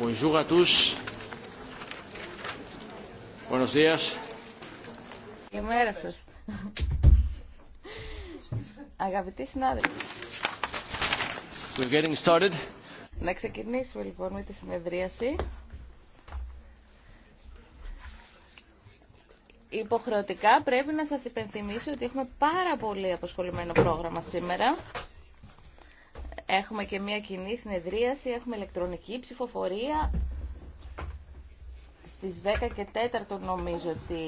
Bonjour à tous. Buenos días. Καλημέρα σα. Αγαπητοί συνάδελφοι. Να ξεκινήσουμε λοιπόν με τη συνεδρίαση. Υποχρεωτικά πρέπει να σα υπενθυμίσω ότι έχουμε πάρα πολύ αποσχολημένο πρόγραμμα σήμερα. Έχουμε και μια κοινή συνεδρίαση, έχουμε ηλεκτρονική ψηφοφορία. Στις 10 και 4 νομίζω ότι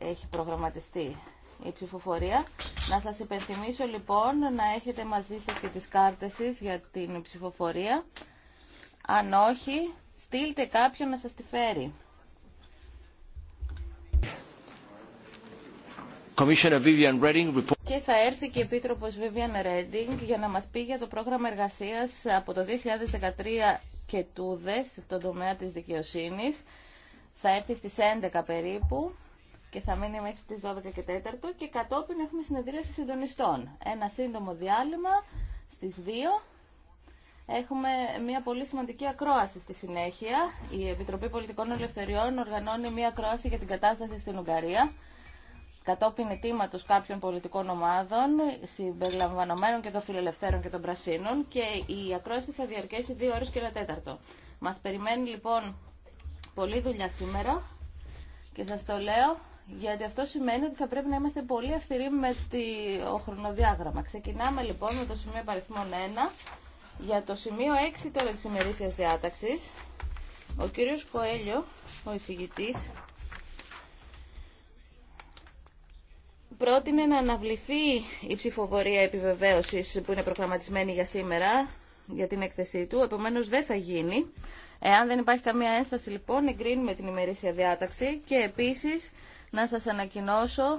ε, έχει προγραμματιστεί η ψηφοφορία. Να σας υπενθυμίσω λοιπόν να έχετε μαζί σας και τις κάρτες σας για την ψηφοφορία. Αν όχι, στείλτε κάποιον να σας τη φέρει. Και θα έρθει και η Επίτροπος Vivian Ρέντινγκ για να μα πει για το πρόγραμμα εργασία από το 2013 και τούδε στον τομέα τη δικαιοσύνη. Θα έρθει στι 11 περίπου και θα μείνει μέχρι τι 12 και 4 και κατόπιν έχουμε συνεδρίαση συντονιστών. Ένα σύντομο διάλειμμα στι 2. Έχουμε μια πολύ σημαντική ακρόαση στη συνέχεια. Η Επιτροπή Πολιτικών Ελευθεριών οργανώνει μια ακρόαση για την κατάσταση στην Ουγγαρία κατόπιν αιτήματο κάποιων πολιτικών ομάδων, συμπεριλαμβανομένων και των φιλελευθέρων και των πρασίνων και η ακρόαση θα διαρκέσει δύο ώρες και ένα τέταρτο. Μας περιμένει λοιπόν πολλή δουλειά σήμερα και σας το λέω γιατί αυτό σημαίνει ότι θα πρέπει να είμαστε πολύ αυστηροί με το χρονοδιάγραμμα. Ξεκινάμε λοιπόν με το σημείο παριθμών 1 για το σημείο 6 τώρα της ημερήσιας διάταξης. Ο κύριος Κοέλιο, ο εισηγητής, πρότεινε να αναβληθεί η ψηφοφορία επιβεβαίωσης που είναι προγραμματισμένη για σήμερα για την έκθεσή του, επομένως δεν θα γίνει. Εάν δεν υπάρχει καμία ένσταση λοιπόν, εγκρίνουμε την ημερήσια διάταξη και επίσης να σας ανακοινώσω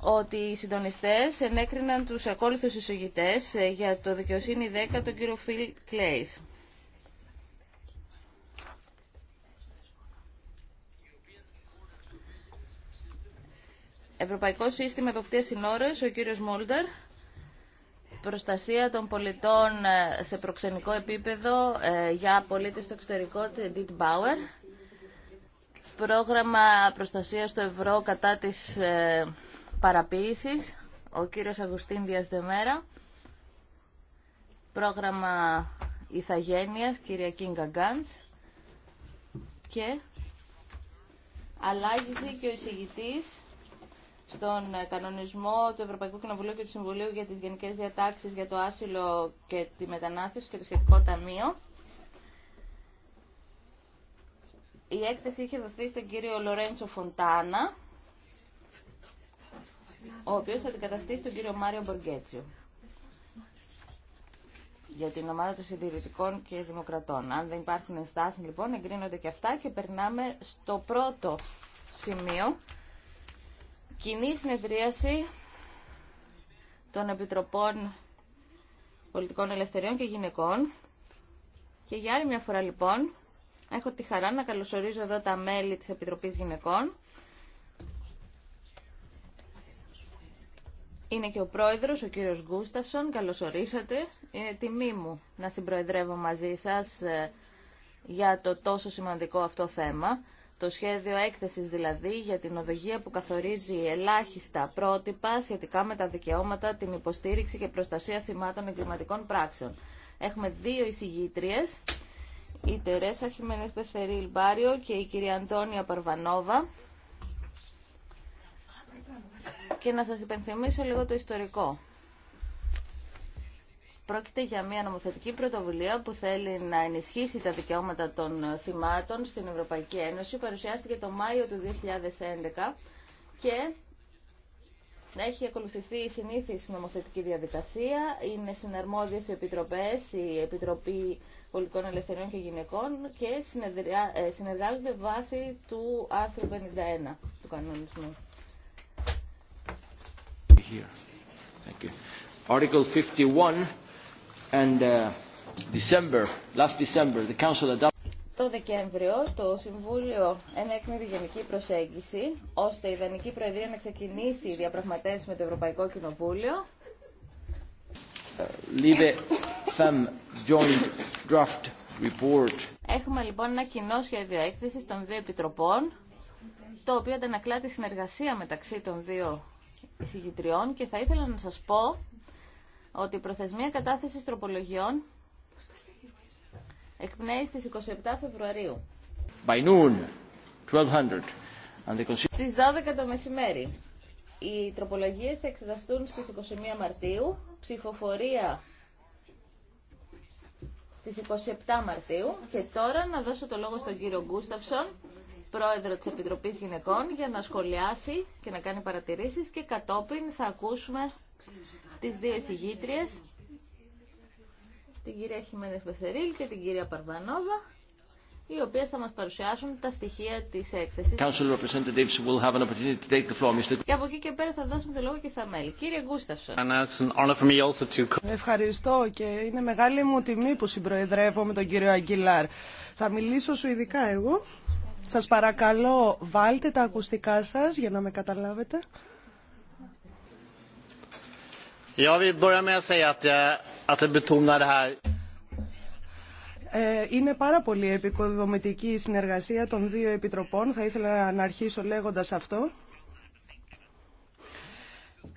ότι οι συντονιστές ενέκριναν τους ακόλουθους εισηγητές ε, για το δικαιοσύνη 10 τον κύριο Φιλ Κλέης. Ευρωπαϊκό Σύστημα Εποπτείας Συνόρες, ο κύριος Μόλτερ. Προστασία των πολιτών ε, σε προξενικό επίπεδο ε, για πολίτες στο εξωτερικό, Edith Bauer. Πρόγραμμα προστασίας στο ευρώ κατά της ε, παραποίησης, ο κύριος Αγουστίν Διασδεμέρα. Πρόγραμμα Ιθαγένειας, κυρία Κίνγκα Γκάντς. Και αλλάγησε και ο εισηγητής στον ε, κανονισμό του Ευρωπαϊκού Κοινοβουλίου και του Συμβουλίου για τις Γενικές Διατάξεις για το Άσυλο και τη Μετανάστευση και το σχετικό ταμείο. Η έκθεση είχε δοθεί στον κύριο Λορένσο Φοντάνα, ο οποίος θα αντικαταστήσει τον κύριο Μάριο Μποργκέτσιο για την ομάδα των συντηρητικών και δημοκρατών. Αν δεν υπάρχουν ενστάσεις λοιπόν εγκρίνονται και αυτά και περνάμε στο πρώτο σημείο κοινή συνεδρίαση των Επιτροπών Πολιτικών Ελευθεριών και Γυναικών. Και για άλλη μια φορά λοιπόν, έχω τη χαρά να καλωσορίζω εδώ τα μέλη της Επιτροπής Γυναικών. Είναι και ο πρόεδρος, ο κύριος Γκούσταυσον. Καλωσορίσατε. Είναι τιμή μου να συμπροεδρεύω μαζί σας ε, για το τόσο σημαντικό αυτό θέμα. Το σχέδιο έκθεσης δηλαδή για την οδηγία που καθορίζει ελάχιστα πρότυπα σχετικά με τα δικαιώματα, την υποστήριξη και προστασία θυμάτων εγκληματικών πράξεων. Έχουμε δύο εισηγήτριες, η Τερέσα Χιμένε Πεθερίλ Λμπάριο και η κυρία Αντώνια Παρβανόβα. Και να σας υπενθυμίσω λίγο το ιστορικό. Πρόκειται για μια νομοθετική πρωτοβουλία που θέλει να ενισχύσει τα δικαιώματα των θυμάτων στην Ευρωπαϊκή Ένωση. Παρουσιάστηκε το Μάιο του 2011 και έχει ακολουθηθεί η συνήθιση νομοθετική διαδικασία. Είναι συναρμόδιες οι επιτροπές, η Επιτροπή Πολιτικών Ελευθεριών και Γυναικών και ε, συνεργάζονται βάσει του άρθρου 51 του κανονισμού. Here. Thank you. Article 51 Uh, το Δεκέμβριο το Συμβούλιο ενέκρινε τη γενική προσέγγιση ώστε η Δανική Προεδρία να ξεκινήσει διαπραγματεύσει με το Ευρωπαϊκό Κοινοβούλιο. Uh, draft report. Έχουμε λοιπόν ένα κοινό σχέδιο έκθεση των δύο επιτροπών, το οποίο αντανακλά τη συνεργασία μεταξύ των δύο εισηγητριών και θα ήθελα να σας πω ότι η προθεσμία κατάθεσης τροπολογιών εκπνέει στις 27 Φεβρουαρίου. By noon, 1200. Στις 12 το μεσημέρι. Οι τροπολογίες θα εξεταστούν στις 21 Μαρτίου, ψηφοφορία στις 27 Μαρτίου και τώρα να δώσω το λόγο στον κύριο Γκούσταυσον, πρόεδρο της Επιτροπής Γυναικών, για να σχολιάσει και να κάνει παρατηρήσεις και κατόπιν θα ακούσουμε τις δύο εισηγήτριες, την κυρία Χιμένες Μπεθερίλ και την κυρία Παρβανόβα, οι οποίες θα μας παρουσιάσουν τα στοιχεία της έκθεσης. Will have an to take the floor, Και από εκεί και πέρα θα δώσουμε το λόγο και στα μέλη. Κύριε Γκούσταυσον. Ευχαριστώ και είναι μεγάλη μου τιμή που συμπροεδρεύω με τον κύριο Αγγιλάρ. Θα μιλήσω σου ειδικά εγώ. Σας παρακαλώ βάλτε τα ακουστικά σας για να με καταλάβετε. Είναι πάρα πολύ επικοδομητική η συνεργασία των δύο επιτροπών. Θα ήθελα να αρχίσω λέγοντας αυτό.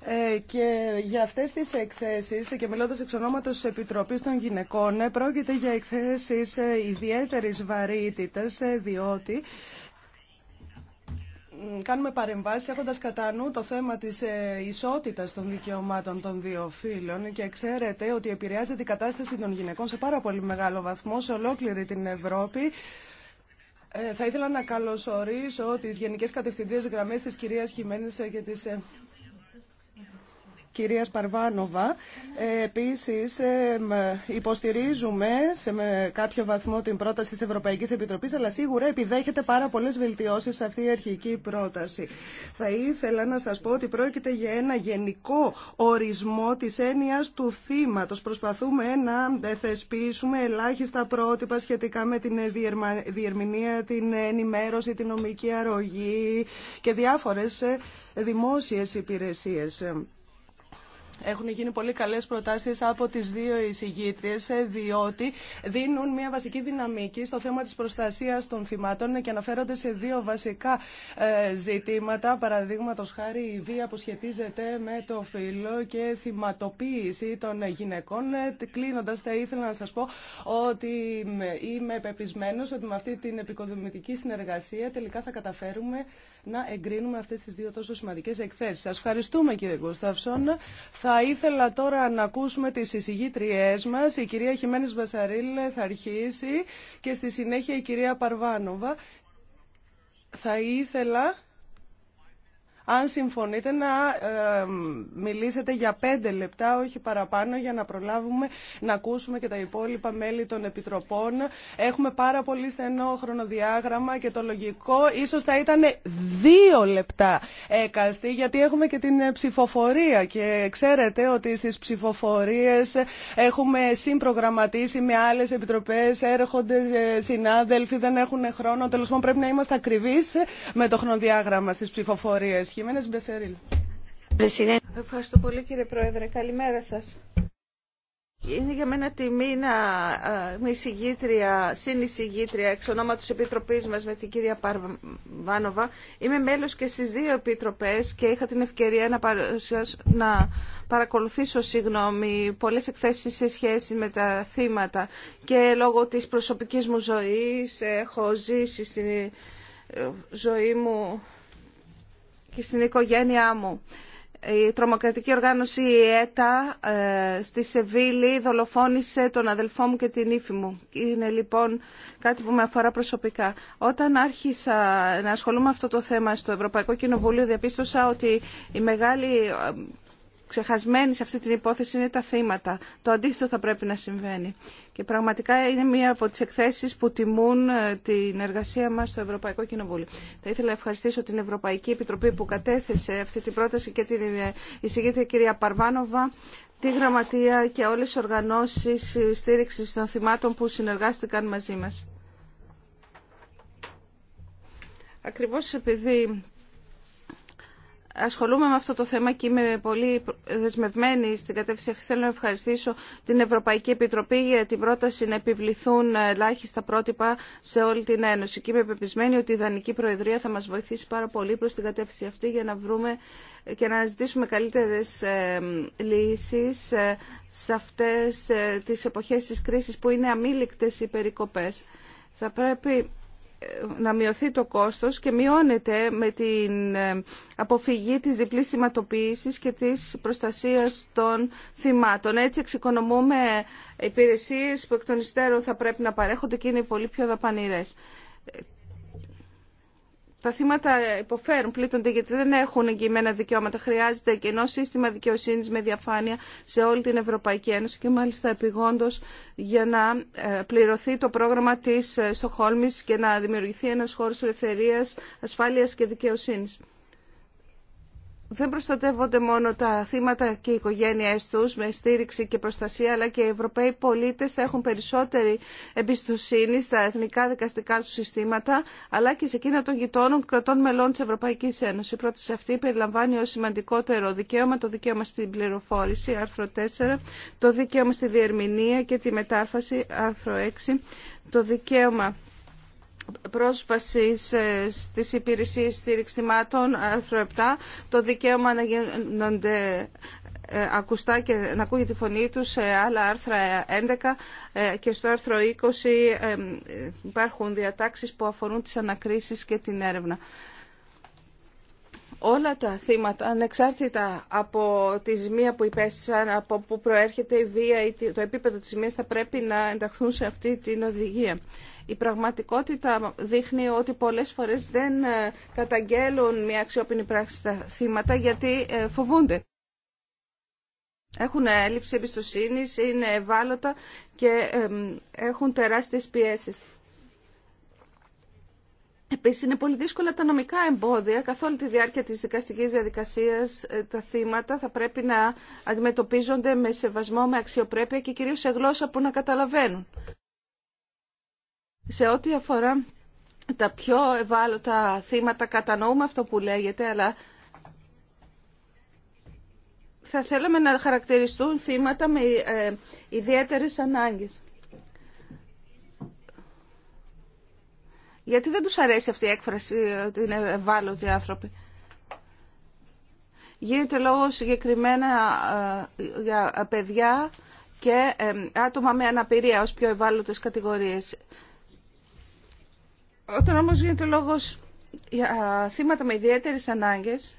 Ε, και για αυτές τις εκθέσεις και μιλώντας εξ ονόματος της Επιτροπής των Γυναικών ε, πρόκειται για εκθέσεις ε, ιδιαίτερης βαρύτητας διότι κάνουμε παρεμβάσει έχοντα κατά νου το θέμα της ε, ισότητας των δικαιωμάτων των δύο φύλων και ξέρετε ότι επηρεάζεται η κατάσταση των γυναικών σε πάρα πολύ μεγάλο βαθμό σε ολόκληρη την Ευρώπη. Ε, θα ήθελα να καλωσορίσω τις γενικέ κατευθυντήριες γραμμές της κυρίας Χιμένη και της ε, κυρίας Παρβάνοβα. Ε, επίσης, ε, υποστηρίζουμε σε κάποιο βαθμό την πρόταση της Ευρωπαϊκής Επιτροπής, αλλά σίγουρα επιδέχεται πάρα πολλές βελτιώσεις σε αυτή η αρχική πρόταση. Θα ήθελα να σας πω ότι πρόκειται για ένα γενικό ορισμό της έννοιας του θύματος. Προσπαθούμε να ε, θεσπίσουμε ελάχιστα πρότυπα σχετικά με την διερμηνία, την ενημέρωση, την νομική αρρωγή και διάφορες δημόσιες υπηρεσίες. Έχουν γίνει πολύ καλές προτάσεις από τις δύο εισηγήτριες, ε, διότι δίνουν μια βασική δυναμική στο θέμα της προστασίας των θυμάτων και αναφέρονται σε δύο βασικά ε, ζητήματα, παραδείγματο χάρη η βία που σχετίζεται με το φύλλο και θυματοποίηση των γυναικών. Ε, κλείνοντας, θα ήθελα να σας πω ότι είμαι πεπισμένος ότι με αυτή την επικοδομητική συνεργασία τελικά θα καταφέρουμε να εγκρίνουμε αυτές τις δύο τόσο σημαντικές εκθέσει. Σα ευχαριστούμε κύριε Γκούσταυσον. Θα ήθελα τώρα να ακούσουμε τις συζητήτριέ μας. Η κυρία Χιμένη Βασαρίλ θα αρχίσει και στη συνέχεια η κυρία Παρβάνοβα. Θα ήθελα αν συμφωνείτε να μιλήσετε για πέντε λεπτά, όχι παραπάνω, για να προλάβουμε να ακούσουμε και τα υπόλοιπα μέλη των Επιτροπών. Έχουμε πάρα πολύ στενό χρονοδιάγραμμα και το λογικό ίσως θα ήταν δύο λεπτά έκαστη, γιατί έχουμε και την ψηφοφορία και ξέρετε ότι στις ψηφοφορίες έχουμε συμπρογραμματίσει με άλλες επιτροπές, έρχονται ε, συνάδελφοι, δεν έχουν χρόνο. Τέλος πάντων πρέπει να είμαστε ακριβείς με το χρονοδιάγραμμα στις ψηφοφορίες. Ευχαριστώ πολύ κύριε Πρόεδρε. Καλημέρα σας. Είναι για μένα τιμή να είμαι συγγήτρια, συνεισηγήτρια εξ ονόματος Επιτροπής μας με την κυρία Παρβάνοβα. Είμαι μέλος και στις δύο επιτροπές και είχα την ευκαιρία να, να παρακολουθήσω συγγνώμη, πολλές εκθέσεις σε σχέση με τα θύματα και λόγω της προσωπικής μου ζωής έχω ζήσει στην ε, ζωή μου και στην οικογένειά μου. Η τρομοκρατική οργάνωση η ΕΤΑ ε, στη Σεβίλη δολοφόνησε τον αδελφό μου και την ύφη μου. Είναι λοιπόν κάτι που με αφορά προσωπικά. Όταν άρχισα να ασχολούμαι αυτό το θέμα στο Ευρωπαϊκό Κοινοβούλιο διαπίστωσα ότι η μεγάλη ξεχασμένοι σε αυτή την υπόθεση είναι τα θύματα. Το αντίθετο θα πρέπει να συμβαίνει. Και πραγματικά είναι μία από τις εκθέσεις που τιμούν ε, την εργασία μας στο Ευρωπαϊκό Κοινοβούλιο. Θα ήθελα να ευχαριστήσω την Ευρωπαϊκή Επιτροπή που κατέθεσε αυτή την πρόταση και την ε, εισηγήτρια κυρία Παρβάνοβα τη Γραμματεία και όλες τις οργανώσεις στήριξης των θυμάτων που συνεργάστηκαν μαζί μας. Ακριβώς επειδή ασχολούμαι με αυτό το θέμα και είμαι πολύ δεσμευμένη στην κατεύθυνση αυτή. Θέλω να ευχαριστήσω την Ευρωπαϊκή Επιτροπή για την πρόταση να επιβληθούν ελάχιστα πρότυπα σε όλη την Ένωση. Και είμαι πεπισμένη ότι η Δανική Προεδρία θα μας βοηθήσει πάρα πολύ προ την κατεύθυνση αυτή για να βρούμε και να αναζητήσουμε καλύτερε ε, λύσει ε, σε αυτέ ε, τι εποχέ τη κρίση που είναι αμήλικτε οι περικοπέ. Θα πρέπει να μειωθεί το κόστος και μειώνεται με την ε, αποφυγή της διπλής θυματοποίησης και της προστασίας των θυμάτων. Έτσι εξοικονομούμε υπηρεσίες που εκ των υστέρων θα πρέπει να παρέχονται και είναι πολύ πιο δαπανηρές τα θύματα υποφέρουν, πλήττονται γιατί δεν έχουν εγγυημένα δικαιώματα. Χρειάζεται ενό σύστημα δικαιοσύνης με διαφάνεια σε όλη την Ευρωπαϊκή Ένωση και μάλιστα επιγόντω για να ε, πληρωθεί το πρόγραμμα της ε, Στοχόλμη και να δημιουργηθεί ένας χώρος ελευθερία, ασφάλειας και δικαιοσύνης δεν προστατεύονται μόνο τα θύματα και οι οικογένειές τους με στήριξη και προστασία, αλλά και οι Ευρωπαίοι πολίτες θα έχουν περισσότερη εμπιστοσύνη στα εθνικά δικαστικά του συστήματα, αλλά και σε εκείνα των γειτόνων κρατών μελών της Ευρωπαϊκής Ένωσης. Η πρόταση αυτή περιλαμβάνει ως σημαντικότερο δικαίωμα το δικαίωμα στην πληροφόρηση, άρθρο 4, το δικαίωμα στη διερμηνία και τη μετάφραση, άρθρο 6, το δικαίωμα πρόσβαση στι υπηρεσίε στήριξη θυμάτων, άρθρο 7, το δικαίωμα να γίνονται ε, ακουστά και να ακούγεται τη φωνή τους σε άλλα άρθρα 11 ε, και στο άρθρο 20 ε, υπάρχουν διατάξεις που αφορούν τις ανακρίσεις και την έρευνα. Όλα τα θύματα, ανεξάρτητα από τη ζημία που υπέστησαν, από που προέρχεται η βία ή το επίπεδο της ζημίας, θα πρέπει να ενταχθούν σε αυτή την οδηγία. Η πραγματικότητα δείχνει ότι πολλές φορές δεν ε, καταγγέλουν μια αξιόπινη πράξη στα θύματα γιατί ε, φοβούνται. Έχουν έλλειψη εμπιστοσύνη, είναι ευάλωτα και έχουν τεράστιες πιέσεις. Επίσης είναι πολύ δύσκολα τα νομικά εμπόδια. Καθ' όλη τη διάρκεια της δικαστικής διαδικασίας ε, τα θύματα θα πρέπει να αντιμετωπίζονται με σεβασμό, με αξιοπρέπεια και κυρίως σε γλώσσα που να καταλαβαίνουν. Σε ό,τι αφορά τα πιο ευάλωτα θύματα, κατανοούμε αυτό που λέγεται, αλλά θα θέλαμε να χαρακτηριστούν θύματα με ε, ιδιαίτερες ανάγκες. Γιατί δεν τους αρέσει αυτή η έκφραση ότι είναι ευάλωτοι άνθρωποι. Γίνεται λόγο συγκεκριμένα ε, για ε, παιδιά και άτομα με αναπηρία ως πιο ευάλωτες κατηγορίες. Όταν όμως γίνεται λόγος για θύματα με ιδιαίτερες ανάγκες,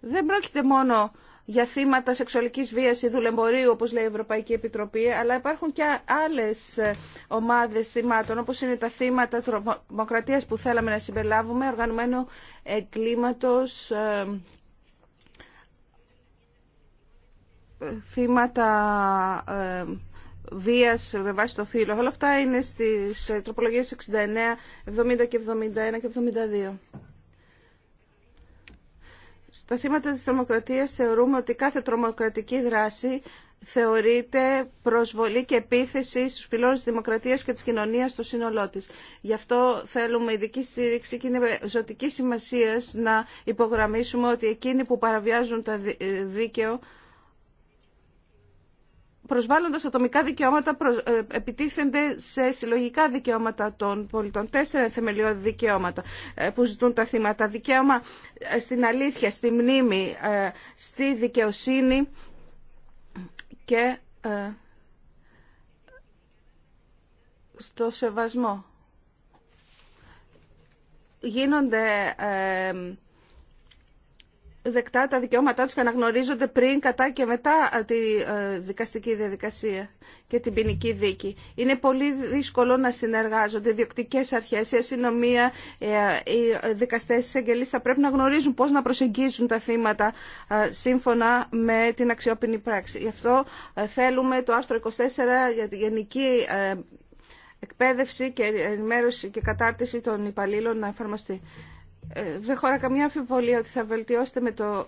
δεν πρόκειται μόνο για θύματα σεξουαλικής βίας ή δουλεμπορίου, όπως λέει η Ευρωπαϊκή Επιτροπή, αλλά υπάρχουν και άλλες ε, ομάδες θυμάτων, όπως είναι τα θύματα τρομοκρατίας που θέλαμε να συμπεριλάβουμε, οργανωμένο εγκλήματος, ε, ε, θύματα Βία με βάση το φύλλο. Όλα αυτά είναι στις ε, τροπολογίες 69, 70 και 71 και 72. Στα θύματα της τρομοκρατίας θεωρούμε ότι κάθε τρομοκρατική δράση θεωρείται προσβολή και επίθεση στους πυλώνες της δημοκρατίας και της κοινωνίας στο σύνολό της. Γι' αυτό θέλουμε ειδική στήριξη και είναι ζωτική σημασία να υπογραμμίσουμε ότι εκείνοι που παραβιάζουν τα ε, δίκαιο προσβάλλοντας ατομικά δικαιώματα ε, επιτίθενται σε συλλογικά δικαιώματα των πολιτών. Τέσσερα θεμελιώδη δικαιώματα ε, που ζητούν τα θύματα. Δικαίωμα ε, στην αλήθεια, στη μνήμη, στη δικαιοσύνη και στο σεβασμό. Γίνονται δεκτά τα δικαιώματά τους και αναγνωρίζονται πριν, κατά και μετά τη ε, δικαστική διαδικασία και την ποινική δίκη. Είναι πολύ δύσκολο να συνεργάζονται οι διοκτικές αρχές, η αστυνομία, ε, οι δικαστές οι εγγελής θα πρέπει να γνωρίζουν πώς να προσεγγίζουν τα θύματα σύμφωνα με την αξιόπινη πράξη. Γι' αυτό ε, θέλουμε το άρθρο 24 για τη γενική εκπαίδευση και ενημέρωση και κατάρτιση των υπαλλήλων να εφαρμοστεί. Ε, δεν χωρά καμιά αμφιβολία ότι θα βελτιώσετε με το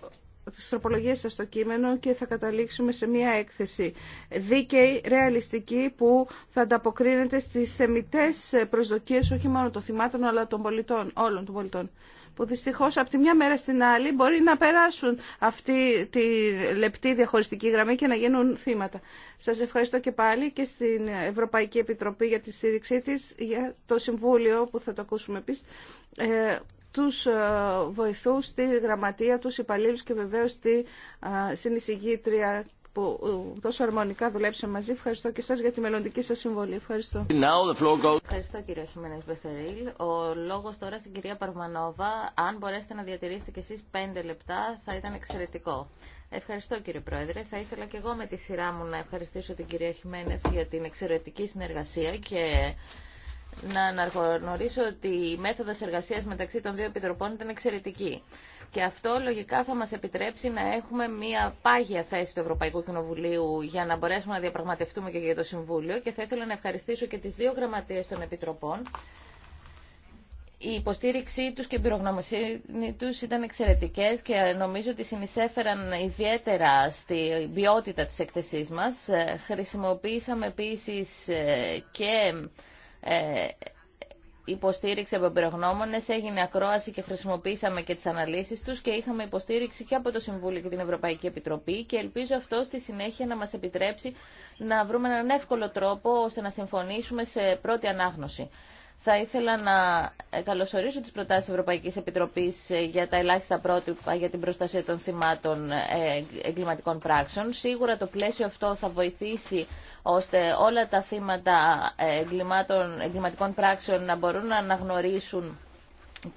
τι τροπολογίε σα στο κείμενο και θα καταλήξουμε σε μια έκθεση δίκαιη, ρεαλιστική που θα ανταποκρίνεται στι θεμητέ προσδοκίε, όχι μόνο των θυμάτων αλλά των πολιτών, όλων των πολιτών που δυστυχώ από τη μια μέρα στην άλλη μπορεί να περάσουν αυτή τη λεπτή διαχωριστική γραμμή και να γίνουν θύματα. Σα ευχαριστώ και πάλι και στην Ευρωπαϊκή Επιτροπή για τη στήριξή τη, για το Συμβούλιο που θα το ακούσουμε επίση. Ε, τους ε, βοηθούς, τη γραμματεία, τους υπαλλήλους και βεβαίως τη ε, συνεισηγήτρια που ε, τόσο αρμονικά δουλέψαμε μαζί. Ευχαριστώ και σας για τη μελλοντική σας συμβολή. Ευχαριστώ. Ευχαριστώ κύριε Χιμένες Μπεθερήλ. Ο λόγος τώρα στην κυρία Παρμανόβα. Αν μπορέσετε να διατηρήσετε κι εσείς πέντε λεπτά θα ήταν εξαιρετικό. Ευχαριστώ κύριε Πρόεδρε. Θα ήθελα και εγώ με τη σειρά μου να ευχαριστήσω την κυρία Χιμένες για την εξαιρετική συνεργασία και να αναγνωρίσω ότι η μέθοδος εργασίας μεταξύ των δύο επιτροπών ήταν εξαιρετική. Και αυτό λογικά θα μας επιτρέψει να έχουμε μια πάγια θέση του Ευρωπαϊκού Κοινοβουλίου για να μπορέσουμε να διαπραγματευτούμε και για το Συμβούλιο και θα ήθελα να ευχαριστήσω και τις δύο γραμματείες των Επιτροπών. Η υποστήριξή τους και η πυρογνωμοσύνη του ήταν εξαιρετικέ και νομίζω ότι συνεισέφεραν ιδιαίτερα στη ποιότητα τη εκθεσή μα. Χρησιμοποίησαμε επίση ε, και ε, υποστήριξη από εμπειρογνώμονε, έγινε ακρόαση και χρησιμοποίησαμε και τι αναλύσει του και είχαμε υποστήριξη και από το Συμβούλιο και την Ευρωπαϊκή Επιτροπή και ελπίζω αυτό στη συνέχεια να μα επιτρέψει να βρούμε έναν εύκολο τρόπο ώστε να συμφωνήσουμε σε πρώτη ανάγνωση. Θα ήθελα να καλωσορίσω τις προτάσεις Ευρωπαϊκής Επιτροπής ε, για τα ελάχιστα πρότυπα για την προστασία των θυμάτων ε, εγκληματικών πράξεων. Σίγουρα το πλαίσιο αυτό θα βοηθήσει ώστε όλα τα θύματα ε, εγκληματικών πράξεων να μπορούν να αναγνωρίσουν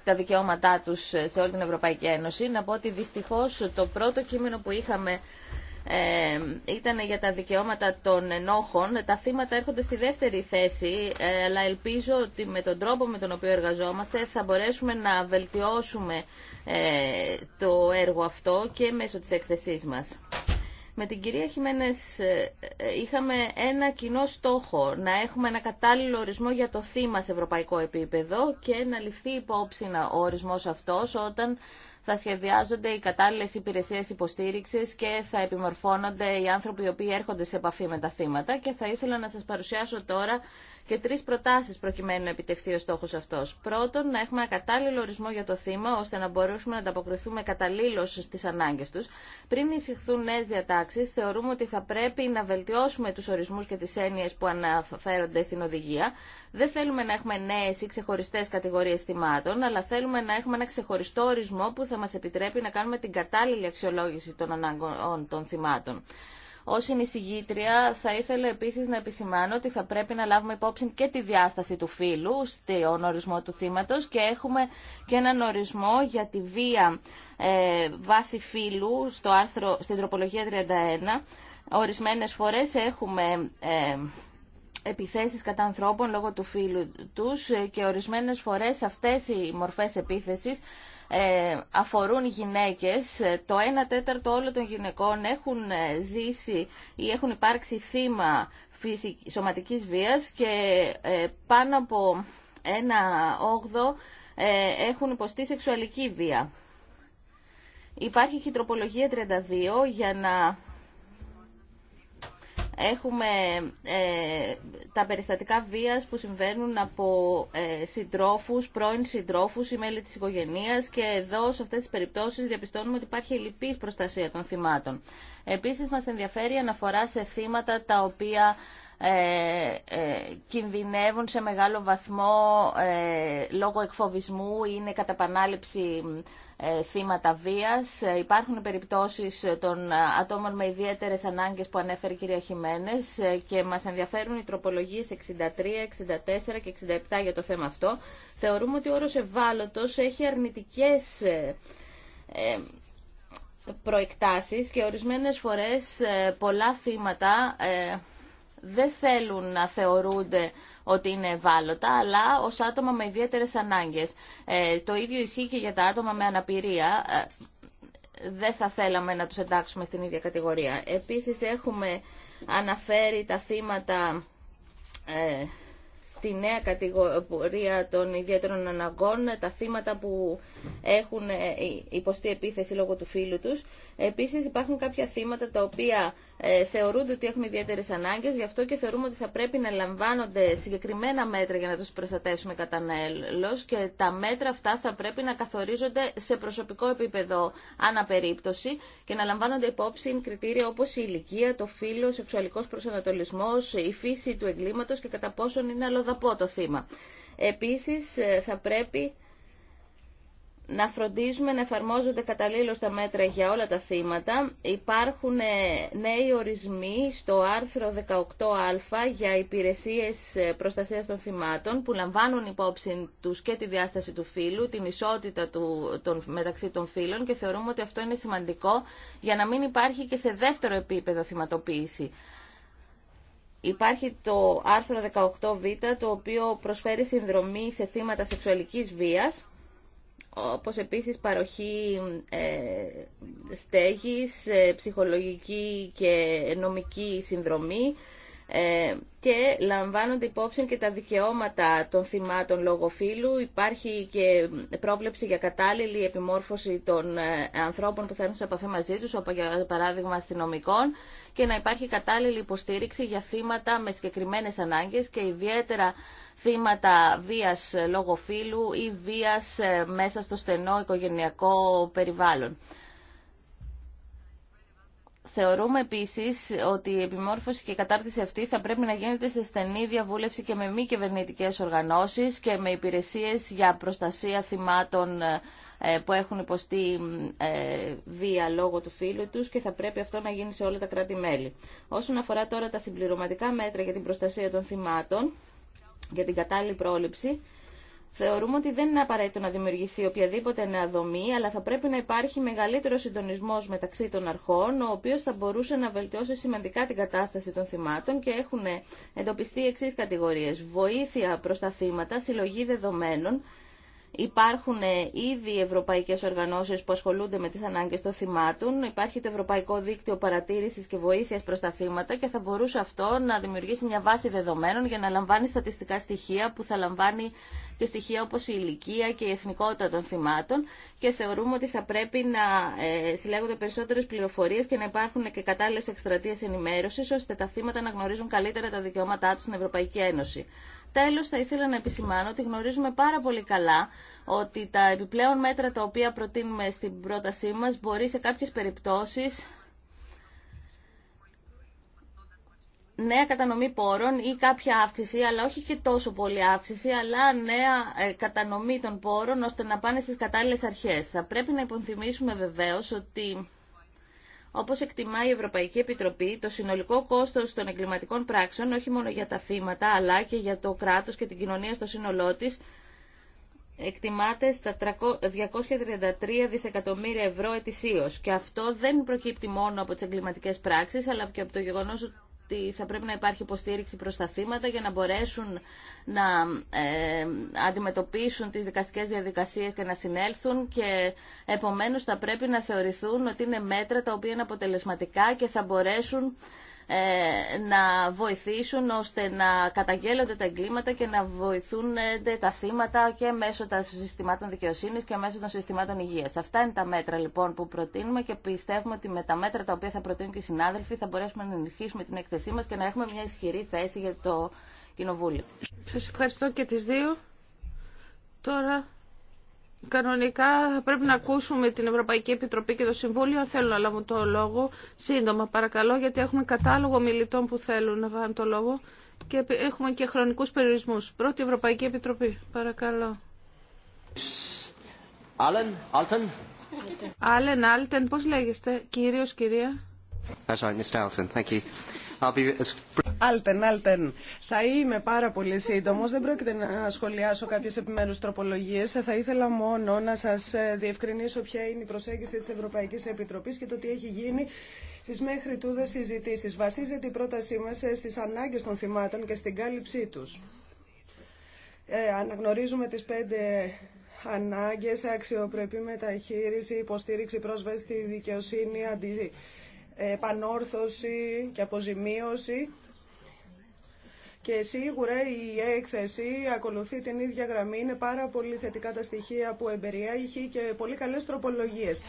τα δικαιώματά τους ε, σε όλη την Ευρωπαϊκή Ένωση. Να πω ότι δυστυχώς το πρώτο κείμενο που είχαμε ε, ήταν για τα δικαιώματα των ενόχων. Τα θύματα έρχονται στη δεύτερη θέση, αλλά ελπίζω ότι με τον τρόπο με τον οποίο εργαζόμαστε θα μπορέσουμε να βελτιώσουμε το έργο αυτό και μέσω της εκθεσής μας με την κυρία Χιμένες ε, ε, είχαμε ένα κοινό στόχο, να έχουμε ένα κατάλληλο ορισμό για το θύμα σε ευρωπαϊκό επίπεδο και να ληφθεί υπόψη ο ορισμός αυτός όταν θα σχεδιάζονται οι κατάλληλες υπηρεσίες υποστήριξης και θα επιμορφώνονται οι άνθρωποι οι οποίοι έρχονται σε επαφή με τα θύματα. Και θα ήθελα να σας παρουσιάσω τώρα και τρει προτάσει προκειμένου να επιτευχθεί ο στόχο αυτό. Πρώτον, να έχουμε ένα κατάλληλο ορισμό για το θύμα, ώστε να μπορέσουμε να ανταποκριθούμε καταλήλω στι ανάγκε του. Πριν εισηχθούν νέε διατάξει, θεωρούμε ότι θα πρέπει να βελτιώσουμε του ορισμού και τι έννοιε που αναφέρονται στην οδηγία. Δεν θέλουμε να έχουμε νέε ή ξεχωριστέ κατηγορίε θυμάτων, αλλά θέλουμε να έχουμε ένα ξεχωριστό ορισμό που θα μα επιτρέπει να κάνουμε την κατάλληλη αξιολόγηση των αναγκών των θυμάτων. Ω συνεισηγήτρια, θα ήθελα επίση να επισημάνω ότι θα πρέπει να λάβουμε υπόψη και τη διάσταση του φύλου στον ορισμό του θύματο και έχουμε και έναν ορισμό για τη βία ε, βάση φύλου στο άρθρο, στην τροπολογία 31. Ορισμένες φορές έχουμε ε, επιθέσεις κατά ανθρώπων λόγω του φύλου τους και ορισμένες φορές αυτές οι μορφές επίθεσης ε, αφορούν γυναίκες. Το 1 τέταρτο όλων των γυναικών έχουν ε, ζήσει ή έχουν υπάρξει θύμα σωματικής βίας και ε, πάνω από ένα όγδο έχουν υποστεί σεξουαλική βία. Υπάρχει και η τροπολογία 32 για να Έχουμε ε, τα περιστατικά βίας που συμβαίνουν από ε, συντρόφους, πρώην συντρόφους ή μέλη της οικογενείας και εδώ σε αυτές τις περιπτώσεις διαπιστώνουμε ότι υπάρχει λυπής προστασία των θυμάτων. Επίσης μας ενδιαφέρει η αναφορά σε θύματα τα οποία ε, ε κινδυνεύουν σε μεγάλο βαθμό ε, λόγω εκφοβισμού ή είναι κατά επανάληψη ε, θύματα βίας. Ε, υπάρχουν περιπτώσεις των ε, ατόμων με ιδιαίτερες ανάγκες που ανέφερε η κυρία Χιμένες και μας ενδιαφέρουν οι τροπολογίες 63, 64 και 67 για το θέμα αυτό. Θεωρούμε ότι ο όρος ευάλωτος έχει αρνητικές προεκτάσεις και ορισμένες φορές πολλά θύματα δεν θέλουν να θεωρούνται ότι είναι ευάλωτα, αλλά ω άτομα με ιδιαίτερες ανάγκες. Ε, το ίδιο ισχύει και για τα άτομα με αναπηρία. Ε, δεν θα θέλαμε να τους εντάξουμε στην ίδια κατηγορία. Επίσης, έχουμε αναφέρει τα θύματα ε, στη νέα κατηγορία των ιδιαίτερων αναγκών, τα θύματα που έχουν ε, υποστεί επίθεση λόγω του φίλου τους Επίσης υπάρχουν κάποια θύματα τα οποία ε, θεωρούνται ότι έχουν ιδιαίτερε ανάγκες, γι' αυτό και θεωρούμε ότι θα πρέπει να λαμβάνονται συγκεκριμένα μέτρα για να τους προστατεύσουμε κατά νέλος και τα μέτρα αυτά θα πρέπει να καθορίζονται σε προσωπικό επίπεδο αναπερίπτωση και να λαμβάνονται υπόψη κριτήρια όπω η ηλικία, το φύλλο, ο σεξουαλικός προσανατολισμό, η φύση του εγκλήματο και κατά πόσον είναι αλλοδαπό το θύμα. Επίσης ε, θα πρέπει να φροντίζουμε να εφαρμόζονται καταλήλως τα μέτρα για όλα τα θύματα. Υπάρχουν ε, νέοι ορισμοί στο άρθρο 18α για υπηρεσίες ε, προστασίας των θυμάτων που λαμβάνουν υπόψη τους και τη διάσταση του φύλου, την ισότητα του, των, μεταξύ των φύλων και θεωρούμε ότι αυτό είναι σημαντικό για να μην υπάρχει και σε δεύτερο επίπεδο θυματοποίηση. Υπάρχει το άρθρο 18β το οποίο προσφέρει συνδρομή σε θύματα σεξουαλικής βίας όπως επίσης παροχή ε, στέγης, ε, ψυχολογική και νομική συνδρομή ε, και λαμβάνονται υπόψη και τα δικαιώματα των θυμάτων λόγω Υπάρχει και πρόβλεψη για κατάλληλη επιμόρφωση των ανθρώπων που θα έρθουν σε επαφή μαζί τους, όπως για παράδειγμα αστυνομικών, και να υπάρχει κατάλληλη υποστήριξη για θύματα με συγκεκριμένες ανάγκες και ιδιαίτερα θύματα βίας λόγω φύλου ή βίας ε, μέσα στο στενό οικογενειακό περιβάλλον. Θεωρούμε επίσης ότι η επιμόρφωση και η κατάρτιση αυτή θα πρέπει να γίνεται σε στενή διαβούλευση και με μη κυβερνητικέ οργανώσεις και με υπηρεσίες για προστασία θυμάτων ε, που έχουν υποστεί ε, βία λόγω του φίλου τους και θα πρέπει αυτό να γίνει σε όλα τα κράτη-μέλη. Όσον αφορά τώρα τα συμπληρωματικά μέτρα για την προστασία των θυμάτων, για την κατάλληλη πρόληψη, Θεωρούμε ότι δεν είναι απαραίτητο να δημιουργηθεί οποιαδήποτε νέα δομή, αλλά θα πρέπει να υπάρχει μεγαλύτερο συντονισμό μεταξύ των αρχών, ο οποίο θα μπορούσε να βελτιώσει σημαντικά την κατάσταση των θυμάτων και έχουν εντοπιστεί εξή κατηγορίε. Βοήθεια προ τα θύματα, συλλογή δεδομένων, Υπάρχουν ε, ήδη ευρωπαϊκέ οργανώσει που ασχολούνται με τι ανάγκε των θυμάτων. Υπάρχει το Ευρωπαϊκό Δίκτυο παρατήρηση και βοήθεια προ τα θύματα και θα μπορούσε αυτό να δημιουργήσει μια βάση δεδομένων για να λαμβάνει στατιστικά στοιχεία που θα λαμβάνει και στοιχεία όπω η ηλικία και η εθνικότητα των θυμάτων και θεωρούμε ότι θα πρέπει να ε, συλλέγονται περισσότερε πληροφορίε και να υπάρχουν και κατάλληλε εκστρατείε ενημέρωση ώστε τα θύματα να γνωρίζουν καλύτερα τα δικαιώματά του στην Ευρωπαϊκή Ένωση. Τέλος, θα ήθελα να επισημάνω ότι γνωρίζουμε πάρα πολύ καλά ότι τα επιπλέον μέτρα τα οποία προτείνουμε στην πρότασή μας μπορεί σε κάποιες περιπτώσεις νέα κατανομή πόρων ή κάποια αύξηση, αλλά όχι και τόσο πολύ αύξηση, αλλά νέα ε, κατανομή των πόρων ώστε να πάνε στις κατάλληλες αρχές. Θα πρέπει να υποθυμίσουμε βεβαίως ότι όπως εκτιμά η Ευρωπαϊκή Επιτροπή, το συνολικό κόστος των εγκληματικών πράξεων, όχι μόνο για τα θύματα, αλλά και για το κράτος και την κοινωνία στο σύνολό τη, εκτιμάται στα 233 δισεκατομμύρια ευρώ ετησίως. Και αυτό δεν προκύπτει μόνο από τις εγκληματικές πράξεις, αλλά και από το γεγονός ότι θα πρέπει να υπάρχει υποστήριξη προς τα θύματα για να μπορέσουν να ε, αντιμετωπίσουν τις δικαστικές διαδικασίες και να συνέλθουν και επομένως θα πρέπει να θεωρηθούν ότι είναι μέτρα τα οποία είναι αποτελεσματικά και θα μπορέσουν ε, να βοηθήσουν ώστε να καταγγέλλονται τα εγκλήματα και να βοηθούνται τα θύματα και μέσω των συστημάτων δικαιοσύνης και μέσω των συστημάτων υγείας. Αυτά είναι τα μέτρα λοιπόν που προτείνουμε και πιστεύουμε ότι με τα μέτρα τα οποία θα προτείνουν και οι συνάδελφοι θα μπορέσουμε να ενισχύσουμε την έκθεσή μας και να έχουμε μια ισχυρή θέση για το Κοινοβούλιο. Σας ευχαριστώ και τις δύο. Τώρα Κανονικά θα πρέπει να ακούσουμε την Ευρωπαϊκή Επιτροπή και το Συμβούλιο. Θέλω να λάβουν το λόγο. Σύντομα παρακαλώ, γιατί έχουμε κατάλογο μιλητών που θέλουν να βάλουν το λόγο και έχουμε και χρονικούς περιορισμούς. Πρώτη Ευρωπαϊκή Επιτροπή, παρακαλώ. Άλεν, Άλτεν. Άλεν, Άλτεν, πώς λέγεστε, κύριος, κυρία. That's Mr. Άλτεν, Άλτεν. Θα είμαι πάρα πολύ σύντομο. Δεν πρόκειται να σχολιάσω κάποιε επιμέρου τροπολογίε. Θα ήθελα μόνο να σα ε, διευκρινίσω ποια είναι η προσέγγιση τη Ευρωπαϊκή Επιτροπή και το τι έχει γίνει στι μέχρι τούδε συζητήσει. Βασίζεται η πρότασή μα ε, στι ανάγκε των θυμάτων και στην κάλυψή του. Ε, αναγνωρίζουμε τις πέντε ανάγκες, αξιοπρεπή μεταχείριση, υποστήριξη, πρόσβαση στη δικαιοσύνη, αντι, ε, επανόρθωση και αποζημίωση. Και σίγουρα η έκθεση ακολουθεί την ίδια γραμμή. Είναι πάρα πολύ θετικά τα στοιχεία που εμπεριέχει και πολύ καλές τροπολογίες.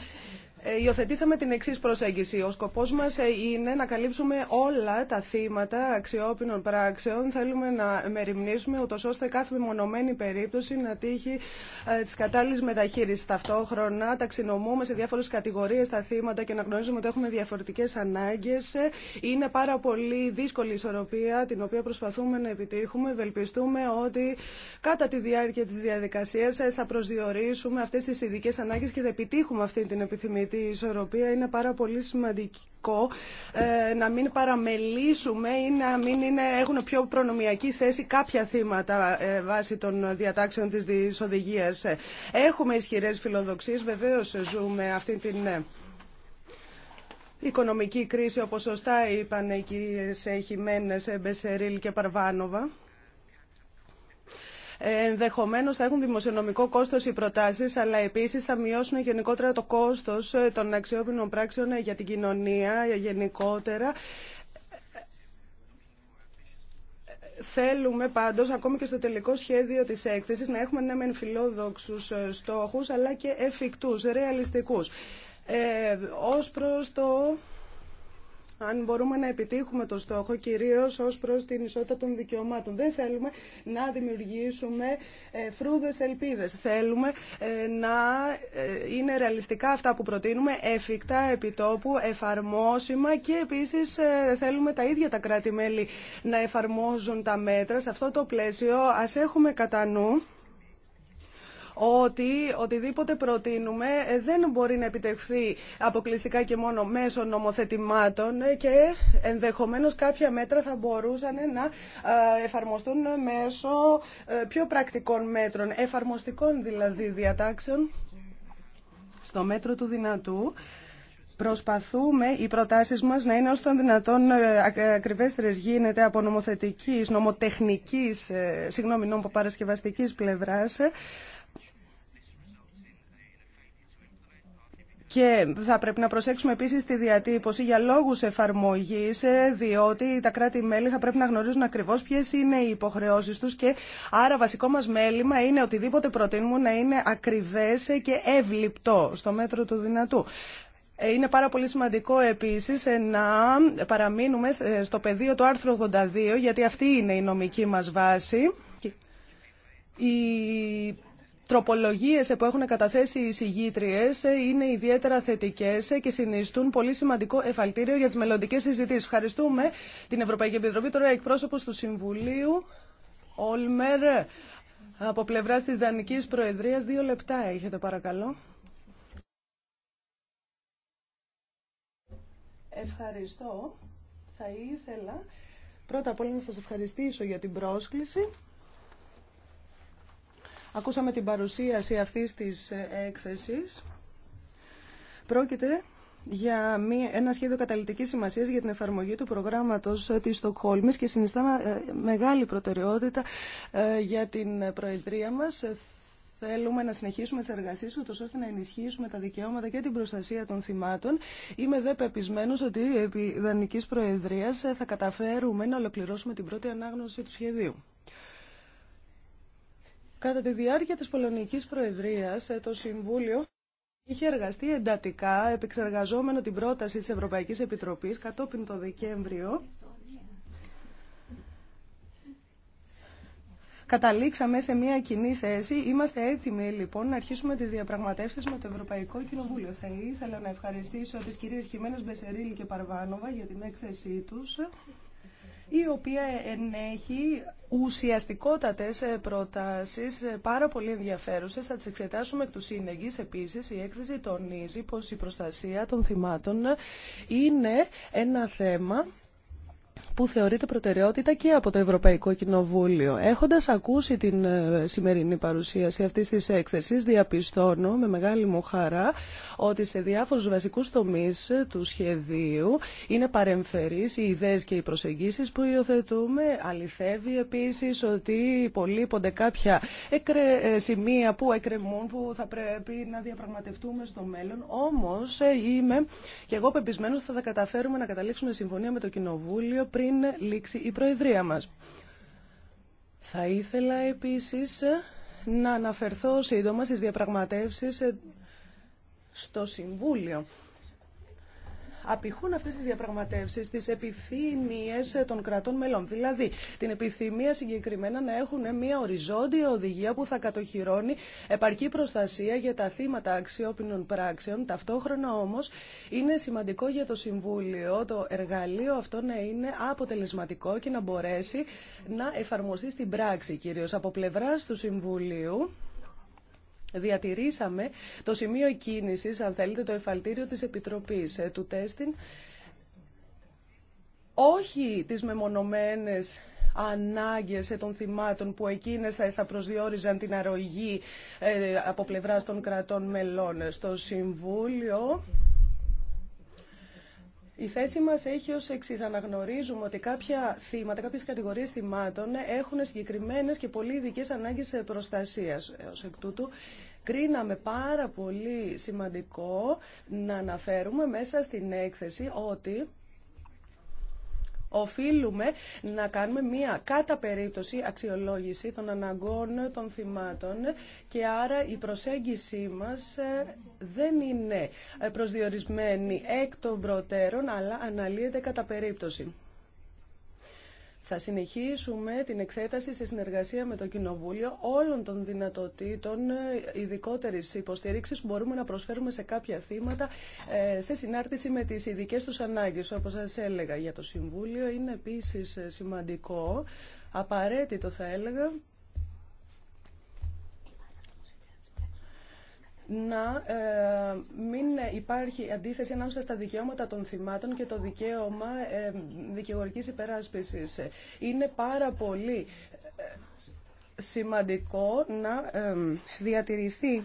Ε, υιοθετήσαμε την εξή προσέγγιση. Ο σκοπό μα ε, είναι να καλύψουμε όλα τα θύματα αξιόπινων πράξεων. Θέλουμε να μεριμνήσουμε ούτω ώστε κάθε μονομένη περίπτωση να τύχει ε, τη κατάλληλη μεταχείριση. Ταυτόχρονα ταξινομούμε σε διάφορε κατηγορίε τα θύματα και να γνωρίζουμε ότι έχουμε διαφορετικέ ανάγκε. Είναι πάρα πολύ δύσκολη η ισορροπία την οποία προσπαθούμε να επιτύχουμε. Ευελπιστούμε ότι κατά τη διάρκεια τη διαδικασία θα προσδιορίσουμε αυτέ τι ειδικέ ανάγκε και θα επιτύχουμε αυτή την επιθυμητή η ισορροπία είναι πάρα πολύ σημαντικό ε, να μην παραμελήσουμε ή να μην είναι, έχουν πιο προνομιακή θέση κάποια θύματα ε, βάσει των διατάξεων της οδηγίας. Έχουμε ισχυρές φιλοδοξίες, βεβαίως ζούμε αυτή την ε, οικονομική κρίση, όπως σωστά είπαν οι κυρίες Χιμένες, Μπεσερίλ και Παρβάνοβα ενδεχομένως θα έχουν δημοσιονομικό κόστος οι προτάσεις αλλά επίσης θα μειώσουν γενικότερα το κόστος ε, των αξιόπινων πράξεων ε, για την κοινωνία ε, γενικότερα. Θέλουμε πάντως, ακόμη και στο τελικό σχέδιο της έκθεσης, να έχουμε ένα μεν φιλόδοξους στόχους, αλλά και εφικτούς, ρεαλιστικούς. Ε, ως προς το αν μπορούμε να επιτύχουμε το στόχο, κυρίω ω προ την ισότητα των δικαιωμάτων. Δεν θέλουμε να δημιουργήσουμε ε, φρούδες ελπίδες. Θέλουμε ε, να ε, είναι ρεαλιστικά αυτά που προτείνουμε, εφικτά επιτόπου, εφαρμόσιμα και επίση θέλουμε τα ίδια τα κράτη-μέλη να εφαρμόζουν τα μέτρα. Σε αυτό το πλαίσιο, α έχουμε κατά νου ότι οτιδήποτε προτείνουμε ε, δεν μπορεί να επιτευχθεί αποκλειστικά και μόνο μέσω νομοθετημάτων ε, και ενδεχομένως κάποια μέτρα θα μπορούσαν να ε, εφαρμοστούν μέσω πιο πρακτικών μέτρων, εφαρμοστικών δηλαδή διατάξεων στο μέτρο του δυνατού. Προσπαθούμε οι προτάσει μας να είναι όσο των δυνατόν ακριβέστερε γίνεται από νομοθετική, νομοτεχνικής, συγγνώμη, νομοπαρασκευαστική πλευράς. Και θα πρέπει να προσέξουμε επίση τη διατύπωση για λόγου εφαρμογή, ε, διότι τα κράτη-μέλη θα πρέπει να γνωρίζουν ακριβώ ποιε είναι οι υποχρεώσει του και άρα βασικό μα μέλημα είναι οτιδήποτε προτείνουμε να είναι ακριβέ και εύληπτο στο μέτρο του δυνατού. Ε, είναι πάρα πολύ σημαντικό επίσης ε, να παραμείνουμε στο πεδίο του άρθρου 82, γιατί αυτή είναι η νομική μας βάση. Η τροπολογίες που έχουν καταθέσει οι συγγήτριες είναι ιδιαίτερα θετικές και συνιστούν πολύ σημαντικό εφαλτήριο για τις μελλοντικέ συζητήσεις. Ευχαριστούμε την Ευρωπαϊκή Επιτροπή, τώρα εκπρόσωπος του Συμβουλίου, Όλμερ, από πλευρά της Δανικής Προεδρίας. Δύο λεπτά έχετε παρακαλώ. Ευχαριστώ. Θα ήθελα πρώτα απ' όλα να σας ευχαριστήσω για την πρόσκληση. Ακούσαμε την παρουσίαση αυτής της ε, έκθεσης. Πρόκειται για ένα σχέδιο καταλητικής σημασίας για την εφαρμογή του προγράμματος ε, της Στοκχόλμης και συνιστάμε μεγάλη προτεραιότητα ε, για την Προεδρία μας. Θέλουμε να συνεχίσουμε τι εργασίε του, ώστε να ενισχύσουμε τα δικαιώματα και την προστασία των θυμάτων. Είμαι δε πεπισμένο ότι επί Δανική Προεδρία θα καταφέρουμε να ολοκληρώσουμε την πρώτη ανάγνωση του σχεδίου. Κατά τη διάρκεια της Πολωνικής Προεδρίας, ε, το Συμβούλιο είχε εργαστεί εντατικά, επεξεργαζόμενο την πρόταση της Ευρωπαϊκής Επιτροπής κατόπιν το Δεκέμβριο. Καταλήξαμε σε μια κοινή θέση. Είμαστε έτοιμοι λοιπόν να αρχίσουμε τις διαπραγματεύσεις με το Ευρωπαϊκό Κοινοβούλιο. Θα ήθελα να ευχαριστήσω τις κυρίες Χιμένες Μπεσερίλη και Παρβάνοβα για την έκθεσή τους η οποία ενέχει ουσιαστικότατες ε, προτάσεις ε, πάρα πολύ ενδιαφέρουσες. Θα τις εξετάσουμε εκ του Σύνεγγης. Επίσης, η έκθεση τονίζει πως η προστασία των θυμάτων είναι ένα θέμα που θεωρείται προτεραιότητα και από το Ευρωπαϊκό Κοινοβούλιο. Έχοντας ακούσει την ε, σημερινή παρουσίαση αυτή της έκθεσης, διαπιστώνω με μεγάλη μου χαρά ότι σε διάφορους βασικούς τομείς του σχεδίου είναι παρεμφερείς οι ιδέες και οι προσεγγίσεις που υιοθετούμε. Αληθεύει επίσης ότι υπολείπονται κάποια ε, σημεία που εκκρεμούν που θα πρέπει να διαπραγματευτούμε στο μέλλον. Όμως ε, είμαι και εγώ πεπισμένος ότι θα καταφέρουμε να καταλήξουμε συμφωνία με το Κοινοβούλιο πριν πριν η Προεδρία μας. Θα ήθελα επίσης ε, να αναφερθώ σύντομα στις διαπραγματεύσεις ε, στο Συμβούλιο απηχούν αυτές τις διαπραγματεύσεις τι επιθυμίες των κρατών μελών. Δηλαδή, την επιθυμία συγκεκριμένα να έχουν μια οριζόντια οδηγία που θα κατοχυρώνει επαρκή προστασία για τα θύματα αξιόπινων πράξεων. Ταυτόχρονα όμως είναι σημαντικό για το Συμβούλιο το εργαλείο αυτό να είναι αποτελεσματικό και να μπορέσει να εφαρμοστεί στην πράξη κυρίως από πλευράς του Συμβουλίου διατηρήσαμε το σημείο κίνησης, αν θέλετε, το εφαλτήριο της Επιτροπής ε, του Τέστην, όχι τις μεμονωμένες ανάγκες ε, των θυμάτων που εκείνες θα προσδιορίζαν την αρρωγή ε, από πλευράς των κρατών μελών. Στο Συμβούλιο η θέση μα έχει ω εξή. Αναγνωρίζουμε ότι κάποια θύματα, κάποιε κατηγορίε θυμάτων έχουν συγκεκριμένε και πολύ ειδικέ ανάγκε προστασία. Ω εκ τούτου, κρίναμε πάρα πολύ σημαντικό να αναφέρουμε μέσα στην έκθεση ότι οφείλουμε να κάνουμε μία κατά περίπτωση αξιολόγηση των αναγκών των θυμάτων και άρα η προσέγγιση μας ε, δεν είναι ε, προσδιορισμένη εκ των προτέρων αλλά αναλύεται κατά περίπτωση. Θα συνεχίσουμε την εξέταση σε συνεργασία με το Κοινοβούλιο όλων των δυνατοτήτων ε, ειδικότερη υποστήριξη που μπορούμε να προσφέρουμε σε κάποια θύματα ε, σε συνάρτηση με τι ειδικέ του ανάγκε. Όπω σα έλεγα, για το Συμβούλιο είναι επίση ε, σημαντικό, απαραίτητο θα έλεγα, να ε, μην υπάρχει αντίθεση ανάμεσα στα δικαιώματα των θυμάτων και το δικαίωμα ε, δικαιωρικής υπεράσπισης. Είναι πάρα πολύ ε, σημαντικό να διατηρηθεί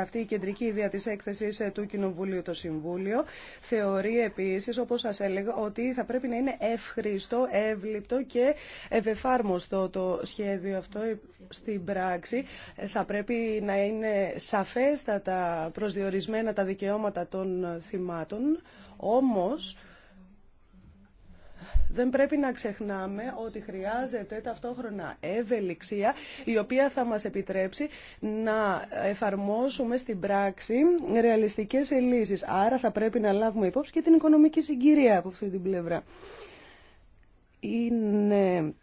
αυτή η κεντρική ιδέα της έκθεσης ε, του Κοινοβουλίου το Συμβούλιο. Θεωρεί επίσης, όπως σας έλεγα, ότι θα πρέπει να είναι ευχρήστο, εύληπτο και ευεφάρμοστο το σχέδιο αυτό στην πράξη. Ε, θα πρέπει να είναι σαφέστατα προσδιορισμένα τα δικαιώματα των θυμάτων, όμως δεν πρέπει να ξεχνάμε ότι χρειάζεται ταυτόχρονα ευελιξία η οποία θα μας επιτρέψει να εφαρμόσουμε στην πράξη ρεαλιστικές λύσεις. Άρα θα πρέπει να λάβουμε υπόψη και την οικονομική συγκυρία από αυτή την πλευρά. Είναι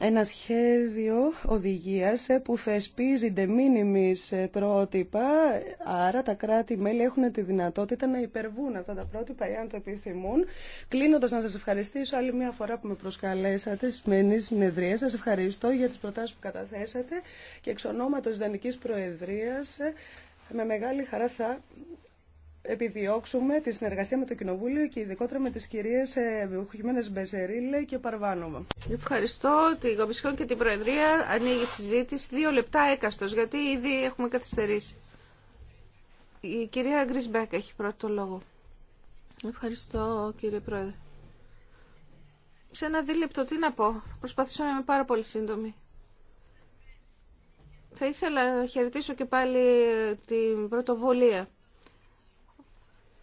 ένα σχέδιο οδηγίας ε, που θεσπίζει μήνυμης ε, πρότυπα, άρα τα κράτη-μέλη έχουν τη δυνατότητα να υπερβούν αυτά τα πρότυπα εάν το επιθυμούν. Κλείνοντας να σας ευχαριστήσω άλλη μια φορά που με προσκαλέσατε στι συνεδρία. Σας ευχαριστώ για τις προτάσεις που καταθέσατε και εξ ονόματος Δανικής Προεδρίας ε, με μεγάλη χαρά θα επιδιώξουμε τη συνεργασία με το Κοινοβούλιο και ειδικότερα με τις κυρίες ε, Χιμένες Μπεζερίλε και Παρβάνοβα. Ευχαριστώ την Κομισιόν και την Προεδρία. Ανοίγει η συζήτηση. Δύο λεπτά έκαστος, γιατί ήδη έχουμε καθυστερήσει. Η κυρία Γκρισμπέκ έχει πρώτο λόγο. Ευχαριστώ κύριε Πρόεδρε. Σε ένα δίλεπτο τι να πω. Προσπαθήσω να είμαι πάρα πολύ σύντομη. Θα ήθελα να χαιρετήσω και πάλι την πρωτοβουλία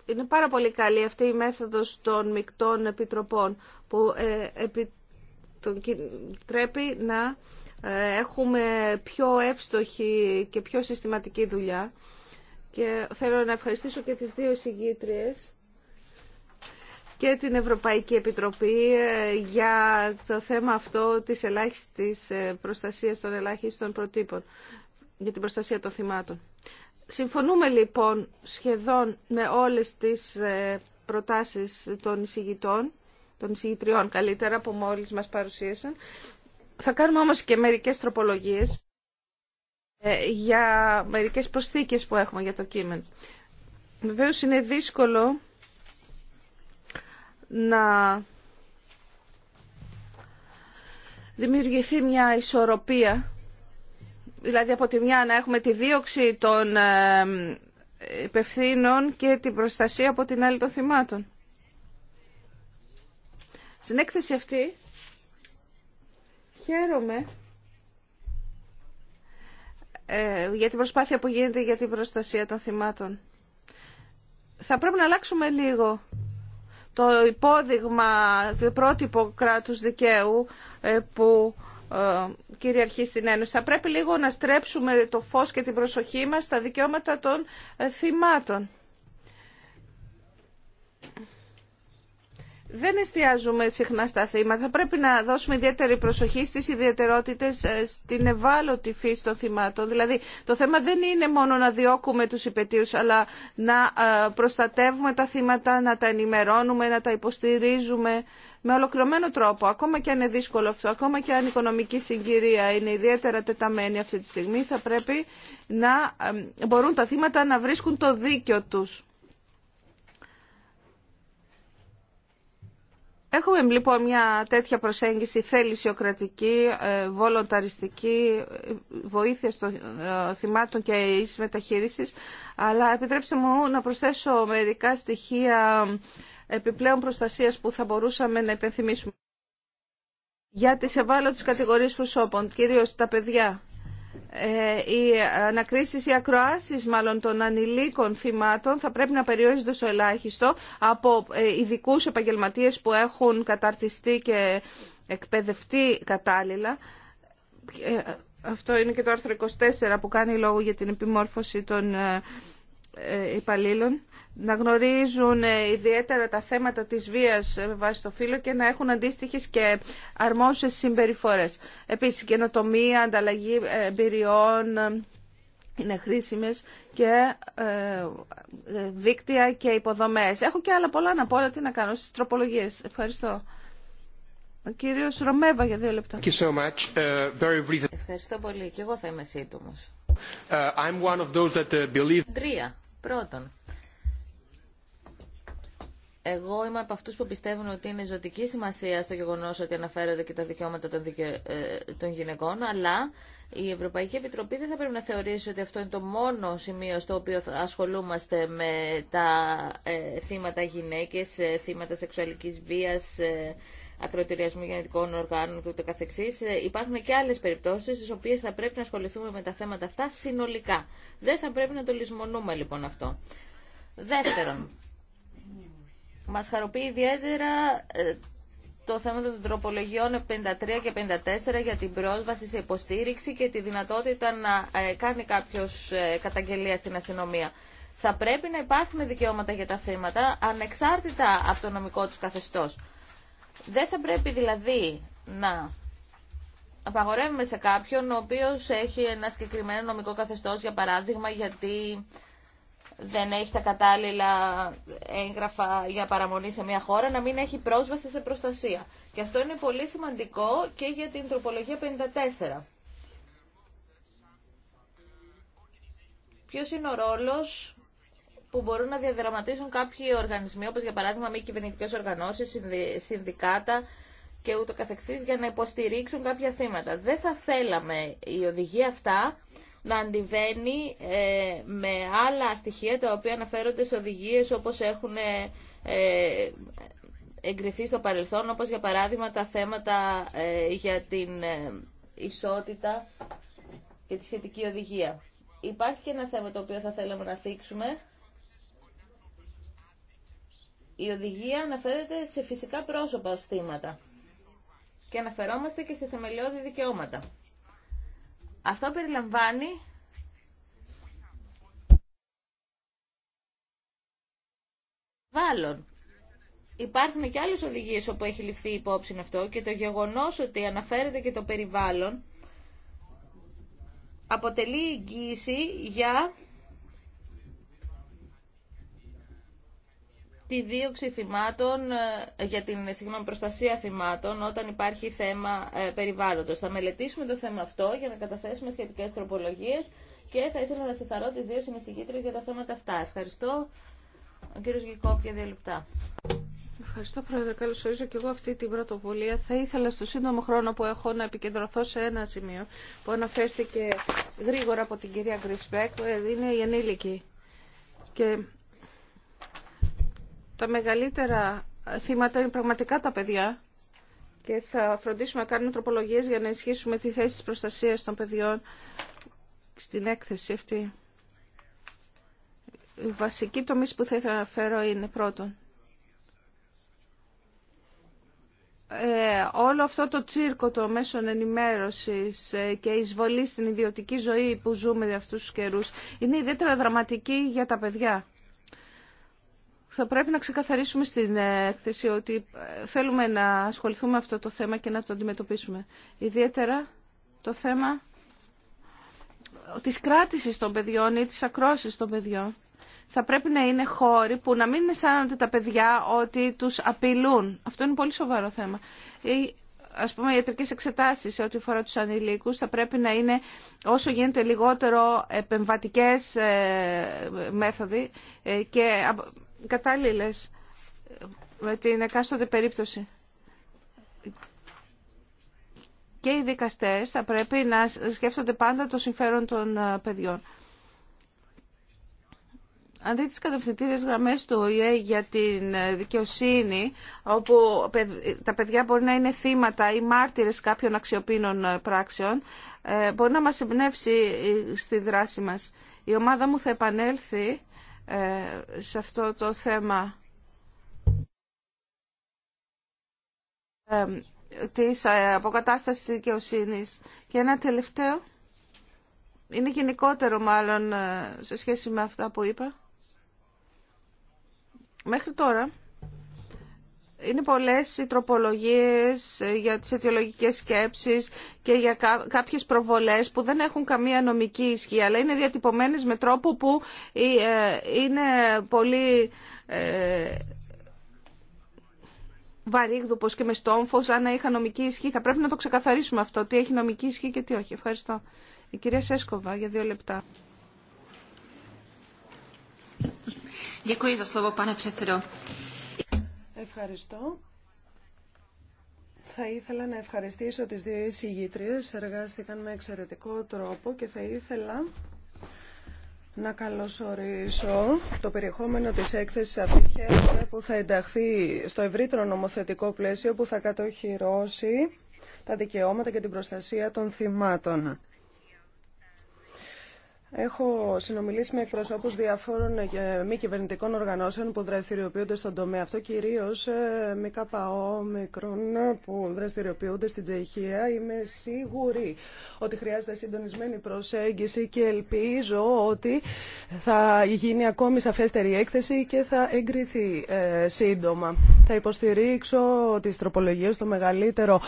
είναι πάρα πολύ καλή αυτή η μέθοδος των μεικτών επιτροπών που ε, τρέπει να ε, έχουμε πιο εύστοχη και πιο συστηματική δουλειά. Και θέλω να ευχαριστήσω και τις δύο συγκίτριες και την Ευρωπαϊκή Επιτροπή ε, για το θέμα αυτό της ελάχιστης προστασίας των ελάχιστων προτύπων για την προστασία των θυμάτων. Συμφωνούμε λοιπόν σχεδόν με όλες τις ε, προτάσεις των εισηγητών, των εισηγητριών καλύτερα που μόλις μας παρουσίασαν. Θα κάνουμε όμως και μερικές τροπολογίες ε, για μερικές προσθήκες που έχουμε για το κείμενο. Βεβαίως είναι δύσκολο να δημιουργηθεί μια ισορροπία δηλαδή από τη μια να έχουμε τη δίωξη των ε, υπευθύνων και την προστασία από την άλλη των θυμάτων. Στην έκθεση αυτή χαίρομαι ε, για την προσπάθεια που γίνεται για την προστασία των θυμάτων. Θα πρέπει να αλλάξουμε λίγο το υπόδειγμα, το πρότυπο κράτους δικαίου ε, που ε, κυριαρχεί στην Ένωση. Θα πρέπει λίγο να στρέψουμε το φως και την προσοχή μας στα δικαιώματα των ε, θυμάτων δεν εστιάζουμε συχνά στα θύματα. Θα πρέπει να δώσουμε ιδιαίτερη προσοχή στις ιδιαιτερότητες, ε, στην ευάλωτη φύση των θυμάτων. Δηλαδή, το θέμα δεν είναι μόνο να διώκουμε τους υπετίους, αλλά να ε, προστατεύουμε τα θύματα, να τα ενημερώνουμε, να τα υποστηρίζουμε με ολοκληρωμένο τρόπο. Ακόμα και αν είναι δύσκολο αυτό, ακόμα και αν η οικονομική συγκυρία είναι ιδιαίτερα τεταμένη αυτή τη στιγμή, θα πρέπει να ε, μπορούν τα θύματα να βρίσκουν το δίκιο τους Έχουμε λοιπόν μια τέτοια προσέγγιση θελησιοκρατική, ε, βολονταριστική, βοήθεια των ε, θυμάτων και εις μεταχείρισης, αλλά επιτρέψτε μου να προσθέσω μερικά στοιχεία ε, επιπλέον προστασίας που θα μπορούσαμε να υπενθυμίσουμε. Για τις ευάλωτες κατηγορίες προσώπων, κυρίως τα παιδιά, ε, οι ανακρίσει ή ακροάσει μάλλον των ανηλίκων θυμάτων θα πρέπει να περιορίζονται στο ελάχιστο από ε, ειδικού επαγγελματίε που έχουν καταρτιστεί και εκπαιδευτεί κατάλληλα. Ε, αυτό είναι και το άρθρο 24 που κάνει λόγο για την επιμόρφωση των υπαλλήλων να γνωρίζουν ιδιαίτερα τα θέματα της βίας με βάση το φύλλο και να έχουν αντίστοιχες και αρμόσες συμπεριφορές. Επίσης, καινοτομία, ανταλλαγή εμπειριών είναι χρήσιμες και ε, δίκτυα και υποδομές. Έχω και άλλα πολλά να πω, αλλά τι να κάνω στις τροπολογίες. Ευχαριστώ. Ο κύριος Ρωμέβα για δύο λεπτά. Ε, Ευχαριστώ πολύ. Και εγώ θα είμαι σύντομος. Ε, Τρία. Πρώτον, εγώ είμαι από αυτού που πιστεύουν ότι είναι ζωτική σημασία στο γεγονό ότι αναφέρονται και τα δικαιώματα των, ε, των γυναικών, αλλά η Ευρωπαϊκή Επιτροπή δεν θα πρέπει να θεωρήσει ότι αυτό είναι το μόνο σημείο στο οποίο ασχολούμαστε με τα ε, θύματα γυναίκε, ε, θύματα σεξουαλική βία, ε, ακροτηριασμού γενετικών οργάνων κ.ο.κ. Ε, υπάρχουν και άλλε περιπτώσει στι οποίε θα πρέπει να ασχοληθούμε με τα θέματα αυτά συνολικά. Δεν θα πρέπει να το λησμονούμε λοιπόν αυτό. Δεύτερον, μας χαροποιεί ιδιαίτερα ε, το θέμα των τροπολογιών 53 και 54 για την πρόσβαση σε υποστήριξη και τη δυνατότητα να ε, κάνει κάποιος ε, καταγγελία στην αστυνομία. Θα πρέπει να υπάρχουν δικαιώματα για τα θύματα ανεξάρτητα από το νομικό τους καθεστώς. Δεν θα πρέπει δηλαδή να απαγορεύουμε σε κάποιον ο οποίος έχει ένα συγκεκριμένο νομικό καθεστώς, για παράδειγμα, γιατί δεν έχει τα κατάλληλα έγγραφα για παραμονή σε μια χώρα, να μην έχει πρόσβαση σε προστασία. Και αυτό είναι πολύ σημαντικό και για την τροπολογία 54. Ποιος είναι ο ρόλος που μπορούν να διαδραματίσουν κάποιοι οργανισμοί, όπως για παράδειγμα μη κυβερνητικέ οργανώσεις, συνδικάτα και ούτω καθεξής, για να υποστηρίξουν κάποια θύματα. Δεν θα θέλαμε η οδηγία αυτά να αντιβαίνει ε, με άλλα στοιχεία τα οποία αναφέρονται σε οδηγίες όπως έχουν ε, ε, εγκριθεί στο παρελθόν, όπως για παράδειγμα τα θέματα για την ισότητα και τη σχετική οδηγία. Υπάρχει και ένα θέμα το οποίο θα θέλαμε να θίξουμε. Η οδηγία αναφέρεται σε φυσικά πρόσωπα ως θύματα και αναφερόμαστε και σε θεμελιώδη δικαιώματα. Αυτό περιλαμβάνει Βάλλον. Υπάρχουν και άλλες οδηγίες όπου έχει ληφθεί υπόψη αυτό και το γεγονός ότι αναφέρεται και το περιβάλλον αποτελεί εγγύηση για τη δίωξη θυμάτων, ε, για την συγγνώμη, προστασία θυμάτων όταν υπάρχει θέμα ε, περιβάλλοντος. Θα μελετήσουμε το θέμα αυτό για να καταθέσουμε σχετικές τροπολογίες και θα ήθελα να συγχαρώ τις δύο συνεισηγήτρες για τα θέματα αυτά. Ευχαριστώ. Ο κύριος Γλυκόπ για δύο λεπτά. Ευχαριστώ Πρόεδρε. Καλώς ορίζω και εγώ αυτή την πρωτοβουλία. Θα ήθελα στο σύντομο χρόνο που έχω να επικεντρωθώ σε ένα σημείο που αναφέρθηκε γρήγορα από την κυρία που ε, Είναι η ενήλικη. Και τα μεγαλύτερα θύματα είναι πραγματικά τα παιδιά και θα φροντίσουμε να κάνουμε τροπολογίες για να ενισχύσουμε τη θέση της προστασίας των παιδιών στην έκθεση αυτή. Η βασική τομή που θα ήθελα να φέρω είναι πρώτον. Ε, όλο αυτό το τσίρκο των μέσων ενημέρωσης ε, και εισβολή στην ιδιωτική ζωή που ζούμε για αυτούς τους καιρούς είναι ιδιαίτερα δραματική για τα παιδιά θα πρέπει να ξεκαθαρίσουμε στην ε, έκθεση ότι ε, θέλουμε να ασχοληθούμε με αυτό το θέμα και να το αντιμετωπίσουμε. Ιδιαίτερα το θέμα ε, της κράτησης των παιδιών ή της ακρόσης των παιδιών. Θα πρέπει να είναι χώροι που να μην αισθάνονται τα παιδιά ότι τους απειλούν. Αυτό είναι πολύ σοβαρό θέμα. Ή ας πούμε, ιατρικές εξετάσεις σε ό,τι αφορά τους ανηλίκους θα πρέπει να είναι όσο γίνεται λιγότερο επεμβατικές μέθοδοι και κατάλληλες ε, με την εκάστοτε περίπτωση. Και οι δικαστές θα πρέπει να σκέφτονται πάντα το συμφέρον των ε, παιδιών. Αν δείτε τις κατευθυντήριες γραμμές του ΟΗΕ για την ε, δικαιοσύνη, όπου τα παιδιά μπορεί να είναι θύματα ή μάρτυρες κάποιων αξιοπίνων πράξεων, μπορεί να μας εμπνεύσει στη δράση μας. Η ομάδα μου θα επανέλθει ε, σε αυτό το θέμα ε, της ε, αποκατάστασης δικαιοσύνη. Και ένα τελευταίο, είναι γενικότερο μάλλον σε σχέση με αυτά που είπα. Μέχρι τώρα είναι πολλές οι τροπολογίες ε, για τις αιτιολογικές σκέψεις και για κάποιες προβολές που δεν έχουν καμία νομική ισχύ, αλλά είναι διατυπωμένες με τρόπο που ε, είναι πολύ ε, βαρύγδουπος και με στόμφος, αν είχα νομική ισχύ. Θα πρέπει να το ξεκαθαρίσουμε αυτό, τι έχει νομική ισχύ και τι όχι. Ευχαριστώ. Η κυρία Σέσκοβα για δύο λεπτά. Děkuji za slovo, Ευχαριστώ. Θα ήθελα να ευχαριστήσω τις δύο εισηγήτριες, εργάστηκαν με εξαιρετικό τρόπο και θα ήθελα να καλωσορίσω το περιεχόμενο της έκθεσης αυτής που θα ενταχθεί στο ευρύτερο νομοθετικό πλαίσιο που θα κατοχυρώσει τα δικαιώματα και την προστασία των θυμάτων. Έχω συνομιλήσει με εκπροσώπους διαφόρων ε, μη κυβερνητικών οργανώσεων που δραστηριοποιούνται στον τομέα αυτό, κυρίως ε, ΚΑΠΑΟ μικρών που δραστηριοποιούνται στην Τσεχία. Είμαι σίγουρη ότι χρειάζεται συντονισμένη προσέγγιση και ελπίζω ότι θα γίνει ακόμη σαφέστερη έκθεση και θα εγκριθεί ε, σύντομα. Θα υποστηρίξω τις τροπολογίες στο μεγαλύτερο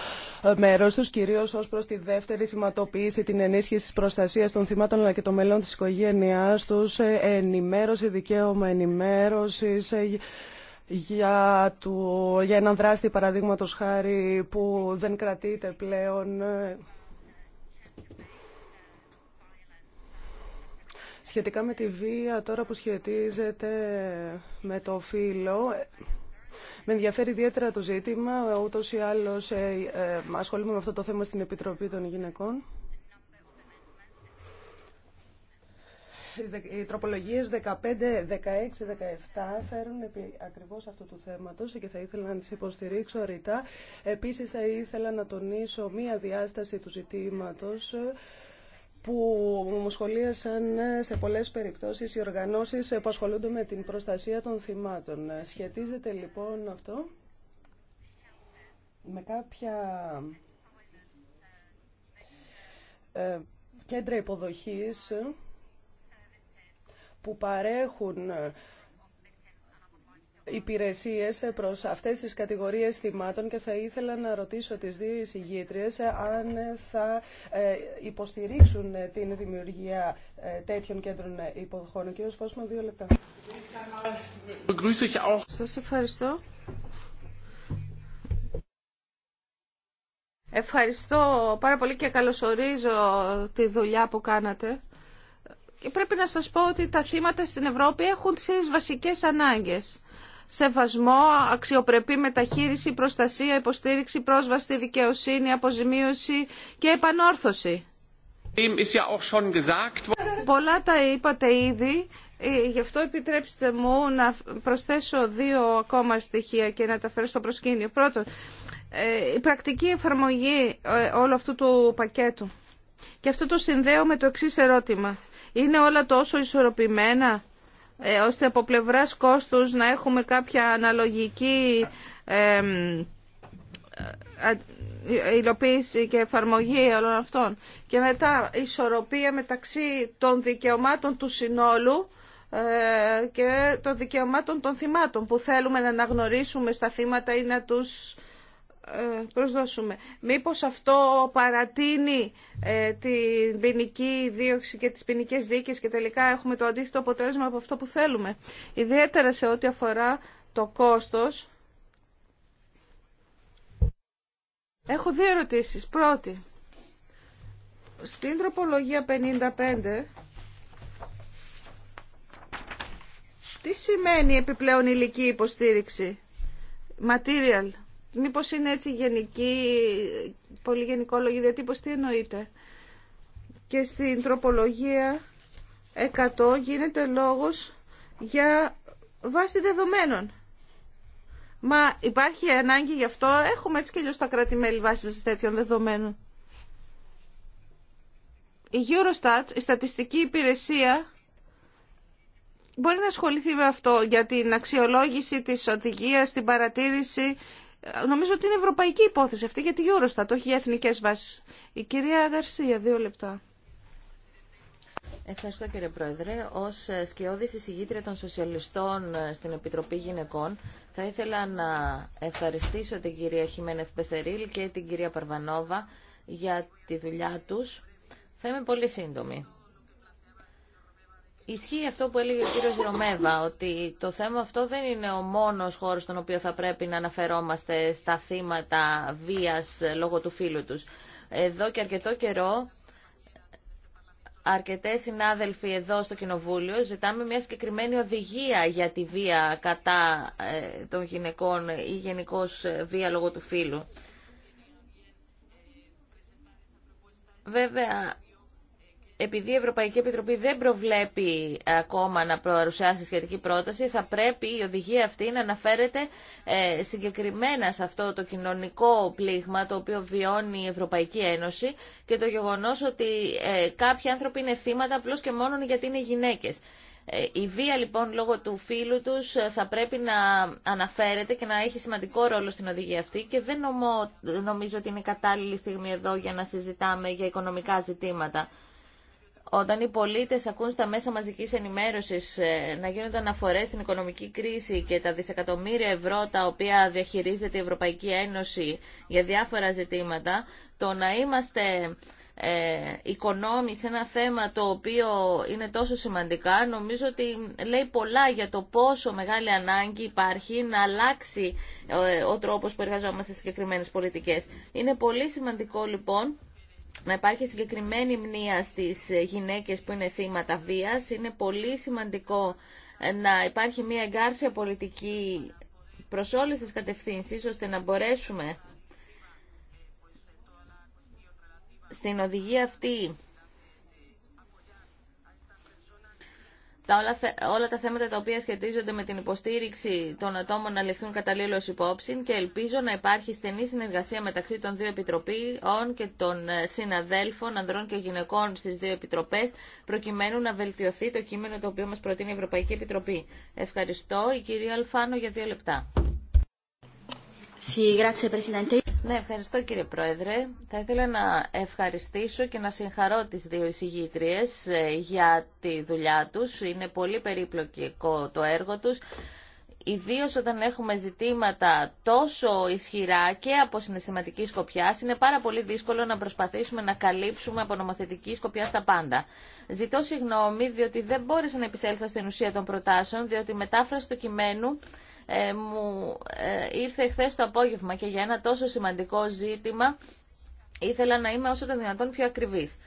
μέρος τους, κυρίως ως προς τη δεύτερη θυματοποίηση, την ενίσχυση της προστασίας των θυμάτων αλλά και το μέλλον μελών της οικογένειάς τους, ε, ενημέρωση, δικαίωμα ενημέρωσης, ε, για, του, για έναν δράστη παραδείγματο χάρη που δεν κρατείται πλέον ε. σχετικά με τη βία τώρα που σχετίζεται με το φύλλο με ενδιαφέρει ιδιαίτερα το ζήτημα ούτως ή άλλως ασχολούμαι με αυτό το θέμα στην Επιτροπή των Γυναικών οι τροπολογίες 15, 16, 17 φέρουν επί ακριβώς αυτού του θέματος και θα ήθελα να τις υποστηρίξω ρητά. Επίσης θα ήθελα να τονίσω μία διάσταση του ζητήματος ε, που μου σχολίασαν ε, σε πολλές περιπτώσεις οι οργανώσεις που ασχολούνται με την προστασία των θυμάτων. Ε, σχετίζεται λοιπόν αυτό με κάποια κέντρα υποδοχής που παρέχουν ε, υπηρεσίες προς αυτές τις κατηγορίες θυμάτων και θα ήθελα να ρωτήσω τις δύο εισηγήτριες ε, αν θα ε, υποστηρίξουν την δημιουργία τέτοιων κέντρων υποδοχών. Κύριο κύριος δύο λεπτά. Σας ευχαριστώ. Ευχαριστώ πάρα πολύ και καλωσορίζω τη δουλειά που κάνατε. Και πρέπει να σας πω ότι τα θύματα στην Ευρώπη έχουν τις βασικές ανάγκες. Σεβασμό, αξιοπρεπή μεταχείριση, προστασία, υποστήριξη, πρόσβαση δικαιοσύνη, αποζημίωση και επανόρθωση. Πολλά τα είπατε ήδη, ε, γι' αυτό επιτρέψτε μου να προσθέσω δύο ακόμα στοιχεία και να τα φέρω στο προσκήνιο. Πρώτον, ε, η πρακτική εφαρμογή ε, όλου αυτού του πακέτου. Και αυτό το συνδέω με το εξή ερώτημα. Είναι όλα τόσο ισορροπημένα ε, ώστε από πλευράς κόστους να έχουμε κάποια αναλογική ε, υλοποίηση και εφαρμογή όλων αυτών. Και μετά ισορροπία μεταξύ των δικαιωμάτων του συνόλου ε, και των δικαιωμάτων των θυμάτων που θέλουμε να αναγνωρίσουμε στα θύματα ή να τους προσδώσουμε. Μήπως αυτό παρατείνει ε, την ποινική δίωξη και τις ποινικέ δίκες και τελικά έχουμε το αντίθετο αποτέλεσμα από αυτό που θέλουμε. Ιδιαίτερα σε ό,τι αφορά το κόστος. Έχω δύο ερωτήσεις. Πρώτη, στην τροπολογία 55... Τι σημαίνει επιπλέον ηλική υποστήριξη, material, Μήπως είναι έτσι γενική, πολύ γενικόλογη διατύπωση, τι εννοείται. Και στην τροπολογία 100 γίνεται λόγος για βάση δεδομένων. Μα υπάρχει ανάγκη γι' αυτό, έχουμε έτσι και λίγο στα κράτη-μέλη βάσεις τέτοιων δεδομένων. Η Eurostat, η στατιστική υπηρεσία, μπορεί να ασχοληθεί με αυτό για την αξιολόγηση της οδηγίας, την παρατήρηση Νομίζω ότι είναι ευρωπαϊκή υπόθεση αυτή γιατί η Eurostat, έχει οι εθνικέ βάσει. Η κυρία Γαρσία, δύο λεπτά. Ευχαριστώ κύριε Πρόεδρε. Ω ε, σκιώδη εισηγήτρια των σοσιαλιστών ε, στην Επιτροπή Γυναικών θα ήθελα να ευχαριστήσω την κυρία Χιμένεθ Πεθερίλ και την κυρία Παρβανόβα για τη δουλειά τους. Θα είμαι πολύ σύντομη. Ισχύει αυτό που έλεγε ο κύριο Ρωμέβα, ότι το θέμα αυτό δεν είναι ο μόνο χώρο στον οποίο θα πρέπει να αναφερόμαστε στα θύματα βία λόγω του φίλου τους. Εδώ και αρκετό καιρό αρκετές συνάδελφοι εδώ στο Κοινοβούλιο ζητάμε μια συγκεκριμένη οδηγία για τη βία κατά ε, των γυναικών ή γενικώ ε, βία λόγω του φίλου. Βέβαια, επειδή η Ευρωπαϊκή Επιτροπή δεν προβλέπει ακόμα να παρουσιάσει σχετική πρόταση, θα πρέπει η οδηγία αυτή να αναφέρεται ε, συγκεκριμένα σε αυτό το κοινωνικό πλήγμα το οποίο βιώνει η Ευρωπαϊκή Ένωση και το γεγονός ότι ε, κάποιοι άνθρωποι είναι θύματα απλώς και μόνο γιατί είναι γυναίκες. Ε, η βία λοιπόν λόγω του φίλου τους θα πρέπει να αναφέρεται και να έχει σημαντικό ρόλο στην οδηγία αυτή και δεν νομίζω ότι είναι κατάλληλη στιγμή εδώ για να συζητάμε για οικονομικά ζητήματα. Όταν οι πολίτες ακούν στα μέσα μαζικής ενημέρωσης ε, να γίνονται αναφορές στην οικονομική κρίση και τα δισεκατομμύρια ευρώ τα οποία διαχειρίζεται η Ευρωπαϊκή Ένωση για διάφορα ζητήματα, το να είμαστε ε, σε ένα θέμα το οποίο είναι τόσο σημαντικά νομίζω ότι λέει πολλά για το πόσο μεγάλη ανάγκη υπάρχει να αλλάξει ο, ε, ο τρόπος που εργαζόμαστε σε συγκεκριμένες πολιτικές. Είναι πολύ σημαντικό λοιπόν να υπάρχει συγκεκριμένη μνήμα στις γυναίκες που είναι θύματα βίας. Είναι πολύ σημαντικό ε, να υπάρχει μια εγκάρσια πολιτική προς όλες τις κατευθύνσεις, ώστε να μπορέσουμε στην οδηγία αυτή τα όλα, τα θέματα τα οποία σχετίζονται με την υποστήριξη των ατόμων να ληφθούν καταλήλω υπόψη και ελπίζω να υπάρχει στενή συνεργασία μεταξύ των δύο επιτροπών και των ε, συναδέλφων ανδρών και γυναικών στι δύο επιτροπέ, προκειμένου να βελτιωθεί το κείμενο το οποίο μα προτείνει η Ευρωπαϊκή Επιτροπή. Ευχαριστώ. Η κυρία Αλφάνο για δύο λεπτά. Ναι, ευχαριστώ κύριε Πρόεδρε. Θα ήθελα να ευχαριστήσω και να συγχαρώ τις δύο εισηγήτριες ε, για τη δουλειά τους. Είναι πολύ περίπλοκο το έργο τους. Ιδίω όταν έχουμε ζητήματα τόσο ισχυρά και από συναισθηματική σκοπιά, είναι πάρα πολύ δύσκολο να προσπαθήσουμε να καλύψουμε από νομοθετική σκοπιά τα πάντα. Ζητώ συγγνώμη, διότι δεν μπόρεσα να επισέλθω στην ουσία των προτάσεων, διότι η μετάφραση του κειμένου ε, μου ε, ήρθε χθε το απόγευμα και για ένα τόσο σημαντικό ζήτημα ήθελα να είμαι όσο το δυνατόν πιο ακριβής.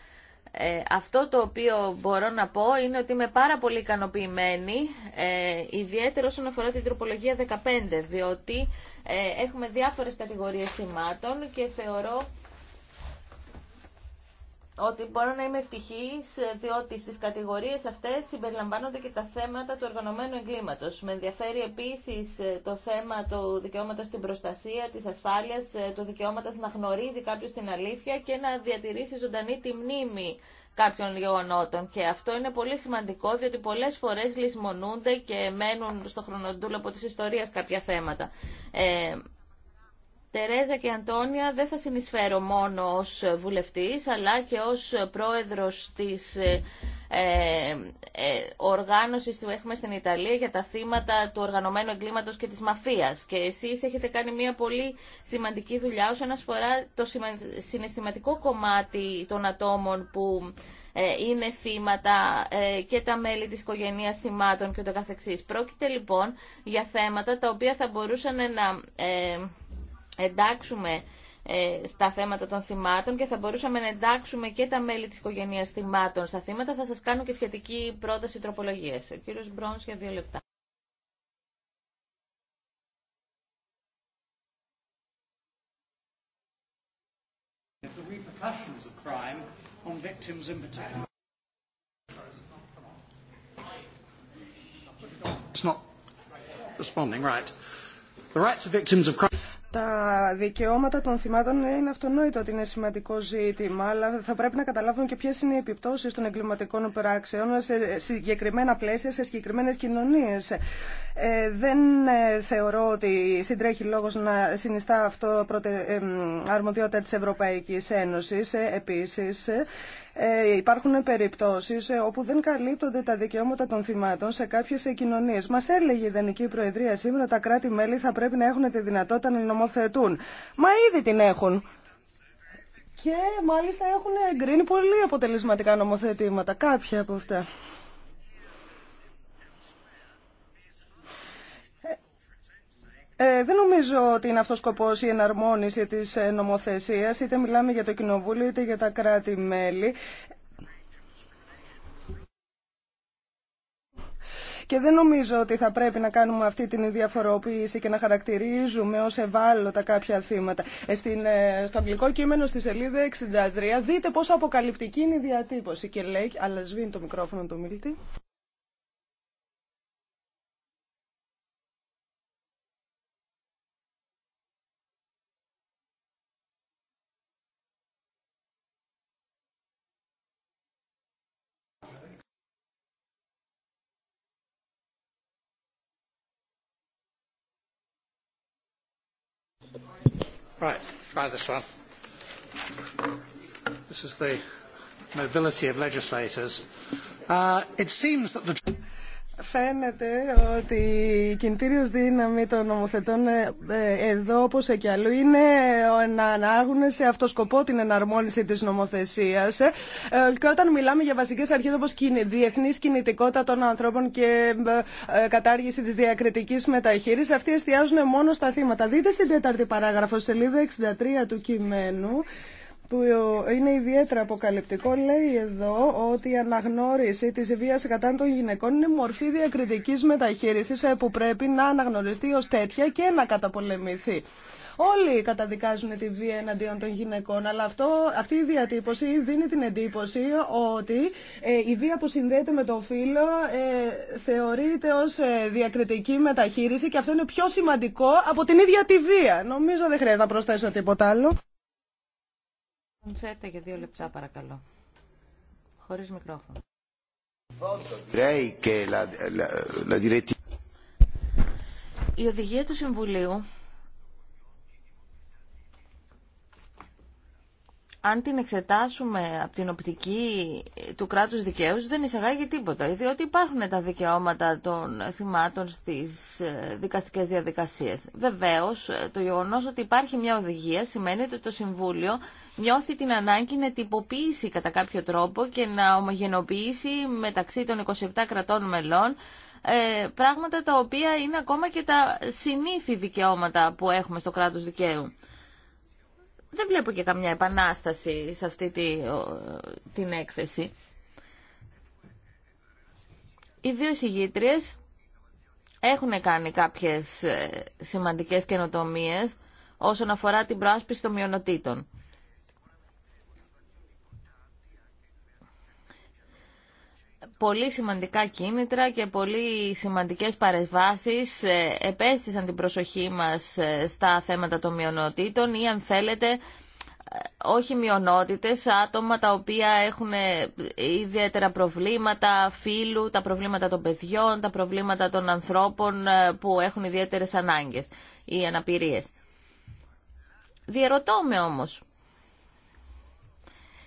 Ε, αυτό το οποίο μπορώ να πω είναι ότι είμαι πάρα πολύ ικανοποιημένη, ε, ιδιαίτερα όσον αφορά την τροπολογία 15, διότι έχουμε διάφορες κατηγορίες θυμάτων και θεωρώ ότι μπορώ να είμαι ευτυχής ε, διότι στις κατηγορίες αυτές συμπεριλαμβάνονται και τα θέματα του οργανωμένου εγκλήματο. Με ενδιαφέρει επίσης ε, το θέμα του δικαιώματο στην προστασία, της ασφάλειας, ε, του δικαιώματος να γνωρίζει κάποιο την αλήθεια και να διατηρήσει ζωντανή τη μνήμη κάποιων γεγονότων. Και αυτό είναι πολύ σημαντικό, διότι πολλέ φορέ λησμονούνται και μένουν στο από της ιστορίας κάποια θέματα. Τερέζα και Αντώνια δεν θα συνεισφέρω μόνο ως βουλευτής αλλά και ως πρόεδρος της ε, ε, ε, οργάνωσης που έχουμε στην Ιταλία για τα θύματα του οργανωμένου εγκλήματος και της μαφίας. Και εσείς έχετε κάνει μια πολύ σημαντική δουλειά όσον αφορά το συναισθηματικό κομμάτι των ατόμων που ε, είναι θύματα και τα μέλη της οικογένειας θυμάτων και το καθεξής. Πρόκειται λοιπόν για θέματα τα οποία θα μπορούσαν να εντάξουμε ε, στα θέματα των θυμάτων και θα μπορούσαμε να εντάξουμε και τα μέλη της οικογένειας θυμάτων στα θύματα. Θα σας κάνω και σχετική πρόταση τροπολογίας. Ο κύριος Μπρόνς για δύο λεπτά. It's not responding, right. The rights of victims of crime τα δικαιώματα των θυμάτων είναι αυτονόητο ότι είναι σημαντικό ζήτημα, αλλά θα πρέπει να καταλάβουμε και ποιε είναι οι επιπτώσει των εγκληματικών πράξεων σε συγκεκριμένα πλαίσια, σε συγκεκριμένε κοινωνίε. Ε, δεν ε, θεωρώ ότι συντρέχει λόγο να συνιστά αυτό προτε... Ε, αρμοδιότητα τη Ευρωπαϊκή Ένωση. Ε, Επίση, ε, υπάρχουν περιπτώσεις ε, όπου δεν καλύπτονται τα δικαιώματα των θυμάτων σε κάποιες κοινωνίε. Μα έλεγε η Δανική Προεδρία σήμερα τα κράτη-μέλη θα πρέπει να έχουν τη δυνατότητα να νομοθετούν. Μα ήδη την έχουν. Και μάλιστα έχουν εγκρίνει πολύ αποτελεσματικά νομοθετήματα, κάποια από αυτά. Ε, δεν νομίζω ότι είναι ο σκοπό η εναρμόνιση της ε, νομοθεσίας, είτε μιλάμε για το Κοινοβούλιο είτε για τα κράτη-μέλη. Και δεν νομίζω ότι θα πρέπει να κάνουμε αυτή την διαφοροποίηση και να χαρακτηρίζουμε ως ευάλωτα κάποια θύματα. Ε, στην, ε, στο αγγλικό κείμενο στη σελίδα 63 δείτε πόσο αποκαλυπτική είναι η διατύπωση. Και λέει, αλλά σβήνει το μικρόφωνο του Right, try this one. This is the mobility of legislators. Uh, it seems that the... Φαίνεται ότι η κινητήριο δύναμη των νομοθετών ε, ε, εδώ όπω και αλλού είναι να ανάγουν σε αυτό σκοπό την εναρμόνιση τη νομοθεσία. Ε, και όταν μιλάμε για βασικέ αρχέ όπω διεθνή κινητικότητα των ανθρώπων και κατάργηση τη διακριτική μεταχείριση, αυτοί εστιάζουν μόνο στα θύματα. Δείτε στην τέταρτη παράγραφο, σελίδα 63 του κειμένου, που είναι ιδιαίτερα αποκαλυπτικό, λέει εδώ ότι η αναγνώριση της βίας κατά των γυναικών είναι μορφή διακριτικής μεταχείρισης ε, που πρέπει να αναγνωριστεί ως τέτοια και να καταπολεμηθεί. Όλοι καταδικάζουν τη βία εναντίον των γυναικών, αλλά αυτό, αυτή η διατύπωση δίνει την εντύπωση ότι ε, η βία που συνδέεται με το φύλλο ε, θεωρείται ως ε, διακριτική μεταχείριση και αυτό είναι πιο σημαντικό από την ίδια τη βία. Νομίζω δεν χρειάζεται να προσθέσω τίποτα άλλο για δύο λεπτά παρακαλώ. Χωρίς μικρόφωνο. Η οδηγία του Συμβουλίου αν την εξετάσουμε από την οπτική του κράτους δικαίου δεν εισαγάγει τίποτα, διότι υπάρχουν τα δικαιώματα των θυμάτων στις ε, δικαστικές διαδικασίες. Βεβαίως, ε, το γεγονός ότι υπάρχει μια οδηγία σημαίνει ότι το Συμβούλιο νιώθει την ανάγκη να τυποποιήσει κατά κάποιο τρόπο και να ομογενοποιήσει μεταξύ των 27 κρατών μελών ε, πράγματα τα οποία είναι ακόμα και τα συνήθι δικαιώματα που έχουμε στο κράτος δικαίου. Δεν βλέπω και καμιά επανάσταση σε αυτή την έκθεση. Οι δύο εισηγήτριες έχουν κάνει κάποιες ε, σημαντικές καινοτομίες όσον αφορά την προάσπιση των μειονοτήτων. πολύ σημαντικά κίνητρα και πολύ σημαντικές παρεμβάσεις ε, επέστησαν την προσοχή μας ε, στα θέματα των μειονοτήτων ή αν θέλετε ε, όχι μειονότητες, άτομα τα οποία έχουν ιδιαίτερα προβλήματα φύλου, τα προβλήματα των παιδιών, τα προβλήματα των ανθρώπων που έχουν ιδιαίτερες ανάγκες ή αναπηρίες. Διερωτώ με όμως,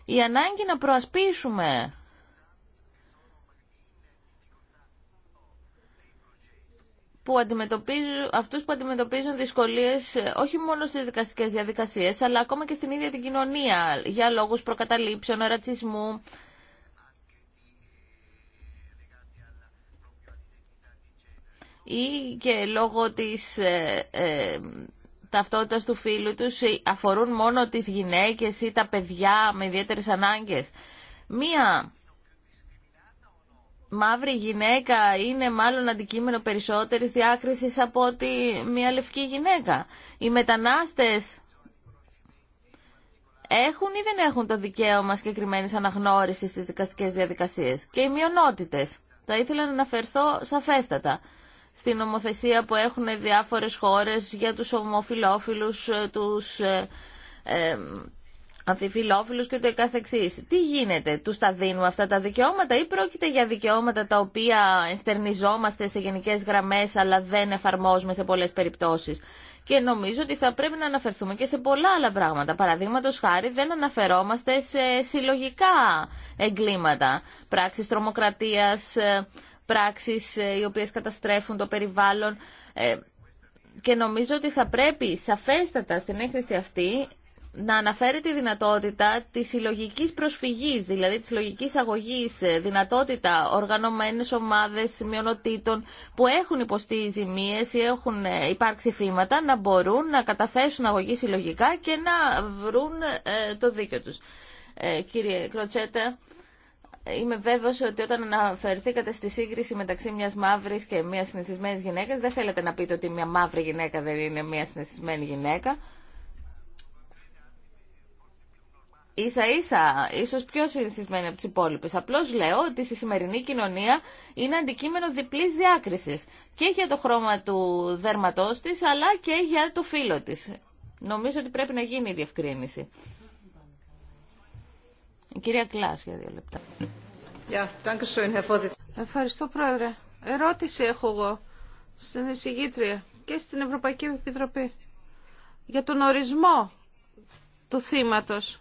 η ανάγκη να προασπίσουμε που αντιμετωπίζουν, αυτούς που αντιμετωπίζουν δυσκολίες ε, όχι μόνο στις δικαστικές διαδικασίες, αλλά ακόμα και στην ίδια την κοινωνία, για λόγους προκαταλήψεων, ρατσισμού, ή και λόγω της ε, ε ταυτότητας του φίλου τους ε, αφορούν μόνο τις γυναίκες ή τα παιδιά με ιδιαίτερες ανάγκες. Μία μαύρη γυναίκα είναι μάλλον αντικείμενο περισσότερη διάκριση από ότι μια λευκή γυναίκα. Οι μετανάστες έχουν ή δεν έχουν το δικαίωμα συγκεκριμένη αναγνώριση στις δικαστικές διαδικασίες και οι μειονότητες. Θα ήθελα να αναφερθώ σαφέστατα στην νομοθεσία που έχουν διάφορες χώρες για τους ομοφιλόφιλους, ε, τους ε, ε, αμφιφιλόφιλους και ούτε καθεξής. Τι γίνεται, τους τα δίνουμε αυτά τα δικαιώματα ή πρόκειται για δικαιώματα τα οποία εστερνιζόμαστε σε γενικές γραμμές αλλά δεν εφαρμόζουμε σε πολλές περιπτώσεις. Και νομίζω ότι θα πρέπει να αναφερθούμε και σε πολλά άλλα πράγματα. Παραδείγματο χάρη δεν αναφερόμαστε σε συλλογικά εγκλήματα, πράξεις τρομοκρατίας, ε, πράξεις ε, οι οποίες καταστρέφουν το περιβάλλον. Ε, και νομίζω ότι θα πρέπει σαφέστατα στην έκθεση αυτή να αναφέρει τη δυνατότητα της συλλογική προσφυγής, δηλαδή της συλλογική αγωγής, ε, δυνατότητα οργανωμένες ομάδες μειονοτήτων που έχουν υποστεί ζημίες ή έχουν ε, υπάρξει θύματα να μπορούν να καταθέσουν αγωγή συλλογικά και να βρουν ε, το δίκιο τους. Ε, κύριε Κροτσέτα, είμαι βέβαιο ότι όταν αναφερθήκατε στη σύγκριση μεταξύ μιας μαύρης και μιας συνηθισμένη γυναίκας, δεν θέλετε να πείτε ότι μια μαύρη γυναίκα δεν είναι μια συνηθισμένη γυναίκα. ίσα ίσα, ίσω πιο συνηθισμένη από τι υπόλοιπε, απλώ λέω ότι στη σημερινή κοινωνία είναι αντικείμενο διπλή διάκριση και για το χρώμα του δέρματός τη, αλλά και για το φύλλο τη. Νομίζω ότι πρέπει να γίνει η διευκρίνηση. Η κυρία Κλάς για δύο λεπτά. Ευχαριστώ πρόεδρε. Ερώτηση έχω εγώ στην εισηγήτρια και στην Ευρωπαϊκή Επιτροπή για τον ορισμό του θύματος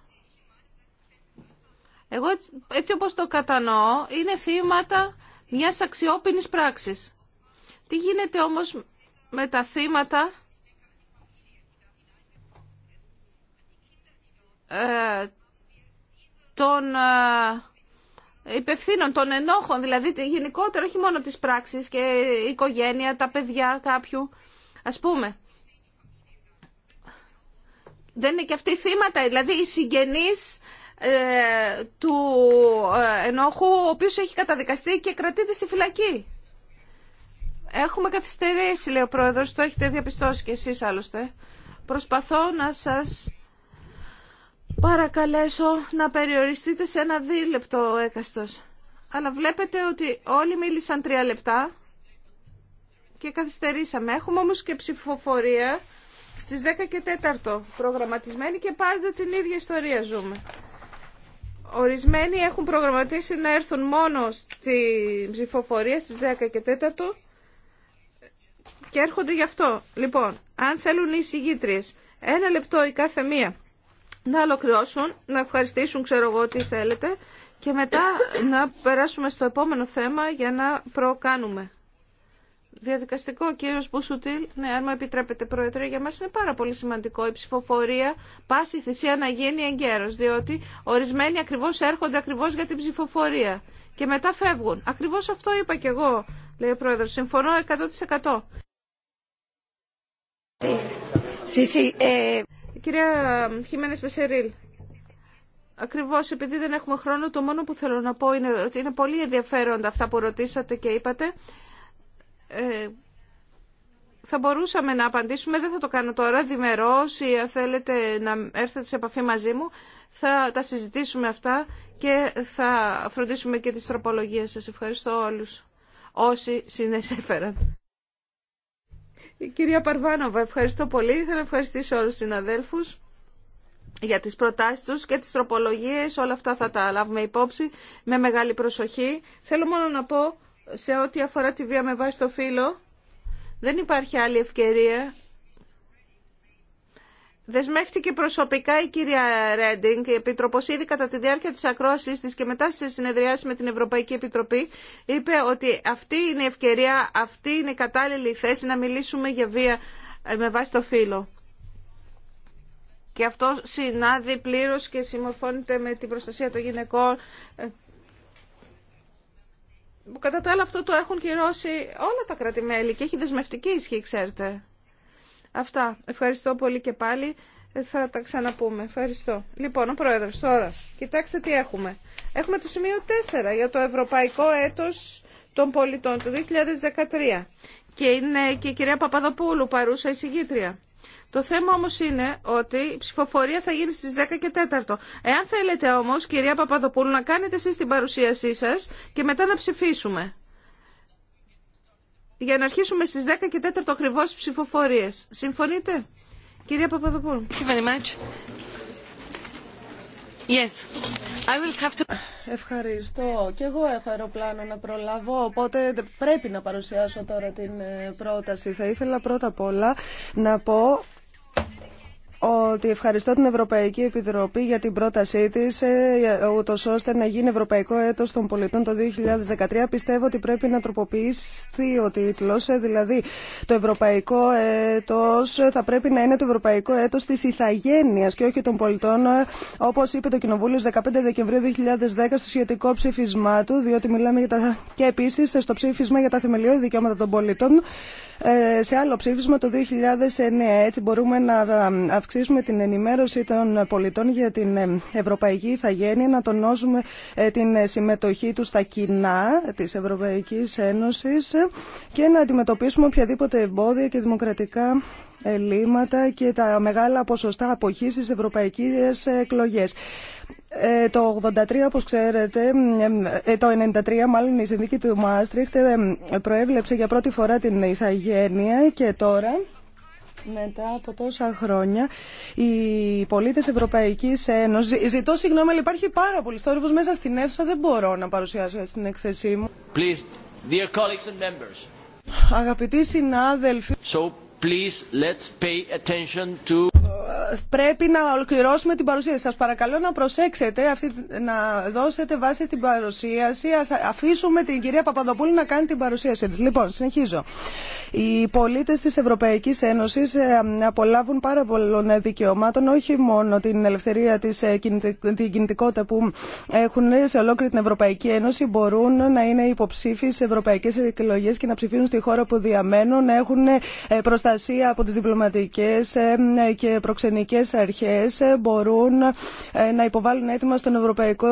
εγώ έτσι όπως το κατανοώ, είναι θύματα μιας αξιόπινης πράξης. Τι γίνεται όμως με τα θύματα ε, των ε, υπευθύνων, των ενόχων, δηλαδή γενικότερα όχι μόνο της πράξης και η οικογένεια, τα παιδιά κάποιου, ας πούμε. Δεν είναι και αυτοί θύματα, δηλαδή οι συγγενείς ε, του ε, ενόχου, ο οποίος έχει καταδικαστεί και κρατείται στη φυλακή. Έχουμε καθυστερήσει, λέει ο Πρόεδρος, το έχετε διαπιστώσει κι εσείς άλλωστε. Προσπαθώ να σας παρακαλέσω να περιοριστείτε σε ένα δίλεπτο έκαστος. Αλλά βλέπετε ότι όλοι μίλησαν τρία λεπτά και καθυστερήσαμε. Έχουμε όμως και ψηφοφορία στις 10 και 4 προγραμματισμένη και πάντα την ίδια ιστορία ζούμε. Ορισμένοι έχουν προγραμματίσει να έρθουν μόνο στη ψηφοφορία στις 10 και 4 και έρχονται γι' αυτό. Λοιπόν, αν θέλουν οι συγγήτριες ένα λεπτό η κάθε μία να ολοκληρώσουν, να ευχαριστήσουν ξέρω εγώ τι θέλετε και μετά να περάσουμε στο επόμενο θέμα για να προκάνουμε διαδικαστικό, κύριο Μπουσουτήλ. Ναι, αν μου επιτρέπετε, Πρόεδρε, για μα είναι πάρα πολύ σημαντικό η ψηφοφορία πάση θυσία να γίνει εγκαίρω. Διότι ορισμένοι ακριβώ έρχονται ακριβώ για την ψηφοφορία και μετά φεύγουν. Ακριβώ αυτό είπα κι εγώ, λέει ο Πρόεδρο. Συμφωνώ 100%. Eh. Κυρία Χιμένε Πεσερίλ, Ακριβώ επειδή δεν έχουμε χρόνο, το μόνο που θέλω να πω είναι ότι είναι πολύ ενδιαφέροντα αυτά που ρωτήσατε και είπατε. Ε, θα μπορούσαμε να απαντήσουμε, δεν θα το κάνω τώρα, διμερώς ή αν θέλετε να έρθετε σε επαφή μαζί μου, θα τα συζητήσουμε αυτά και θα φροντίσουμε και τις τροπολογίες σας. Ευχαριστώ όλους όσοι συνέσφεραν. Η κυρία Παρβάνοβα, ευχαριστώ πολύ. Θα ευχαριστήσω όλους τους συναδέλφους για τις προτάσεις τους και τις τροπολογίες. Όλα αυτά θα τα λάβουμε υπόψη με μεγάλη προσοχή. Θέλω μόνο να πω σε ό,τι αφορά τη βία με βάση το φύλλο, δεν υπάρχει άλλη ευκαιρία. Δεσμεύτηκε προσωπικά η κυρία Ρέντινγκ, η Επιτροπός ήδη κατά τη διάρκεια της ακρόασης της και μετά σε συνεδριάσει με την Ευρωπαϊκή Επιτροπή, είπε ότι αυτή είναι η ευκαιρία, αυτή είναι η κατάλληλη θέση να μιλήσουμε για βία ε, με βάση το φύλλο. Και αυτό συνάδει πλήρως και συμμορφώνεται με την προστασία των γυναικών ε, κατά τα άλλα αυτό το έχουν κυρώσει όλα τα κρατημέλη και έχει δεσμευτική ισχύ, ξέρετε. Αυτά. Ευχαριστώ πολύ και πάλι. Ε, θα τα ξαναπούμε. Ευχαριστώ. Λοιπόν, ο Πρόεδρος, τώρα, κοιτάξτε τι έχουμε. Έχουμε το σημείο 4 για το Ευρωπαϊκό Έτος των Πολιτών, του 2013. Και είναι και η κυρία Παπαδοπούλου παρούσα εισηγήτρια. Το θέμα όμως είναι ότι η ψηφοφορία θα γίνει στις 10 και 4. Εάν θέλετε όμως, κυρία Παπαδοπούλου, να κάνετε εσείς την παρουσίασή σας και μετά να ψηφίσουμε. Για να αρχίσουμε στις 10 και 4 ακριβώ ψηφοφορίες. Συμφωνείτε, κυρία Παπαδοπούλου. Yes. I will have to... Ευχαριστώ. Και εγώ έχω αεροπλάνο να προλάβω, οπότε πρέπει να παρουσιάσω τώρα την ε, πρόταση. Θα ήθελα πρώτα απ' όλα να πω ότι ευχαριστώ την Ευρωπαϊκή Επιτροπή για την πρότασή τη, ε, ούτω ώστε να γίνει Ευρωπαϊκό Έτο των Πολιτών το 2013. Πιστεύω ότι πρέπει να τροποποιηθεί ο τίτλο, ε, δηλαδή το Ευρωπαϊκό Έτο θα πρέπει να είναι το Ευρωπαϊκό Έτο τη Ιθαγένεια και όχι των πολιτών, ε, όπω είπε το Κοινοβούλιο 15 Δεκεμβρίου 2010 στο σχετικό ψήφισμά του, διότι μιλάμε τα... και επίση στο ψήφισμα για τα θεμελιώδη δικαιώματα των πολιτών σε άλλο ψήφισμα το 2009. Έτσι μπορούμε να αυξήσουμε την ενημέρωση των πολιτών για την ε, ευρωπαϊκή ηθαγένεια, να τονώσουμε ε, την ε, συμμετοχή τους στα κοινά της Ευρωπαϊκής Ένωσης και να αντιμετωπίσουμε οποιαδήποτε εμπόδια και δημοκρατικά ελλείμματα και τα μεγάλα ποσοστά αποχής στις ευρωπαϊκές εκλογές. το 83, όπως ξέρετε, το 93 μάλλον η συνδίκη του Μάστριχτ προέβλεψε για πρώτη φορά την ηθαγένεια και τώρα... Μετά από τόσα χρόνια, οι πολίτε Ευρωπαϊκή Ένωση. Ζητώ συγγνώμη, αλλά υπάρχει πάρα πολύ θόρυβο μέσα στην αίθουσα. Δεν μπορώ να παρουσιάσω στην την έκθεσή μου. Please, dear colleagues and members. Αγαπητοί συνάδελφοι. So, please, let's pay attention to πρέπει να ολοκληρώσουμε την παρουσίαση. Σας παρακαλώ να προσέξετε, αυτή, να δώσετε βάση στην παρουσίαση. Ας αφήσουμε την κυρία Παπαδοπούλη να κάνει την παρουσίαση της. Λοιπόν, συνεχίζω. Οι πολίτες της Ευρωπαϊκής Ένωσης ε, απολάβουν πάρα πολλών δικαιωμάτων, όχι μόνο την ελευθερία της ε, την κινητικότητα που έχουν σε ολόκληρη την Ευρωπαϊκή Ένωση, μπορούν να είναι υποψήφοι σε ευρωπαϊκές εκλογές και να ψηφίζουν στη χώρα που διαμένουν, να έχουν ε, προστασία από τις διπλωματικές και φιλοξενικές αρχές ε, μπορούν ε, να υποβάλουν έτοιμα στον Ευρωπαϊκό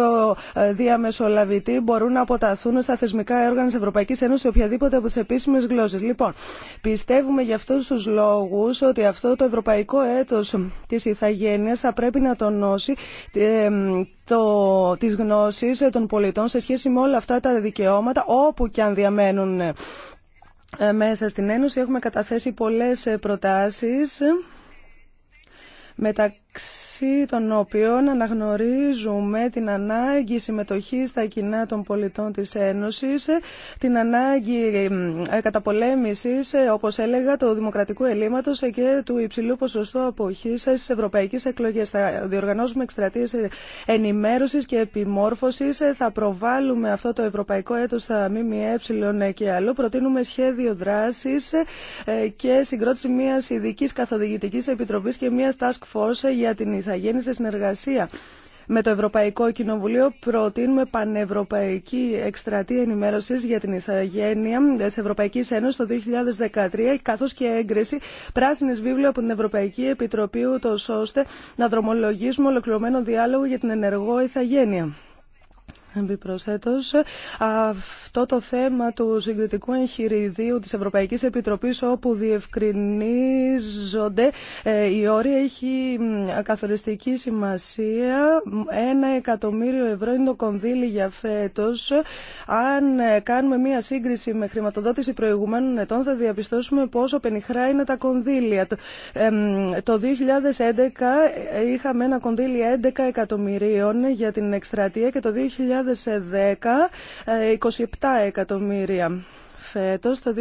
ε, Διαμεσολαβητή, μπορούν να αποταθούν στα θεσμικά όργανα της Ευρωπαϊκής Ένωσης σε οποιαδήποτε από τις επίσημες γλώσσες. Λοιπόν, πιστεύουμε για αυτούς τους λόγους ότι αυτό το ευρωπαϊκό έτος της Ιθαγένειας θα πρέπει να τονώσει το, τις γνώσεις των πολιτών σε σχέση με όλα αυτά τα δικαιώματα όπου και αν διαμένουν μέσα στην Ένωση. Έχουμε καταθέσει πολλές προτάσεις μετα μεταξύ των οποίων αναγνωρίζουμε την ανάγκη συμμετοχής στα κοινά των πολιτών της Ένωσης, την ανάγκη καταπολέμησης, ε, όπως έλεγα, του δημοκρατικού ελλείμματος και του υψηλού ποσοστού αποχής στις ευρωπαϊκές εκλογές. Θα διοργανώσουμε εκστρατείες ε, ενημέρωσης και επιμόρφωσης, ε, θα προβάλλουμε αυτό το ευρωπαϊκό έτος στα ΜΜΕ και άλλο. Προτείνουμε σχέδιο δράσης και συγκρότηση μιας ειδικής καθοδηγητικής επιτροπής και μιας task force για την Ιθαγέννη σε συνεργασία με το Ευρωπαϊκό Κοινοβουλίο προτείνουμε πανευρωπαϊκή εκστρατεία ενημέρωσης για την ηθαγένεια τη Ευρωπαϊκή Ένωση το 2013 καθώς και έγκριση πράσινη βίβλου από την Ευρωπαϊκή Επιτροπή ούτω ώστε να δρομολογήσουμε ολοκληρωμένο διάλογο για την ενεργό ηθαγένεια. Επιπροσθέτως, αυτό το θέμα του συγκριτικού εγχειριδίου της Ευρωπαϊκής Επιτροπής όπου διευκρινίζονται ε, οι όροι έχει καθοριστική σημασία. Ένα εκατομμύριο ευρώ είναι το κονδύλι για φέτος. Αν ε, κάνουμε μία σύγκριση με χρηματοδότηση προηγουμένων ετών θα διαπιστώσουμε πόσο πενιχρά είναι τα κονδύλια. Το 2011 ε, είχαμε ένα κονδύλι 11 εκατομμυρίων για την εκστρατεία και το 2012 2010 27 ε, εκατομμύρια. Φέτος το 2000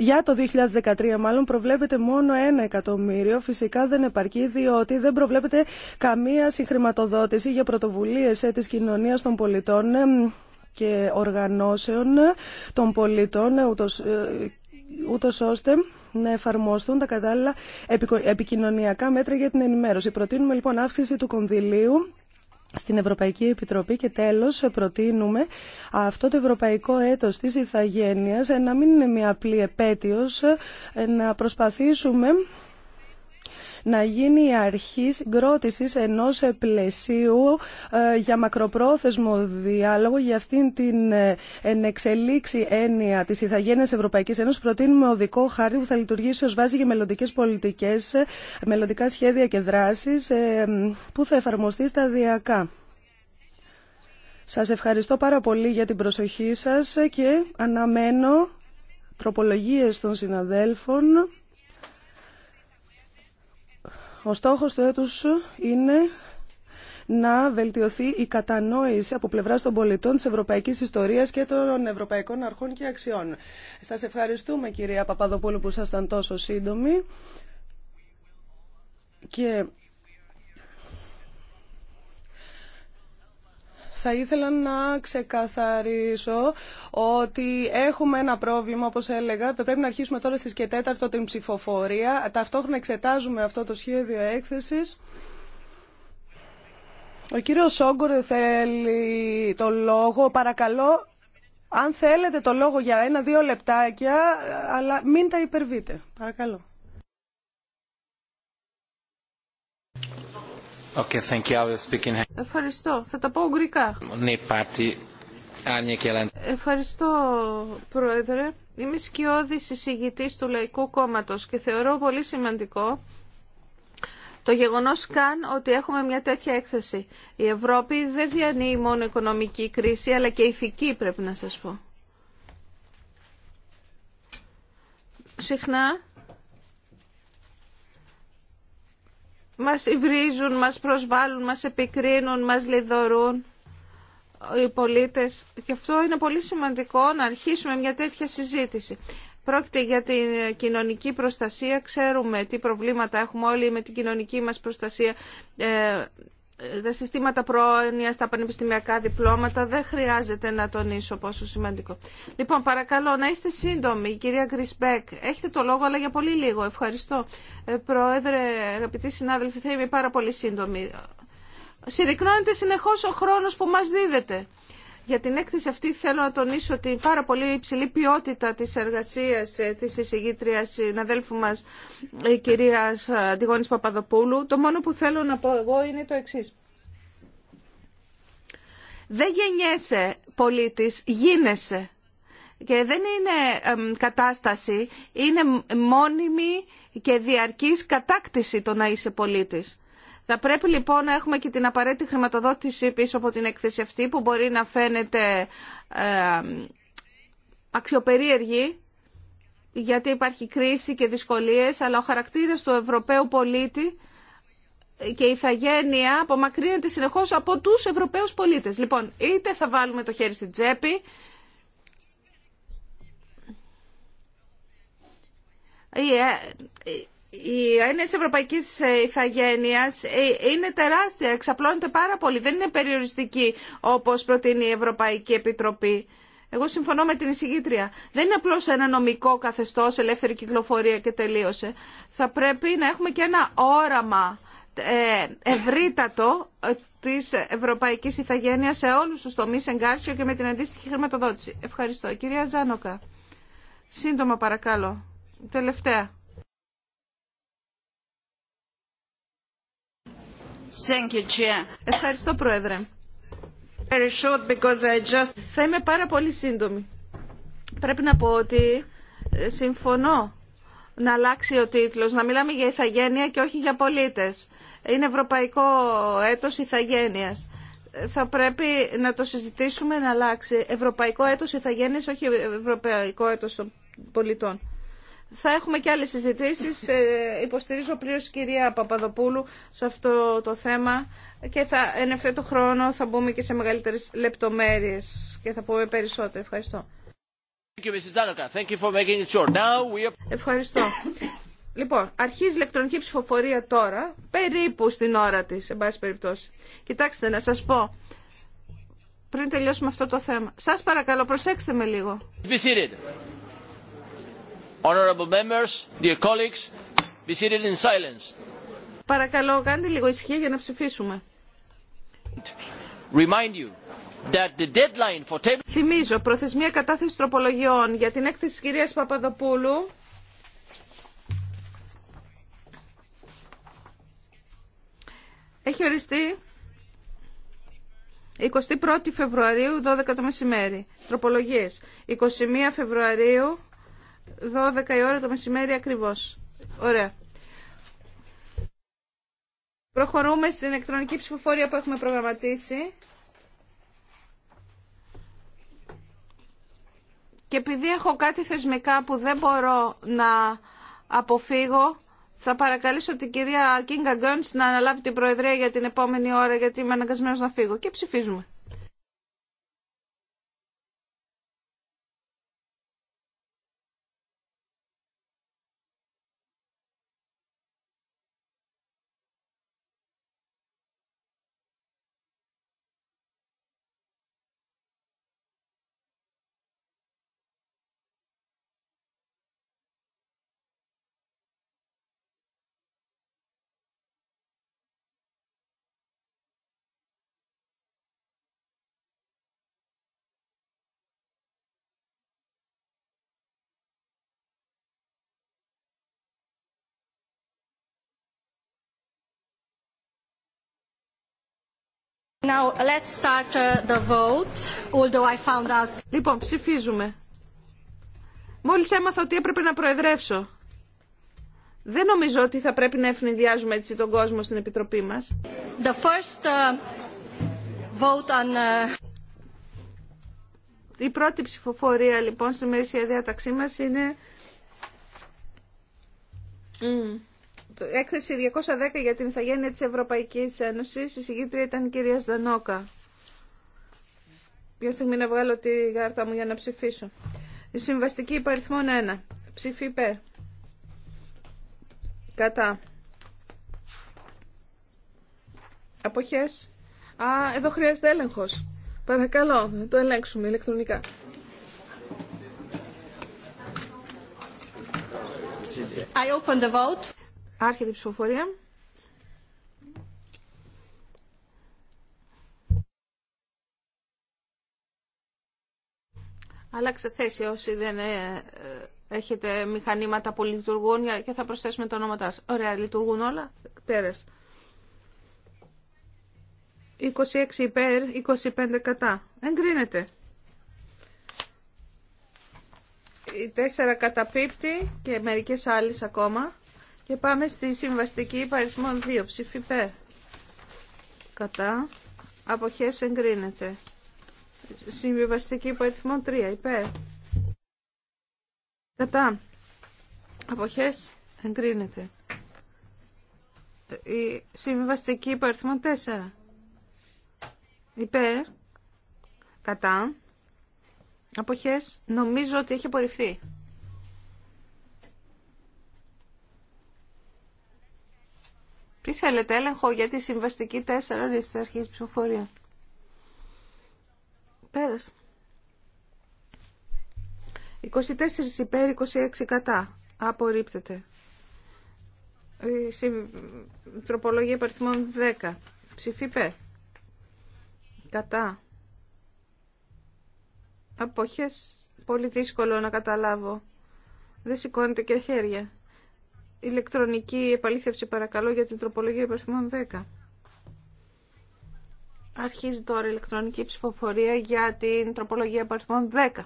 για το 2013 μάλλον προβλέπεται μόνο ένα εκατομμύριο. Φυσικά δεν επαρκεί διότι δεν προβλέπεται καμία συγχρηματοδότηση για πρωτοβουλίες ε, της κοινωνίας των πολιτών ε, και οργανώσεων των πολιτών ούτως, ούτως ώστε να εφαρμοστούν τα κατάλληλα επικοινωνιακά μέτρα για την ενημέρωση. Προτείνουμε λοιπόν αύξηση του κονδυλίου στην Ευρωπαϊκή Επιτροπή και τέλος προτείνουμε αυτό το Ευρωπαϊκό Έτος της Ιθαγένειας να μην είναι μια απλή επέτειος, να προσπαθήσουμε να γίνει η αρχή συγκρότησης ενός πλαισίου ε, για μακροπρόθεσμο διάλογο για αυτήν την ε, ενεξελίξη έννοια της Ιθαγένειας Ευρωπαϊκής Ένωσης. Προτείνουμε οδικό χάρτη που θα λειτουργήσει ως βάση για μελλοντικέ πολιτικές, ε, μελλοντικά σχέδια και δράσεις που θα εφαρμοστεί σταδιακά. Σας ευχαριστώ πάρα πολύ για την προσοχή σας και αναμένω τροπολογίες των συναδέλφων ο στόχος του έτους είναι να βελτιωθεί η κατανόηση από πλευρά των πολιτών της ευρωπαϊκής ιστορίας και των ευρωπαϊκών αρχών και αξιών. Σας ευχαριστούμε, κυρία Παπαδοπούλου, που ήσασταν τόσο σύντομοι. Θα ήθελα να ξεκαθαρίσω ότι έχουμε ένα πρόβλημα, όπως έλεγα. Πρέπει να αρχίσουμε τώρα στις και τέταρτο την ψηφοφορία. Ταυτόχρονα εξετάζουμε αυτό το σχέδιο έκθεσης. Ο κύριος Σόγκορ θέλει το λόγο. Παρακαλώ, αν θέλετε το λόγο για ένα-δύο λεπτάκια, αλλά μην τα υπερβείτε. Παρακαλώ. Ευχαριστώ. Θα τα πω ουγγρικά. Ναι, Ευχαριστώ, Πρόεδρε. Είμαι σκιώδη εισηγητής του Λαϊκού Κόμματος και θεωρώ πολύ σημαντικό το γεγονός καν ότι έχουμε μια τέτοια έκθεση. Η Ευρώπη δεν διανύει μόνο οικονομική κρίση, αλλά και ηθική, πρέπει να σας πω. Συχνά Μας υβρίζουν, μας προσβάλλουν, μας επικρίνουν, μας λιδωρούν οι πολίτες. Και αυτό είναι πολύ σημαντικό να αρχίσουμε μια τέτοια συζήτηση. Πρόκειται για την κοινωνική προστασία. Ξέρουμε τι προβλήματα έχουμε όλοι με την κοινωνική μας προστασία. Ε, τα συστήματα πρόνοια, τα πανεπιστημιακά διπλώματα, δεν χρειάζεται να τονίσω πόσο σημαντικό. Λοιπόν, παρακαλώ να είστε σύντομοι, κυρία Γκρισμπέκ. Έχετε το λόγο, αλλά για πολύ λίγο. Ευχαριστώ. Ε, πρόεδρε, αγαπητοί συνάδελφοι, θα είμαι πάρα πολύ σύντομη. Συρρυκνώνεται συνεχώς ο χρόνος που μας δίδεται. Για την έκθεση αυτή θέλω να τονίσω την πάρα πολύ υψηλή ποιότητα της εργασίας ε, της εισηγήτριας συναδέλφου μας, η κυρία Αντιγόνης Παπαδοπούλου. Το μόνο που θέλω να πω εγώ είναι το εξής. Δεν γεννιέσαι πολίτης, γίνεσαι. Και δεν είναι κατάσταση, είναι μόνιμη και διαρκής κατάκτηση το να είσαι πολίτης. Θα πρέπει λοιπόν να έχουμε και την απαραίτητη χρηματοδότηση πίσω από την έκθεση αυτή που μπορεί να φαίνεται ε, αξιοπερίεργη γιατί υπάρχει κρίση και δυσκολίες αλλά ο χαρακτήρας του Ευρωπαίου πολίτη και η ηθαγένεια απομακρύνεται συνεχώς από τους Ευρωπαίους πολίτες. Λοιπόν, είτε θα βάλουμε το χέρι στην τσέπη ή η έννοια τη Ευρωπαϊκή ε, ηθαγένεια ε, είναι τεράστια, εξαπλώνεται πάρα πολύ, δεν είναι περιοριστική όπω προτείνει η Ευρωπαϊκή Επιτροπή. Εγώ συμφωνώ με την εισηγήτρια. Δεν είναι απλώ ένα νομικό καθεστώ ελεύθερη κυκλοφορία και τελείωσε. Θα πρέπει να έχουμε και ένα όραμα ε, ευρύτατο τη Ευρωπαϊκή ηθαγένεια σε όλου του τομεί εγκάρσιο και με την αντίστοιχη χρηματοδότηση. Ευχαριστώ. Κυρία Τζάνοκα, σύντομα παρακαλώ. Τελευταία. Ευχαριστώ, Πρόεδρε. Θα είμαι πάρα πολύ σύντομη. Πρέπει να πω ότι ε, συμφωνώ να αλλάξει ο τίτλος, να μιλάμε για ηθαγένεια και όχι για πολίτες. Είναι ευρωπαϊκό έτος ηθαγένειας. Θα πρέπει να το συζητήσουμε να αλλάξει. Ευρωπαϊκό έτος ηθαγένειας, όχι ευρωπαϊκό έτος των πολιτών. Θα έχουμε και άλλες συζητήσεις. Ε, υποστηρίζω πλήρως κυρία Παπαδοπούλου σε αυτό το θέμα και θα, εν ευθέτω χρόνο θα μπούμε και σε μεγαλύτερες λεπτομέρειες και θα πούμε περισσότερο. Ευχαριστώ. Ευχαριστώ. Λοιπόν, αρχίζει η ηλεκτρονική ψηφοφορία τώρα, περίπου στην ώρα της, εν πάση περιπτώσει. Κοιτάξτε, να σας πω, πριν τελειώσουμε αυτό το θέμα. Σας παρακαλώ, προσέξτε με λίγο. Παρακαλώ, κάντε λίγο ησυχία για να ψηφίσουμε. Θυμίζω, προθεσμία κατάθεση τροπολογιών για την έκθεση της κυρίας Παπαδοπούλου έχει οριστεί 21 Φεβρουαρίου, 12 το μεσημέρι. Τροπολογίες. 21 Φεβρουαρίου, 12 η ώρα το μεσημέρι ακριβώς. Ωραία. Προχωρούμε στην ηλεκτρονική ψηφοφορία που έχουμε προγραμματίσει. Και επειδή έχω κάτι θεσμικά που δεν μπορώ να αποφύγω, θα παρακαλήσω την κυρία Κίνγκα Γκόνς να αναλάβει την Προεδρία για την επόμενη ώρα, γιατί είμαι αναγκασμένος να φύγω. Και ψηφίζουμε. Λοιπόν, ψηφίζουμε. Μόλις έμαθα ότι έπρεπε να προεδρεύσω. Δεν νομίζω ότι θα πρέπει να ευνηδιάζουμε έτσι τον κόσμο στην Επιτροπή μας. The first, uh, vote on... Uh, Η πρώτη ψηφοφορία λοιπόν στη μερίσια διάταξή μας είναι έκθεση 210 για την ηθαγένεια της Ευρωπαϊκής Ένωσης. Η συγγήτρια ήταν η κυρία Σδανόκα. Ποια στιγμή να βγάλω τη γάρτα μου για να ψηφίσω. Η συμβαστική υπαριθμών 1. Ψηφί Κατά. Αποχές. Α, εδώ χρειάζεται έλεγχος. Παρακαλώ, να το ελέγξουμε ηλεκτρονικά. I open the vote. Άρχεται η ψηφοφορία. Αλλάξτε θέση όσοι δεν ε, ε, έχετε μηχανήματα που λειτουργούν και θα προσθέσουμε το όνομα τας. Ωραία, λειτουργούν όλα. Πέρες. 26 υπέρ, 25 κατά. Εγκρίνεται. Οι 4 καταπίπτει και μερικές άλλες ακόμα. Και πάμε στη συμβαστική υπαριθμό 2. Ψήφι πέ. Κατά. Αποχές εγκρίνεται. Συμβιβαστική υπαριθμό 3. Υπέρ. Κατά. Αποχές εγκρίνεται. Η συμβιβαστική υπαριθμό 4. Υπέρ. Κατά. Αποχές νομίζω ότι έχει απορριφθεί. Τι θέλετε, έλεγχο για τη συμβαστική 4 της αρχής ψηφοφορία. Πέρασε. 24 υπέρ, 26 κατά. Απορρίπτεται. Τροπολογία παριθμών 10. Ψηφί πε. Κατά. Αποχές. Πολύ δύσκολο να καταλάβω. Δεν σηκώνεται και χέρια. Ηλεκτρονική επαλήθευση παρακαλώ για την τροπολογία υπαριθμών 10. Αρχίζει τώρα η ηλεκτρονική ψηφοφορία για την τροπολογία υπαριθμών 10.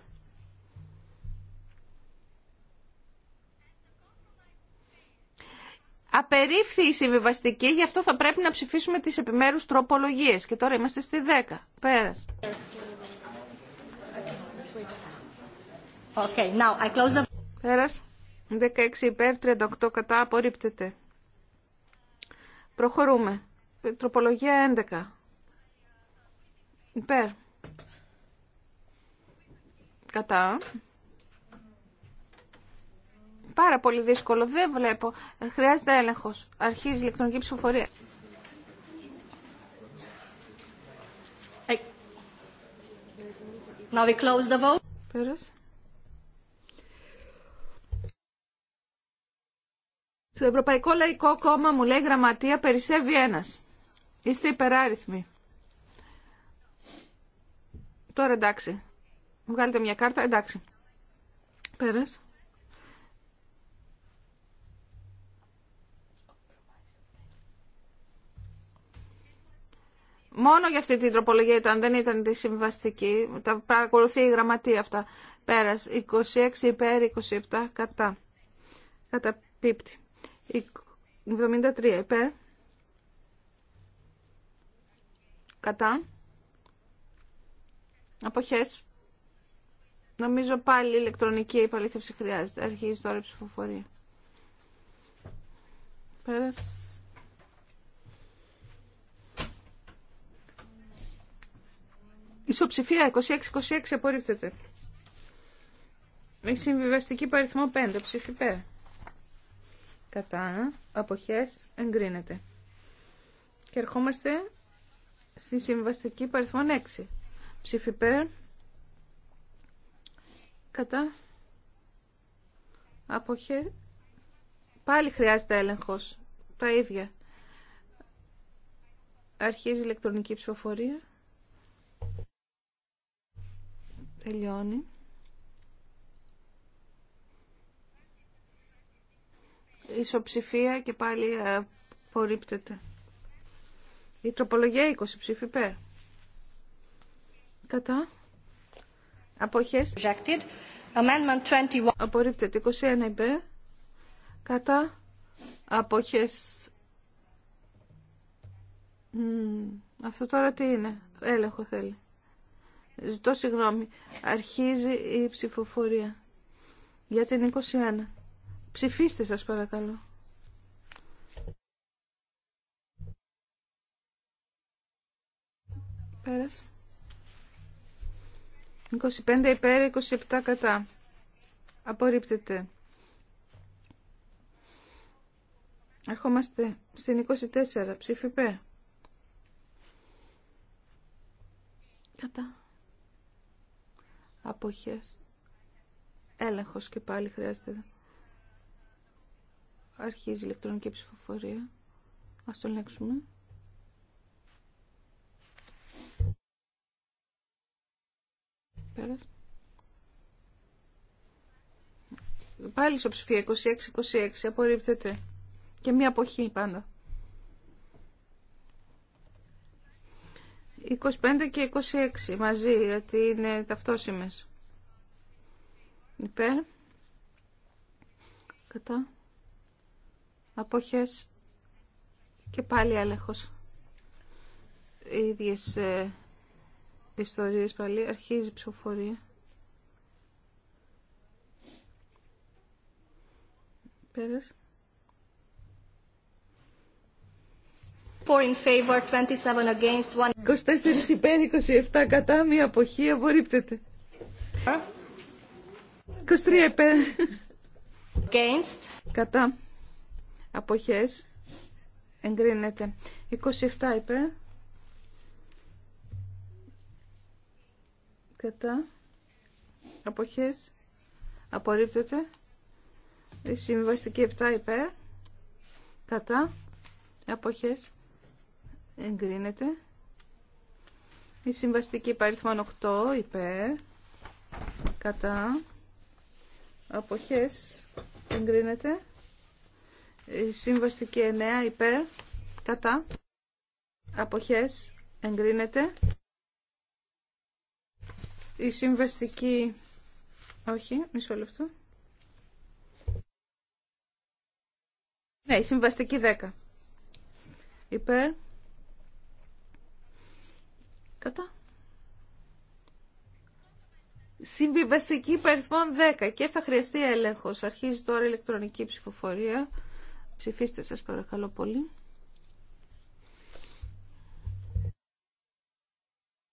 Απερίφθη η συμβιβαστική, γι' αυτό θα πρέπει να ψηφίσουμε τις επιμέρους τροπολογίες. Και τώρα είμαστε στη 10. Πέρας. Okay, now I close Πέρας. 16 υπέρ, 38 κατά, απορρίπτεται. Προχωρούμε. Τροπολογία 11. Υπέρ. Κατά. Πάρα πολύ δύσκολο. Δεν βλέπω. Ε, χρειάζεται έλεγχος. Αρχίζει η ηλεκτρονική ψηφοφορία. Now we close the vote. Πέρασε. Το Ευρωπαϊκό Λαϊκό Κόμμα μου λέει γραμματεία περισσεύει ένας. Είστε υπεράριθμοι. Τώρα εντάξει. Βγάλετε μια κάρτα. Εντάξει. Πέρας. Μόνο για αυτή την τροπολογία ήταν, δεν ήταν τη συμβαστική. Τα παρακολουθεί η γραμματεία αυτά. Πέρας. 26 υπέρ, 27 κατά. Καταπίπτει. 73 υπέρ. Κατά. Αποχές. Νομίζω πάλι ηλεκτρονική υπαλήθευση χρειάζεται. Αρχίζει τώρα η ψηφοφορία. Πέρας. Ισοψηφία 26-26 απορρίπτεται. Έχει συμβιβαστική παριθμό 5. ψηφιπέρα κατά αποχές εγκρίνεται. Και ερχόμαστε στη συμβαστική παρελθόν 6. Ψήφι κατά αποχέ. πάλι χρειάζεται έλεγχος τα ίδια. Αρχίζει η ηλεκτρονική ψηφοφορία. Τελειώνει. ισοψηφία και πάλι απορρίπτεται. Η τροπολογία 20 ψήφι Κατά. Αποχές. Rejected. 21. Απορρίπτεται. 21 υπέρ. Κατά. Αποχές. αυτό τώρα τι είναι. Έλεγχο θέλει. Ζητώ συγγνώμη. Αρχίζει η ψηφοφορία. Για την 21. Ψηφίστε σας παρακαλώ. Πέρασε. 25 υπέρ, 27 κατά. Απορρίπτεται. Ερχόμαστε στην 24. Ψήφι Κατά. Αποχές. Έλεγχος και πάλι χρειάζεται. Αρχίζει η ηλεκτρονική ψηφοφορία. Ας το λέξουμε. Πέρασε. Πέρας. ψηφιο ισοψηφία 26-26 απορρίπτεται. Και μία αποχή πάντα. 25 και 26 μαζί, γιατί είναι ταυτόσιμες. Υπέρ. Κατά αποχές και πάλι έλεγχος. Οι ίδιες ε, ιστορίες πάλι. Αρχίζει η ψηφοφορία. Πέρας. in favor, 27 against, 1... 24 υπέρ, 27 κατά, μία αποχή, απορρίπτεται. 23 υπέρ. Against. Κατά αποχές εγκρίνεται 27 υπέρ κατά αποχές απορρίπτεται η συμβαστική 7 υπέρ κατά αποχές εγκρίνεται η συμβαστική υπαριθμόν 8 υπέρ κατά αποχές εγκρίνεται η συμβαστική 9 υπέρ, κατά, αποχές, εγκρίνεται. Η συμβαστική, όχι, μισό λεπτό. Ναι, η συμβαστική 10. Υπέρ, κατά. Συμβιβαστική υπερθμόν 10 και θα χρειαστεί έλεγχος. Αρχίζει τώρα η ηλεκτρονική ψηφοφορία. Ψηφίστε σας παρακαλώ πολύ.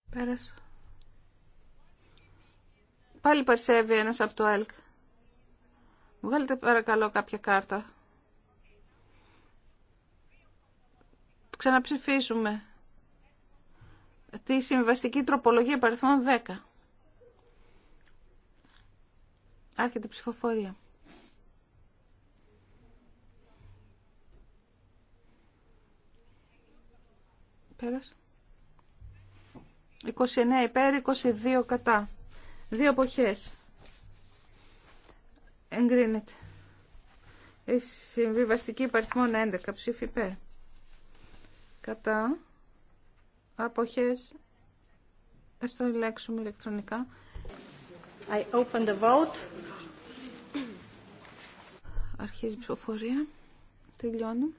Πέρασε. Πάλι παρσεύει ένας από το ΕΛΚ. Βγάλετε παρακαλώ κάποια κάρτα. Ξαναψηφίσουμε τη συμβαστική τροπολογία παριθμών 10. Άρχεται η ψηφοφορία. Πέρασε. 29 υπέρ, 22 κατά. Δύο εποχές. Εγκρίνεται. Η συμβιβαστική υπαριθμόν 11 ψήφι υπέρ. Κατά. Αποχές. Ας το ελέγξουμε ηλεκτρονικά. I open the vote. Αρχίζει η ψηφοφορία. Τελειώνει.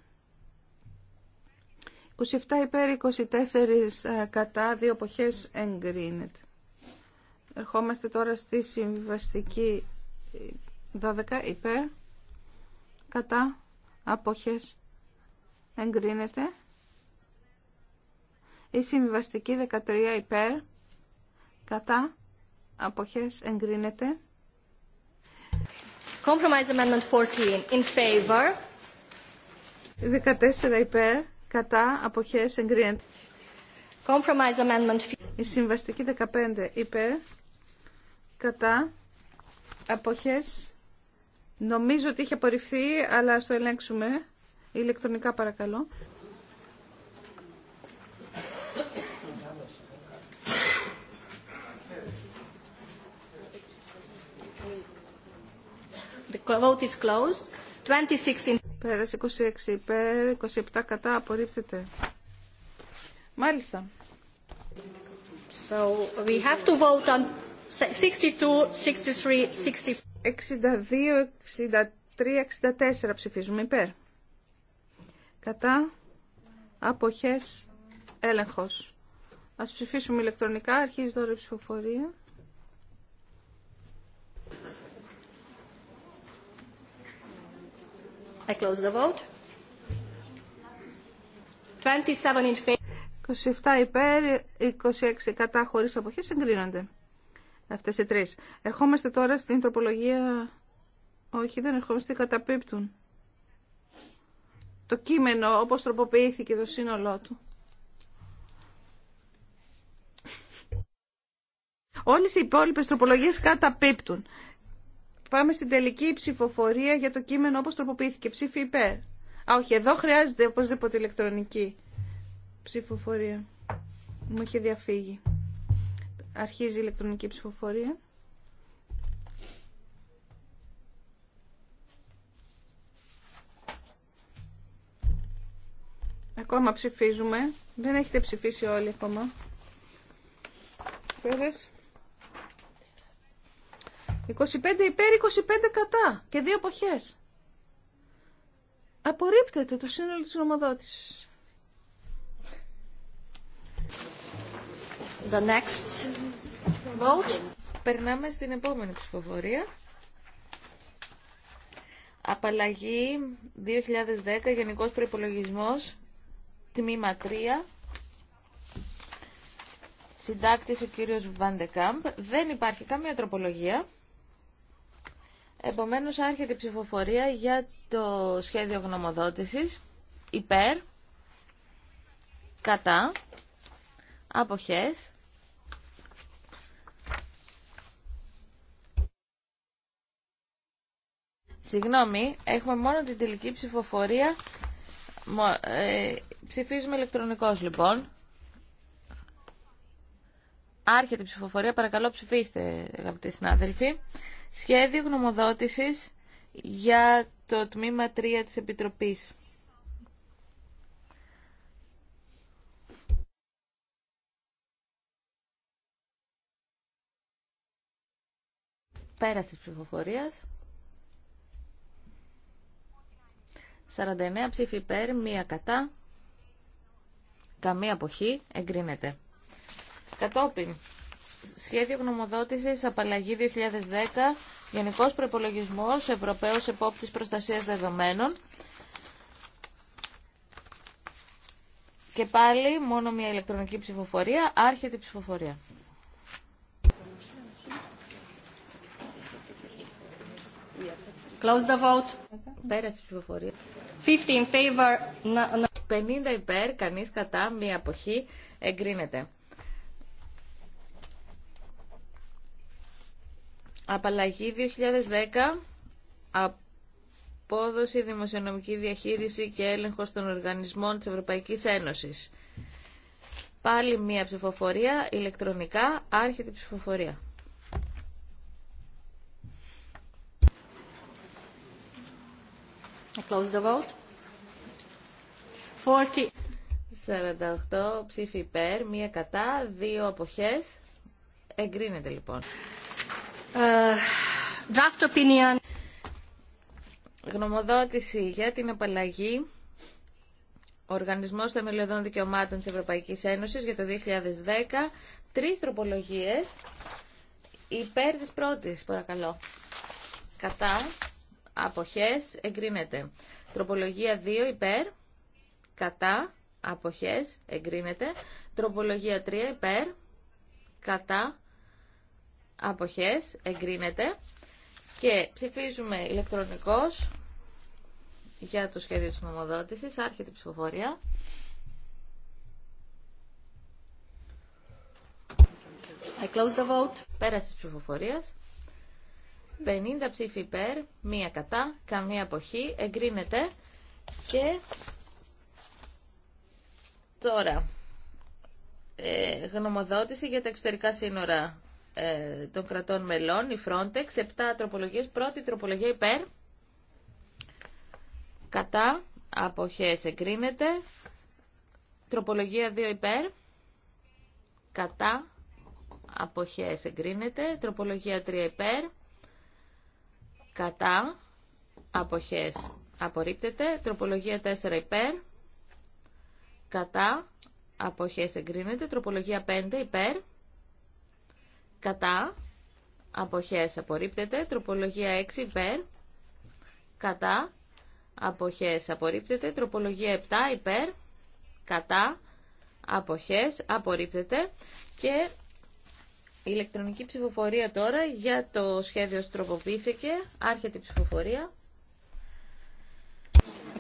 27 υπέρ 24 ε, κατά, δύο εποχές εγκρίνεται. Ερχόμαστε τώρα στη συμβαστική 12 ε, υπέρ κατά αποχές εγκρίνεται. Η συμβιβαστική 13 υπέρ κατά αποχές εγκρίνεται. Compromise Amendment 14 in favor. 14 υπέρ κατά αποχές εγκρίνεται. Compromise amendment. Η συμβαστική 15 είπε κατά αποχές νομίζω ότι είχε απορριφθεί αλλά ας το ελέγξουμε ηλεκτρονικά παρακαλώ. The vote is closed. 26... Πέρασε 26 υπέρ, 27 κατά, απορρίπτεται. Μάλιστα. So we have to vote on 62, 63, 64. 62, 63, 64 ψηφίζουμε υπέρ. Κατά αποχές έλεγχος. Ας ψηφίσουμε ηλεκτρονικά, αρχίζει τώρα η ψηφοφορία. 27 in υπέρ, 26 κατά χωρίς αποχές συγκρίνονται. Αυτές οι τρεις. Ερχόμαστε τώρα στην τροπολογία... Όχι, δεν ερχόμαστε, καταπίπτουν. Το κείμενο όπως τροποποιήθηκε το σύνολό του. Όλες οι υπόλοιπες τροπολογίες καταπίπτουν. Πάμε στην τελική ψηφοφορία για το κείμενο όπως τροποποιήθηκε. Ψήφι υπέρ. Α, όχι, εδώ χρειάζεται οπωσδήποτε ηλεκτρονική ψηφοφορία. Μου είχε διαφύγει. Αρχίζει η ηλεκτρονική ψηφοφορία. Ακόμα ψηφίζουμε. Δεν έχετε ψηφίσει όλοι ακόμα. Πέρες. 25 υπέρ, 25 κατά και δύο εποχές. Απορρίπτεται το σύνολο της νομοδότησης. The next vote. Περνάμε στην επόμενη ψηφοφορία. Απαλλαγή 2010, Γενικός Προϋπολογισμός, τμήμα 3. Συντάκτης ο κύριος Βαντεκάμπ. Δεν υπάρχει καμία τροπολογία. Επομένως άρχεται η ψηφοφορία για το σχέδιο γνωμοδότησης υπέρ, κατά, αποχές. Συγγνώμη, έχουμε μόνο την τελική ψηφοφορία. Ε, ψηφίζουμε ηλεκτρονικός, λοιπόν. Άρχεται η ψηφοφορία, παρακαλώ ψηφίστε αγαπητοί συνάδελφοι. Σχέδιο γνωμοδότησης για το τμήμα 3 της Επιτροπής. Πέραση της ψηφοφορίας. 49 ψήφοι υπέρ, μία κατά, καμία αποχή, εγκρίνεται. Κατόπιν, Σχέδιο γνωμοδότησης απαλλαγή 2010, Γενικό προπολογισμό, Ευρωπαίος Επόπτης Προστασίας Δεδομένων. Και πάλι μόνο μια ηλεκτρονική ψηφοφορία, άρχεται η ψηφοφορία. Close the vote. Πέρασε ψηφοφορία. 50 in 50 υπέρ, κανείς κατά, μία αποχή, εγκρίνεται. Απαλλαγή 2010, απόδοση, δημοσιονομική διαχείριση και έλεγχος των οργανισμών της Ευρωπαϊκής Ένωσης. Πάλι μία ψηφοφορία, ηλεκτρονικά, άρχεται η ψηφοφορία. close the vote. 48 ψήφοι υπέρ, μία κατά, δύο αποχές. Εγκρίνεται λοιπόν. Ε, draft opinion. Γνωμοδότηση για την απαλλαγή Οργανισμός Θεμελιωδών Δικαιωμάτων της Ευρωπαϊκής Ένωσης για το 2010. Τρεις τροπολογίες. Υπέρ της πρώτης, παρακαλώ. Κατά. Αποχές. Εγκρίνεται. Τροπολογία 2. Υπέρ. Κατά. Αποχές. Εγκρίνεται. Τροπολογία 3. Υπέρ. Κατά αποχές, εγκρίνεται. Και ψηφίζουμε ηλεκτρονικώς για το σχέδιο της νομοδότησης. Άρχεται η ψηφοφορία. I close the vote. Πέρασε της ψηφοφορίας. 50 ψήφοι υπέρ, μία κατά, καμία αποχή, εγκρίνεται και τώρα ε, γνωμοδότηση για τα εξωτερικά σύνορα ε, των κρατών μελών, η Frontex, 7 τροπολογίες, πρώτη τροπολογία υπέρ, κατά, αποχές εγκρίνεται, τροπολογία 2 υπέρ, κατά, αποχές εγκρίνεται, τροπολογία 3 υπέρ, κατά, αποχές απορρίπτεται, τροπολογία 4 υπέρ, κατά, αποχές εγκρίνεται, τροπολογία 5 υπέρ, κατά, αποχές απορρίπτεται, τροπολογία 6 υπέρ, κατά, αποχές απορρίπτεται, τροπολογία 7 υπέρ, κατά, αποχές απορρίπτεται και η ηλεκτρονική ψηφοφορία τώρα για το σχέδιο στροποποιήθηκε, άρχεται η ψηφοφορία.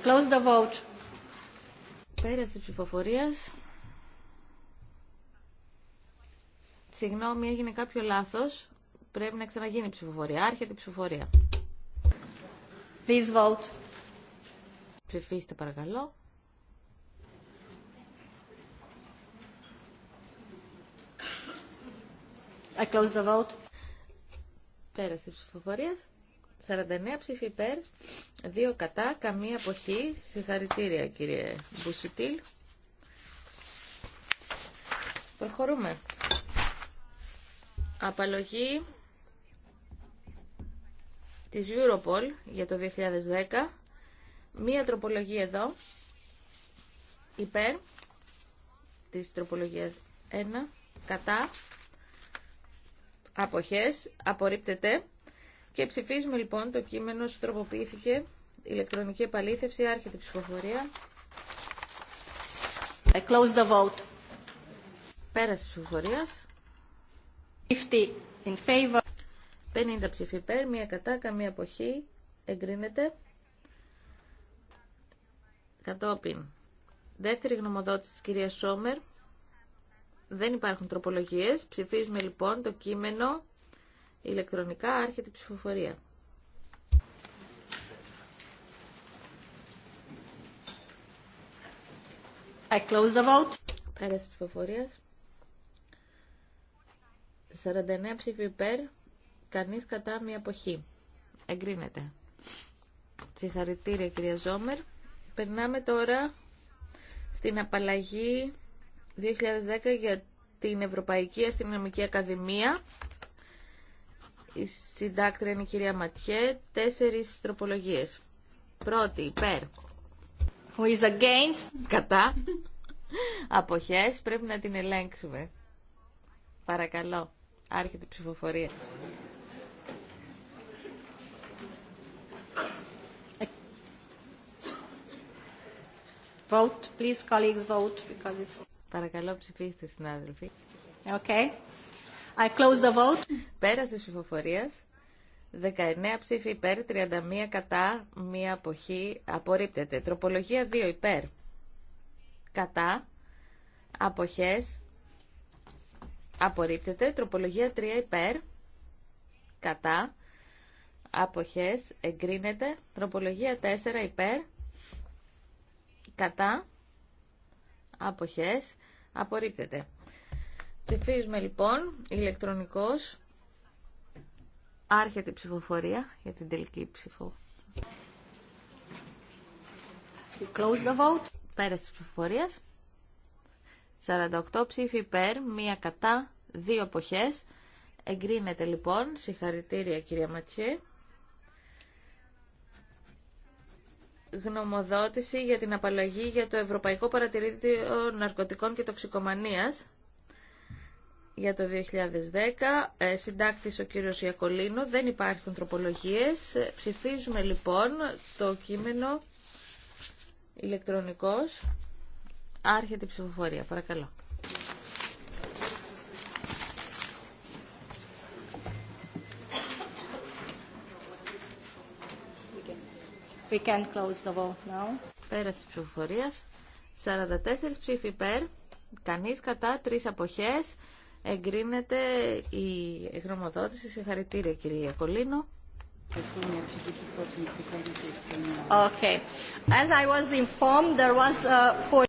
Close the vote. Πέρασε ψηφοφορίας. Συγγνώμη, έγινε κάποιο λάθος. Πρέπει να ξαναγίνει η ψηφοφορία. Άρχεται η ψηφοφορία. Please vote. Ψηφίστε παρακαλώ. I close the vote. Πέρασε η ψηφοφορία. 49 ψήφοι υπέρ, 2 κατά, καμία αποχή. Συγχαρητήρια κύριε Μπουσουτήλ. Προχωρούμε. Απαλογή της Europol για το 2010. Μία τροπολογία εδώ, υπέρ της τροπολογίας 1, κατά, αποχές, απορρίπτεται. Και ψηφίζουμε λοιπόν το κείμενο σου τροποποιήθηκε, ηλεκτρονική επαλήθευση, άρχεται η ψηφοφορία. I close the vote. ψηφοφορία. 50, in favor. 50 μία κατά, καμία αποχή. Εγκρίνεται. Κατόπιν. Δεύτερη γνωμοδότηση της κυρίας Σόμερ. Δεν υπάρχουν τροπολογίες. Ψηφίζουμε λοιπόν το κείμενο ηλεκτρονικά. Άρχεται η ψηφοφορία. I close the vote. ψηφοφορίας. 49 ψήφοι υπέρ, κανείς κατά μία αποχή. Εγκρίνεται. Συγχαρητήρια κυρία Ζόμερ. Περνάμε τώρα στην απαλλαγή 2010 για την Ευρωπαϊκή Αστυνομική Ακαδημία. Η συντάκτρια είναι η κυρία Ματιέ. Τέσσερις τροπολογίες. Πρώτη, υπέρ. Who is against? Κατά. Αποχές πρέπει να την ελέγξουμε. Παρακαλώ. Άρχεται η ψηφοφορία. Vote, please, colleagues, vote, because it's... Παρακαλώ ψηφίστε συνάδελφοι. Okay. I close the vote. Πέρασε της ψηφοφορίας. 19 ψήφοι υπέρ, 31 κατά, μία αποχή απορρίπτεται. Τροπολογία 2 υπέρ, κατά, αποχές Απορρίπτεται. Τροπολογία 3 υπέρ. Κατά. Αποχές. Εγκρίνεται. Τροπολογία 4 υπέρ. Κατά. Αποχές. Απορρίπτεται. Ψηφίζουμε λοιπόν ηλεκτρονικός. Άρχεται η ψηφοφορία για την τελική ψηφο. close the vote. Πέρασε τη ψηφοφορία. 48 ψήφοι υπέρ, μία κατά, δύο αποχές. Εγκρίνεται λοιπόν. Συγχαρητήρια κυρία Ματιέ. Γνωμοδότηση για την απαλλαγή για το Ευρωπαϊκό Παρατηρήτητο Ναρκωτικών και Τοξικομανίας για το 2010. Ε, συντάκτης ο κύριος Ιακολίνου. Δεν υπάρχουν τροπολογίες. Ψηφίζουμε λοιπόν το κείμενο ηλεκτρονικός. Άρχεται η ψηφοφορία, παρακαλώ. We can close the vote now. Πέραση ψηφοφορία. 44 ψήφοι υπέρ, Κανεί κατά, τρει αποχές. Εγκρίνεται η γνωμοδότηση. Συγχαρητήρια κυρία Κολίνο. Okay. As I was informed, there was a... Uh,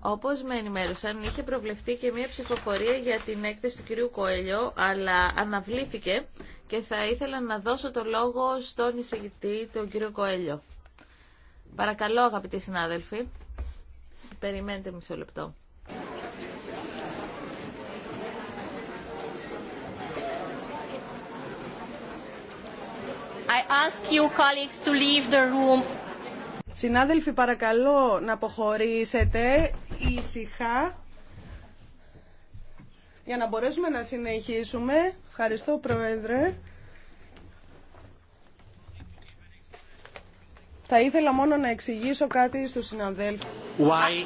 όπως με ενημέρωσαν, είχε προβλεφτεί και μια ψηφοφορία για την έκθεση του κυρίου Κοέλιο, αλλά αναβλήθηκε και θα ήθελα να δώσω το λόγο στον εισηγητή, τον κύριο Κοέλιο. Παρακαλώ, αγαπητοί συνάδελφοι, περιμένετε μισό λεπτό. I ask you colleagues to leave the room. Συνάδελφοι, παρακαλώ να αποχωρήσετε ήσυχα για να μπορέσουμε να συνεχίσουμε. Ευχαριστώ, Πρόεδρε. Θα ήθελα μόνο να εξηγήσω κάτι στους συναδέλφους. Why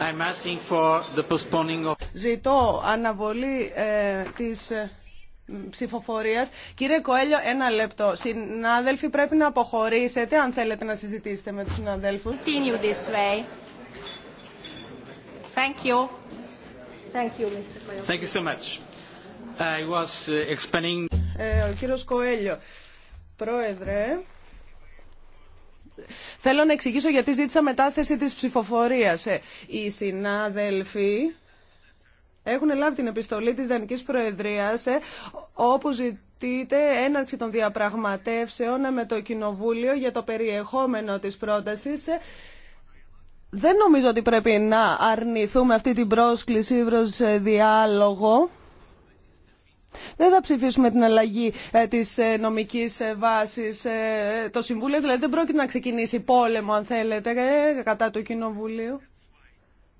I'm asking for the postponing of... Ζητώ αναβολή ε, της ε, ψηφοφορίας. Κύριε Κοέλιο, ένα λεπτό. Συνάδελφοι, πρέπει να αποχωρήσετε αν θέλετε να συζητήσετε με τους συναδέλφους. Continue this way. Thank you. Thank you, Mr. Thank you so much. Uh, I was uh, explaining... Ε, ο κύριος Κοέλιο, πρόεδρε, θέλω να εξηγήσω γιατί ζήτησα μετάθεση της ψηφοφορίας. Ε, οι συνάδελφοι έχουν λάβει την επιστολή της Δανικής Προεδρίας ε, όπου ζητείται έναρξη των διαπραγματεύσεων με το Κοινοβούλιο για το περιεχόμενο της πρότασης δεν νομίζω ότι πρέπει να αρνηθούμε αυτή την πρόσκληση προς ε, διάλογο. Δεν θα ψηφίσουμε την αλλαγή ε, της ε, νομικής βάσης. Το Συμβούλιο δηλαδή δεν πρόκειται να ξεκινήσει πόλεμο, αν θέλετε, κατά του Κοινοβουλίου.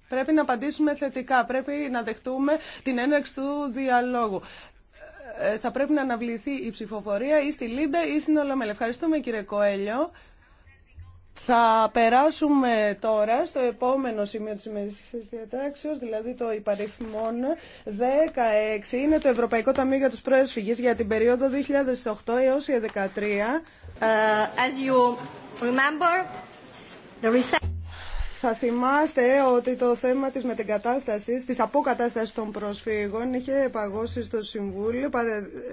Πρέπει να απαντήσουμε θετικά. Πρέπει να δεχτούμε την έναρξη του διαλόγου. Θα πρέπει να αναβληθεί η ψηφοφορία ή στη Λίμπε ή στην Ολομέλη. Ευχαριστούμε κύριε Κοέλιο. Θα περάσουμε τώρα στο επόμενο σημείο της ημερήσιας διατάξεως, δηλαδή το υπαριθμόν 16. Είναι το Ευρωπαϊκό Ταμείο για τους Πρόσφυγες για την περίοδο 2008 έως 2013. Uh, ε, as you remember, the θα θυμάστε ότι το θέμα της μετεγκατάστασης, της αποκατάστασης των προσφύγων είχε παγώσει στο Συμβούλιο.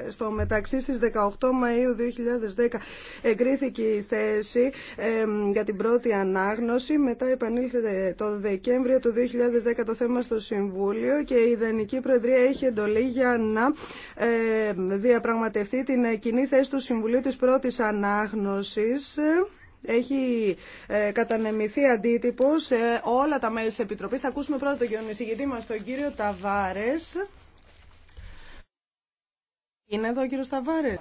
Στο μεταξύ στις 18 Μαΐου 2010 εγκρίθηκε η θέση για την πρώτη ανάγνωση. Μετά επανήλθε το Δεκέμβριο του 2010 το θέμα στο Συμβούλιο και η Ιδανική Προεδρία έχει εντολή για να διαπραγματευτεί την ε, κοινή θέση του Συμβουλίου της πρώτης ανάγνωσης έχει ε, κατανεμηθεί αντίτυπο σε όλα τα μέλη τη Επιτροπή. Θα ακούσουμε πρώτα τον εισηγητή μα, τον κύριο Ταβάρε. Είναι εδώ ο κύριο Ταβάρε.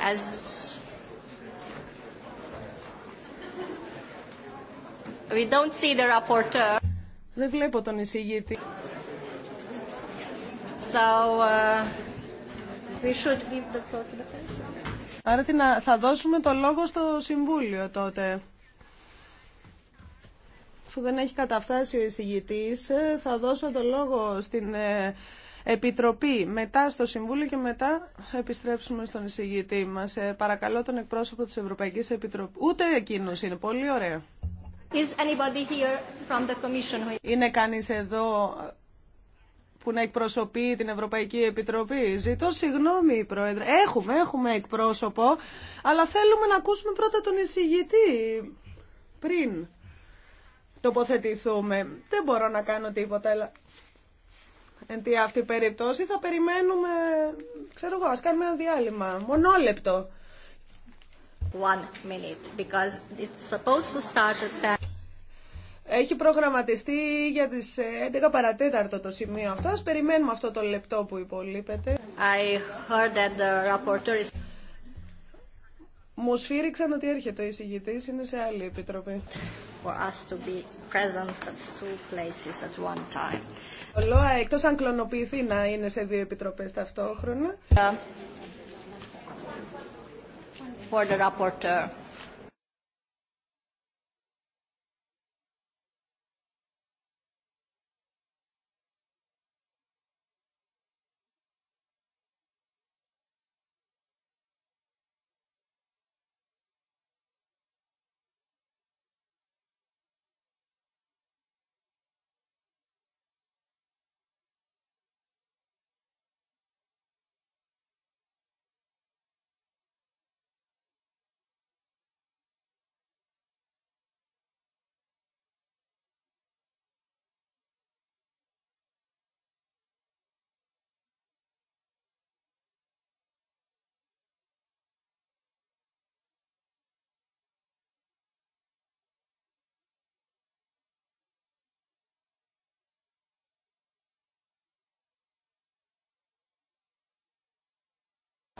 As... We don't see the rapporteur. Δεν βλέπω τον εισηγητή. So, uh, we should give the floor to the Άρα θα δώσουμε το λόγο στο Συμβούλιο τότε. Αφού δεν έχει καταφτάσει ο εισηγητής, ε, θα δώσω το λόγο στην ε, Επιτροπή, μετά στο Συμβούλιο και μετά επιστρέψουμε στον εισηγητή μας. Ε, παρακαλώ τον εκπρόσωπο της Ευρωπαϊκής Επιτροπής. Ούτε εκείνος είναι. Πολύ ωραίο. Is here from the Είναι κανείς εδώ που να εκπροσωπεί την Ευρωπαϊκή Επιτροπή. Ζητώ συγγνώμη, Πρόεδρε. Έχουμε, έχουμε εκπρόσωπο, αλλά θέλουμε να ακούσουμε πρώτα τον εισηγητή πριν τοποθετηθούμε. Δεν μπορώ να κάνω τίποτα, αλλά εν τη αυτή περίπτωση θα περιμένουμε, ξέρω εγώ, ας κάνουμε ένα διάλειμμα, μονόλεπτο. One minute, because it's supposed to start at έχει προγραμματιστεί για τις 11 παρατέταρτο το σημείο αυτό. Ας περιμένουμε αυτό το λεπτό που υπολείπεται. I heard that the reporter is... Μου σφύριξαν ότι έρχεται ο εισηγητή, είναι σε άλλη επιτροπή. For us to be present at two places at one time. Ο εκτός αν κλωνοποιηθεί να είναι σε δύο επιτροπές ταυτόχρονα. for the rapporteur.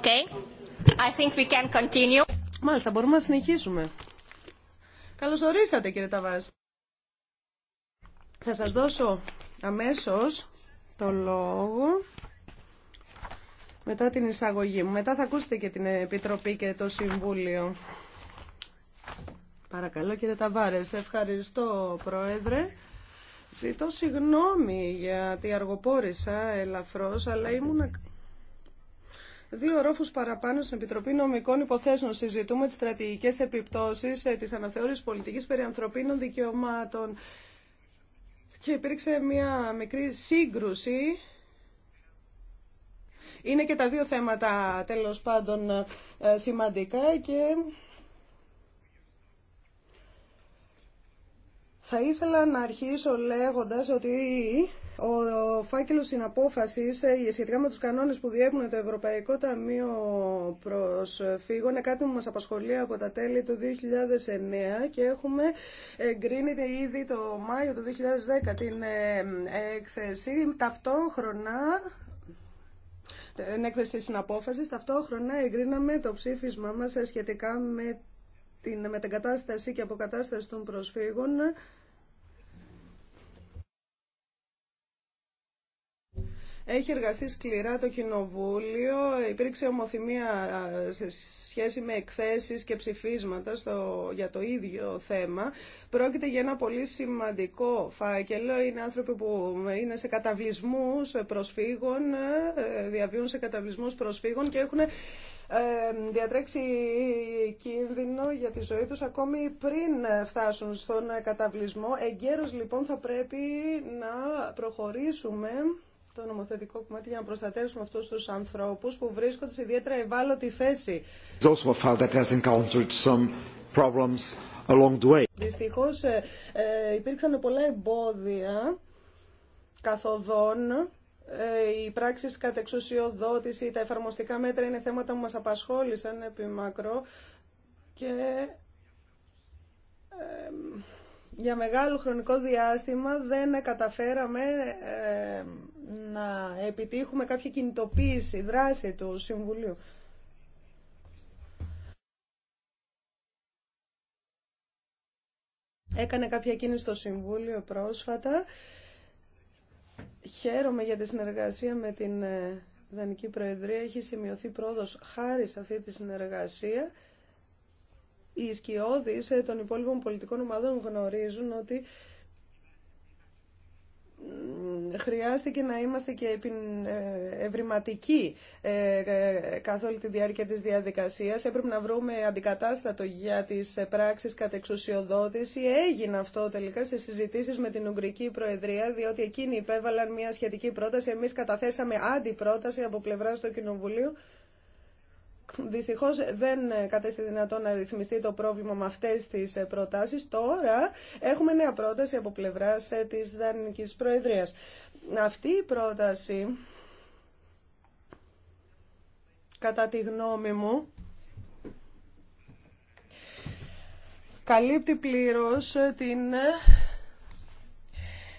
Okay. I think we can continue. Μάλιστα, μπορούμε να συνεχίσουμε. Καλώς ορίσατε κύριε Ταβάς. Θα σας δώσω αμέσως το λόγο μετά την εισαγωγή μου. Μετά θα ακούσετε και την Επιτροπή και το Συμβούλιο. Παρακαλώ κύριε Ταβάρες. Ευχαριστώ Πρόεδρε. Ζητώ συγγνώμη γιατί αργοπόρησα ελαφρώς, αλλά ήμουν Δύο ρόφου παραπάνω στην Επιτροπή Νομικών Υποθέσεων συζητούμε τι στρατηγικέ επιπτώσει ε, τη αναθεώρηση πολιτική περί ανθρωπίνων δικαιωμάτων. Και υπήρξε μια μικρή σύγκρουση. Είναι και τα δύο θέματα τέλος πάντων ε, σημαντικά και θα ήθελα να αρχίσω λέγοντας ότι ο φάκελο συναπόφαση ε, σχετικά με του κανόνε που διέπουν το Ευρωπαϊκό Ταμείο Προσφύγων είναι κάτι που μα απασχολεί από τα τέλη του 2009 και έχουμε εγκρίνει ήδη το Μάιο του 2010 την ε, έκθεση. Ταυτόχρονα την έκθεση συναπόφαση. Ταυτόχρονα εγκρίναμε το ψήφισμά μα ε, σχετικά με την μετεγκατάσταση και αποκατάσταση των προσφύγων Έχει εργαστεί σκληρά το Κοινοβούλιο, υπήρξε ομοθυμία σε σχέση με εκθέσεις και ψηφίσματα στο, για το ίδιο θέμα. Πρόκειται για ένα πολύ σημαντικό φάκελο. Είναι άνθρωποι που είναι σε καταβλισμούς προσφύγων, ε, διαβίουν σε καταβλισμούς προσφύγων και έχουν ε, διατρέξει κίνδυνο για τη ζωή τους ακόμη πριν φτάσουν στον καταβλισμό. Εγκαίρως λοιπόν θα πρέπει να προχωρήσουμε το νομοθετικό κομμάτι για να προστατεύσουμε αυτούς τους ανθρώπους που βρίσκονται σε ιδιαίτερα ευάλωτη θέση. Δυστυχώς ε, ε, υπήρξαν πολλά εμπόδια καθοδόν ε, οι πράξεις κατά εξουσιοδότηση, τα εφαρμοστικά μέτρα είναι θέματα που μας απασχόλησαν επί μακρό και για μεγάλο χρονικό διάστημα δεν καταφέραμε ε, να επιτύχουμε κάποια κινητοποίηση, δράση του Συμβουλίου. Έκανε κάποια κίνηση στο Συμβούλιο πρόσφατα. Χαίρομαι για τη συνεργασία με την ε, Δανική Προεδρία. Έχει σημειωθεί πρόοδος χάρη σε αυτή τη συνεργασία. Οι σκιώδεις ε, των υπόλοιπων πολιτικών ομάδων γνωρίζουν ότι χρειάστηκε να είμαστε και ε, ευρηματικοί ε, ε, καθ' όλη τη διάρκεια της διαδικασίας. Έπρεπε να βρούμε αντικατάστατο για τις πράξεις κατ' εξουσιοδότηση. Έγινε αυτό τελικά σε συζητήσεις με την Ουγγρική Προεδρία, διότι εκείνοι υπέβαλαν μια σχετική πρόταση. Εμείς καταθέσαμε αντιπρόταση από πλευρά του Κοινοβουλίου. Δυστυχώς δεν κατέστη δυνατό να ρυθμιστεί το πρόβλημα με αυτές τις προτάσεις. Τώρα έχουμε νέα πρόταση από πλευρά της Δανικής Προεδρίας. Αυτή η πρόταση, κατά τη γνώμη μου, καλύπτει πλήρως την,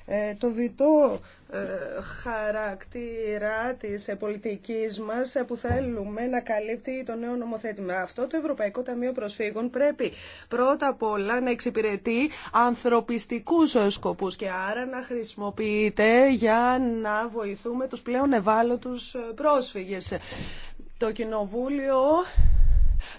ε, το διτό ε, χαρακτήρα της ε, πολιτικής μας ε, που θέλουμε να καλύπτει το νέο νομοθέτημα. Αυτό το Ευρωπαϊκό Ταμείο Προσφύγων πρέπει πρώτα απ' όλα να εξυπηρετεί ανθρωπιστικούς σκοπούς και άρα να χρησιμοποιείται για να βοηθούμε τους πλέον ευάλωτους πρόσφυγες. Το Κοινοβούλιο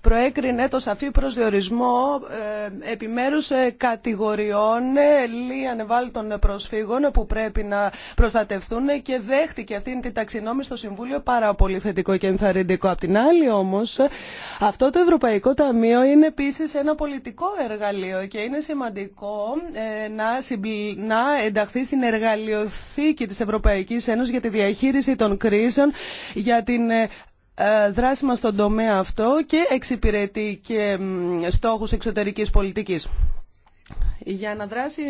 προέκρινε το σαφή προσδιορισμό ε, επιμέρους ε, κατηγοριών ε, λί ανεβάλλοντων προσφύγων που πρέπει να προστατευτούν και δέχτηκε αυτήν την ταξινόμηση στο Συμβούλιο πάρα πολύ θετικό και ενθαρρυντικό. Απ' την άλλη όμως αυτό το Ευρωπαϊκό Ταμείο είναι επίσης ένα πολιτικό εργαλείο και είναι σημαντικό να ενταχθεί στην εργαλειοθήκη της Ευρωπαϊκής Ένωσης για τη διαχείριση των κρίσεων, για την ε, δράση μας στον τομέα αυτό και εξυπηρετεί και στόχους εξωτερικής πολιτικής. Για να δράσει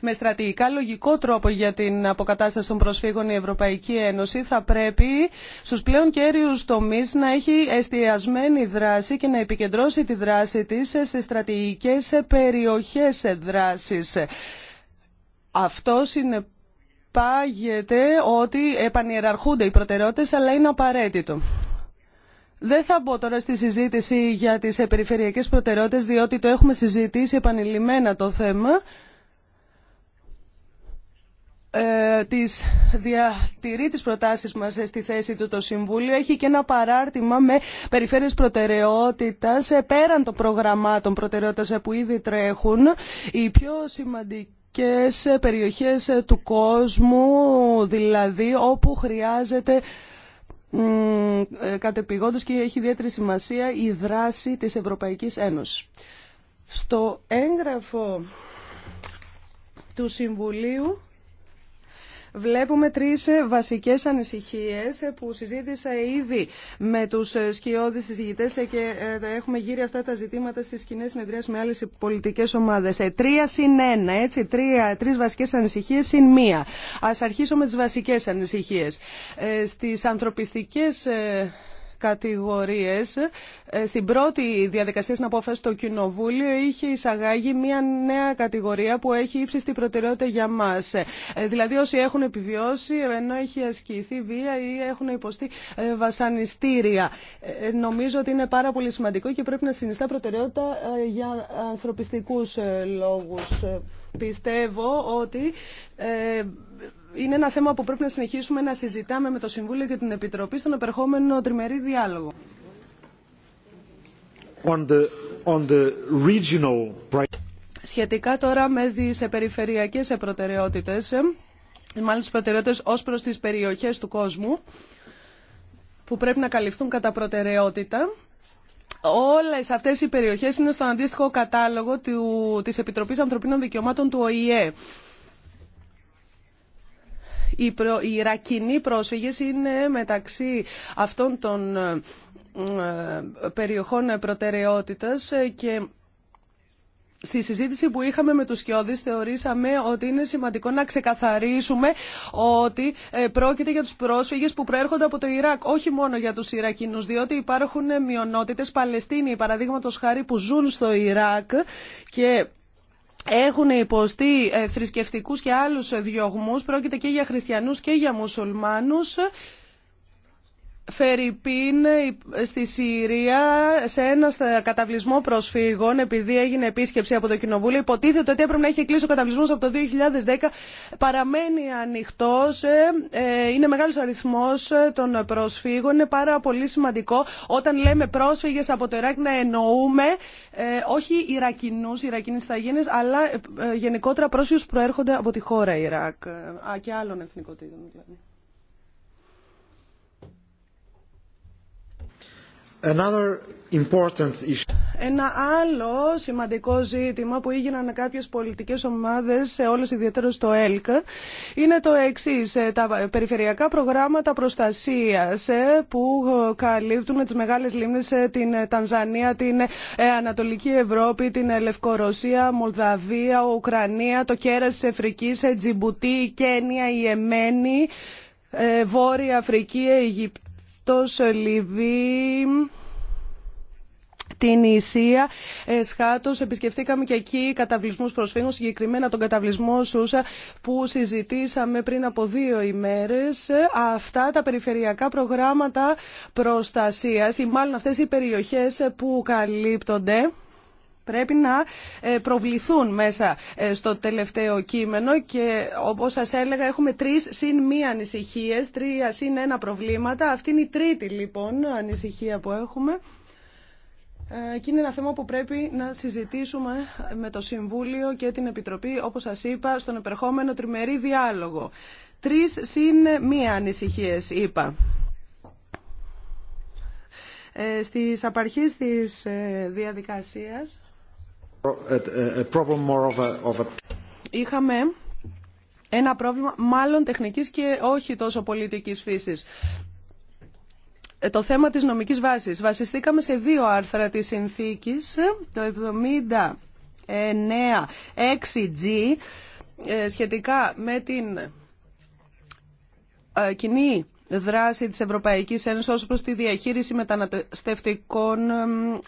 με στρατηγικά λογικό τρόπο για την αποκατάσταση των προσφύγων η Ευρωπαϊκή Ένωση θα πρέπει στους πλέον κέριους τομείς να έχει εστιασμένη δράση και να επικεντρώσει τη δράση της σε στρατηγικές περιοχές δράσης. Αυτό συνεπάγεται ότι επανειεραρχούνται οι προτεραιότητες αλλά είναι απαραίτητο. Δεν θα μπω τώρα στη συζήτηση για τις περιφερειακές προτεραιότητες, διότι το έχουμε συζητήσει επανειλημμένα το θέμα ε, της διατηρεί τις προτάσεις μας στη θέση του το Συμβούλιο έχει και ένα παράρτημα με περιφέρειες προτεραιότητας ε, πέραν των προγραμμάτων προτεραιότητας ε, που ήδη τρέχουν οι πιο σημαντικοί περιοχές ε, του κόσμου, δηλαδή όπου χρειάζεται ε, κατεπηγόντως και έχει ιδιαίτερη σημασία η δράση της Ευρωπαϊκής Ένωσης. Στο έγγραφο του Συμβουλίου βλέπουμε τρεις ε, βασικές ανησυχίες ε, που συζήτησα ήδη με τους ε, σκιώδεις συζητητές και έχουμε γύρει αυτά τα ζητήματα στις κοινέ συνεδρίες με άλλες πολιτικές ομάδες. Τρία συν ένα, έτσι, τρία, τρεις βασικές ανησυχίες συν μία. Ας αρχίσω με τις βασικές ανησυχίες. Στις ανθρωπιστικές κατηγορίες. Ε, στην πρώτη διαδικασία στην απόφαση το Κοινοβούλιο είχε εισαγάγει μια νέα κατηγορία που έχει ύψιστη προτεραιότητα για μας. Ε, δηλαδή όσοι έχουν επιβιώσει ενώ έχει ασκηθεί βία ή έχουν υποστεί ε, βασανιστήρια. Νομίζω ότι είναι πάρα πολύ σημαντικό και πρέπει να συνιστά προτεραιότητα για ανθρωπιστικούς λόγους. Πιστεύω ότι είναι ένα θέμα που πρέπει να συνεχίσουμε να συζητάμε με το Συμβούλιο και την Επιτροπή στον επερχόμενο τριμερή διάλογο. on the regional... Σχετικά τώρα με τις περιφερειακές προτεραιότητες, ε, μάλλον τις προτεραιότητες ως προς τις περιοχές του κόσμου, που πρέπει να καλυφθούν κατά προτεραιότητα, όλες αυτές οι περιοχές είναι στον αντίστοιχο κατάλογο του, της Επιτροπής Ανθρωπίνων Δικαιωμάτων του ΟΗΕ. Οι, προ... οι Ιρακινοί πρόσφυγες είναι μεταξύ αυτών των ε, ε, περιοχών προτεραιότητας ε, και στη συζήτηση που είχαμε με τους Σκιώδης θεωρήσαμε ότι είναι σημαντικό να ξεκαθαρίσουμε ότι πρόκειται για τους πρόσφυγες που προέρχονται από το Ιράκ, όχι μόνο για τους Ιρακινούς, διότι υπάρχουν μειονότητες Παλαιστίνοι, παραδείγματο χάρη, που ζουν στο Ιράκ και έχουν υποστεί ε, θρησκευτικούς και άλλους διωγμούς. Πρόκειται και για χριστιανούς και για μουσουλμάνους Φέρει Φερρυπίν ε, στη Συρία σε ένα καταβλισμό προσφύγων επειδή έγινε επίσκεψη από το Κοινοβούλιο υποτίθεται ότι έπρεπε να έχει κλείσει ο καταβλισμός από το 2010 παραμένει ανοιχτός ε, ε, είναι μεγάλος αριθμός των προσφύγων είναι πάρα πολύ σημαντικό όταν λέμε πρόσφυγες από το Ιράκ να εννοούμε όχι Ιρακινούς, Ιρακινείς γίνει, αλλά γενικότερα πρόσφυγες που προέρχονται από τη χώρα Ιράκ και άλλων εθνικότητων Ένα άλλο σημαντικό ζήτημα που έγιναν κάποιες πολιτικές ομάδες, σε όλες ιδιαίτερα στο ΕΛΚ, είναι το εξής. Ε, τα περιφερειακά προγράμματα προστασίας ε, που καλύπτουν τις μεγάλες λίμνες, ε, την Τανζανία, την Ανατολική Ευρώπη, την Λευκορωσία, Μολδαβία, Ουκρανία, το κέρας της Αφρικής, Τζιμπουτή, Κένια, Ιεμένη, Βόρεια Αφρική, Αιγυπτή το Σολιβίμ, την Ισία, ε, Σχάτος. Επισκεφτήκαμε και εκεί καταβλισμούς προσφύγων, συγκεκριμένα τον καταβλισμό Σούσα που συζητήσαμε πριν από δύο ημέρες. Ε, αυτά τα περιφερειακά προγράμματα προστασίας ή μάλλον αυτές οι περιοχές που καλύπτονται πρέπει να ε, προβληθούν μέσα ε, στο τελευταίο κείμενο και όπως σας έλεγα έχουμε τρεις συν μία ανησυχίες, τρία συν ένα προβλήματα. Αυτή είναι η τρίτη λοιπόν ανησυχία που έχουμε ε, και είναι ένα θέμα που πρέπει να συζητήσουμε με το Συμβούλιο και την Επιτροπή, όπως σας είπα, στον επερχόμενο τριμερή διάλογο. Τρεις συν μία ανησυχίες είπα στις απαρχές της διαδικασίας Είχαμε ένα πρόβλημα μάλλον τεχνικής και όχι τόσο πολιτικής φύσης. Ε, το θέμα της νομικής βάσης. Βασιστήκαμε σε δύο άρθρα της συνθήκης, το 79-6G, ε, σχετικά με την ε, κοινή δράση της Ευρωπαϊκής Ένωσης ως προς τη διαχείριση μεταναστευτικών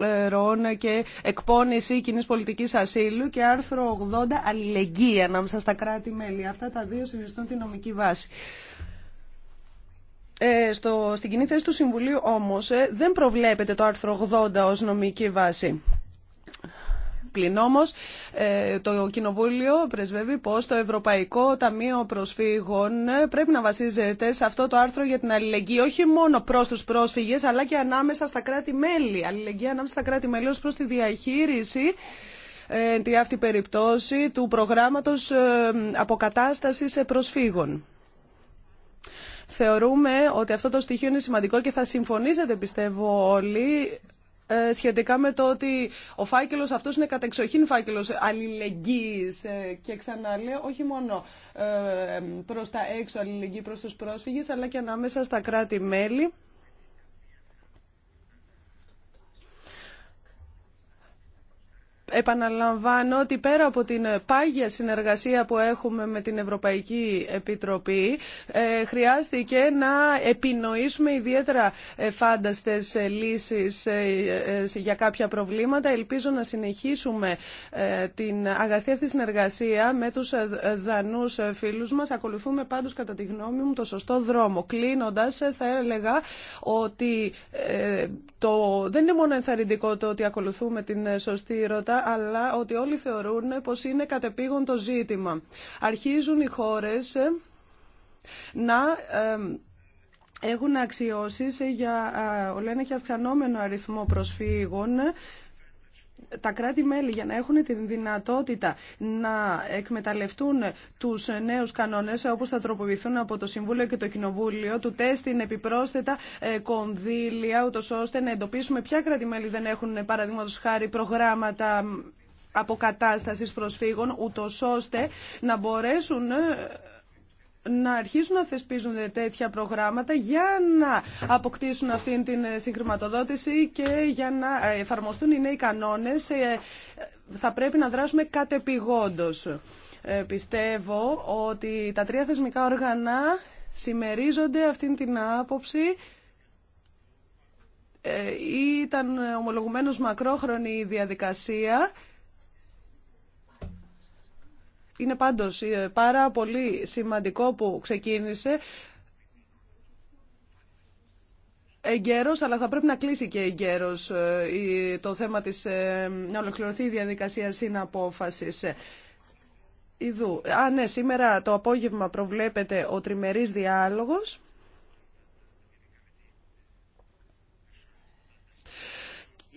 ε, ροών και εκπώνηση κοινή πολιτικής ασύλου και άρθρο 80 αλληλεγγύη ανάμεσα στα κράτη-μέλη. Αυτά τα δύο συνιστούν τη νομική βάση. Ε, στο, στην κοινή θέση του Συμβουλίου όμως ε, δεν προβλέπεται το άρθρο 80 ως νομική βάση πλην όμως ε, το Κοινοβούλιο πρεσβεύει πως το Ευρωπαϊκό Ταμείο Προσφύγων ε, πρέπει να βασίζεται σε αυτό το άρθρο για την αλληλεγγύη όχι μόνο προς τους πρόσφυγες αλλά και ανάμεσα στα κράτη-μέλη. Αλληλεγγύη ανάμεσα στα κράτη-μέλη ως προς τη διαχείριση ε, τη αυτή περιπτώσει του προγράμματος αποκατάστασης προσφύγων. Θεωρούμε ότι αυτό το στοιχείο είναι σημαντικό και θα συμφωνήσετε πιστεύω όλοι ε, σχετικά με το ότι ο φάκελος αυτός είναι κατεξοχήν φάκελος αλληλεγγύης ε, και ξαναλέω όχι μόνο ε, προς τα έξω αλληλεγγύη προς τους πρόσφυγες αλλά και ανάμεσα στα κράτη-μέλη. επαναλαμβάνω ότι πέρα από την πάγια συνεργασία που έχουμε με την Ευρωπαϊκή Επιτροπή, ε, χρειάστηκε να επινοήσουμε ιδιαίτερα ε, φάνταστες ε, λύσεις για κάποια προβλήματα. Ελπίζω να συνεχίσουμε την αγαστή αυτή συνεργασία με τους δανούς φίλους μας. Ακολουθούμε πάντως κατά τη γνώμη μου το σωστό δρόμο. Κλείνοντας θα έλεγα ότι το... δεν είναι μόνο ενθαρρυντικό το ότι ακολουθούμε την σωστή ρότα αλλά ότι όλοι θεωρούν πως είναι κατεπήγον το ζήτημα. Αρχίζουν οι χώρες ε, να έχουν αξιώσεις για ε, ολένα και αυξανόμενο αριθμό προσφύγων τα κράτη-μέλη για να έχουν τη δυνατότητα να εκμεταλλευτούν τους νέου κανόνες όπω θα τροποποιηθούν από το Συμβούλιο και το Κοινοβούλιο του την επιπρόσθετα ε, κονδύλια ούτως ώστε να εντοπίσουμε ποια κράτη-μέλη δεν έχουν ε, παραδείγματο χάρη προγράμματα ε, αποκατάστασης προσφύγων ούτως ώστε να μπορέσουν να αρχίσουν να θεσπίζουν τέτοια προγράμματα για να αποκτήσουν αυτήν την συγκρηματοδότηση και για να εφαρμοστούν οι νέοι κανόνες ε, θα πρέπει να δράσουμε κατεπηγόντως. Ε, πιστεύω ότι τα τρία θεσμικά όργανα συμμερίζονται αυτήν την άποψη ε, ήταν ομολογουμένως μακρόχρονη η διαδικασία είναι πάντως ε, πάρα πολύ σημαντικό που ξεκίνησε εγκαίρος, αλλά θα πρέπει να κλείσει και εγκαίρος ε, το θέμα της, ε, να ολοκληρωθεί η διαδικασία συναπόφασης. Ιδού. Α, ναι, σήμερα το απόγευμα προβλέπεται ο τριμερής διάλογος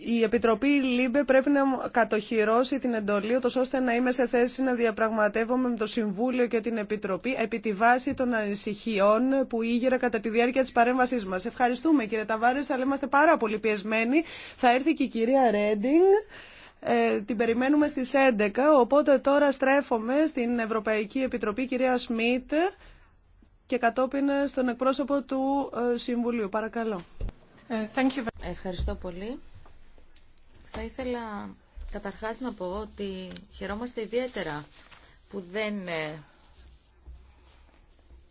η Επιτροπή ΛΥΜΠΕ πρέπει να κατοχυρώσει την εντολή ώστε να είμαι σε θέση να διαπραγματεύομαι με το Συμβούλιο και την Επιτροπή επί τη βάση των ανησυχιών που ήγερα κατά τη διάρκεια τη παρέμβασή μα. Ευχαριστούμε κύριε Ταβάρες, αλλά είμαστε πάρα πολύ πιεσμένοι. Θα έρθει και η κυρία Ρέντινγκ. Ε, την περιμένουμε στις 11, οπότε τώρα στρέφομαι στην Ευρωπαϊκή Επιτροπή, κυρία Σμιτ, και κατόπιν στον εκπρόσωπο του ε, Συμβουλίου. Παρακαλώ. Ε, Ευχαριστώ πολύ. Θα ήθελα καταρχάς να πω ότι χαιρόμαστε ιδιαίτερα που δεν ε,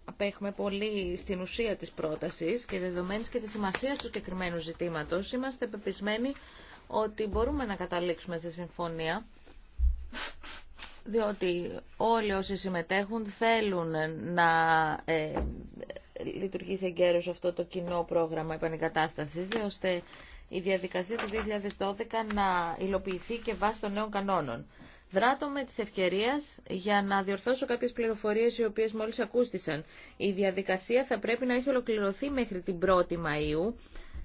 απέχουμε πολύ στην ουσία της πρότασης και δεδομένης και της σημασία του συγκεκριμένου ζητήματος, είμαστε πεπισμένοι ότι μπορούμε να καταλήξουμε σε συμφωνία, διότι όλοι όσοι συμμετέχουν θέλουν να ε, λειτουργήσει εγκαίρως αυτό το κοινό πρόγραμμα επανεκατάστασης, ώστε η διαδικασία του 2012 να υλοποιηθεί και βάσει των νέων κανόνων. Δράτω με της ευκαιρίας για να διορθώσω κάποιες πληροφορίες οι οποίες μόλις ακούστησαν. Η διαδικασία θα πρέπει να έχει ολοκληρωθεί μέχρι την 1η Μαΐου,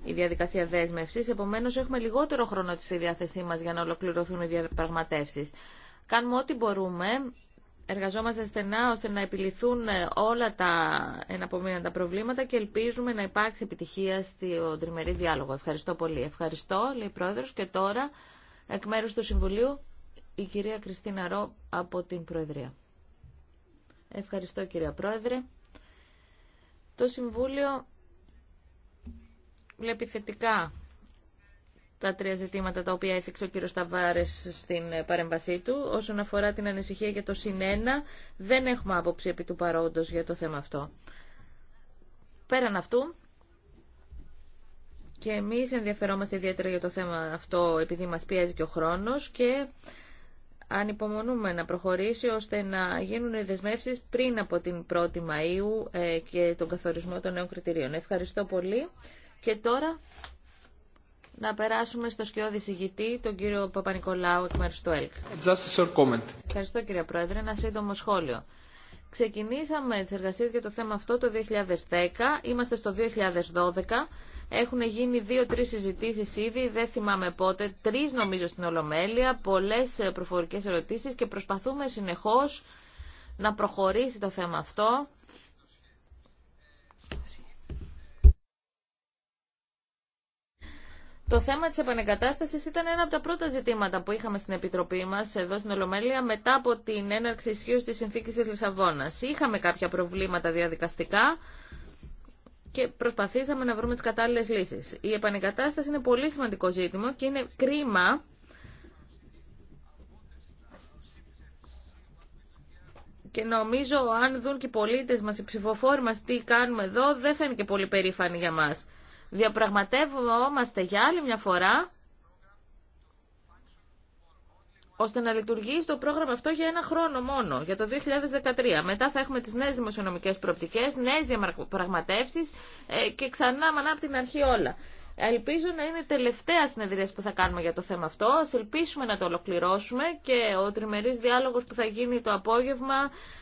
η διαδικασία δέσμευσης, επομένως έχουμε λιγότερο χρόνο στη διάθεσή μας για να ολοκληρωθούν οι διαπραγματεύσεις. Κάνουμε ό,τι μπορούμε Εργαζόμαστε στενά ώστε να επιληθούν ε, όλα τα εναπομείνοντα προβλήματα και ελπίζουμε να υπάρξει επιτυχία στο τριμερή διάλογο. Ευχαριστώ πολύ. Ευχαριστώ, λέει η Πρόεδρος. Και τώρα, εκ μέρου του Συμβουλίου, η κυρία Κριστίνα Ρο από την Προεδρία. Ευχαριστώ, κυρία Πρόεδρε. Το Συμβούλιο βλέπει θετικά τα τρία ζητήματα τα οποία έθιξε ο κύριο Ταβάρες στην ε, παρέμβασή του. Όσον αφορά την ανησυχία για το συνένα, δεν έχουμε άποψη επί του παρόντο για το θέμα αυτό. Πέραν αυτού, και εμεί ενδιαφερόμαστε ιδιαίτερα για το θέμα αυτό επειδή μα πιέζει και ο χρόνο και ανυπομονούμε να προχωρήσει ώστε να γίνουν οι δεσμεύσει πριν από την 1η Μαΐου ε, και τον καθορισμό των νέων κριτηρίων. Ευχαριστώ πολύ και τώρα να περάσουμε στο σκιώδη συγητή, τον κύριο Παπα-Νικολάου, εκ μέρους του ΕΛΚ. Just a short comment. Ευχαριστώ κύριε Πρόεδρε. Ένα σύντομο σχόλιο. Ξεκινήσαμε τις εργασίες για το θέμα αυτό το 2010, είμαστε στο 2012, έχουν γίνει δύο-τρεις συζητήσεις ήδη, δεν θυμάμαι πότε, τρεις νομίζω στην Ολομέλεια, πολλές ε, προφορικές ερωτήσεις και προσπαθούμε συνεχώς να προχωρήσει το θέμα αυτό Το θέμα της επανεγκατάστασης ήταν ένα από τα πρώτα ζητήματα που είχαμε στην Επιτροπή μας εδώ στην Ολομέλεια μετά από την έναρξη ισχύω της συνθήκης της Λισαβόνας. Είχαμε κάποια προβλήματα διαδικαστικά και προσπαθήσαμε να βρούμε τις κατάλληλες λύσεις. Η επανεγκατάσταση είναι πολύ σημαντικό ζήτημα και είναι κρίμα Και νομίζω αν δουν και οι πολίτες μας, οι ψηφοφόροι μας τι κάνουμε εδώ, δεν θα είναι και πολύ περήφανοι για μας διαπραγματεύομαστε για άλλη μια φορά ώστε να λειτουργήσει το πρόγραμμα αυτό για ένα χρόνο μόνο, για το 2013. Μετά θα έχουμε τις νέες δημοσιονομικές προοπτικές, νέες διαπραγματεύσεις ε, και ξανά μανά από την αρχή όλα. Ελπίζω να είναι τελευταία συνεδρία που θα κάνουμε για το θέμα αυτό. Α ελπίσουμε να το ολοκληρώσουμε και ο τριμερής διάλογος που θα γίνει το απόγευμα,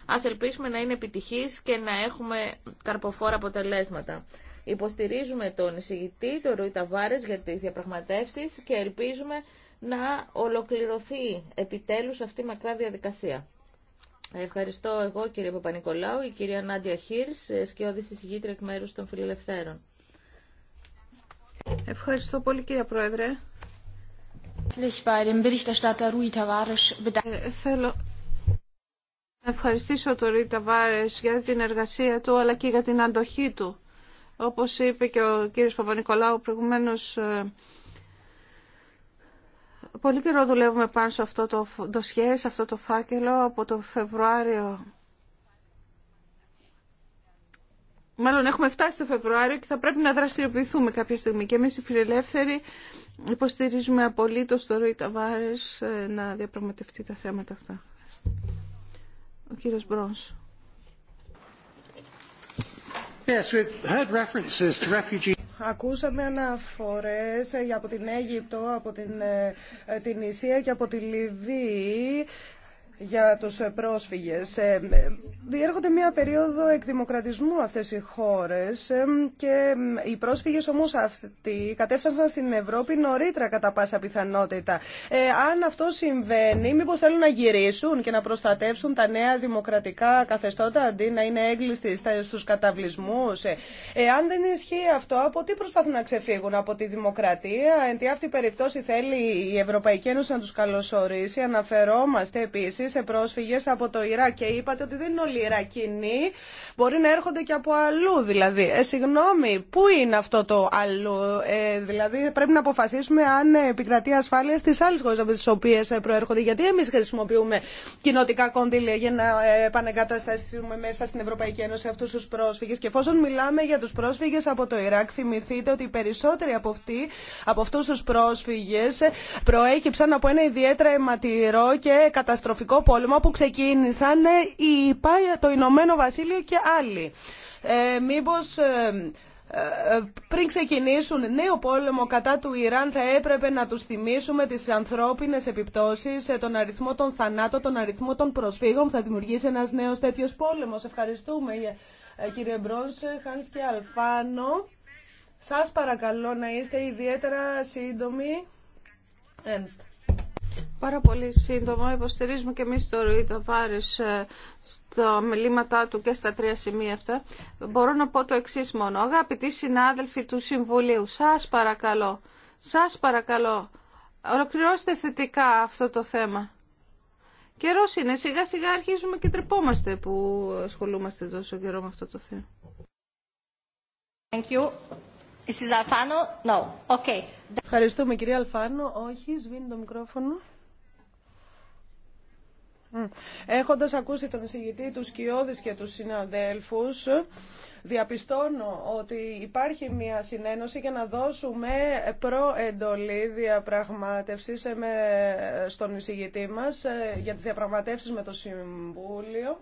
α ελπίσουμε να είναι επιτυχής και να έχουμε καρποφόρα αποτελέσματα. Υποστηρίζουμε τον εισηγητή, τον Ρουί Ταβάρες, για τις διαπραγματεύσεις και ελπίζουμε να ολοκληρωθεί επιτέλους αυτή η μακρά διαδικασία. Ευχαριστώ εγώ κύριε Παπα-Νικολάου, η κυρία Νάντια Χίρς, σκιώδης εισηγήτρια εκ μέρους των Φιλελευθέρων. Ευχαριστώ πολύ κύριε Πρόεδρε. Ε, θέλω να ευχαριστήσω τον Ρουί Ταβάρες για την εργασία του αλλά και για την αντοχή του όπως είπε και ο κύριος Παπα-Νικολάου προηγουμένως, ε, πολύ καιρό δουλεύουμε πάνω σε αυτό το ντοσιέ, σε αυτό το φάκελο, από το Φεβρουάριο. Μάλλον έχουμε φτάσει στο Φεβρουάριο και θα πρέπει να δραστηριοποιηθούμε κάποια στιγμή. Και εμείς οι φιλελεύθεροι υποστηρίζουμε απολύτως το Ρουί Ταβάρες ε, να διαπραγματευτεί τα θέματα αυτά. Ο κύριος Μπρόνσο. Ακούσαμε αναφορές από την Αίγυπτο, από την, ε, ε, την Ισία και από τη Λιβύη για τους ε, πρόσφυγες. Ε, ε, διέρχονται μια περίοδο εκδημοκρατισμού αυτές οι χώρες και οι πρόσφυγες όμως αυτοί κατέφτασαν στην Ευρώπη νωρίτερα κατά πάσα πιθανότητα. Ε, αν αυτό συμβαίνει, μήπως θέλουν να γυρίσουν και να προστατεύσουν τα νέα δημοκρατικά καθεστώτα αντί να είναι έγκλειστοι στους καταβλισμούς. Αν δεν ισχύει αυτό, από τι προσπαθούν να ξεφύγουν, από τη δημοκρατία. Εν τη αυτή περιπτώση θέλει η Ευρωπαϊκή Ένωση να τους καλωσορίσει. Αναφερόμαστε επίσης σε πρόσφυγες από το Ιράκ και είπατε ότι δεν είναι όλοι Ιρακινοί, μπορεί να έρχονται και από αλλού δηλαδή. Ε, συγγνώμη, πού είναι αυτό το αλλού, ε, δηλαδή πρέπει να αποφασίσουμε αν επικρατεί ασφάλεια στις άλλες χώρες από τις οποίες προέρχονται, γιατί εμείς χρησιμοποιούμε κοινοτικά κονδύλια για να ε, επανεγκαταστάσουμε μέσα στην Ευρωπαϊκή Ένωση αυτούς τους πρόσφυγες και εφόσον μιλάμε για τους πρόσφυγες από το Ιράκ, θυμηθείτε ότι οι περισσότεροι από, αυτοί, από αυτούς τους πρόσφυγες ε, προέκυψαν από ένα ιδιαίτερα αιματηρό και καταστροφικό πόλεμο που ξεκίνησαν η ΙΠΑ, το Ηνωμένο Βασίλειο και άλλοι. Ε, μήπως ε, ε, πριν ξεκινήσουν νέο πόλεμο κατά του Ιράν θα έπρεπε να τους θυμίσουμε τις ανθρώπινες επιπτώσεις, ε, τον αριθμό των θανάτων, τον αριθμό των προσφύγων που θα δημιουργήσει ένας νέος τέτοιος πόλεμος. Ευχαριστούμε κύριε Μπρόνς, Χάνς και Αλφάνο. Σας παρακαλώ να είστε ιδιαίτερα σύντομοι. Πάρα πολύ σύντομα υποστηρίζουμε και εμείς το Ρουίτα στο ε, στα μιλήματά του και στα τρία σημεία αυτά. Μπορώ να πω το εξή μόνο. Αγαπητοί συνάδελφοι του Συμβουλίου, σας παρακαλώ, σας παρακαλώ, ολοκληρώστε θετικά αυτό το θέμα. Καιρό είναι, σιγά σιγά αρχίζουμε και τρεπόμαστε που ασχολούμαστε τόσο καιρό με αυτό το θέμα. Thank no. Okay. Ευχαριστούμε κυρία Αλφάνο. Όχι, σβήνει το μικρόφωνο. Έχοντας ακούσει τον εισηγητή, του Σκιώδης και τους συναδέλφους, διαπιστώνω ότι υπάρχει μια συνένωση για να δώσουμε προεντολή διαπραγματεύση ε, στον εισηγητή μας ε, για τις διαπραγματεύσεις με το Συμβούλιο.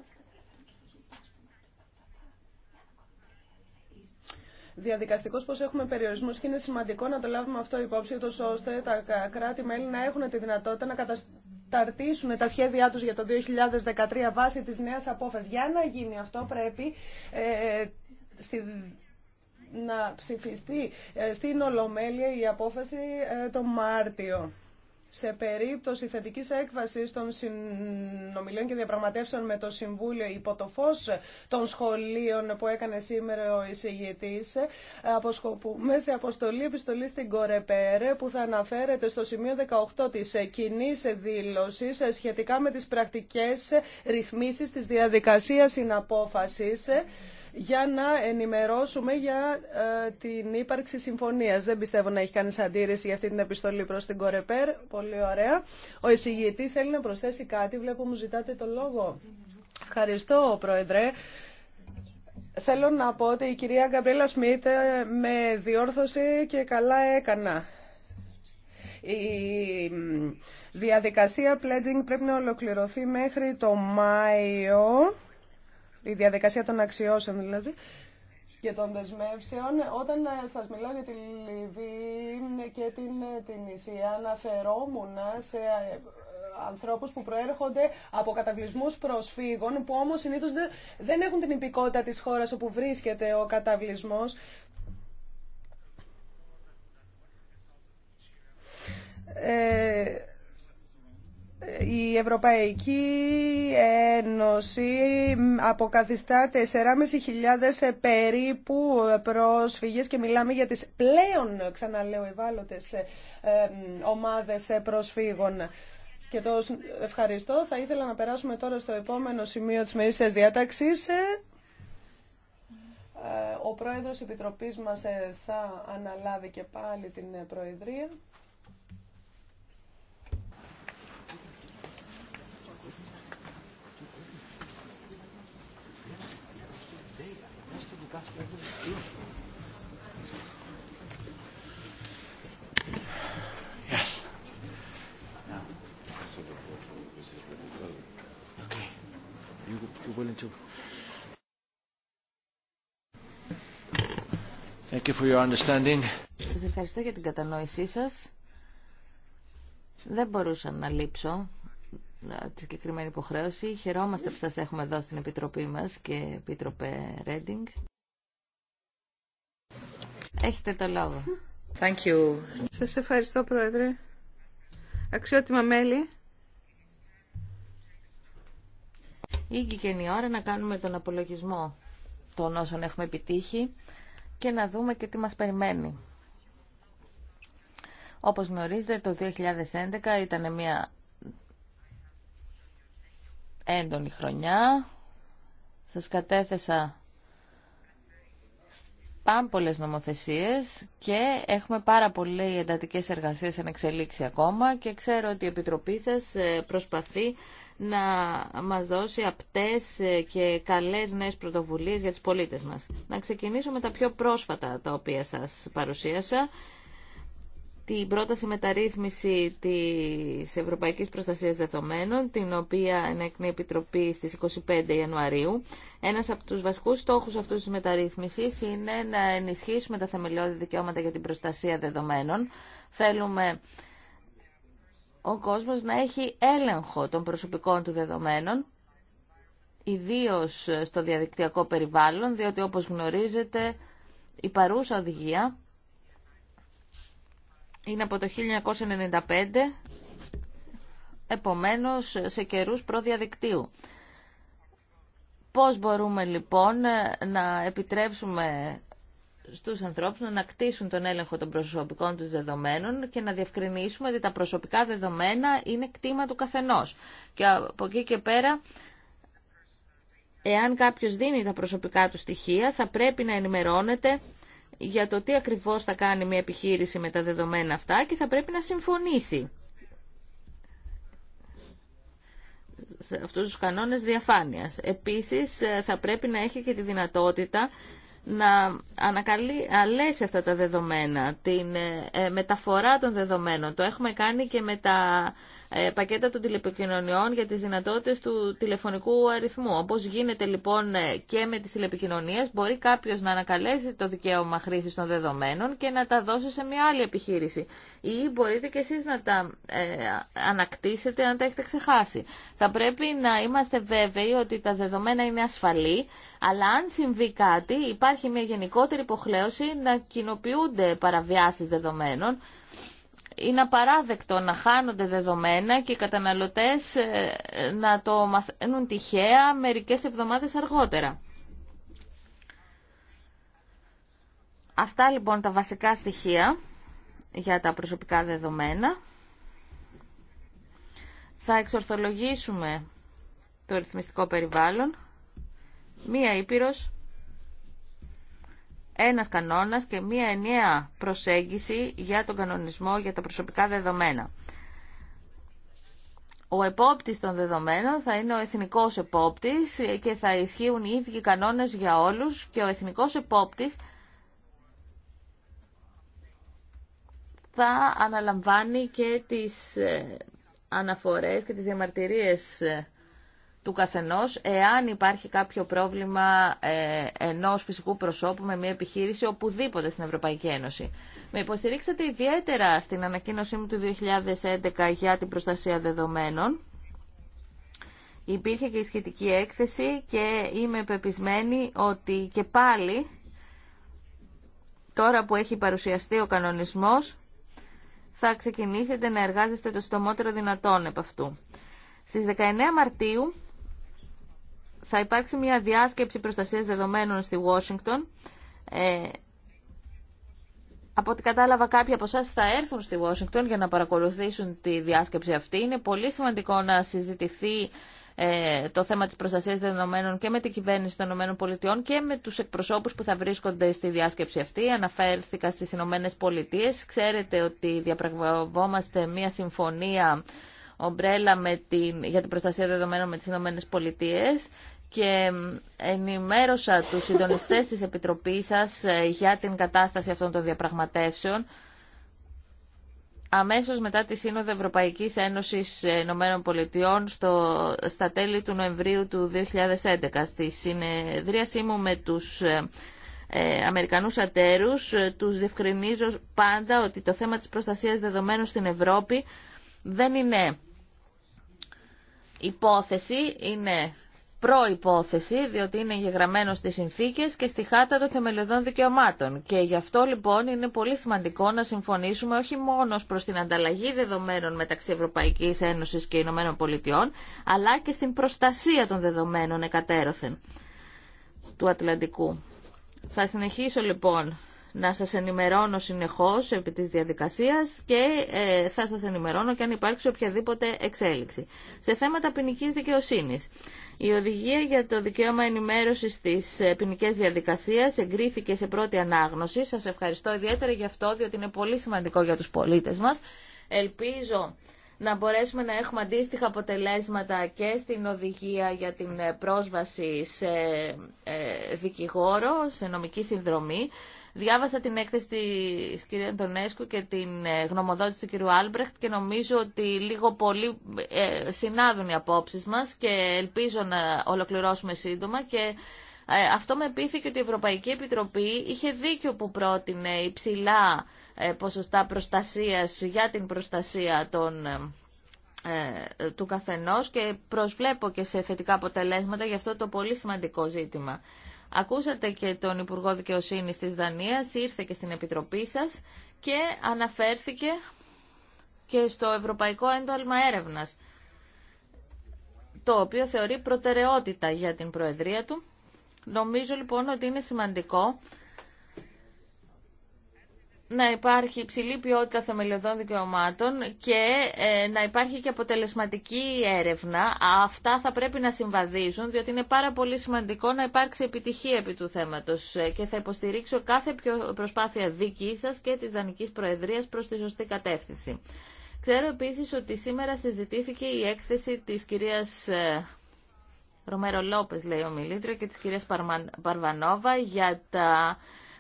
Διαδικαστικώς πώς έχουμε περιορισμούς και είναι σημαντικό να το λάβουμε αυτό υπόψη, ώστε τα κράτη-μέλη να έχουν τη δυνατότητα να καταρτήσουν τα σχέδιά τους για το 2013 βάσει της νέα απόφασης. Για να γίνει αυτό πρέπει ε, στη να ψηφιστεί ε, στην Ολομέλεια η απόφαση ε, το Μάρτιο σε περίπτωση θετικής έκβαση των συνομιλίων και διαπραγματεύσεων με το Συμβούλιο υπό το φω των σχολείων που έκανε σήμερα ο εισηγητή, αποσκοπούμε σε αποστολή επιστολή στην Κορεπέρε που θα αναφέρεται στο σημείο 18 της κοινή δήλωση σχετικά με τις πρακτικές ρυθμίσεις της διαδικασίας συναπόφασης για να ενημερώσουμε για ε, την ύπαρξη συμφωνίας. Δεν πιστεύω να έχει κανεί αντίρρηση για αυτή την επιστολή προς την Κορεπέρ. Πολύ ωραία. Ο εισηγητής θέλει να προσθέσει κάτι. Βλέπω μου ζητάτε το λόγο. Ευχαριστώ, Πρόεδρε. Θέλω να πω ότι η κυρία Γκαμπρίλα Σμιτ ε, με διόρθωσε και καλά έκανα. Η διαδικασία pledging πρέπει να ολοκληρωθεί μέχρι το Μάιο η διαδικασία των αξιώσεων δηλαδή, και των δεσμεύσεων. Όταν ε, σας μιλάω για τη Λιβύη και την, ε, την Ισία, αναφερόμουν σε ε, ανθρώπους που προέρχονται από καταβλισμούς προσφύγων, που όμως συνήθως δεν έχουν την υπηκότητα της χώρας όπου βρίσκεται ο καταβλισμός. Ε, η Ευρωπαϊκή Ένωση αποκαθιστά 4.500 ε, περίπου ε, πρόσφυγες και μιλάμε για τις πλέον, ξαναλέω, ευάλωτες ε, ομάδες προσφύγων. Και το ευχαριστώ. Θα ήθελα να περάσουμε τώρα στο επόμενο σημείο της μερίσιας διάταξης. Ο Πρόεδρος Επιτροπής μας θα αναλάβει και πάλι την Προεδρία. Yes. Thank you for your understanding. Σας ευχαριστώ για την κατανόησή σας. Δεν μπορούσα να λείψω ε, τη συγκεκριμένη υποχρέωση. Χαιρόμαστε που σας έχουμε εδώ στην Επιτροπή μας και Επίτροπε Ρέντινγκ. Έχετε το λόγο. Thank you. Σας ευχαριστώ, Πρόεδρε. Αξιότιμα μέλη. Ήγηκε η ώρα να κάνουμε τον απολογισμό των όσων έχουμε επιτύχει και να δούμε και τι μας περιμένει. Όπως γνωρίζετε, το 2011 ήταν μια έντονη χρονιά. Σας κατέθεσα πάμπολε νομοθεσίες και έχουμε πάρα πολλές εντατικέ εργασίες εν εξελίξει ακόμα και ξέρω ότι η Επιτροπή σα ε, προσπαθεί να μας δώσει απτές ε, και καλές νέες πρωτοβουλίες για τις πολίτες μας. Να ξεκινήσω με τα πιο πρόσφατα τα οποία σας παρουσίασα την πρόταση μεταρρύθμιση της Ευρωπαϊκής Προστασίας Δεδομένων, την οποία ενέκνει η Επιτροπή στις 25 Ιανουαρίου. Ένας από τους βασικούς στόχους αυτούς της μεταρρύθμισης είναι να ενισχύσουμε τα θεμελιώδη δικαιώματα για την προστασία δεδομένων. Θέλουμε ο κόσμος να έχει έλεγχο των προσωπικών του δεδομένων, ιδίως στο διαδικτυακό περιβάλλον, διότι όπως γνωρίζετε η παρούσα οδηγία είναι από το 1995, επομένως σε καιρούς προδιαδικτύου. Πώς μπορούμε λοιπόν να επιτρέψουμε στους ανθρώπους να ανακτήσουν τον έλεγχο των προσωπικών τους δεδομένων και να διευκρινίσουμε ότι τα προσωπικά δεδομένα είναι κτήμα του καθενός. Και από εκεί και πέρα, εάν κάποιος δίνει τα προσωπικά του στοιχεία, θα πρέπει να ενημερώνεται για το τι ακριβώς θα κάνει μια επιχείρηση με τα δεδομένα αυτά και θα πρέπει να συμφωνήσει σε αυτούς τους κανόνες διαφάνειας. Επίσης, ε, θα πρέπει να έχει και τη δυνατότητα να ανακαλέσει αυτά τα δεδομένα, την ε, ε, μεταφορά των δεδομένων. Το έχουμε κάνει και με τα ε, πακέτα των τηλεπικοινωνιών για τις δυνατότητες του τηλεφωνικού αριθμού. Όπως γίνεται λοιπόν ε, και με τις τηλεπικοινωνίες, μπορεί κάποιος να ανακαλέσει το δικαίωμα χρήσης των δεδομένων και να τα δώσει σε μια άλλη επιχείρηση. Ή μπορείτε και εσείς να τα ε, ανακτήσετε αν τα έχετε ξεχάσει. Θα πρέπει να είμαστε βέβαιοι ότι τα δεδομένα είναι ασφαλή, αλλά αν συμβεί κάτι υπάρχει μια γενικότερη υποχρέωση να κοινοποιούνται παραβιάσεις δεδομένων είναι απαράδεκτο να χάνονται δεδομένα και οι καταναλωτές ε, να το μαθαίνουν τυχαία μερικές εβδομάδες αργότερα. Αυτά λοιπόν τα βασικά στοιχεία για τα προσωπικά δεδομένα. Θα εξορθολογήσουμε το ρυθμιστικό περιβάλλον. Μία Ήπειρος ένας κανόνας και μία ενιαία προσέγγιση για τον κανονισμό για τα προσωπικά δεδομένα. Ο επόπτης των δεδομένων θα είναι ο εθνικός επόπτης και θα ισχύουν οι ίδιοι κανόνες για όλους και ο εθνικός επόπτης θα αναλαμβάνει και τις ε, αναφορές και τις διαμαρτυρίες ε, του καθενός εάν υπάρχει κάποιο πρόβλημα ε, ενός φυσικού προσώπου με μια επιχείρηση οπουδήποτε στην Ευρωπαϊκή Ένωση. Με υποστηρίξατε ιδιαίτερα στην ανακοίνωσή μου του 2011 για την προστασία δεδομένων. Υπήρχε και η σχετική έκθεση και είμαι πεπισμένη ότι και πάλι τώρα που έχει παρουσιαστεί ο κανονισμός θα ξεκινήσετε να εργάζεστε το στομότερο δυνατόν επ' αυτού. Στις 19 Μαρτίου θα υπάρξει μια διάσκεψη προστασίας δεδομένων στη Washington. Ε, από ό,τι κατάλαβα κάποιοι από εσά θα έρθουν στη Washington για να παρακολουθήσουν τη διάσκεψη αυτή. Είναι πολύ σημαντικό να συζητηθεί ε, το θέμα της προστασίας δεδομένων και με την κυβέρνηση των ΗΠΑ και με τους εκπροσώπους που θα βρίσκονται στη διάσκεψη αυτή. Αναφέρθηκα στις Ηνωμένε Πολιτείε. Ξέρετε ότι διαπραγματευόμαστε μια συμφωνία ομπρέλα με την, για την προστασία δεδομένων με τις Ηνωμένες Πολιτείες και ενημέρωσα τους συντονιστές της Επιτροπής σας ε, για την κατάσταση αυτών των διαπραγματεύσεων αμέσως μετά τη Σύνοδο Ευρωπαϊκής Ένωσης ε, νομένων Πολιτειών στο, στα τέλη του Νοεμβρίου του 2011. Στη συνεδρίασή μου με τους ε, ε Αμερικανούς ατέρους τους διευκρινίζω πάντα ότι το θέμα της προστασίας δεδομένων στην Ευρώπη δεν είναι υπόθεση, είναι προϋπόθεση, διότι είναι γεγραμμένο στις συνθήκες και στη Χάρτα των Θεμελιωδών Δικαιωμάτων. Και γι' αυτό λοιπόν είναι πολύ σημαντικό να συμφωνήσουμε όχι μόνο προς την ανταλλαγή δεδομένων μεταξύ Ευρωπαϊκής Ένωσης και Ηνωμένων Πολιτειών, αλλά και στην προστασία των δεδομένων εκατέρωθεν του Ατλαντικού. Θα συνεχίσω λοιπόν να σας ενημερώνω συνεχώς επί της διαδικασίας και ε, θα σας ενημερώνω και αν υπάρξει οποιαδήποτε εξέλιξη. Σε θέματα ποινική δικαιοσύνης. Η οδηγία για το δικαίωμα ενημέρωσης της ε, ποινική διαδικασίας εγκρίθηκε σε πρώτη ανάγνωση. Σας ευχαριστώ ιδιαίτερα γι' αυτό, διότι είναι πολύ σημαντικό για τους πολίτες μας. Ελπίζω να μπορέσουμε να έχουμε αντίστοιχα αποτελέσματα και στην οδηγία για την ε, πρόσβαση σε ε, δικηγόρο, σε νομική συνδρομή. Διάβασα την έκθεση τη κυρία Αντωνέσκου και την ε, γνωμοδότηση του κυρίου Άλμπρεχτ και νομίζω ότι λίγο πολύ ε, συνάδουν οι απόψει μας και ελπίζω να ολοκληρώσουμε σύντομα και ε, αυτό με πείθηκε ότι η Ευρωπαϊκή Επιτροπή είχε δίκιο που πρότεινε υψηλά ποσοστά προστασίας για την προστασία των του καθενός και προσβλέπω και σε θετικά αποτελέσματα για αυτό το πολύ σημαντικό ζήτημα. Ακούσατε και τον Υπουργό Δικαιοσύνη της Δανίας, ήρθε και στην Επιτροπή σας και αναφέρθηκε και στο Ευρωπαϊκό Έντολμα Έρευνας, το οποίο θεωρεί προτεραιότητα για την Προεδρία του. Νομίζω λοιπόν ότι είναι σημαντικό να υπάρχει υψηλή ποιότητα θεμελιωδών δικαιωμάτων και ε, να υπάρχει και αποτελεσματική έρευνα. Αυτά θα πρέπει να συμβαδίζουν, διότι είναι πάρα πολύ σημαντικό να υπάρξει επιτυχία επί του θέματος ε, και θα υποστηρίξω κάθε προσπάθεια δική σας και της Δανικής Προεδρίας προς τη σωστή κατεύθυνση. Ξέρω επίσης ότι σήμερα συζητήθηκε η έκθεση της κυρίας ε, Ρομέρο Λόπες, λέει ο Μιλήτρια, και της κυρίας Παρβανόβα για τα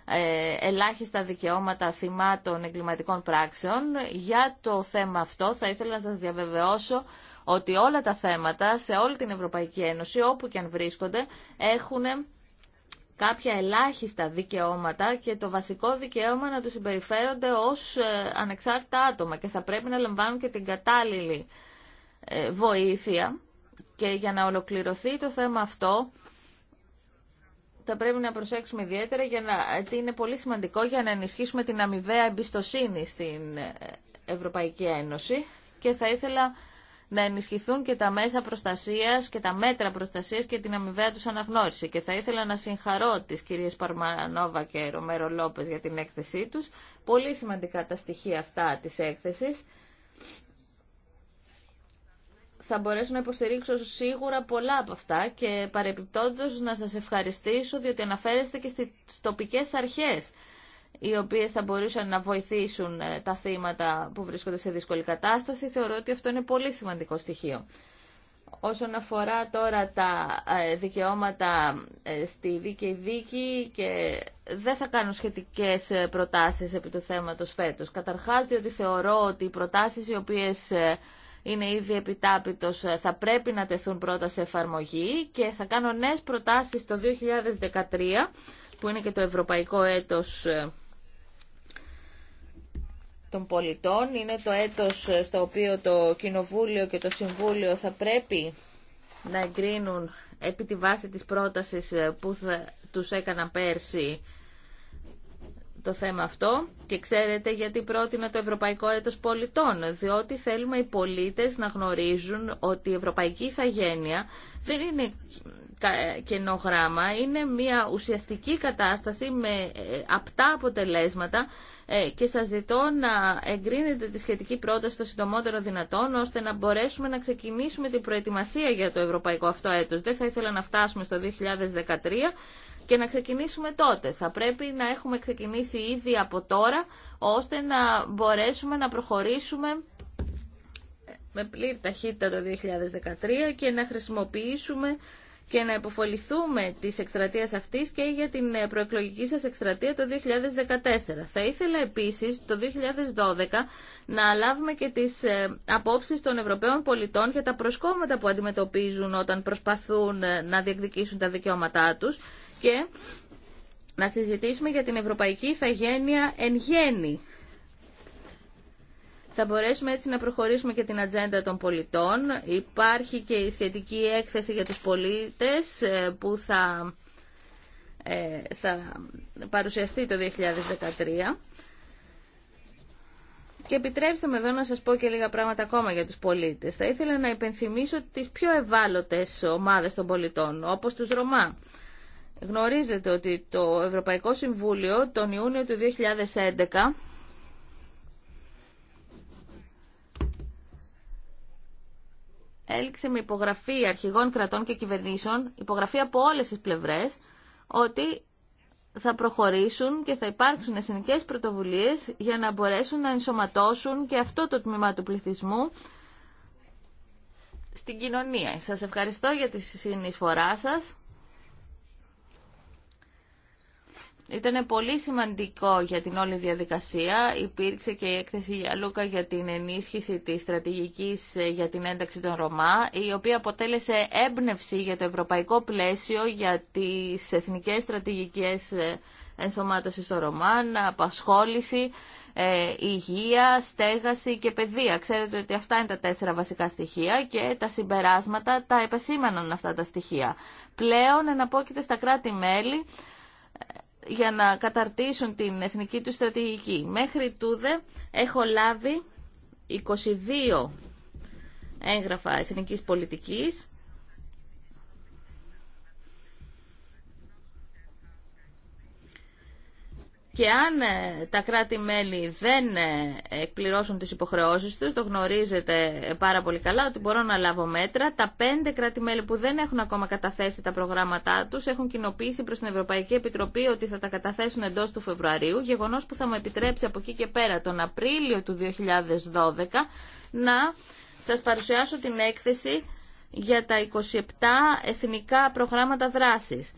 ε, ελάχιστα δικαιώματα θυμάτων εγκληματικών πράξεων. Για το θέμα αυτό θα ήθελα να σας διαβεβαιώσω ότι όλα τα θέματα σε όλη την Ευρωπαϊκή Ένωση, όπου και αν βρίσκονται, έχουν κάποια ελάχιστα δικαιώματα και το βασικό δικαίωμα να τους συμπεριφέρονται ως ε, ανεξάρτητα άτομα και θα πρέπει να λαμβάνουν και την κατάλληλη ε, βοήθεια. Και για να ολοκληρωθεί το θέμα αυτό, θα πρέπει να προσέξουμε ιδιαίτερα για να, είναι πολύ σημαντικό για να ενισχύσουμε την αμοιβαία εμπιστοσύνη στην Ευρωπαϊκή Ένωση και θα ήθελα να ενισχυθούν και τα μέσα προστασίας και τα μέτρα προστασίας και την αμοιβαία τους αναγνώριση. Και θα ήθελα να συγχαρώ τις κυρίες Παρμανόβα και Ρομέρο Λόπες για την έκθεσή τους. Πολύ σημαντικά τα στοιχεία αυτά της έκθεσης θα μπορέσω να υποστηρίξω σίγουρα πολλά από αυτά και παρεπιπτόντως να σας ευχαριστήσω διότι αναφέρεστε και στις τοπικές αρχές οι οποίες θα μπορούσαν να βοηθήσουν ε, τα θύματα που βρίσκονται σε δύσκολη κατάσταση. Θεωρώ ότι αυτό είναι πολύ σημαντικό στοιχείο. Όσον αφορά τώρα τα ε, δικαιώματα ε, στη δίκαιη δίκη και δεν θα κάνω σχετικές προτάσεις επί του θέματος φέτος. Καταρχάς διότι θεωρώ ότι οι προτάσεις οι οποίες είναι ήδη επιτάπητος, ε, θα πρέπει να τεθούν πρώτα σε εφαρμογή και θα κάνω νέες προτάσεις το 2013, που είναι και το ευρωπαϊκό έτος ε, των πολιτών. Είναι το έτος ε, στο οποίο το Κοινοβούλιο και το Συμβούλιο θα πρέπει να εγκρίνουν επί τη βάση της πρότασης που τους έκανα πέρσι το θέμα αυτό και ξέρετε γιατί πρότεινα το Ευρωπαϊκό Έτος Πολιτών, διότι θέλουμε οι πολίτες να γνωρίζουν ότι η Ευρωπαϊκή Ιθαγένεια δεν είναι κενό γράμμα, είναι μια ουσιαστική κατάσταση με ε, απτά αποτελέσματα ε, και σας ζητώ να εγκρίνετε τη σχετική πρόταση το συντομότερο δυνατόν ώστε να μπορέσουμε να ξεκινήσουμε την προετοιμασία για το ευρωπαϊκό αυτό έτος. Δεν θα ήθελα να φτάσουμε στο 2013 και να ξεκινήσουμε τότε. Θα πρέπει να έχουμε ξεκινήσει ήδη από τώρα, ώστε να μπορέσουμε να προχωρήσουμε με πλήρη ταχύτητα το 2013 και να χρησιμοποιήσουμε και να υποφοληθούμε της εκστρατείας αυτής και για την ε, προεκλογική σας εκστρατεία το 2014. Θα ήθελα επίσης το 2012 να λάβουμε και τις ε, απόψεις των Ευρωπαίων πολιτών για τα προσκόμματα που αντιμετωπίζουν όταν προσπαθούν ε, να διεκδικήσουν τα δικαιώματά τους και να συζητήσουμε για την ευρωπαϊκή ηθαγένεια εν γέννη. Θα μπορέσουμε έτσι να προχωρήσουμε και την ατζέντα των πολιτών. Υπάρχει και η σχετική έκθεση για τους πολίτες ε, που θα, ε, θα παρουσιαστεί το 2013. Και επιτρέψτε με εδώ να σας πω και λίγα πράγματα ακόμα για τους πολίτες. Θα ήθελα να υπενθυμίσω τις πιο ευάλωτες ομάδες των πολιτών, όπως τους Ρωμά. Γνωρίζετε ότι το Ευρωπαϊκό Συμβούλιο τον Ιούνιο του 2011 έληξε με υπογραφή αρχηγών κρατών και κυβερνήσεων, υπογραφή από όλες τις πλευρές, ότι θα προχωρήσουν και θα υπάρξουν εθνικές πρωτοβουλίες για να μπορέσουν να ενσωματώσουν και αυτό το τμήμα του πληθυσμού στην κοινωνία. Σας ευχαριστώ για τη συνεισφορά σας. Ήταν πολύ σημαντικό για την όλη διαδικασία. Υπήρξε και η έκθεση για Λούκα για την ενίσχυση της στρατηγικής ε, για την ένταξη των Ρωμά, η οποία αποτέλεσε έμπνευση για το ευρωπαϊκό πλαίσιο για τις εθνικές στρατηγικές ε, ενσωμάτωση των Ρωμά, απασχόληση, ε, υγεία, στέγαση και παιδεία. Ξέρετε ότι αυτά είναι τα τέσσερα βασικά στοιχεία και τα συμπεράσματα τα επεσήμαναν αυτά τα στοιχεία. Πλέον εναπόκειται στα κράτη-μέλη για να καταρτήσουν την εθνική του στρατηγική. Μέχρι τούδε έχω λάβει 22 έγγραφα εθνικής πολιτικής Και αν ε, τα κράτη-μέλη δεν ε, εκπληρώσουν τις υποχρεώσεις τους, το γνωρίζετε ε, πάρα πολύ καλά ότι μπορώ να λάβω μέτρα. Τα πέντε κράτη-μέλη που δεν έχουν ακόμα καταθέσει τα προγράμματά τους έχουν κοινοποιήσει προς την Ευρωπαϊκή Επιτροπή ότι θα τα καταθέσουν εντός του Φεβρουαρίου, γεγονός που θα μου επιτρέψει από εκεί και πέρα τον Απρίλιο του 2012 να σας παρουσιάσω την έκθεση για τα 27 εθνικά προγράμματα δράσης.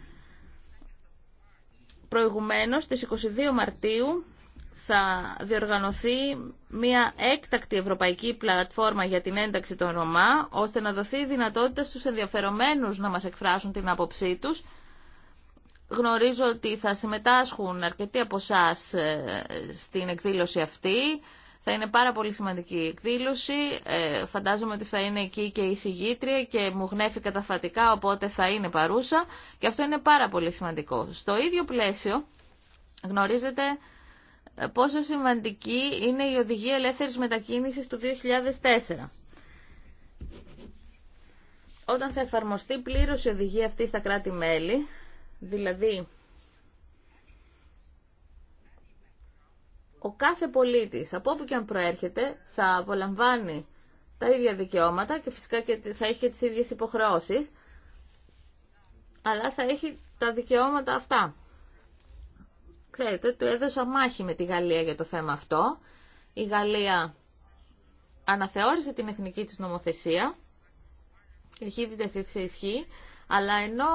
Προηγουμένως, στις 22 Μαρτίου, θα διοργανωθεί μια έκτακτη ευρωπαϊκή πλατφόρμα για την ένταξη των Ρωμά, ώστε να δοθεί δυνατότητα στους ενδιαφερομένους να μας εκφράσουν την άποψή τους. Γνωρίζω ότι θα συμμετάσχουν αρκετοί από εσά ε, στην εκδήλωση αυτή. Θα είναι πάρα πολύ σημαντική η εκδήλωση. Ε, φαντάζομαι ότι θα είναι εκεί και η συγγήτρια και μου γνέφει καταφατικά, οπότε θα είναι παρούσα. Και αυτό είναι πάρα πολύ σημαντικό. Στο ίδιο πλαίσιο γνωρίζετε ε, πόσο σημαντική είναι η Οδηγία Ελεύθερης Μετακίνησης του 2004. Όταν θα εφαρμοστεί πλήρως η οδηγία αυτή στα κράτη-μέλη, δηλαδή ο κάθε πολίτης, από όπου και αν προέρχεται, θα απολαμβάνει τα ίδια δικαιώματα και φυσικά και θα έχει και τις ίδιες υποχρεώσεις, αλλά θα έχει τα δικαιώματα αυτά. Ξέρετε, του έδωσα μάχη με τη Γαλλία για το θέμα αυτό. Η Γαλλία αναθεώρησε την εθνική της νομοθεσία και έχει επιτεθεί σε ισχύ αλλά ενώ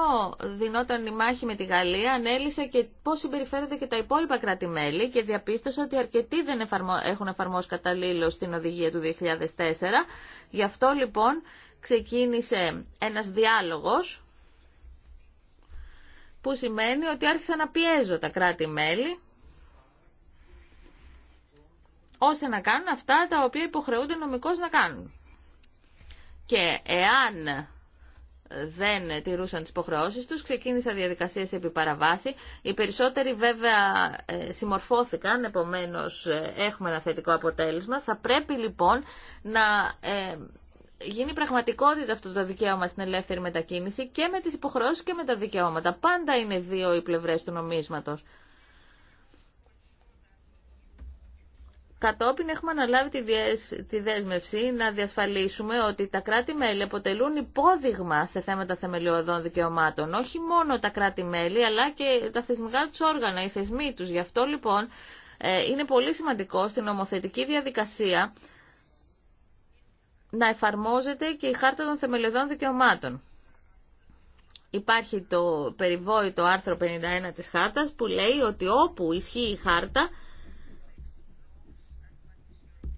δινόταν η μάχη με τη Γαλλία, ανέλησε και πώ συμπεριφέρονται και τα υπόλοιπα κράτη-μέλη και διαπίστωσε ότι αρκετοί δεν έχουν εφαρμόσει καταλήλω την οδηγία του 2004. Γι' αυτό λοιπόν ξεκίνησε ένας διάλογος που σημαίνει ότι άρχισαν να πιέζω τα κράτη-μέλη ώστε να κάνουν αυτά τα οποία υποχρεούνται νομικώς να κάνουν. Και εάν δεν τηρούσαν τις υποχρεώσεις τους, ξεκίνησαν διαδικασίες επί παραβάση. Οι περισσότεροι βέβαια ε, συμμορφώθηκαν, επομένως ε, έχουμε ένα θετικό αποτέλεσμα. Θα πρέπει λοιπόν να ε, γίνει πραγματικότητα αυτό το δικαίωμα στην ελεύθερη μετακίνηση και με τις υποχρεώσεις και με τα δικαιώματα. Πάντα είναι δύο οι πλευρές του νομίσματος. Κατόπιν έχουμε αναλάβει τη δέσμευση να διασφαλίσουμε ότι τα κράτη-μέλη αποτελούν υπόδειγμα σε θέματα θεμελιωδών δικαιωμάτων. Όχι μόνο τα κράτη-μέλη, αλλά και τα θεσμικά του όργανα, οι θεσμοί τους. Γι' αυτό λοιπόν ε, είναι πολύ σημαντικό στην νομοθετική διαδικασία να εφαρμόζεται και η Χάρτα των Θεμελιωδών Δικαιωμάτων. Υπάρχει το περιβόητο άρθρο 51 της Χάρτας που λέει ότι όπου ισχύει η Χάρτα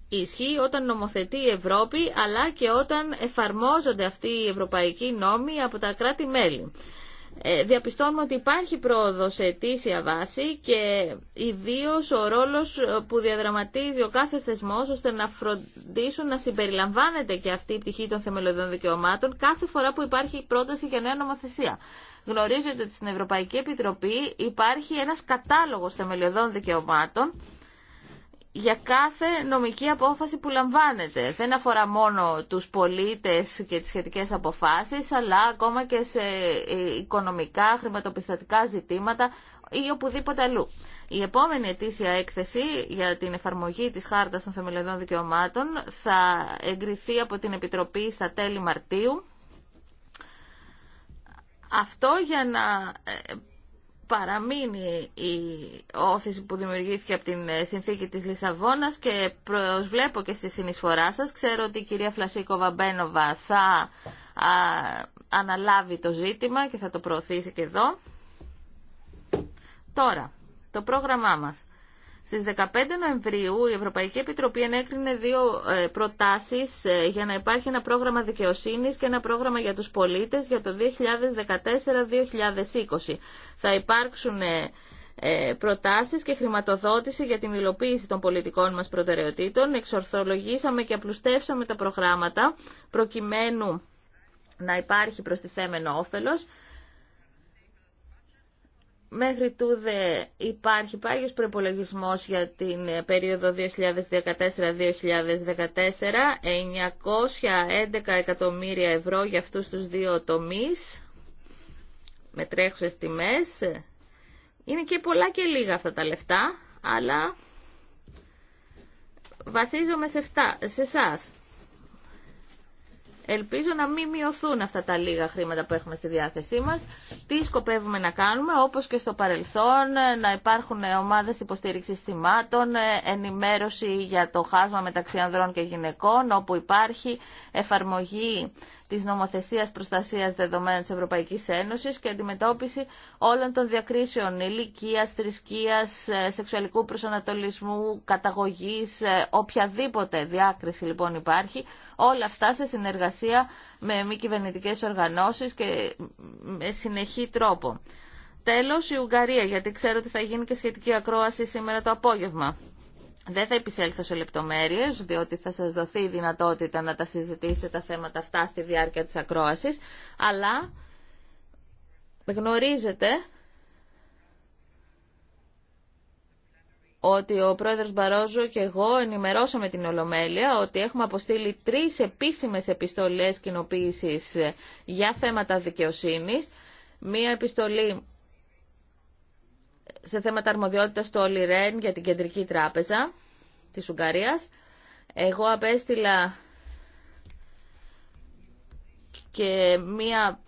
ισχύει όταν νομοθετεί η Ευρώπη, αλλά και όταν εφαρμόζονται αυτοί οι ευρωπαϊκοί νόμοι από τα κράτη-μέλη. Ε, διαπιστώνουμε ότι υπάρχει πρόοδο σε αιτήσια βάση και ιδίω ο ρόλο που διαδραματίζει ο κάθε θεσμό, ώστε να φροντίσουν να συμπεριλαμβάνεται και αυτή η πτυχή των θεμελιωδών δικαιωμάτων κάθε φορά που υπάρχει πρόταση για νέα νομοθεσία. Γνωρίζετε ότι στην Ευρωπαϊκή Επιτροπή υπάρχει ένα κατάλογο θεμελιωδών δικαιωμάτων για κάθε νομική απόφαση που λαμβάνεται. Δεν αφορά μόνο τους πολίτες και τις σχετικές αποφάσεις, αλλά ακόμα και σε ε, οικονομικά, χρηματοπιστατικά ζητήματα ή οπουδήποτε αλλού. Η επόμενη ετήσια έκθεση για την εφαρμογή της Χάρτας των Θεμελιωδών Δικαιωμάτων θα εγκριθεί από την Επιτροπή στα τέλη Μαρτίου. Αυτό για να ε, παραμείνει η όθηση που δημιουργήθηκε από την ε, συνθήκη της Λισαβόνας και προσβλέπω και στη συνεισφορά σας. Ξέρω ότι η κυρία Φλασίκοβα Μπένοβα θα α, αναλάβει το ζήτημα και θα το προωθήσει και εδώ. Τώρα, το πρόγραμμά μας. Στις 15 Νοεμβρίου η Ευρωπαϊκή Επιτροπή ενέκρινε δύο ε, προτάσεις ε, για να υπάρχει ένα πρόγραμμα δικαιοσύνης και ένα πρόγραμμα για τους πολίτες για το 2014-2020. Θα υπάρξουν ε, προτάσεις και χρηματοδότηση για την υλοποίηση των πολιτικών μας προτεραιοτήτων. Εξορθολογήσαμε και απλουστεύσαμε τα προγράμματα προκειμένου να υπάρχει προστιθέμενο όφελος Μέχρι τούδε υπάρχει πάγιος προπολογισμό για την ε, περίοδο 2014-2014, 911 εκατομμύρια ευρώ για αυτούς τους δύο τομείς, με τρέχουσες τιμές. Είναι και πολλά και λίγα αυτά τα λεφτά, αλλά βασίζομαι σε εσά. Σε Ελπίζω να μην μειωθούν αυτά τα λίγα χρήματα που έχουμε στη διάθεσή μας. Τι σκοπεύουμε να κάνουμε, όπως και στο παρελθόν, να υπάρχουν ομάδες υποστήριξης θυμάτων, ενημέρωση για το χάσμα μεταξύ ανδρών και γυναικών, όπου υπάρχει εφαρμογή της νομοθεσίας προστασίας δεδομένων της Ευρωπαϊκής Ένωσης και αντιμετώπιση όλων των διακρίσεων ηλικίας, θρησκείας, ε, σεξουαλικού προσανατολισμού, καταγωγής, ε, οποιαδήποτε διάκριση λοιπόν υπάρχει, όλα αυτά σε συνεργασία με μη κυβερνητικέ οργανώσεις και με συνεχή τρόπο. Τέλος, η Ουγγαρία, γιατί ξέρω ότι θα γίνει και σχετική ακρόαση σήμερα το απόγευμα. Δεν θα επισέλθω σε λεπτομέρειες, διότι θα σας δοθεί η δυνατότητα να τα συζητήσετε τα θέματα αυτά στη διάρκεια της ακρόασης, αλλά γνωρίζετε ότι ο πρόεδρος Μπαρόζο και εγώ ενημερώσαμε την Ολομέλεια ότι έχουμε αποστείλει τρεις επίσημες επιστολές κοινοποίησης για θέματα δικαιοσύνης. Μία επιστολή σε θέματα αρμοδιότητας στο Ολιρέν για την Κεντρική Τράπεζα της Ουγγαρίας. Εγώ απέστειλα και μία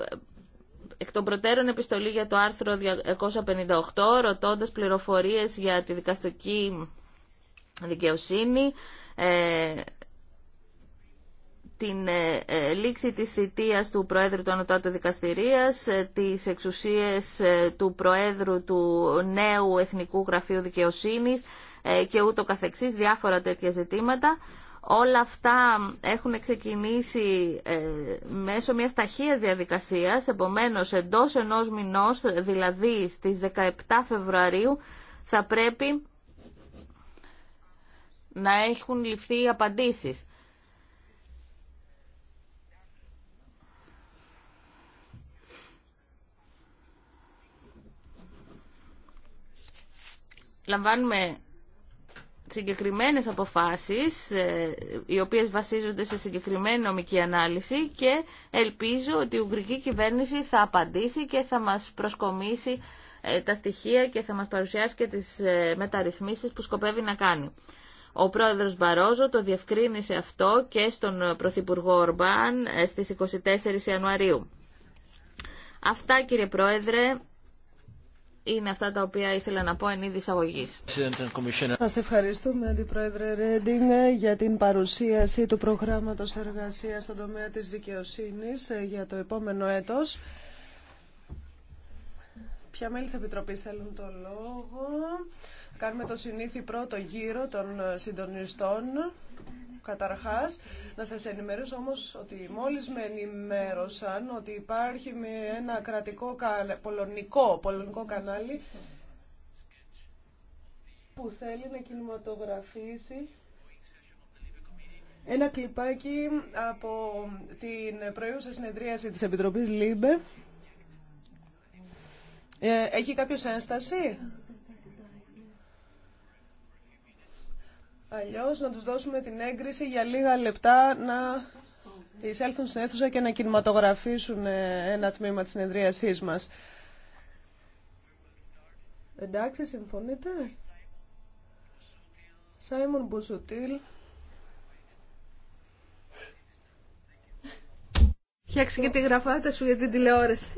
εκ των προτέρων επιστολή για το άρθρο 258, ρωτώντας πληροφορίες για τη δικαστική δικαιοσύνη, ε, την ε, ε, λήξη της θητείας του Προέδρου του Ανωτάτου Δικαστηρίας, ε, τις εξουσίες του Προέδρου του Νέου Εθνικού Γραφείου Δικαιοσύνης και ούτω καθεξής, διάφορα τέτοια ζητήματα. Όλα αυτά έχουν ξεκινήσει μέσω μιας ταχείας διαδικασίας, επομένως εντός ενός μηνός, δηλαδή στις 17 Φεβρουαρίου, θα πρέπει να έχουν ληφθεί απαντήσεις. λαμβάνουμε συγκεκριμένες αποφάσεις ε, οι οποίες βασίζονται σε συγκεκριμένη νομική ανάλυση και ελπίζω ότι η Ουγγρική κυβέρνηση θα απαντήσει και θα μας προσκομίσει ε, τα στοιχεία και θα μας παρουσιάσει και τις ε, μεταρρυθμίσεις που σκοπεύει να κάνει. Ο πρόεδρος Μπαρόζο το διευκρίνησε αυτό και στον Πρωθυπουργό Ορμπάν στις 24 Ιανουαρίου. Αυτά κύριε Πρόεδρε είναι αυτά τα οποία ήθελα να πω εν είδη εισαγωγή. Σα ευχαριστούμε, Αντιπρόεδρε Ρέντινγκ, για την παρουσίαση του προγράμματο εργασία στον τομέα τη δικαιοσύνη ε, για το επόμενο έτο. Ποια μέλη τη Επιτροπή θέλουν το λόγο. Κάνουμε το συνήθι πρώτο γύρο των συντονιστών καταρχάς. Να σας ενημερώσω όμως ότι μόλις με ενημέρωσαν ότι υπάρχει ένα κρατικό πολωνικό, πολωνικό κανάλι που θέλει να κινηματογραφήσει ένα κλιπάκι από την προηγούμενη συνεδρίαση της Επιτροπής ΛΥΜΠΕ. Ε, έχει κάποιος ένσταση? Αλλιώς να τους δώσουμε την έγκριση για λίγα λεπτά να εισέλθουν στην αίθουσα και να κινηματογραφήσουν ε, ένα τμήμα της συνεδρίασής μας. Εντάξει, συμφωνείτε. Σάιμον Μπουζουτήλ. Φτιάξε και τη γραφάτα σου για την τηλεόραση.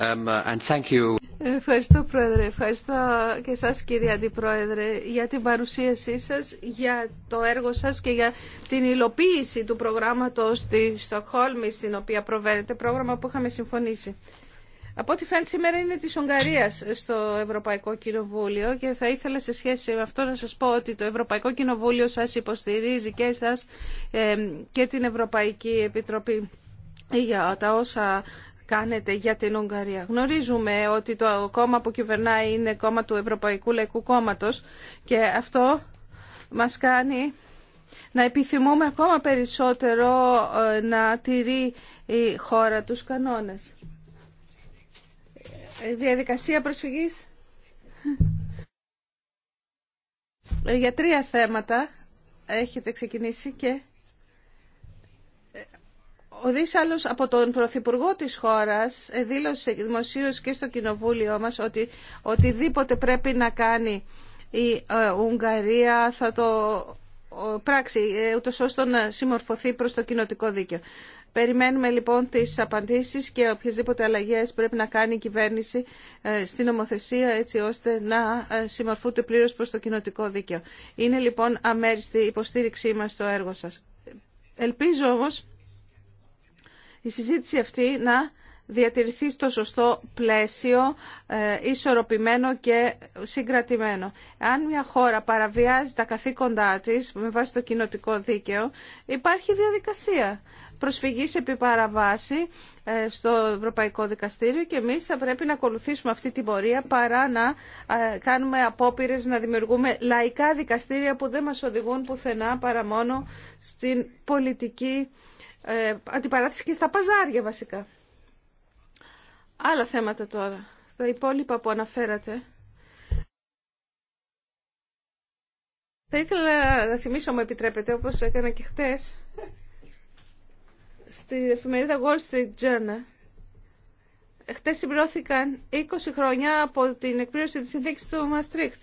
Um, uh, Ευχαριστώ Πρόεδρε, ευχαριστώ και σας κύριε Αντιπρόεδρε για την παρουσίασή σας, για το έργο σας και για την υλοποίηση του προγράμματος στη Στοκχόλμη στην οποία προβαίνεται πρόγραμμα που είχαμε συμφωνήσει. Από ό,τι φαίνεται σήμερα είναι της Ουγγαρίας στο Ευρωπαϊκό Κοινοβούλιο και θα ήθελα σε σχέση με αυτό να σας πω ότι το Ευρωπαϊκό Κοινοβούλιο σας υποστηρίζει και εσάς ε, και την Ευρωπαϊκή Επιτροπή για τα όσα κάνετε για την Ουγγαρία. Γνωρίζουμε ότι το κόμμα που κυβερνάει είναι κόμμα του Ευρωπαϊκού Λαϊκού Κόμματος και αυτό μας κάνει να επιθυμούμε ακόμα περισσότερο ε, να τηρεί η χώρα τους κανόνες. Ε, διαδικασία προσφυγής ε, για τρία θέματα έχετε ξεκινήσει και ο δις από τον Πρωθυπουργό της χώρας ε, δήλωσε δημοσίω και στο Κοινοβούλιο μας ότι οτιδήποτε πρέπει να κάνει η ε, Ουγγαρία θα το πράξει, ε, ούτως ώστε να συμμορφωθεί προς το κοινοτικό δίκαιο. Περιμένουμε λοιπόν τις απαντήσεις και οποιασδήποτε αλλαγές πρέπει να κάνει η κυβέρνηση στην νομοθεσία έτσι ώστε να συμμορφούνται πλήρως προς το κοινοτικό δίκαιο. Είναι λοιπόν αμέριστη υποστήριξή μας στο έργο σας. Ελπίζω όμως η συζήτηση αυτή να διατηρηθεί στο σωστό πλαίσιο, ε, ισορροπημένο και συγκρατημένο. Αν μια χώρα παραβιάζει τα καθήκοντά της με βάση το κοινοτικό δίκαιο, υπάρχει διαδικασία προσφυγής επί παραβάση ε, στο Ευρωπαϊκό Δικαστήριο και εμείς θα πρέπει να ακολουθήσουμε αυτή την πορεία παρά να ε, κάνουμε απόπειρες να δημιουργούμε λαϊκά δικαστήρια που δεν μας οδηγούν πουθενά παρά μόνο στην πολιτική ε, αντιπαράθεση και στα παζάρια βασικά. Άλλα θέματα τώρα. Τα υπόλοιπα που αναφέρατε. Θα ήθελα να θυμίσω, μου επιτρέπετε, όπως έκανα και χτες, στη εφημερίδα Wall Street Journal. Χτες συμπληρώθηκαν 20 χρόνια από την εκπλήρωση της συνθήκης του Μαστρίχτ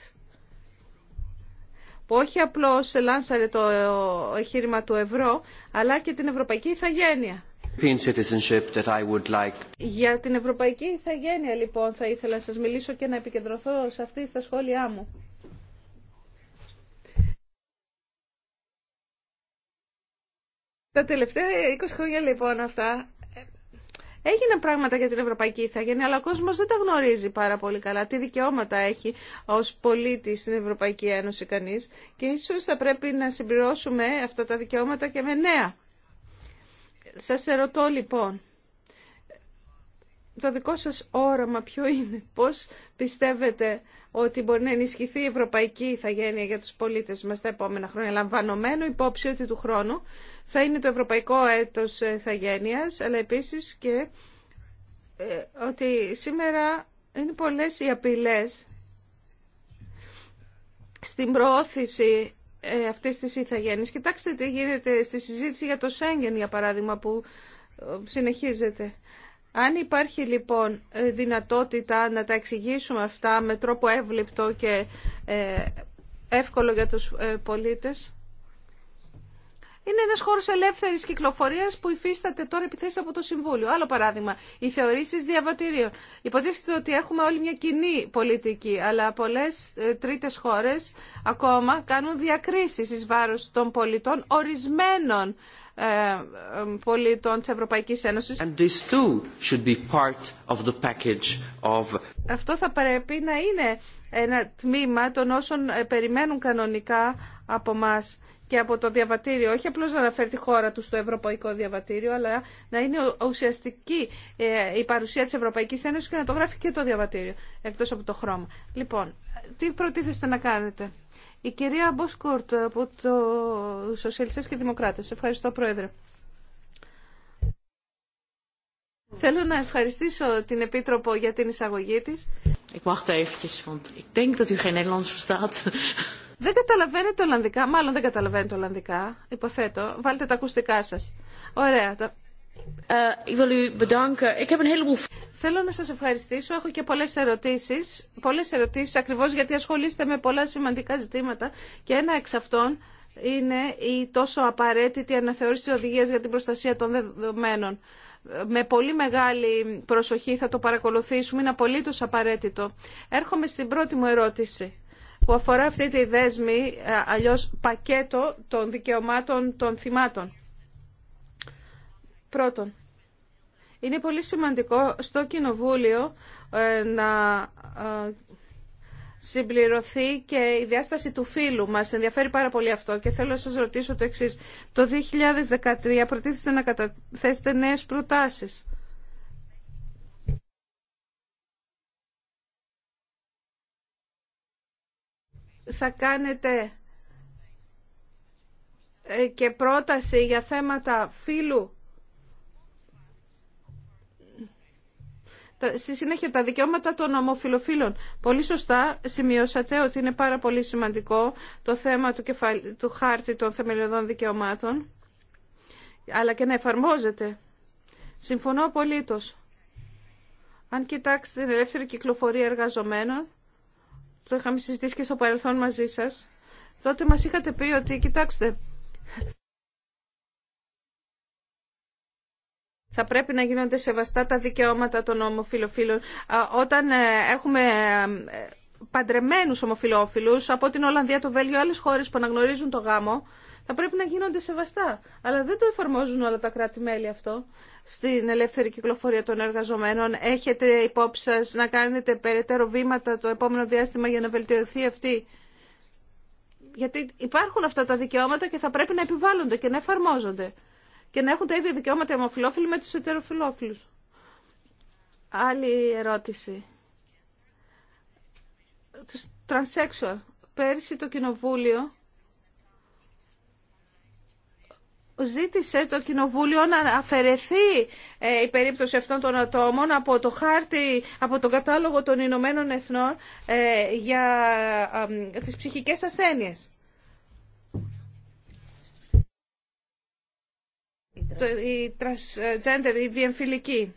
που όχι απλώς ελάνσαρε το εγχείρημα του ευρώ, αλλά και την ευρωπαϊκή ηθαγένεια. That I would like. Για την ευρωπαϊκή ηθαγένεια λοιπόν θα ήθελα να σας μιλήσω και να επικεντρωθώ σε αυτή τη σχόλιά μου. Τα τελευταία 20 χρόνια λοιπόν αυτά Έγιναν πράγματα για την Ευρωπαϊκή Ιθαγένεια, αλλά ο κόσμο δεν τα γνωρίζει πάρα πολύ καλά. Τι δικαιώματα έχει ω πολίτη στην Ευρωπαϊκή Ένωση κανεί και ίσω θα πρέπει να συμπληρώσουμε αυτά τα δικαιώματα και με νέα. Σα ερωτώ λοιπόν, το δικό σας όραμα ποιο είναι, πώς πιστεύετε ότι μπορεί να ενισχυθεί η ευρωπαϊκή ηθαγένεια για τους πολίτες μας τα επόμενα χρόνια, λαμβανωμένο υπόψη ότι του χρόνου θα είναι το Ευρωπαϊκό Έτος ε, Θαγένειας, αλλά επίσης και ε, ότι σήμερα είναι πολλές οι απειλές στην προώθηση ε, αυτής της ηθαγένειας. Κοιτάξτε τι γίνεται στη συζήτηση για το Σέγγεν, για παράδειγμα, που συνεχίζεται. Αν υπάρχει λοιπόν δυνατότητα να τα εξηγήσουμε αυτά με τρόπο εύληπτο και εύκολο για τους πολίτες, είναι ένας χώρος ελεύθερης κυκλοφορίας που υφίσταται τώρα επιθέσει από το Συμβούλιο. Άλλο παράδειγμα, οι θεωρήσει διαβατηρίων. Υποτίθεται ότι έχουμε όλη μια κοινή πολιτική, αλλά πολλές ε, τρίτες χώρες ακόμα κάνουν διακρίσεις ει βάρος των πολιτών ορισμένων ε, ε, πολιτών της Ευρωπαϊκής Ένωσης. And Αυτό θα πρέπει να είναι ένα τμήμα των όσων περιμένουν κανονικά από μας και από το διαβατήριο, όχι απλώς να αναφέρει τη χώρα του στο Ευρωπαϊκό Διαβατήριο, αλλά να είναι ουσιαστική ε, η παρουσία της Ευρωπαϊκής Ένωσης και να το γράφει και το διαβατήριο, εκτός από το χρώμα. Λοιπόν, τι προτίθεστε να κάνετε. Η κυρία Μπόσκορτ από το Σοσιαλιστές και Δημοκράτες. Ευχαριστώ, Πρόεδρε. Θέλω να ευχαριστήσω την Επίτροπο για την εισαγωγή της. Δεν καταλαβαίνετε Ολλανδικά, μάλλον δεν καταλαβαίνετε Ολλανδικά, υποθέτω. Βάλτε τα ακουστικά σας. Ωραία. Ε, Θέλω να σας ευχαριστήσω. Έχω και πολλές ερωτήσεις. Πολλές ερωτήσεις ακριβώς γιατί ασχολείστε με πολλά σημαντικά ζητήματα και ένα εξ αυτών είναι η τόσο απαραίτητη αναθεώρηση οδηγίας για την προστασία των δεδομένων με πολύ μεγάλη προσοχή θα το παρακολουθήσουμε, είναι απολύτως απαραίτητο. Έρχομαι στην πρώτη μου ερώτηση που αφορά αυτή τη δέσμη, ε, αλλιώς πακέτο των δικαιωμάτων των θυμάτων. Πρώτον, είναι πολύ σημαντικό στο Κοινοβούλιο ε, να ε, συμπληρωθεί και η διάσταση του φίλου Μας ενδιαφέρει πάρα πολύ αυτό και θέλω να σας ρωτήσω το εξής. Το 2013 προτίθεστε να καταθέσετε νέες προτάσεις. Θα κάνετε ε, και πρόταση για θέματα φίλου. στη συνέχεια τα δικαιώματα των ομοφιλοφίλων. Πολύ σωστά σημειώσατε ότι είναι πάρα πολύ σημαντικό το θέμα του, του χάρτη των θεμελιωδών δικαιωμάτων, αλλά και να εφαρμόζεται. Συμφωνώ απολύτως. Αν κοιτάξετε την ελεύθερη κυκλοφορία εργαζομένων, το είχαμε συζητήσει και στο παρελθόν μαζί σας, τότε μας είχατε πει ότι, κοιτάξτε, θα πρέπει να γίνονται σεβαστά τα δικαιώματα των ομοφιλοφίλων. Όταν ε, έχουμε ε, παντρεμένους ομοφιλόφιλους από την Ολλανδία, το Βέλγιο, άλλες χώρες που αναγνωρίζουν το γάμο, θα πρέπει να γίνονται σεβαστά. Αλλά δεν το εφαρμόζουν όλα τα κράτη-μέλη αυτό. Στην ελεύθερη κυκλοφορία των εργαζομένων έχετε υπόψη σα να κάνετε περαιτέρω βήματα το επόμενο διάστημα για να βελτιωθεί αυτή. Γιατί υπάρχουν αυτά τα δικαιώματα και θα πρέπει να επιβάλλονται και να εφαρμόζονται και να έχουν τα ίδια δικαιώματα οι ομοφιλόφιλοι με τους ετεροφιλόφιλους. Άλλη ερώτηση. Τους transsexual. Πέρσι το κοινοβούλιο ζήτησε το Κοινοβούλιο να αφαιρεθεί ε, η περίπτωση αυτών των ατόμων από το χάρτη, από τον κατάλογο των Ηνωμένων Εθνών ε, για τις ψυχικές ασθένειες. οι transgender, οι διεμφυλικοί.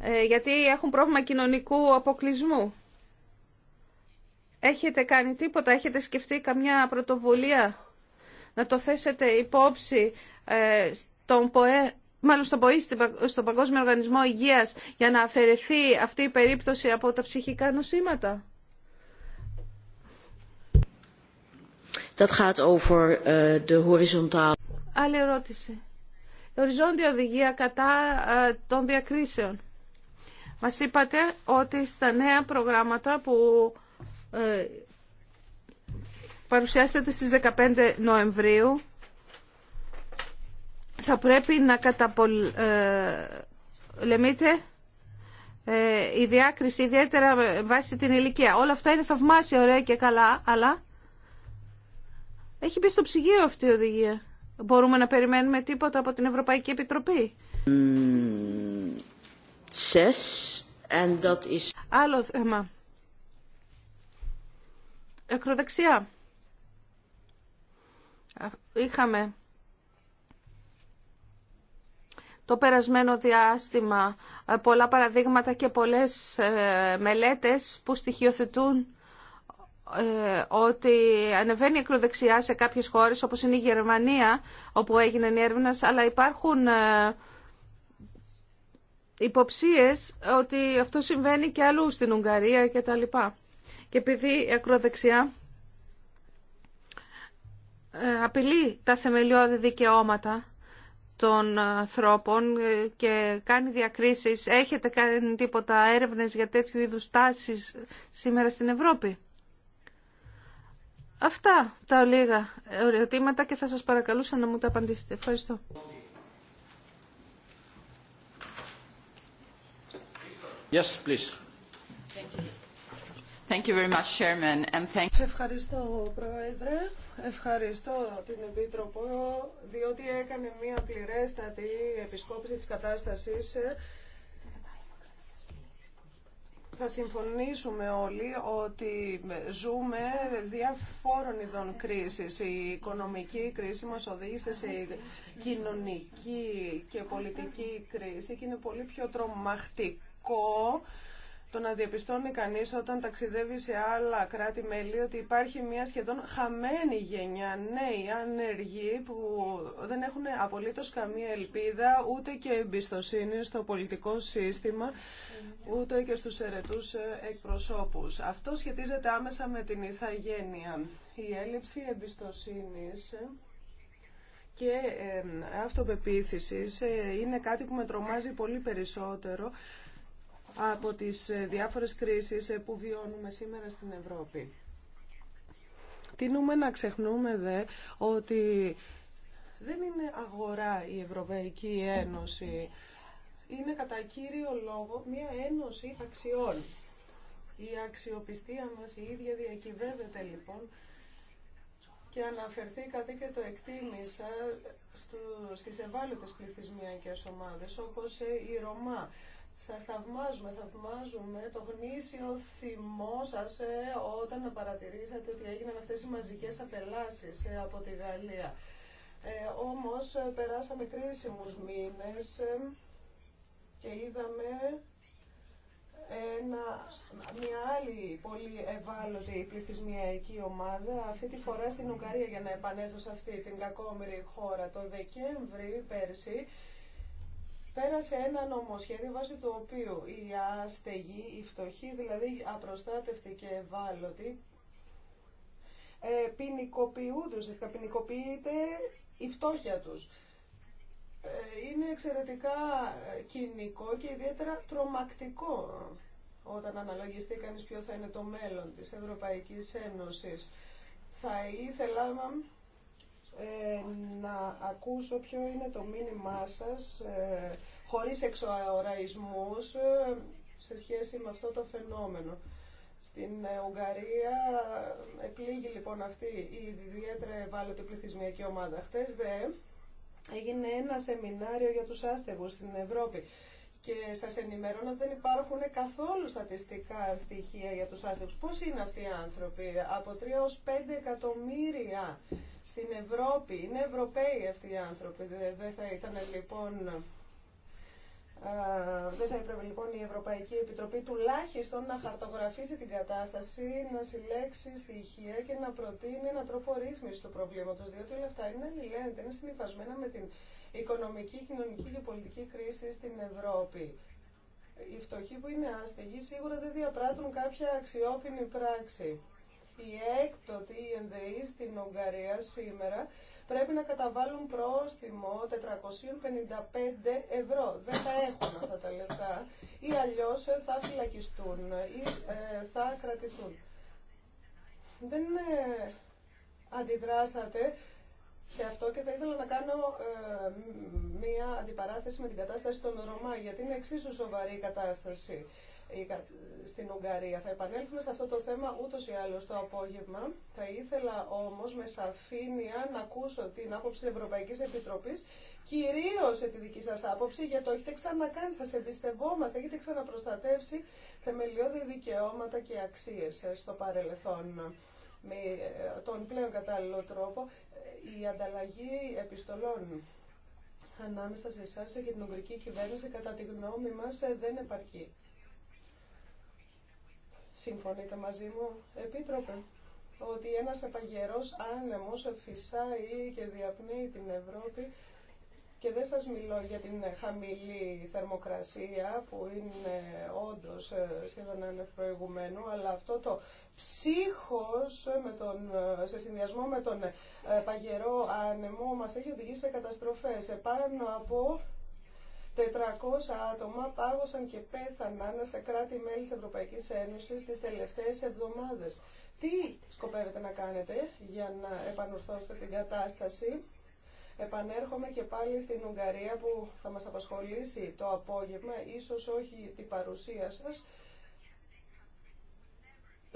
Ε, γιατί έχουν πρόβλημα κοινωνικού αποκλεισμού. Έχετε κάνει τίποτα, έχετε σκεφτεί καμιά πρωτοβουλία να το θέσετε υπόψη ε, στον ΠΟΕ, μάλλον στον ΠΟΕ στον Παγκόσμιο Οργανισμό Υγείας, για να αφαιρεθεί αυτή η περίπτωση από τα ψυχικά νοσήματα. Dat gaat over ε, de Άλλη ερώτηση. Οριζόντια οδηγία κατά ε, των διακρίσεων. Μας είπατε ότι στα νέα προγράμματα που ε, παρουσιάσατε στις 15 Νοεμβρίου θα πρέπει να καταπολεμείτε ε, η διάκριση ιδιαίτερα βάσει την ηλικία. Όλα αυτά είναι θαυμάσια, ωραία και καλά, αλλά έχει μπει στο ψυγείο αυτή η οδηγία. Μπορούμε να περιμένουμε τίποτα από την Ευρωπαϊκή Επιτροπή. Mm, is... Άλλο θέμα. Εκροδεξιά. Είχαμε το περασμένο διάστημα ε, πολλά παραδείγματα και πολλές ε, μελέτες που στοιχειοθετούν ε, ότι ανεβαίνει η ακροδεξιά σε κάποιες χώρες όπως είναι η Γερμανία όπου έγινε η έρευνα, αλλά υπάρχουν ε, υποψίες ότι αυτό συμβαίνει και αλλού στην Ουγγαρία και τα λοιπά. Και επειδή η ακροδεξιά ε, απειλεί τα θεμελιώδη δικαιώματα των ανθρώπων και κάνει διακρίσεις, έχετε κάνει τίποτα έρευνες για τέτοιου είδους τάσεις σήμερα στην Ευρώπη. Αυτά τα λίγα ερωτήματα και θα σας παρακαλούσα να μου τα απαντήσετε. Ευχαριστώ. Yes, please. Thank you. very much, Chairman, and thank Ευχαριστώ, Πρόεδρε. Ευχαριστώ την Επίτροπο, διότι έκανε μια πληρέστατη επισκόπηση της κατάστασης ε, θα συμφωνήσουμε όλοι ότι ζούμε διαφόρων ειδών κρίσης. Η οικονομική κρίση μας οδήγησε σε κοινωνική και πολιτική κρίση και είναι πολύ πιο τρομακτικό το να διαπιστώνει κανείς όταν ταξιδεύει σε άλλα κράτη-μέλη ότι υπάρχει μια σχεδόν χαμένη γενιά νέοι ανεργοί που δεν έχουν απολύτως καμία ελπίδα ούτε και εμπιστοσύνη στο πολιτικό σύστημα ούτε και στους ερετούς εκπροσώπους. Αυτό σχετίζεται άμεσα με την ηθαγένεια. Η έλλειψη εμπιστοσύνης και αυτοπεποίθησης ε, είναι κάτι που με τρομάζει πολύ περισσότερο από τις ε, διάφορες κρίσεις ε, που βιώνουμε σήμερα στην Ευρώπη. Τινούμε να ξεχνούμε δε ότι δεν είναι αγορά η Ευρωπαϊκή Ένωση. Είναι κατά κύριο λόγο μια ένωση αξιών. Η αξιοπιστία μας η ίδια διακυβεύεται λοιπόν και αναφερθήκατε και το εκτίμησα στις ευάλωτες πληθυσμιακές ομάδες όπως ε, η Ρωμά. Σας θαυμάζουμε, θαυμάζουμε το γνήσιο θυμό σας ε, όταν παρατηρήσατε ότι έγιναν αυτές οι μαζικές απελάσεις ε, από τη Γαλλία. Ε, όμως ε, περάσαμε κρίσιμους μήνες και είδαμε ένα, μια άλλη πολύ ευάλωτη πληθυσμιακή ομάδα, αυτή τη φορά στην Ουγγαρία για να επανέλθω σε αυτή την κακόμερη χώρα. Το Δεκέμβρη πέρσι πέρασε ένα νομοσχέδιο βάσει του οποίου οι άστεγοι, οι φτωχοί, δηλαδή απροστάτευτοι και ευάλωτοι, ε, ποινικοποιούνται, ουσιαστικά ποινικοποιείται η φτώχεια τους. Ε, είναι εξαιρετικά ε, κοινικό και ιδιαίτερα τρομακτικό όταν αναλογιστεί κανείς ποιο θα είναι το μέλλον της Ευρωπαϊκής Ένωσης. Θα ήθελα ε, να ακούσω ποιο είναι το μήνυμά σας ε, χωρίς εξοραϊσμούς ε, σε σχέση με αυτό το φαινόμενο. Στην Ουγγαρία επλήγει λοιπόν αυτή η ιδιαίτερα ευάλωτη πληθυσμιακή ομάδα. Χτες δε έγινε ένα σεμινάριο για τους άστεγους στην Ευρώπη και σας ενημερώνω ότι δεν υπάρχουν καθόλου στατιστικά στοιχεία για τους άστεγους. Πώς είναι αυτοί οι άνθρωποι, από 3 ως 5 εκατομμύρια στην Ευρώπη, είναι Ευρωπαίοι αυτοί οι άνθρωποι, δεν θα ήταν λοιπόν ε, δεν θα έπρεπε λοιπόν η Ευρωπαϊκή Επιτροπή τουλάχιστον να χαρτογραφήσει την κατάσταση, να συλλέξει στοιχεία και να προτείνει έναν τρόπο ρύθμιση του προβλήματο, διότι όλα αυτά είναι αλληλένδετα, είναι συνυφασμένα με την οικονομική, κοινωνική και πολιτική κρίση στην Ευρώπη. Οι φτωχοί που είναι άστεγοι σίγουρα δεν διαπράττουν κάποια αξιόπινη πράξη η έκτοτη ΕΝΔΕΗ στην Ουγγαρία σήμερα πρέπει να καταβάλουν πρόστιμο 455 ευρώ. Δεν θα έχουν αυτά τα λεφτά ή αλλιώς θα φυλακιστούν ή ε, θα κρατηθούν. Δεν ε, αντιδράσατε σε αυτό και θα ήθελα να κάνω ε, μία αντιπαράθεση με την κατάσταση των Ρωμά, γιατί είναι εξίσου σοβαρή η κατάσταση στην Ουγγαρία. Θα επανέλθουμε σε αυτό το θέμα ούτω ή άλλω το απόγευμα. Θα ήθελα όμω με σαφήνεια να ακούσω την άποψη της Ευρωπαϊκής Επιτροπής, κυρίως τη δική σα άποψη, γιατί το έχετε ξανακάνει, σα εμπιστευόμαστε, έχετε ξαναπροστατεύσει θεμελιώδη δικαιώματα και αξίε στο παρελθόν με ε, τον πλέον κατάλληλο τρόπο ε, η ανταλλαγή επιστολών ανάμεσα σε εσά και την Ουγγρική κυβέρνηση, κατά τη γνώμη μα ε, δεν επαρκεί. Συμφωνείτε μαζί μου, Επίτροπε, ότι ένας επαγερός άνεμος φυσάει και διαπνεί την Ευρώπη και δεν σας μιλώ για την χαμηλή θερμοκρασία που είναι όντως ε, σχεδόν ανευπροηγουμένου, αλλά αυτό το ψύχος με τον, ε, σε συνδυασμό με τον ε, παγερό άνεμο μας έχει οδηγήσει σε καταστροφές. Επάνω από 400 άτομα πάγωσαν και πέθαναν σε κράτη-μέλη της Ευρωπαϊκής Ένωσης τις τελευταίες εβδομάδες. Τι σκοπεύετε να κάνετε για να επανορθώσετε την κατάσταση. Επανέρχομαι και πάλι στην Ουγγαρία που θα μας απασχολήσει το απόγευμα, ίσως όχι την παρουσία σας,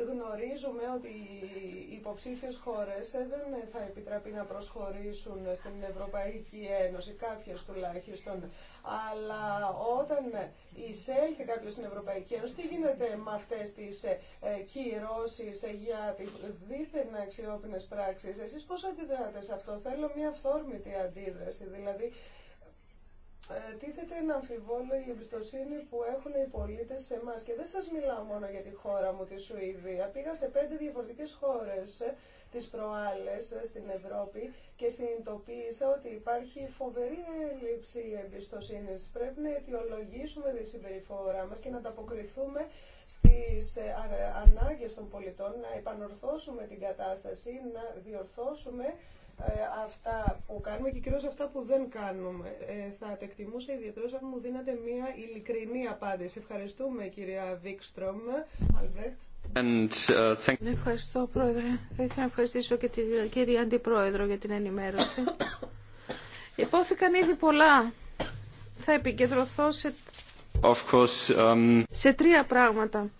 Γνωρίζουμε ότι οι υποψήφιες χώρες δεν θα επιτραπεί να προσχωρήσουν στην Ευρωπαϊκή Ένωση, κάποιες τουλάχιστον. Αλλά όταν εισέλθει κάποιος στην Ευρωπαϊκή Ένωση, τι γίνεται με αυτές τις ε, κυρώσεις για τι δίθεν αξιόπινες πράξεις. Εσείς πώς αντιδράτε σε αυτό. Θέλω μια αυθόρμητη αντίδραση. Δηλαδή ε, τίθεται να αμφιβόλο η εμπιστοσύνη που έχουν οι πολίτε σε εμά. Και δεν σα μιλάω μόνο για τη χώρα μου, τη Σουηδία. Πήγα σε πέντε διαφορετικέ χώρες ε, τι προάλλε ε, στην Ευρώπη και συνειδητοποίησα ότι υπάρχει φοβερή έλλειψη εμπιστοσύνη. Πρέπει να αιτιολογήσουμε τη συμπεριφορά μα και να ανταποκριθούμε στι ανάγκε των πολιτών, να επανορθώσουμε την κατάσταση, να διορθώσουμε ε, αυτά που κάνουμε και κυρίως αυτά που δεν κάνουμε. Ε, θα το εκτιμούσα ιδιαίτερως αν μου δίνατε μια ειλικρινή απάντηση. Ευχαριστούμε κυρία Βίκστρομ. And, uh, Ευχαριστώ πρόεδρε. Θα ήθελα να ευχαριστήσω και την κυρία Αντιπρόεδρο για την ενημέρωση. Υπόθηκαν ήδη πολλά. Θα επικεντρωθώ σε, of course, um, σε τρία πράγματα.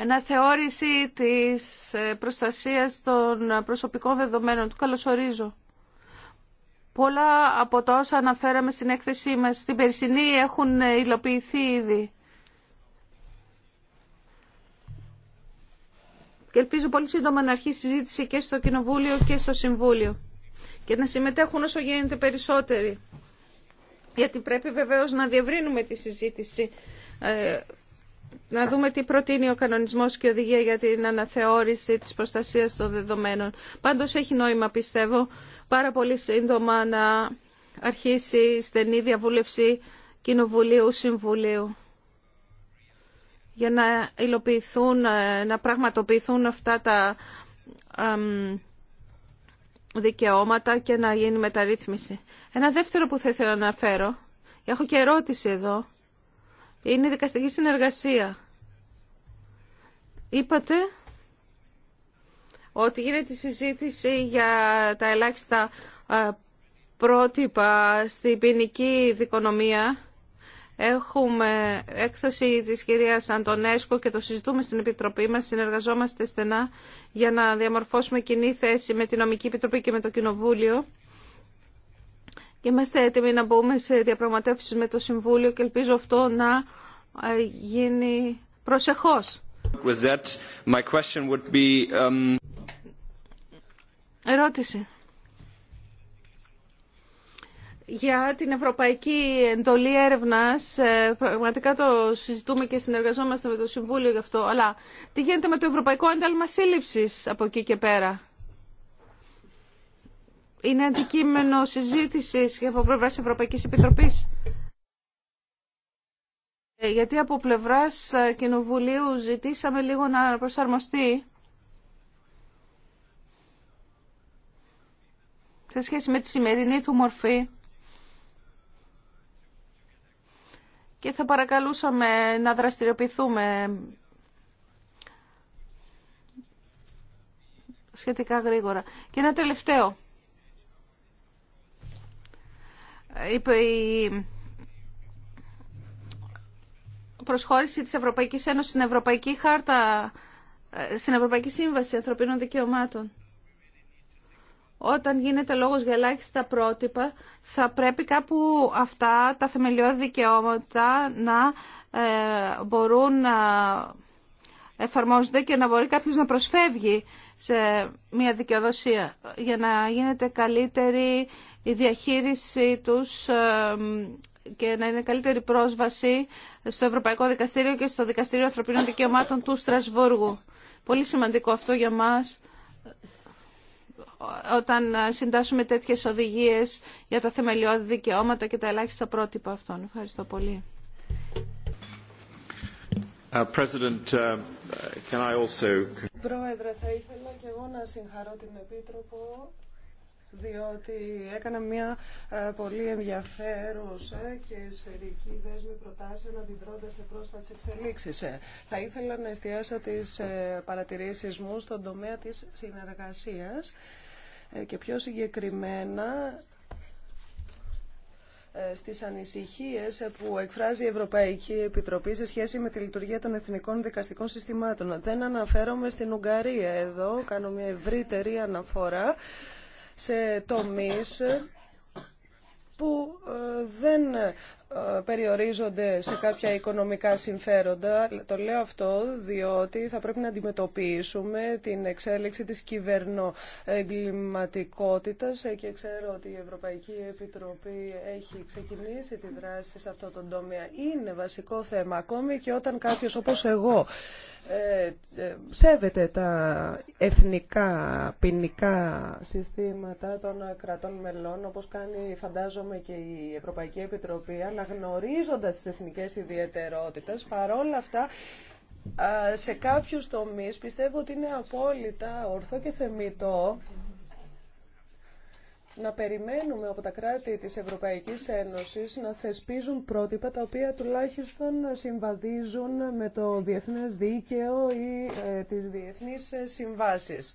Αναθεώρηση της ε, προστασίας των προσωπικών δεδομένων. Του καλωσορίζω. Πολλά από τα όσα αναφέραμε στην έκθεσή μας στην Περσινή έχουν υλοποιηθεί ήδη. Και ελπίζω πολύ σύντομα να αρχίσει η συζήτηση και στο Κοινοβούλιο και στο Συμβούλιο. Και να συμμετέχουν όσο γίνεται περισσότεροι. Γιατί πρέπει βεβαίως να διευρύνουμε τη συζήτηση ε, να δούμε τι προτείνει ο κανονισμός και η οδηγία για την αναθεώρηση τη προστασία των δεδομένων. Πάντως έχει νόημα, πιστεύω, πάρα πολύ σύντομα να αρχίσει η στενή διαβούλευση Κοινοβουλίου-Συμβουλίου για να υλοποιηθούν, ε, να πραγματοποιηθούν αυτά τα δικαιώματα και να γίνει μεταρρύθμιση. Ένα δεύτερο που θα ήθελα να αναφέρω, έχω και ερώτηση εδώ, είναι δικαστική συνεργασία. Είπατε ότι γίνεται συζήτηση για τα ελάχιστα ε, πρότυπα στην ποινική δικονομία. Έχουμε έκθεση της κυρίας Αντωνέσκο και το συζητούμε στην Επιτροπή μας. Συνεργαζόμαστε στενά για να διαμορφώσουμε κοινή θέση με την Νομική Επιτροπή και με το Κοινοβούλιο και είμαστε έτοιμοι να μπούμε σε διαπραγματεύσεις με το Συμβούλιο και ελπίζω αυτό να ε, γίνει προσεχώς. Um, Ερώτηση. Για την Ευρωπαϊκή Εντολή Έρευνας, ε, πραγματικά το συζητούμε και συνεργαζόμαστε με το Συμβούλιο γι' αυτό, αλλά τι γίνεται με το Ευρωπαϊκό Ένταλμα Σύλληψης από εκεί και πέρα είναι αντικείμενο συζήτησης από πλευράς Ευρωπαϊκής Επιτροπής. Ε, γιατί από πλευρά ε, Κοινοβουλίου ζητήσαμε λίγο να προσαρμοστεί σε σχέση με τη σημερινή του μορφή και θα παρακαλούσαμε να δραστηριοποιηθούμε σχετικά γρήγορα. Και ένα τελευταίο. η προσχώρηση της Ευρωπαϊκής Ένωσης στην Ευρωπαϊκή Χάρτα, ε, στην Ευρωπαϊκή Σύμβαση Ανθρωπίνων Δικαιωμάτων. Όταν γίνεται λόγος για ελάχιστα πρότυπα, θα πρέπει κάπου αυτά τα θεμελιώδη δικαιώματα να ε, μπορούν να εφαρμόζονται και να μπορεί κάποιος να προσφεύγει σε μια δικαιοδοσία για να γίνεται καλύτερη η διαχείρισή τους και να είναι καλύτερη πρόσβαση στο Ευρωπαϊκό Δικαστήριο και στο Δικαστήριο Ανθρωπίνων Δικαιωμάτων του Στρασβούργου. Πολύ σημαντικό αυτό για μας όταν συντάσσουμε τέτοιες οδηγίες για τα θεμελιώδη δικαιώματα και τα ελάχιστα πρότυπα αυτών. Ευχαριστώ πολύ. Uh, uh, Πρόεδρε, θα ήθελα και εγώ να συγχαρώ την Επίτροπο διότι έκανα μια ε, πολύ ενδιαφέρουσα και σφαιρική δέσμη προτάσεων αντιδρώντας σε πρόσφατες εξελίξεις. Ε, θα ήθελα να εστιάσω τις ε, παρατηρήσεις μου στον τομέα της συνεργασίας και πιο συγκεκριμένα στις ανησυχίες που εκφράζει η Ευρωπαϊκή Επιτροπή σε σχέση με τη λειτουργία των εθνικών δικαστικών συστημάτων. Δεν αναφέρομαι στην Ουγγαρία εδώ, κάνω μια ευρύτερη αναφορά σε τομείς που ε, δεν ε, περιορίζονται σε κάποια οικονομικά συμφέροντα. Το λέω αυτό διότι θα πρέπει να αντιμετωπίσουμε την εξέλιξη της κυβερνοεγκληματικότητας ε, και ξέρω ότι η Ευρωπαϊκή Επιτροπή έχει ξεκινήσει τη δράση σε αυτό το τομέα. Είναι βασικό θέμα ακόμη και όταν κάποιος όπως εγώ ε, σέβεται τα εθνικά ποινικά συστήματα των κρατών μελών όπως κάνει φαντάζομαι και η Ευρωπαϊκή Επιτροπή αναγνωρίζοντας τις εθνικές ιδιαιτερότητες. Παρόλα αυτά, σε κάποιους τομείς πιστεύω ότι είναι απόλυτα ορθό και θεμητό να περιμένουμε από τα κράτη της Ευρωπαϊκής Ένωσης να θεσπίζουν πρότυπα τα οποία τουλάχιστον συμβαδίζουν με το διεθνές δίκαιο ή ε, τις διεθνείς συμβάσεις.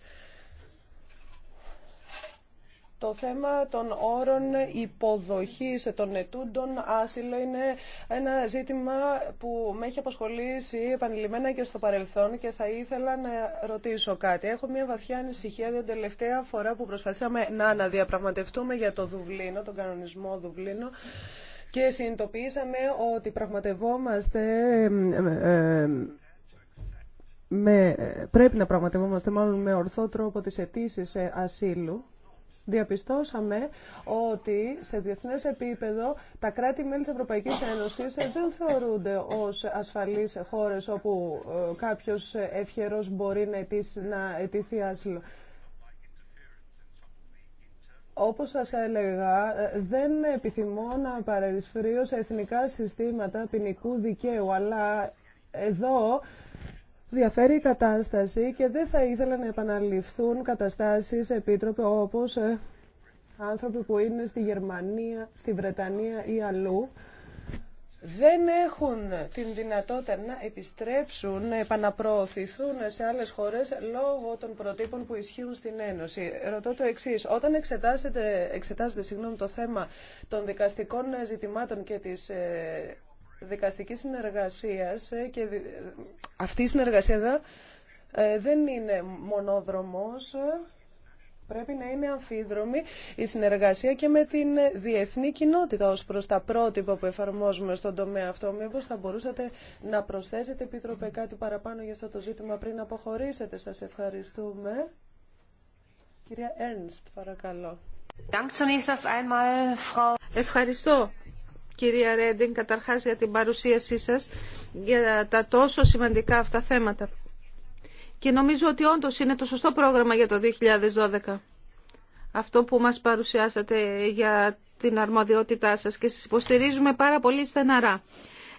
Το θέμα των όρων υποδοχής των ετούντων άσυλο είναι ένα ζήτημα που με έχει αποσχολήσει επανειλημμένα και στο παρελθόν και θα ήθελα να ρωτήσω κάτι. Έχω μια βαθιά ανησυχία την τελευταία φορά που προσπαθήσαμε να αναδιαπραγματευτούμε για το Δουβλίνο, τον κανονισμό Δουβλίνο, και συνειδητοποιήσαμε ότι πραγματευόμαστε με, πρέπει να πραγματευόμαστε μάλλον με ορθό τρόπο τις αιτήσει ε, ασύλου Διαπιστώσαμε ότι σε διεθνέ επίπεδο τα κράτη-μέλη τη Ευρωπαϊκή Ένωση δεν θεωρούνται ω ασφαλεί χώρε όπου ε, κάποιο ευχερό μπορεί να αιτηθεί άσυλο. Όπως σας έλεγα, ε, δεν επιθυμώ να παρεσφρείω σε εθνικά συστήματα ποινικού δικαίου, αλλά εδώ διαφέρει η κατάσταση και δεν θα ήθελα να επαναληφθούν καταστάσεις, επίτροπε, όπως ε, άνθρωποι που είναι στη Γερμανία, στη Βρετανία ή αλλού, δεν έχουν την δυνατότητα να επιστρέψουν, να επαναπροωθηθούν σε άλλες χώρες λόγω των προτύπων που ισχύουν στην Ένωση. Ρωτώ το εξή. Όταν εξετάσετε εξετάζετε το θέμα των δικαστικών ζητημάτων και της ε, Δικαστική συνεργασία ε, και αυτή η συνεργασία ε, δεν είναι μονόδρομος, ε, πρέπει να είναι αμφίδρομη η συνεργασία και με την διεθνή κοινότητα ως προς τα πρότυπα που εφαρμόζουμε στον τομέα αυτό. Μήπως θα μπορούσατε να προσθέσετε, Επίτροπε, κάτι παραπάνω για αυτό το ζήτημα πριν αποχωρήσετε. Σας ευχαριστούμε. Κυρία Έρνστ, παρακαλώ. Ευχαριστώ κυρία Ρέντιν, καταρχάς για την παρουσίασή σας, για τα τόσο σημαντικά αυτά θέματα. Και νομίζω ότι όντως είναι το σωστό πρόγραμμα για το 2012. Αυτό που μας παρουσιάσατε για την αρμοδιότητά σας και σας υποστηρίζουμε πάρα πολύ στεναρά.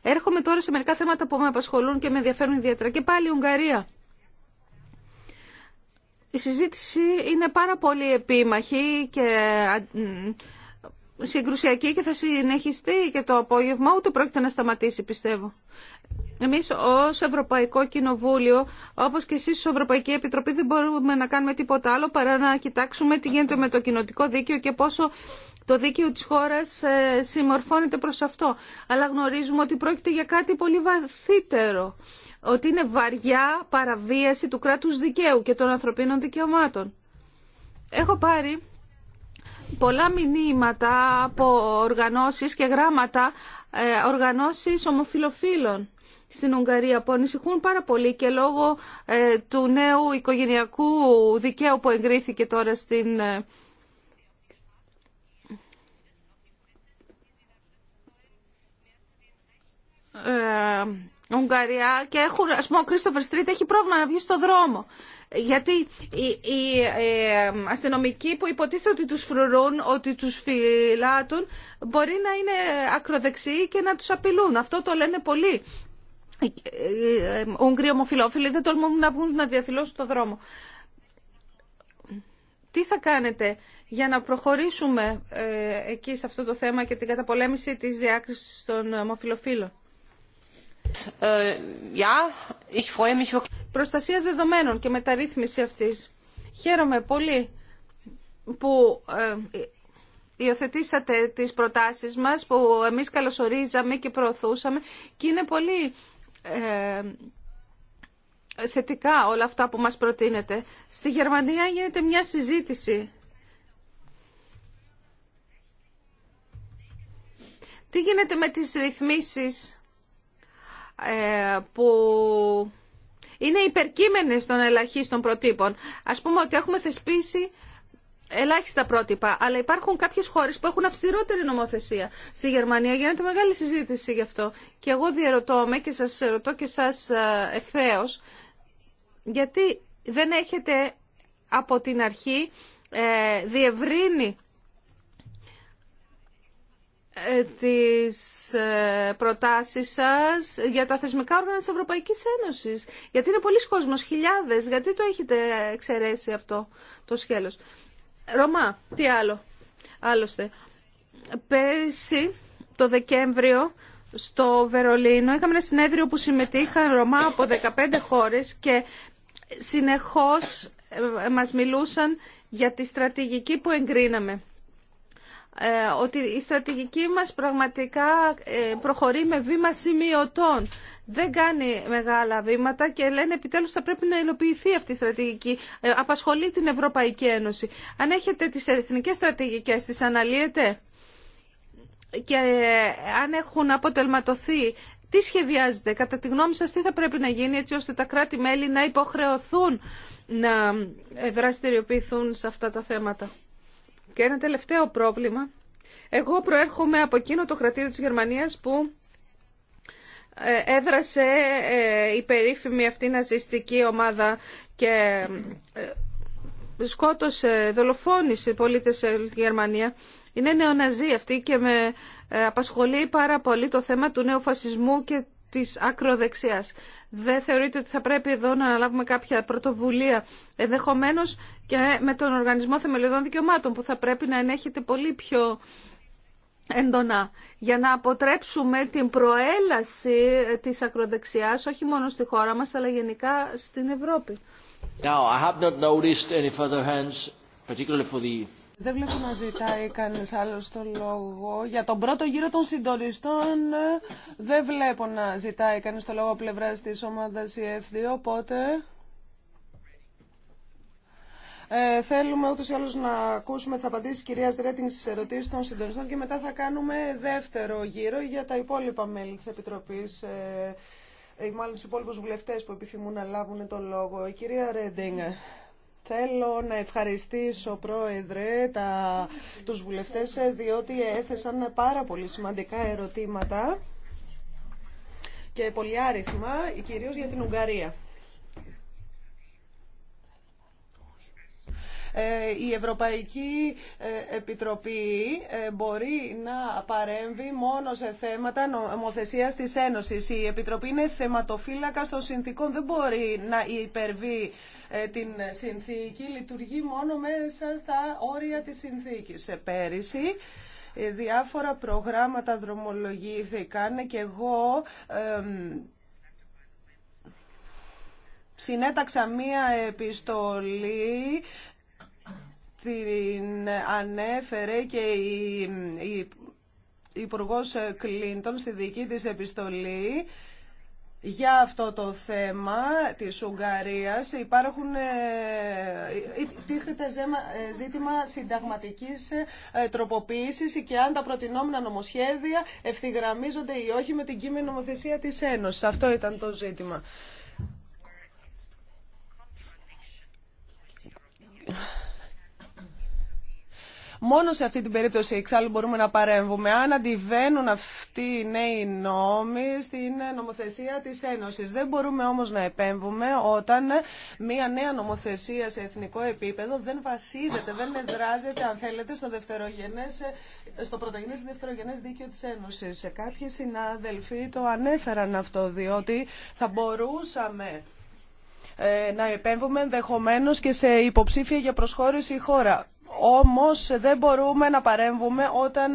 Έρχομαι τώρα σε μερικά θέματα που με απασχολούν και με ενδιαφέρουν ιδιαίτερα. Και πάλι η Ουγγαρία. Η συζήτηση είναι πάρα πολύ επίμαχη και συγκρουσιακή και θα συνεχιστεί και το απόγευμα, ούτε πρόκειται να σταματήσει πιστεύω. Εμεί ω Ευρωπαϊκό Κοινοβούλιο, όπω και εσεί ω Ευρωπαϊκή Επιτροπή, δεν μπορούμε να κάνουμε τίποτα άλλο παρά να κοιτάξουμε τι γίνεται με το κοινοτικό δίκαιο και πόσο το δίκαιο της χώρας ε, συμμορφώνεται προ αυτό. Αλλά γνωρίζουμε ότι πρόκειται για κάτι πολύ βαθύτερο, ότι είναι βαριά παραβίαση του κράτου δικαίου και των ανθρωπίνων δικαιωμάτων. Έχω πάρει πολλά μηνύματα από οργανώσεις και γράμματα ε, οργανώσεις ομοφιλοφίλων στην Ουγγαρία που ανησυχούν πάρα πολύ και λόγω ε, του νέου οικογενειακού δικαίου που εγκρίθηκε τώρα στην ε, Ουγγαρία και έχουν, ας πούμε, ο Κρίστοφερ Στρίτ έχει πρόβλημα να βγει στο δρόμο. Γιατί οι, ε, αστυνομικοί που υποτίθεται ότι τους φρουρούν, ότι τους φυλάτουν, μπορεί να είναι ακροδεξιοί και να τους απειλούν. Αυτό το λένε πολλοί. Ε, ε, Ουγγροί ομοφιλόφιλοι δεν τολμούν να βγουν να διαφυλώσουν το δρόμο. Τι θα κάνετε για να προχωρήσουμε εκεί σε αυτό το θέμα και την καταπολέμηση της διάκρισης των ομοφιλοφίλων. Ε, Προστασία δεδομένων και μεταρρύθμιση αυτής. Χαίρομαι πολύ που ε, υιοθετήσατε τις προτάσεις μας που εμείς καλωσορίζαμε και προωθούσαμε και είναι πολύ ε, θετικά όλα αυτά που μας προτείνετε. Στη Γερμανία γίνεται μια συζήτηση. Τι γίνεται με τις ρυθμίσεις ε, που είναι υπερκείμενες των ελαχίστων προτύπων. Ας πούμε ότι έχουμε θεσπίσει ελάχιστα πρότυπα, αλλά υπάρχουν κάποιες χώρες που έχουν αυστηρότερη νομοθεσία. Στη Γερμανία γίνεται μεγάλη συζήτηση γι' αυτό. Και εγώ διαρωτώ με και σας ρωτώ και σας ε, ευθέω, γιατί δεν έχετε από την αρχή ε, διευρύνει ε, τις ε, προτάσεις σας για τα θεσμικά όργανα της Ευρωπαϊκής Ένωσης. Γιατί είναι πολλοί κόσμος, χιλιάδες. Γιατί το έχετε εξαιρέσει αυτό το σχέλος Ρωμά, τι άλλο. Άλλωστε, πέρσι το Δεκέμβριο στο Βερολίνο είχαμε ένα συνέδριο που συμμετείχαν Ρωμά από 15 χώρες και συνεχώς ε, μας μιλούσαν για τη στρατηγική που εγκρίναμε ε, ότι η στρατηγική μας πραγματικά ε, προχωρεί με βήμα σημειωτών. Δεν κάνει μεγάλα βήματα και λένε επιτέλους θα πρέπει να υλοποιηθεί αυτή η στρατηγική. Ε, απασχολεί την Ευρωπαϊκή Ένωση. Αν έχετε τις εθνικές στρατηγικές, τις αναλύετε και αν έχουν αποτελματωθεί, τι σχεδιάζετε, κατά τη γνώμη σας τι θα πρέπει να γίνει έτσι ώστε τα κράτη-μέλη να υποχρεωθούν να δραστηριοποιηθούν σε αυτά τα θέματα. Και ένα τελευταίο πρόβλημα. Εγώ προέρχομαι από εκείνο το κρατήριο της Γερμανίας που ε, έδρασε ε, η περίφημη αυτή ναζιστική ομάδα και ε, σκότωσε, δολοφόνησε πολίτες στη Γερμανία. Είναι νεοναζί αυτή και με απασχολεί πάρα πολύ το θέμα του νεοφασισμού και της ακροδεξιάς. Δεν θεωρείτε ότι θα πρέπει εδώ να αναλάβουμε κάποια πρωτοβουλία, ενδεχομένως και με τον Οργανισμό Θεμελιωδών Δικαιωμάτων, που θα πρέπει να ενέχεται πολύ πιο έντονα, για να αποτρέψουμε την προέλαση της ακροδεξιάς, όχι μόνο στη χώρα μας, αλλά γενικά στην Ευρώπη. Now, I have not noticed any further hands, particularly for the δεν βλέπω να ζητάει κανείς άλλο το λόγο. Για τον πρώτο γύρο των συντονιστών ε, δεν βλέπω να ζητάει κανείς το λόγο πλευράς της ομάδας EF2, οπότε... Ε, θέλουμε ούτως ή άλλως να ακούσουμε τις απαντήσεις της κυρίας Ρέτινγκ στις ερωτήσεις των συντονιστών και μετά θα κάνουμε δεύτερο γύρο για τα υπόλοιπα μέλη της Επιτροπής, ε, ε μάλλον τους υπόλοιπους βουλευτές που επιθυμούν να λάβουν το λόγο. Η κυρία Ρέντινγκ. Θέλω να ευχαριστήσω, Πρόεδρε, τα, τους βουλευτές, διότι έθεσαν πάρα πολύ σημαντικά ερωτήματα και πολύ άριθμα, κυρίως για την Ουγγαρία. Ε, η Ευρωπαϊκή ε, Επιτροπή ε, μπορεί να παρέμβει μόνο σε θέματα νομοθεσία της Ένωσης. Η Επιτροπή είναι θεματοφύλακα των συνθήκων. Δεν μπορεί να υπερβεί ε, την συνθήκη, λειτουργεί μόνο μέσα στα όρια της συνθήκης. Πέρυσι, ε, διάφορα προγράμματα δρομολογήθηκαν και εγώ ε, συνέταξα μία επιστολή την ανέφερε και η, η Υπουργός Κλίντον στη δική της επιστολή για αυτό το θέμα της Ουγγαρίας υπάρχουν ε, ε, ε, τίθεται ζήτημα συνταγματικής τροποποίησης και αν τα προτινόμενα νομοσχέδια ευθυγραμμίζονται ή όχι με την κείμενη νομοθεσία της Ένωσης. Αυτό ήταν το ζήτημα. Μόνο σε αυτή την περίπτωση εξάλλου μπορούμε να παρέμβουμε. Αν αντιβαίνουν αυτοί οι νέοι νόμοι στην νομοθεσία της Ένωσης. Δεν μπορούμε όμως να επέμβουμε όταν μια νέα νομοθεσία σε εθνικό επίπεδο δεν βασίζεται, δεν εδράζεται, αν θέλετε, στο, δευτερογενές, στο πρωτογενές και δευτερογενές δίκαιο της Ένωσης. Σε Κάποιοι συνάδελφοι το ανέφεραν αυτό, διότι θα μπορούσαμε ε, να επέμβουμε ενδεχομένω και σε υποψήφια για προσχώρηση χώρα. Όμως δεν μπορούμε να παρέμβουμε όταν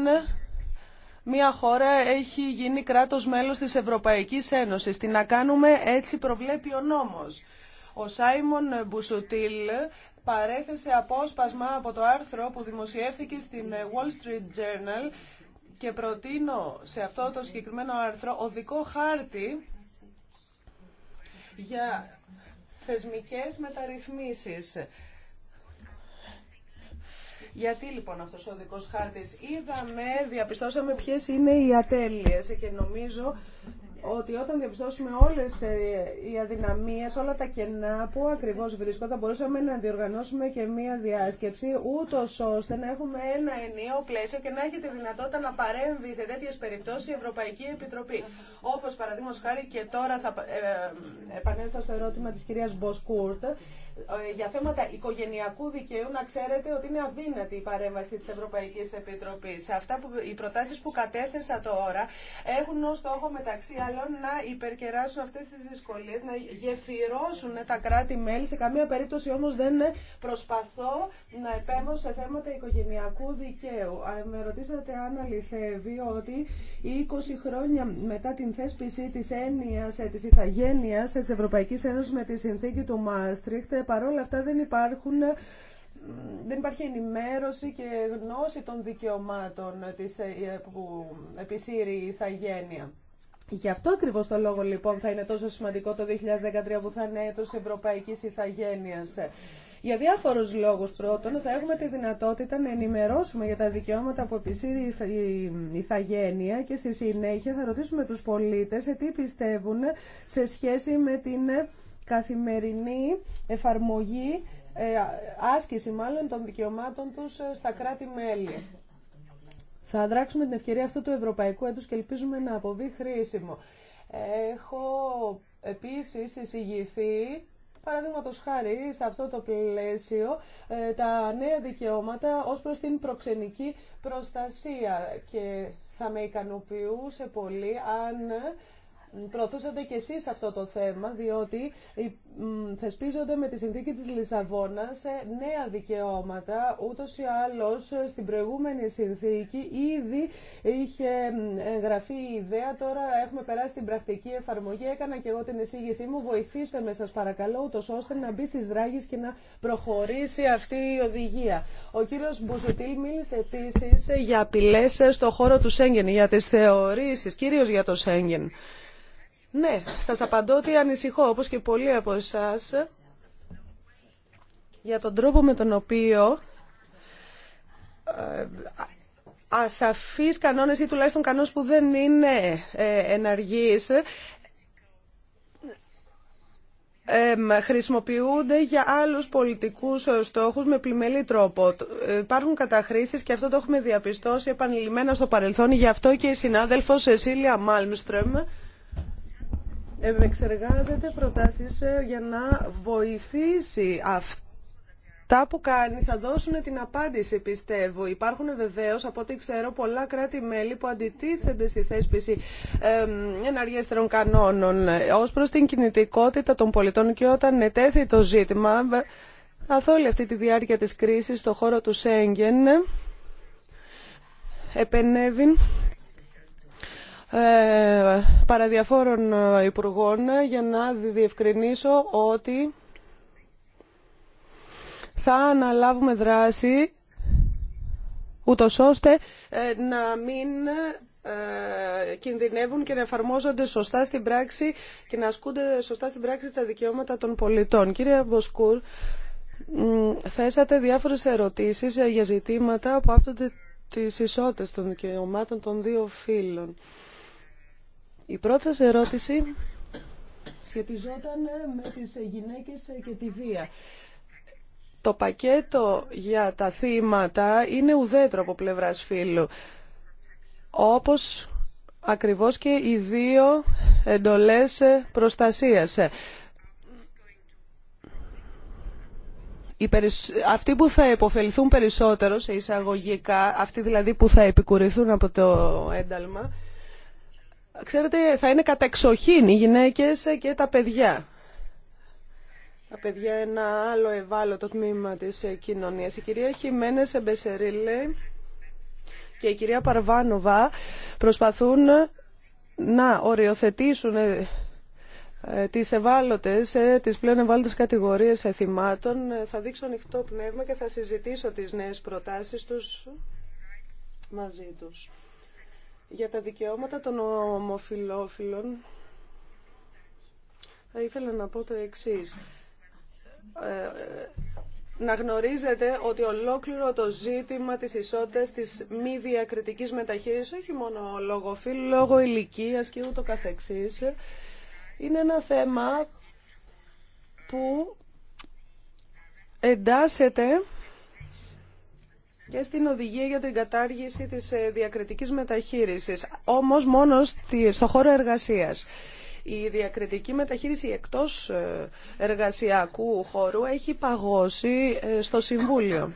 μια χώρα έχει γίνει κράτος μέλος της Ευρωπαϊκής Ένωσης. Τι να κάνουμε έτσι προβλέπει ο νόμος. Ο Σάιμον Μπουσουτήλ παρέθεσε απόσπασμα από το άρθρο που δημοσιεύθηκε στην Wall Street Journal και προτείνω σε αυτό το συγκεκριμένο άρθρο οδικό χάρτη για θεσμικές μεταρρυθμίσεις. Γιατί λοιπόν αυτός ο οδικός χάρτης. Είδαμε, διαπιστώσαμε ποιες είναι οι ατέλειες και νομίζω ότι όταν διαπιστώσουμε όλες ε, οι αδυναμίες, όλα τα κενά που ακριβώς βρίσκω, θα μπορούσαμε να διοργανώσουμε και μία διάσκεψη, ούτω ώστε να έχουμε ένα ενιαίο πλαίσιο και να έχει τη δυνατότητα να παρέμβει σε τέτοιες περιπτώσεις η Ευρωπαϊκή Επιτροπή. Όπως παραδείγματος χάρη και τώρα θα ε, ε, επανέλθω στο ερώτημα της κυρίας Μποσκούρτ, ε, για θέματα οικογενειακού δικαίου να ξέρετε ότι είναι αδύνατη η παρέμβαση της Ευρωπαϊκής Επιτροπής. Αυτά που, οι προτάσεις που κατέθεσα τώρα έχουν ως στόχο μεταξύ άλλων να υπερκεράσουν αυτές τις δυσκολίες, να γεφυρώσουν τα κράτη-μέλη. Σε καμία περίπτωση όμως δεν προσπαθώ να επέμβω σε θέματα οικογενειακού δικαίου. Με ρωτήσατε αν αληθεύει ότι 20 χρόνια μετά την θέσπιση της έννοιας ε, της ηθαγένειας της Ευρωπαϊκής Ένωσης με τη συνθήκη του Μάστριχτ παρόλα αυτά δεν υπάρχουν δεν υπάρχει ενημέρωση και γνώση των δικαιωμάτων της, ε, ε, που επισύρει η Ιθαγένεια. Γι' αυτό ακριβώς το λόγο λοιπόν θα είναι τόσο σημαντικό το 2013 που θα είναι έτος Ευρωπαϊκής Ιθαγένειας. Για διάφορους λόγους πρώτον θα έχουμε τη δυνατότητα να ενημερώσουμε για τα δικαιώματα που επισύρει η Ιθαγένεια και στη συνέχεια θα ρωτήσουμε τους πολίτες τι πιστεύουν σε σχέση με την καθημερινή εφαρμογή, ε, άσκηση μάλλον των δικαιωμάτων τους ε, στα κράτη-μέλη. Θα δράξουμε την ευκαιρία αυτού του ευρωπαϊκού έτους και ελπίζουμε να αποβεί χρήσιμο. Έχω επίσης εισηγηθεί Παραδείγματο χάρη, σε αυτό το πλαίσιο, ε, τα νέα δικαιώματα ως προς την προξενική προστασία. Και θα με ικανοποιούσε πολύ αν προωθούσατε κι εσείς αυτό το θέμα, διότι ε, θεσπίζονται με τη συνθήκη της Λισαβόνας ε, νέα δικαιώματα, ούτως ή άλλως ε, στην προηγούμενη συνθήκη ήδη είχε γραφεί η ιδέα, τώρα έχουμε περάσει την πρακτική εφαρμογή, έκανα και εγώ την εισήγησή μου, βοηθήστε με σας παρακαλώ, ούτως ώστε να μπει στις δράγεις και να προχωρήσει αυτή η οδηγία. Ο κύριος Μπουζουτήλ μίλησε επίσης για απειλές στο χώρο του Σέγγεν, για τις θεωρήσεις, κυρίως για το Σέγγεν. Ναι, σας απαντώ ότι ανησυχώ, όπως και πολλοί από εσάς, για τον τρόπο με τον οποίο ε, ασαφείς κανόνες ή τουλάχιστον κανόνες που δεν είναι ε, εναργείς χρησιμοποιούνται για άλλους πολιτικούς ε, στόχους με πλημελή τρόπο. Υπάρχουν καταχρήσεις και αυτό το έχουμε διαπιστώσει επανειλημμένα στο παρελθόν. Γι' αυτό και η συνάδελφος Σεσίλια Μάλμστρεμ εξεργάζεται προτάσεις ε, για να βοηθήσει αυτά τα που κάνει θα δώσουν την απάντηση, πιστεύω. Υπάρχουν βεβαίω, από ό,τι ξέρω, πολλά κράτη-μέλη που αντιτίθενται στη θέσπιση εναργέστερων κανόνων ω προ την κινητικότητα των πολιτών και όταν ετέθη το ζήτημα, καθ' όλη αυτή τη διάρκεια της κρίσης, το χώρο του Σέγγεν, επενέβη ε, παραδιαφόρων ε, υπουργών για να διευκρινίσω ότι θα αναλάβουμε δράση ούτως ώστε ε, να μην κινδυνεύουν και να εφαρμόζονται σωστά στην πράξη και να ασκούνται σωστά στην πράξη τα δικαιώματα των πολιτών. Κύριε Μποσκούρ, θέσατε διάφορες ερωτήσεις για ζητήματα που άπτονται τις ισότητες των δικαιωμάτων των δύο φύλων. Η πρώτη σας ερώτηση σχετιζόταν ε, με τις ε, γυναίκες ε, και τη βία. Το πακέτο για τα θύματα είναι ουδέτρο από πλευράς φύλου. Όπως ακριβώς και οι δύο εντολές προστασίας. Αυτοί που θα υποφεληθούν περισσότερο σε εισαγωγικά, αυτοί δηλαδή που θα επικουρηθούν από το ένταλμα, ξέρετε, θα είναι κατεξοχήν οι γυναίκες και τα παιδιά. Τα παιδιά είναι ένα άλλο ευάλωτο τμήμα της κοινωνίας. Η κυρία Χιμένες Εμπεσερίλε και η κυρία Παρβάνοβα προσπαθούν να οριοθετήσουν ε, ε, τις ευάλωτες, ε, τις πλέον ευάλωτες κατηγορίες θυμάτων. Θα δείξω ανοιχτό πνεύμα και θα συζητήσω τις νέες προτάσεις τους μαζί τους για τα δικαιώματα των ομοφιλόφιλων θα ήθελα να πω το εξής. Ε, ε, να γνωρίζετε ότι ολόκληρο το ζήτημα της ισότητας, της μη διακριτικής μεταχείρισης, όχι μόνο λόγω φύλου, λόγω ηλικίας και ούτω καθεξής, είναι ένα θέμα που εντάσσεται και στην οδηγία για την κατάργηση της ε, διακριτικής μεταχείρισης, όμως μόνο στο χώρο εργασίας. Η διακριτική μεταχείριση εκτός ε, εργασιακού χώρου έχει παγώσει ε, στο Συμβούλιο.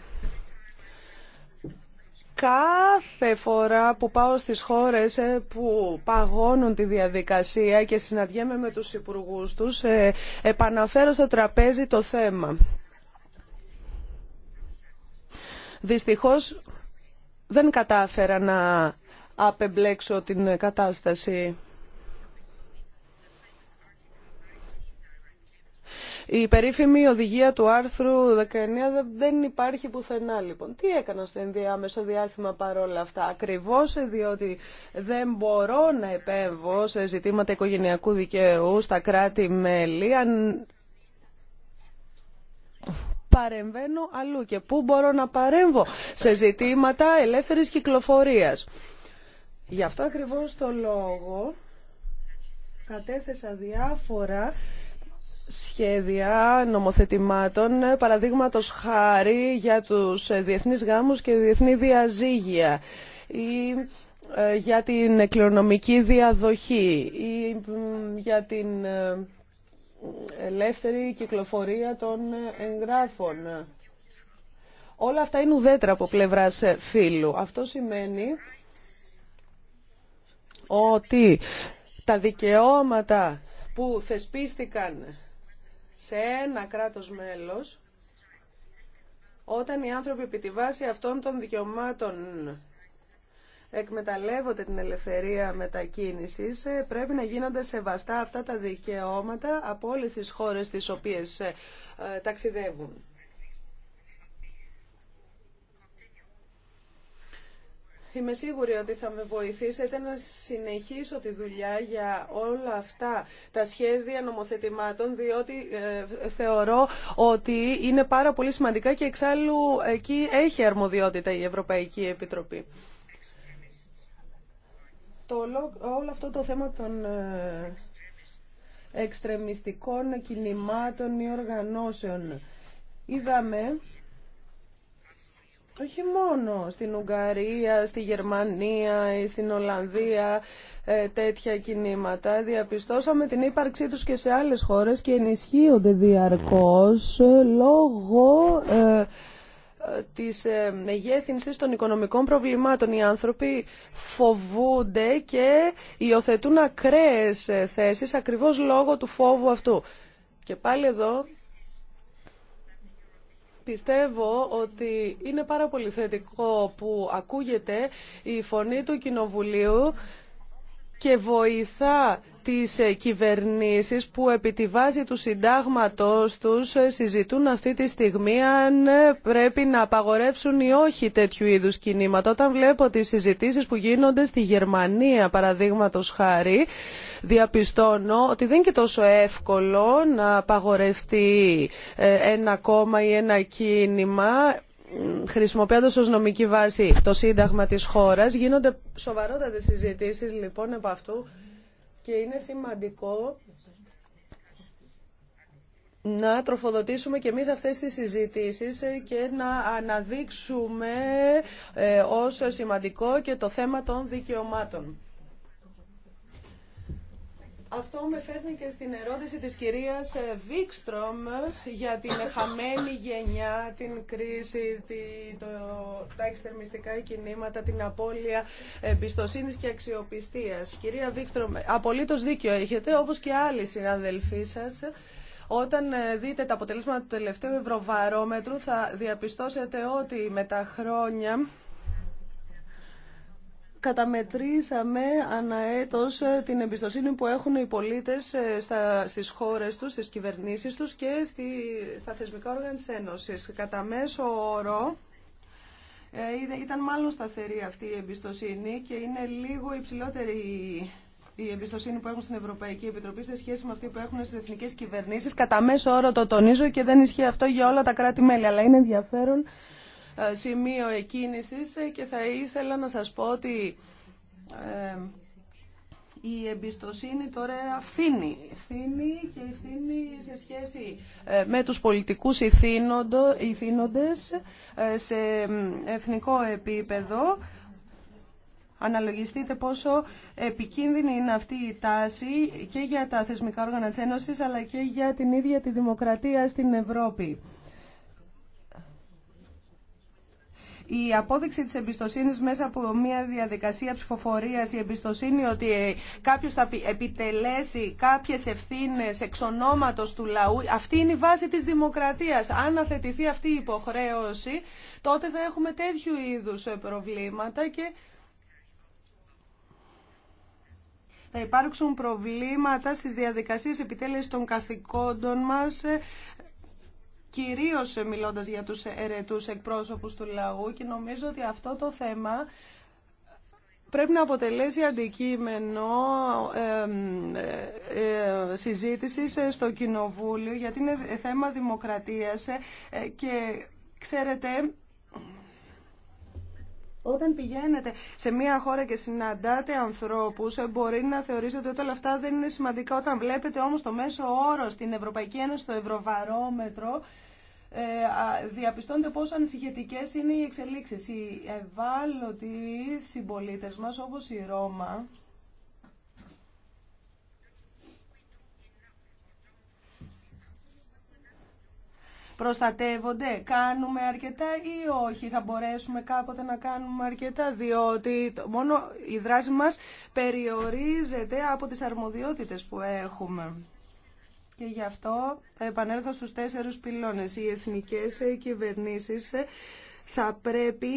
Κάθε φορά που πάω στις χώρες που παγώνουν τη διαδικασία και συναντιέμαι με τους υπουργούς τους, επαναφέρω στο τραπέζι το θέμα. Δυστυχώς δεν κατάφερα να απεμπλέξω την κατάσταση. Η περίφημη οδηγία του άρθρου 19 δεν υπάρχει πουθενά λοιπόν. Τι έκανα στο ενδιάμεσο διάστημα παρόλα αυτά. Ακριβώς διότι δεν μπορώ να επέμβω σε ζητήματα οικογενειακού δικαίου στα κράτη-μέλη αν παρεμβαίνω αλλού και πού μπορώ να παρέμβω σε ζητήματα ελεύθερης κυκλοφορίας. Γι' αυτό ακριβώς το λόγο κατέθεσα διάφορα σχέδια νομοθετημάτων, παραδείγματος χάρη για τους διεθνείς γάμους και διεθνή διαζύγια ή ε, για την κληρονομική διαδοχή ή για την ε, ελεύθερη κυκλοφορία των εγγράφων. Όλα αυτά είναι ουδέτερα από πλευράς φύλου. Αυτό σημαίνει ότι τα δικαιώματα που θεσπίστηκαν σε ένα κράτος μέλος, όταν οι άνθρωποι επί τη βάση αυτών των δικαιωμάτων εκμεταλλεύονται την ελευθερία μετακίνησης ε, πρέπει να γίνονται σεβαστά αυτά τα δικαιώματα από όλες τις χώρες τις οποίες ε, ε, ταξιδεύουν. Είμαι σίγουρη ότι θα με βοηθήσετε να συνεχίσω τη δουλειά για όλα αυτά τα σχέδια νομοθετημάτων, διότι θεωρώ ότι είναι πάρα πολύ σημαντικά και εξάλλου εκεί έχει αρμοδιότητα η Ευρωπαϊκή Επιτροπή το, όλο αυτό το θέμα των ε, εξτρεμιστικών κινημάτων ή οργανώσεων. Είδαμε όχι μόνο στην Ουγγαρία, στη Γερμανία ή στην Ολλανδία ε, τέτοια κινήματα. Διαπιστώσαμε την ύπαρξή τους και σε άλλες χώρες και ενισχύονται διαρκώς ε, λόγω της ε, μεγέθυνσης των οικονομικών προβλημάτων. Οι άνθρωποι φοβούνται και υιοθετούν ακραίες ε, θέσεις ακριβώς λόγω του φόβου αυτού. Και πάλι εδώ πιστεύω ότι είναι πάρα πολύ θετικό που ακούγεται η φωνή του Κοινοβουλίου και βοηθά τις ε, κυβερνήσεις που επί τη βάση του συντάγματος τους ε, συζητούν αυτή τη στιγμή αν ε, πρέπει να απαγορεύσουν ή όχι τέτοιου είδους κινήματα. Όταν βλέπω τις συζητήσεις που γίνονται στη Γερμανία παραδείγματος χάρη διαπιστώνω ότι δεν είναι και τόσο εύκολο να απαγορευτεί ένα κόμμα ή ένα κίνημα χρησιμοποιώντας ως νομική βάση το σύνταγμα της χώρας. Γίνονται σοβαρότατες συζητήσεις λοιπόν από αυτού και είναι σημαντικό να τροφοδοτήσουμε και εμείς αυτές τις συζητήσεις και να αναδείξουμε όσο ε, σημαντικό και το θέμα των δικαιωμάτων. Αυτό με φέρνει και στην ερώτηση της κυρίας ε, Βίκστρομ για την χαμένη γενιά, την κρίση, το, τα εξτερμιστικά κινήματα, την απώλεια εμπιστοσύνη και αξιοπιστίας. Κυρία Βίκστρομ, απολύτως δίκιο έχετε, όπως και άλλοι συναδελφοί σας. Όταν ε, δείτε τα αποτελέσματα του τελευταίου ευρωβαρόμετρου θα διαπιστώσετε ότι με τα χρόνια καταμετρήσαμε αναέτος ε, την εμπιστοσύνη που έχουν οι πολίτες ε, στα, στις χώρες τους, στις κυβερνήσεις τους και στη, στα θεσμικά όργανα της Ένωσης. Κατά μέσο όρο ε, ήταν μάλλον σταθερή αυτή η εμπιστοσύνη και είναι λίγο υψηλότερη η εμπιστοσύνη που έχουν στην Ευρωπαϊκή Επιτροπή σε σχέση με αυτή που έχουν στι εθνικές κυβερνήσεις. Κατά μέσο όρο το τονίζω και δεν ισχύει αυτό για όλα τα κράτη-μέλη, αλλά είναι ενδιαφέρον ε, σημείο εκκίνησης ε, και θα ήθελα να σας πω ότι ε, η εμπιστοσύνη τώρα αυθύνει. Ευθύνη και ευθύνη σε σχέση με τους πολιτικούς ηθήνοντες σε εθνικό επίπεδο. Αναλογιστείτε πόσο επικίνδυνη είναι αυτή η τάση και για τα θεσμικά όργανα της Ένωσης αλλά και για την ίδια τη δημοκρατία στην Ευρώπη. η απόδειξη της εμπιστοσύνης μέσα από μια διαδικασία ψηφοφορίας, η εμπιστοσύνη ότι ε, κάποιος θα επιτελέσει κάποιες ευθύνες εξ ονόματος του λαού, αυτή είναι η βάση της δημοκρατίας. Αν αθετηθεί αυτή η υποχρέωση, τότε θα έχουμε τέτοιου είδους ε, προβλήματα και θα υπάρξουν προβλήματα στις διαδικασίες επιτέλεσης των καθηκόντων μας ε, κυρίως μιλώντας για τους ερετούς εκπρόσωπους του λαού και νομίζω ότι αυτό το θέμα πρέπει να αποτελέσει αντικείμενο ε, ε, συζήτησης στο Κοινοβούλιο γιατί είναι θέμα δημοκρατίας ε, και ξέρετε όταν πηγαίνετε σε μια χώρα και συναντάτε ανθρώπους μπορεί να θεωρήσετε ότι όλα αυτά δεν είναι σημαντικά. Όταν βλέπετε όμως το μέσο όρο στην Ευρωπαϊκή Ένωση, το Ευρωβαρόμετρο, ε, διαπιστώνεται πόσο ανησυχητικές είναι οι εξελίξεις. Οι ευάλωτοι συμπολίτε μας όπως η Ρώμα προστατεύονται, κάνουμε αρκετά ή όχι, θα μπορέσουμε κάποτε να κάνουμε αρκετά, διότι μόνο η δράση μας περιορίζεται από τις αρμοδιότητες που έχουμε και γι' αυτό θα επανέλθω στους τέσσερους πυλώνες. Οι εθνικές κυβερνήσεις θα πρέπει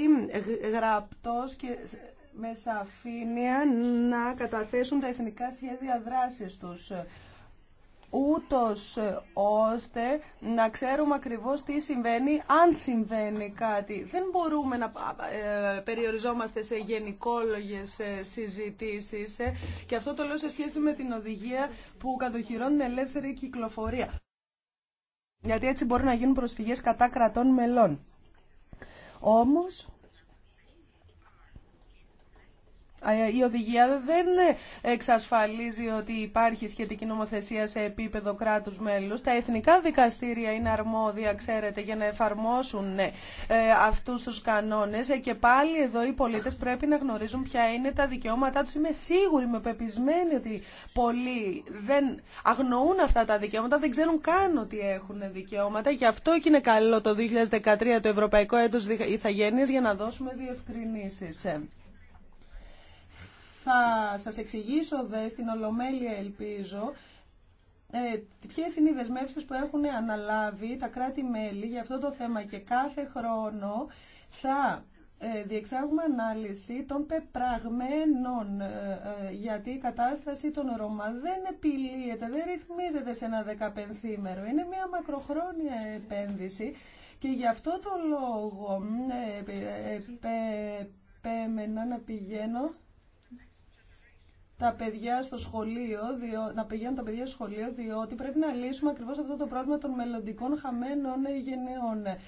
γραπτός και με σαφήνεια να καταθέσουν τα εθνικά σχέδια δράσης τους ούτως ε, ώστε να ξέρουμε ακριβώς τι συμβαίνει, αν συμβαίνει κάτι. Δεν μπορούμε να ε, περιοριζόμαστε σε γενικόλογες ε, συζητήσεις και αυτό το λέω σε σχέση με την οδηγία που κατοχυρώνει ελεύθερη κυκλοφορία. Γιατί έτσι μπορεί να γίνουν προσφυγές κατά κρατών μελών. Όμως, Ε, η οδηγία δεν εξασφαλίζει ότι υπάρχει σχετική νομοθεσία σε επίπεδο κράτους μέλους. Τα εθνικά δικαστήρια είναι αρμόδια, ξέρετε, για να εφαρμόσουν ε, αυτούς τους κανόνες ε, και πάλι εδώ οι πολίτες πρέπει να γνωρίζουν ποια είναι τα δικαιώματά τους. Είμαι σίγουρη, είμαι πεπισμένη ότι πολλοί δεν αγνοούν αυτά τα δικαιώματα, δεν ξέρουν καν ότι έχουν δικαιώματα. Γι' αυτό και είναι καλό το 2013 το Ευρωπαϊκό Έτος Ιθαγένειας για να δώσουμε διευκρινήσεις. Θα σας εξηγήσω δε στην Ολομέλεια ελπίζω ε, ποιες είναι οι δεσμεύσεις που έχουν αναλάβει τα κράτη-μέλη για αυτό το θέμα και κάθε χρόνο θα διεξάγουμε ανάλυση των πεπραγμένων γιατί η κατάσταση των Ρωμά δεν επιλύεται, δεν ρυθμίζεται σε ένα δεκαπενθήμερο. Είναι μια μακροχρόνια επένδυση και γι' αυτό το λόγο πέμενα να πηγαίνω τα παιδιά στο σχολείο, να πηγαίνουν τα παιδιά στο σχολείο, διότι πρέπει να λύσουμε ακριβώ αυτό το πρόβλημα των μελλοντικών χαμένων γενεών.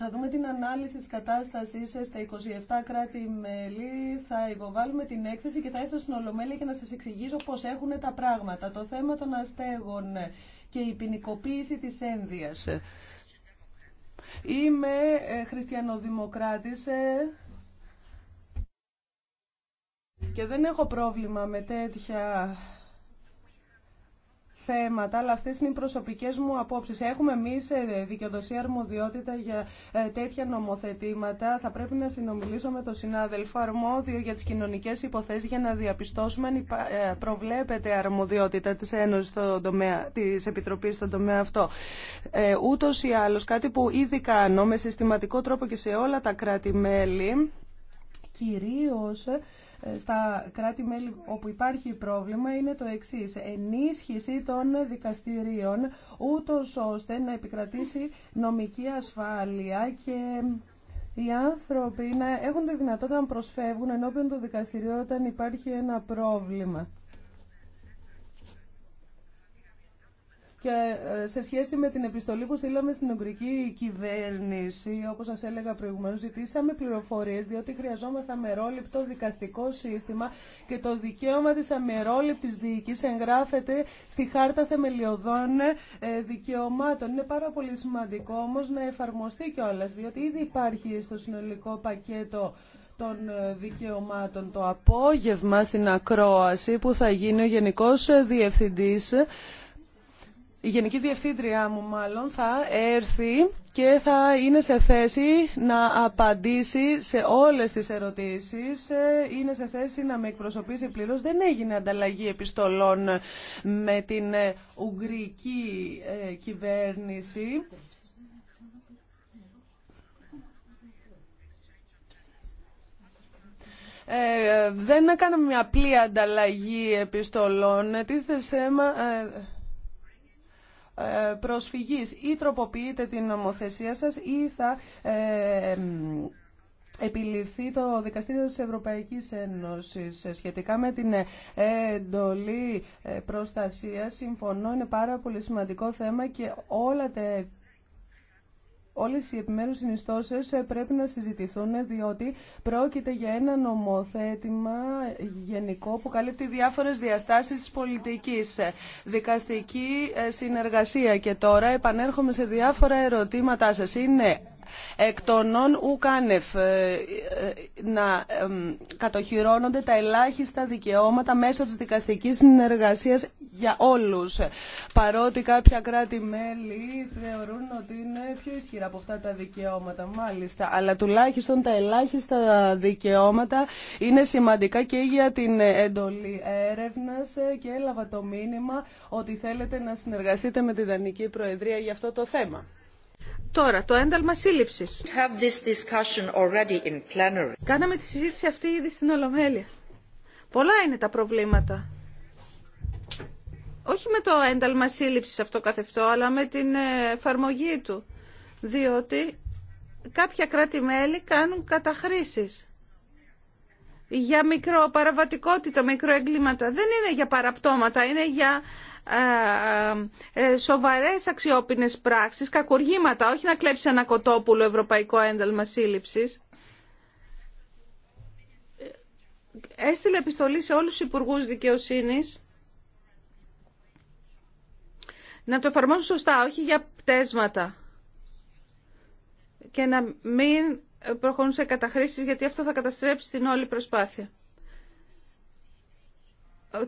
Θα δούμε την ανάλυση της κατάστασης στα 27 κράτη-μέλη, θα υποβάλουμε την έκθεση και θα έρθω στην Ολομέλεια και να σας εξηγήσω πώς έχουν τα πράγματα. Το θέμα των αστέγων και η ποινικοποίηση της ένδυας. Είμαι ε, χριστιανοδημοκράτης, ε, και δεν έχω πρόβλημα με τέτοια θέματα, αλλά αυτές είναι οι προσωπικές μου απόψεις. Έχουμε εμεί ε, δικαιοδοσία αρμοδιότητα για ε, τέτοια νομοθετήματα. Θα πρέπει να συνομιλήσω με τον συνάδελφο αρμόδιο για τις κοινωνικές υποθέσεις για να διαπιστώσουμε αν ε, προβλέπεται αρμοδιότητα της Ένωσης στο τομέα, της Επιτροπής στον τομέα αυτό. Ε, ούτως ή άλλως, κάτι που ήδη κάνω με συστηματικό τρόπο και σε όλα τα κράτη-μέλη, κυρίως ε, στα κράτη-μέλη όπου υπάρχει πρόβλημα είναι το εξή. Ενίσχυση των δικαστηρίων, ούτω ώστε να επικρατήσει νομική ασφάλεια και οι άνθρωποι να έχουν τη δυνατότητα να προσφεύγουν ενώπιον του δικαστηρίου όταν υπάρχει ένα πρόβλημα. Ε, σε σχέση με την επιστολή που στείλαμε στην Ουγγρική κυβέρνηση, όπως σας έλεγα προηγουμένως, ζητήσαμε πληροφορίες, διότι χρειαζόμαστε αμερόληπτο δικαστικό σύστημα και το δικαίωμα της αμερόληπτης διοίκησης εγγράφεται στη Χάρτα Θεμελιωδών ε, Δικαιωμάτων. Είναι πάρα πολύ σημαντικό όμως να εφαρμοστεί κιόλα, διότι ήδη υπάρχει στο συνολικό πακέτο των ε, δικαιωμάτων το απόγευμα στην ακρόαση που θα γίνει ο Γενικός Διευθυντής η Γενική Διευθύντρια μου μάλλον θα έρθει και θα είναι σε θέση να απαντήσει σε όλες τις ερωτήσεις. Ε, είναι σε θέση να με εκπροσωπήσει πλήρως. Δεν έγινε ανταλλαγή επιστολών με την ε, Ουγγρική ε, κυβέρνηση. δεν έκαναμε μια απλή ανταλλαγή επιστολών. Τι θες, προσφυγής. Ή τροποποιείτε την νομοθεσία σας ή θα ε, επιληφθεί το Δικαστήριο της Ευρωπαϊκής Ένωσης σχετικά με την ε, εντολή ε, προστασίας. Συμφωνώ, είναι πάρα πολύ σημαντικό θέμα και όλα τα Όλες οι επιμέρους συνιστώσεις ε, πρέπει να συζητηθούν ε, διότι πρόκειται για ένα νομοθέτημα γενικό που καλύπτει διάφορες διαστάσεις της πολιτικής. Ε, δικαστική συνεργασία και τώρα επανέρχομαι σε διάφορα ερωτήματά σας. Είναι εκ των ουκάνευ ε, να κατοχυρώνονται τα ελάχιστα δικαιώματα μέσω της δικαστικής συνεργασίας για όλους. Παρότι κάποια κράτη-μέλη θεωρούν ότι είναι πιο ισχυρά από αυτά τα δικαιώματα, μάλιστα. Αλλά τουλάχιστον τα ελάχιστα δικαιώματα είναι σημαντικά και για την εντολή έρευνας ε, και έλαβα το μήνυμα ότι θέλετε να συνεργαστείτε με τη Δανική Προεδρία για αυτό το θέμα. Τώρα, το ένταλμα σύλληψη. Κάναμε τη συζήτηση αυτή ήδη στην Ολομέλεια. Πολλά είναι τα προβλήματα. Όχι με το ένταλμα σύλληψη αυτό καθευτό, αλλά με την ε, εφαρμογή του. Διότι κάποια κράτη-μέλη κάνουν καταχρήσεις για μικροπαραβατικότητα, μικροεγκλήματα. Δεν είναι για παραπτώματα, είναι για ε, ε, ε, σοβαρές αξιόπινες πράξεις, κακουργήματα, όχι να κλέψει ένα κοτόπουλο ευρωπαϊκό ένταλμα σύλληψης. Έστειλε επιστολή σε όλους τους υπουργούς δικαιοσύνης να το εφαρμόσουν σωστά, όχι για πτέσματα και να μην προχωρούν σε καταχρήσεις γιατί αυτό θα καταστρέψει την όλη προσπάθεια.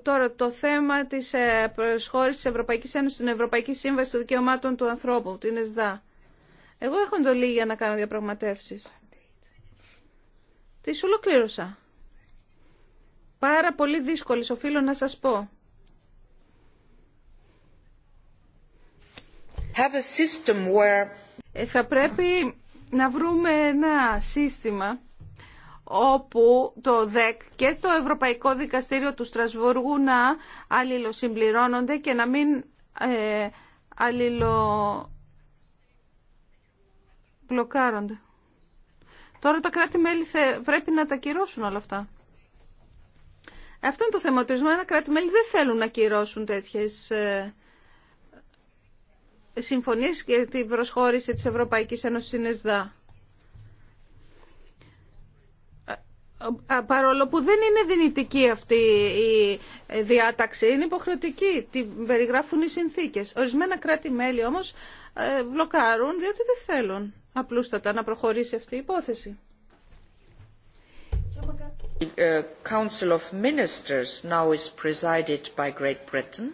Τώρα το θέμα της ε, προσχώρηση τη Ευρωπαϊκής Ένωσης στην Ευρωπαϊκή Σύμβαση των Δικαιωμάτων του Ανθρώπου, την ΕΣΔΑ. Εγώ έχω εντολή για να κάνω διαπραγματεύσεις. Τι ολοκλήρωσα. Πάρα πολύ δύσκολε, οφείλω να σα πω. Ε, θα πρέπει να βρούμε ένα σύστημα όπου το ΔΕΚ και το Ευρωπαϊκό Δικαστήριο του Στρασβούργου να αλληλοσυμπληρώνονται και να μην ε, αλληλοπλοκάρονται. Τώρα τα κράτη-μέλη πρέπει να τα κυρώσουν όλα αυτά. Αυτό είναι το θεμα Τα Ορισμένα κράτη-μέλη δεν θέλουν να κυρώσουν τέτοιες ε, συμφωνίες και την προσχώρηση της Ευρωπαϊκής Ένωσης στην ΕΣΔΑ. παρόλο που δεν είναι δυνητική αυτή η ε, διάταξη, είναι υποχρεωτική, την περιγράφουν οι συνθήκες. Ορισμένα κράτη-μέλη όμως βλοκάρουν ε, διότι δεν θέλουν απλούστατα να προχωρήσει αυτή η υπόθεση. Ε, Council of Ministers now is presided by Great Britain.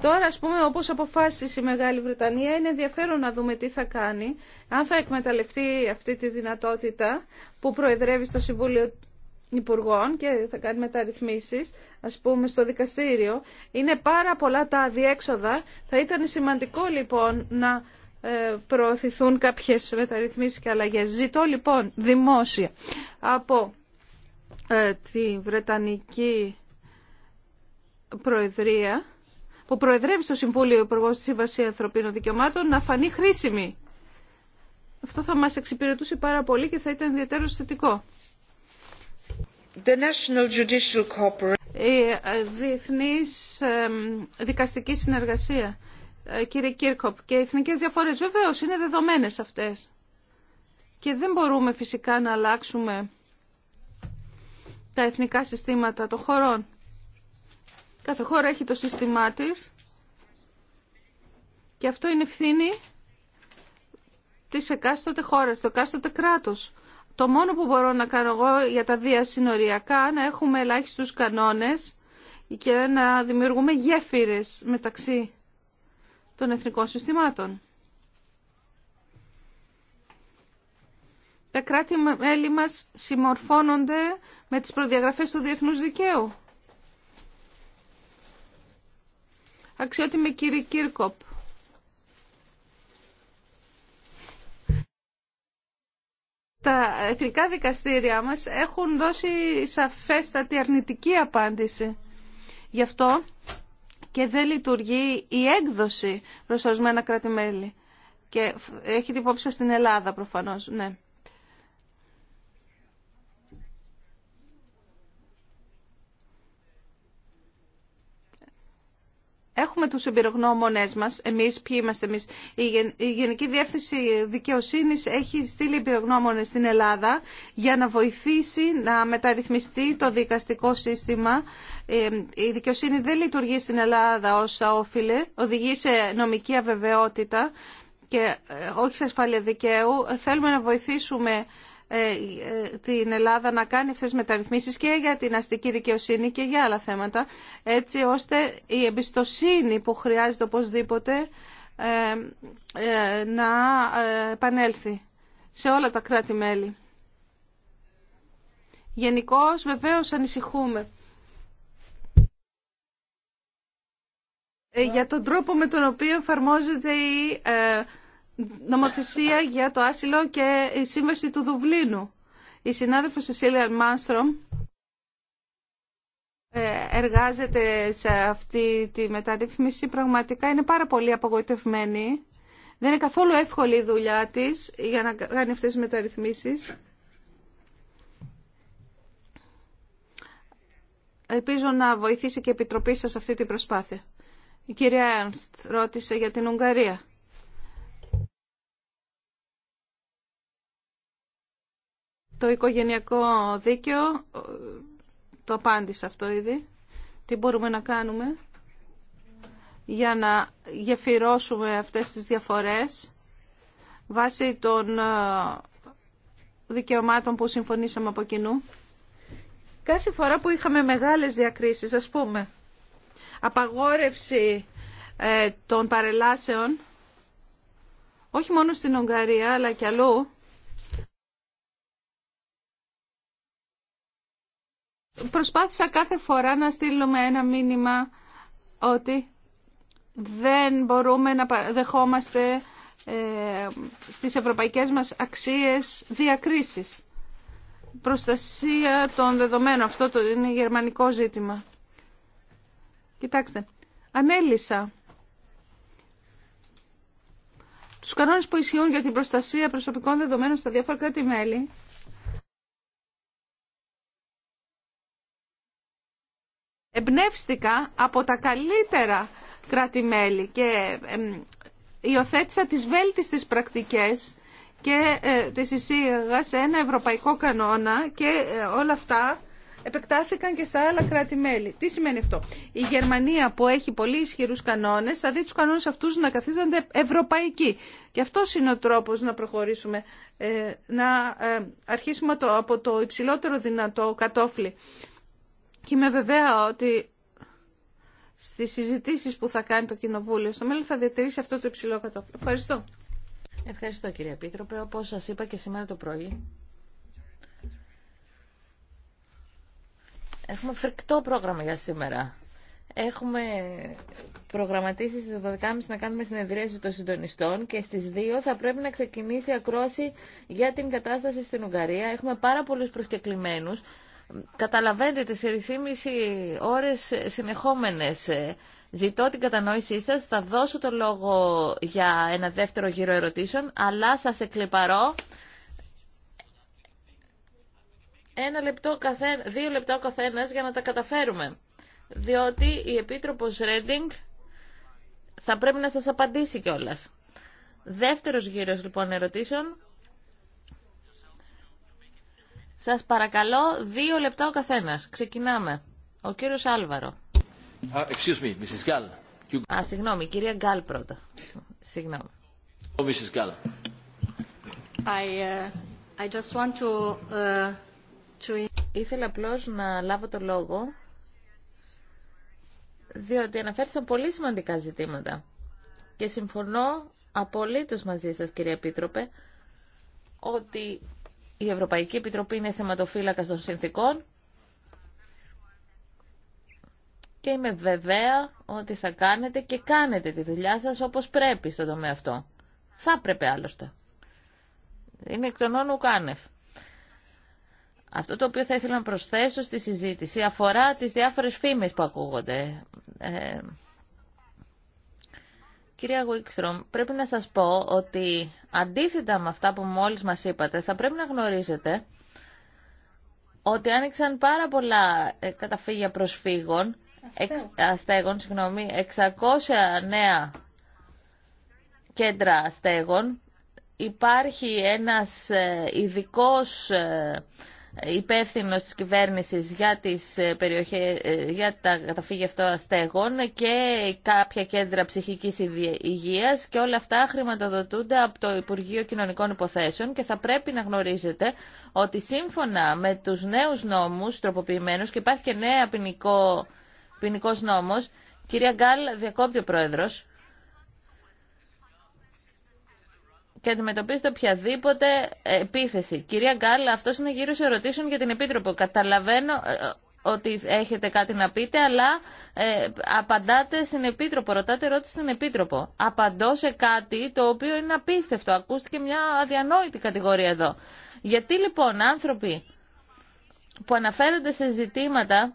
Τώρα, ας πούμε, όπως αποφάσισε η Μεγάλη Βρετανία, είναι ενδιαφέρον να δούμε τι θα κάνει, αν θα εκμεταλλευτεί αυτή τη δυνατότητα που προεδρεύει στο Συμβούλιο Υπουργών και θα κάνει μεταρρυθμίσεις, ας πούμε, στο δικαστήριο. Είναι πάρα πολλά τα αδιέξοδα. Θα ήταν σημαντικό, λοιπόν, να ε, προωθηθούν κάποιες μεταρρυθμίσεις και αλλαγές. Ζητώ, λοιπόν, δημόσια από ε, τη Βρετανική Προεδρία που προεδρεύει στο Συμβούλιο Υπουργό τη Σύμβαση Ανθρωπίνων Δικαιωμάτων να φανεί χρήσιμη. Αυτό θα μα εξυπηρετούσε πάρα πολύ και θα ήταν ιδιαίτερο θετικό. Η ε, Διεθνή δικαστική συνεργασία, ε, κύριε Κίρκοπ, και οι εθνικέ διαφορέ βεβαίω είναι δεδομένε αυτέ. Και δεν μπορούμε φυσικά να αλλάξουμε τα εθνικά συστήματα των χωρών. Κάθε χώρα έχει το σύστημά της και αυτό είναι ευθύνη της εκάστοτε χώρας, του εκάστοτε κράτος. Το μόνο που μπορώ να κάνω εγώ για τα διασυνοριακά να έχουμε ελάχιστους κανόνες και να δημιουργούμε γέφυρες μεταξύ των εθνικών συστημάτων. Τα κράτη-μέλη μας συμμορφώνονται με τις προδιαγραφές του διεθνούς δικαίου. Αξιότιμη κύριε Κύρκοπ. Τα εθνικά δικαστήρια μας έχουν δώσει σαφέστατη αρνητική απάντηση. Γι' αυτό και δεν λειτουργεί η έκδοση προς ορισμένα κράτη-μέλη. Και την υπόψη στην Ελλάδα προφανώς, ναι. Έχουμε τους εμπειρογνώμονές μας, εμείς ποιοι είμαστε εμείς. Η Γενική Διεύθυνση Δικαιοσύνης έχει στείλει εμπειρογνώμονες στην Ελλάδα για να βοηθήσει να μεταρρυθμιστεί το δικαστικό σύστημα. Ε, η δικαιοσύνη δεν λειτουργεί στην Ελλάδα όσα όφιλε, οδηγεί σε νομική αβεβαιότητα και ε, όχι σε ασφάλεια δικαίου. Θέλουμε να βοηθήσουμε ε, ε, την Ελλάδα να κάνει αυτές τις μεταρρυθμίσεις και για την αστική δικαιοσύνη και για άλλα θέματα, έτσι ώστε η εμπιστοσύνη που χρειάζεται οπωσδήποτε ε, να επανέλθει σε όλα τα κράτη-μέλη. Γενικώ βεβαίως ανησυχούμε. για τον τρόπο με τον οποίο εφαρμόζεται η νομοθεσία για το άσυλο και η σύμβαση του Δουβλίνου. Η συνάδελφο Σεσίλια Μάνστρομ ε, εργάζεται σε αυτή τη μεταρρύθμιση. Πραγματικά είναι πάρα πολύ απογοητευμένη. Δεν είναι καθόλου εύκολη η δουλειά της για να κάνει αυτές τις μεταρρυθμίσεις. Ελπίζω να βοηθήσει και η Επιτροπή σας αυτή την προσπάθεια. Η κυρία Ένστ ρώτησε για την Ουγγαρία. Το οικογενειακό δίκαιο, το απάντησα αυτό ήδη. Τι μπορούμε να κάνουμε για να γεφυρώσουμε αυτές τις διαφορές βάσει των ε, δικαιωμάτων που συμφωνήσαμε από κοινού. Κάθε φορά που είχαμε μεγάλες διακρίσεις, ας πούμε, απαγόρευση ε, των παρελάσεων, όχι μόνο στην Ουγγαρία αλλά και αλλού, Προσπάθησα κάθε φορά να στείλουμε ένα μήνυμα ότι δεν μπορούμε να δεχόμαστε ε, στις ευρωπαϊκές μας αξίες διακρίσεις. Προστασία των δεδομένων. Αυτό το είναι γερμανικό ζήτημα. Κοιτάξτε, ανέλησα τους κανόνες που ισχύουν για την προστασία προσωπικών δεδομένων στα διάφορα κράτη-μέλη εμπνεύστηκα από τα καλύτερα κράτη-μέλη και υιοθέτησα τις βέλτιστες πρακτικές και ε, τις εισήγαγα σε ένα ευρωπαϊκό κανόνα και ε, όλα αυτά επεκτάθηκαν και στα άλλα κράτη-μέλη. Τι σημαίνει αυτό. Η Γερμανία που έχει πολύ ισχυρούς κανόνες θα δει τους κανόνες αυτούς να καθίζονται ευρωπαϊκοί. Και αυτό είναι ο τρόπος να προχωρήσουμε, ε, να αρχίσουμε από το υψηλότερο δυνατό κατόφλι. Και είμαι βεβαία ότι στις συζητήσεις που θα κάνει το Κοινοβούλιο στο μέλλον θα διατηρήσει αυτό το υψηλό κατόπιν. Ευχαριστώ. Ευχαριστώ κύριε Επίτροπε. Όπως σας είπα και σήμερα το πρωί, έχουμε φρικτό πρόγραμμα για σήμερα. Έχουμε προγραμματίσει στις 12.30 να κάνουμε συνεδρίαση των συντονιστών και στις 2 θα πρέπει να ξεκινήσει η ακρόαση για την κατάσταση στην Ουγγαρία. Έχουμε πάρα πολλούς προσκεκλημένους Καταλαβαίνετε τις 3,5 ώρες συνεχόμενες. Ε, ζητώ την κατανόησή σας, θα δώσω το λόγο για ένα δεύτερο γύρο ερωτήσεων, αλλά σας εκλεπαρώ ένα λεπτό καθένα, δύο λεπτά ο καθένας για να τα καταφέρουμε. Διότι η Επίτροπος Ρέντινγκ θα πρέπει να σας απαντήσει κιόλας. Δεύτερος γύρος λοιπόν ερωτήσεων σας παρακαλώ, δύο λεπτά ο καθένας. Ξεκινάμε. Ο κύριος Άλβαρο. Uh, excuse me, Mrs. Gall. You... συγγνώμη, κυρία Γκάλ πρώτα. Συγγνώμη. Oh, Mrs. Gall. I, uh, I just want to, uh, to... Ήθελα απλώ να λάβω το λόγο, διότι αναφέρθηκαν πολύ σημαντικά ζητήματα. Και συμφωνώ απολύτως μαζί σας, κύριε Επίτροπε, ότι η Ευρωπαϊκή Επιτροπή είναι θεματοφύλακας των συνθήκων και είμαι βεβαία ότι θα κάνετε και κάνετε τη δουλειά σας όπως πρέπει στον τομέα αυτό. Θα πρέπει άλλωστε. Είναι εκ των όνων ουκάνευ. Αυτό το οποίο θα ήθελα να προσθέσω στη συζήτηση αφορά τις διάφορες φήμες που ακούγονται. Ε, Κυρία Γουίξτρομ, πρέπει να σας πω ότι αντίθετα με αυτά που μόλις μας είπατε, θα πρέπει να γνωρίζετε ότι άνοιξαν πάρα πολλά ε, καταφύγια προσφύγων, αστέγων, συγγνώμη, 600 νέα κέντρα αστέγων. Υπάρχει ένας ε, ειδικός ε, υπεύθυνο τη κυβέρνηση για, τις ε, περιοχές, ε, για τα καταφύγια αυτών αστέγων και κάποια κέντρα ψυχικής υγεία και όλα αυτά χρηματοδοτούνται από το Υπουργείο Κοινωνικών Υποθέσεων και θα πρέπει να γνωρίζετε ότι σύμφωνα με τους νέους νόμους τροποποιημένους και υπάρχει και νέα ποινικό, νόμο, νόμος, κυρία Γκάλ διακόπτει ο Πρόεδρος, και αντιμετωπίζετε οποιαδήποτε ε, επίθεση. Κυρία Γκάλα, αυτό είναι γύρω σε ερωτήσεων για την Επίτροπο. Καταλαβαίνω ε, ε, ότι έχετε κάτι να πείτε, αλλά απαντάτε στην Επίτροπο, ρωτάτε ερώτηση στην Επίτροπο. Απαντώ σε κάτι το οποίο είναι απίστευτο. Ακούστηκε μια αδιανόητη κατηγορία εδώ. Γιατί λοιπόν άνθρωποι που αναφέρονται σε ζητήματα,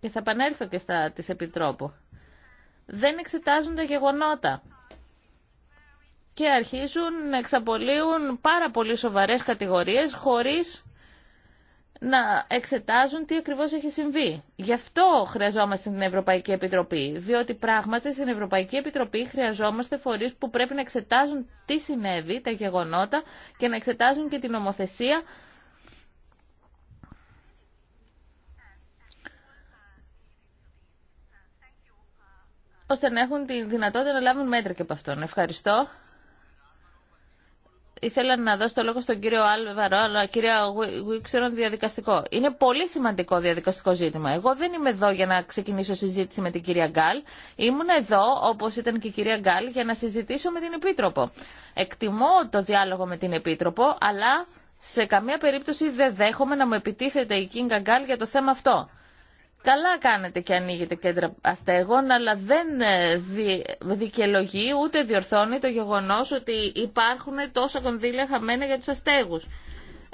και θα επανέλθω και στα της Επιτρόπου, δεν εξετάζουν τα γεγονότα και αρχίζουν να εξαπολύουν πάρα πολύ σοβαρές κατηγορίες χωρίς να εξετάζουν τι ακριβώς έχει συμβεί. Γι' αυτό χρειαζόμαστε την Ευρωπαϊκή Επιτροπή, διότι πράγματι στην Ευρωπαϊκή Επιτροπή χρειαζόμαστε φορείς που πρέπει να εξετάζουν τι συνέβη, τα γεγονότα και να εξετάζουν και την νομοθεσία ώστε να έχουν τη δυνατότητα να λάβουν μέτρα και από αυτόν. Ευχαριστώ ήθελα να δώσω το λόγο στον κύριο Άλβαρο, αλλά κυρία Γουίξερον, διαδικαστικό. Είναι πολύ σημαντικό διαδικαστικό ζήτημα. Εγώ δεν είμαι εδώ για να ξεκινήσω συζήτηση με την κυρία Γκάλ. Ήμουν εδώ, όπω ήταν και η κυρία Γκάλ, για να συζητήσω με την Επίτροπο. Εκτιμώ το διάλογο με την Επίτροπο, αλλά σε καμία περίπτωση δεν δέχομαι να μου επιτίθεται η Κίνγκα Γκάλ για το θέμα αυτό. Καλά κάνετε και ανοίγετε κέντρα αστέγων, αλλά δεν ε, δικαιολογεί ούτε διορθώνει το γεγονός ότι υπάρχουν τόσα κονδύλια χαμένα για τους αστέγους.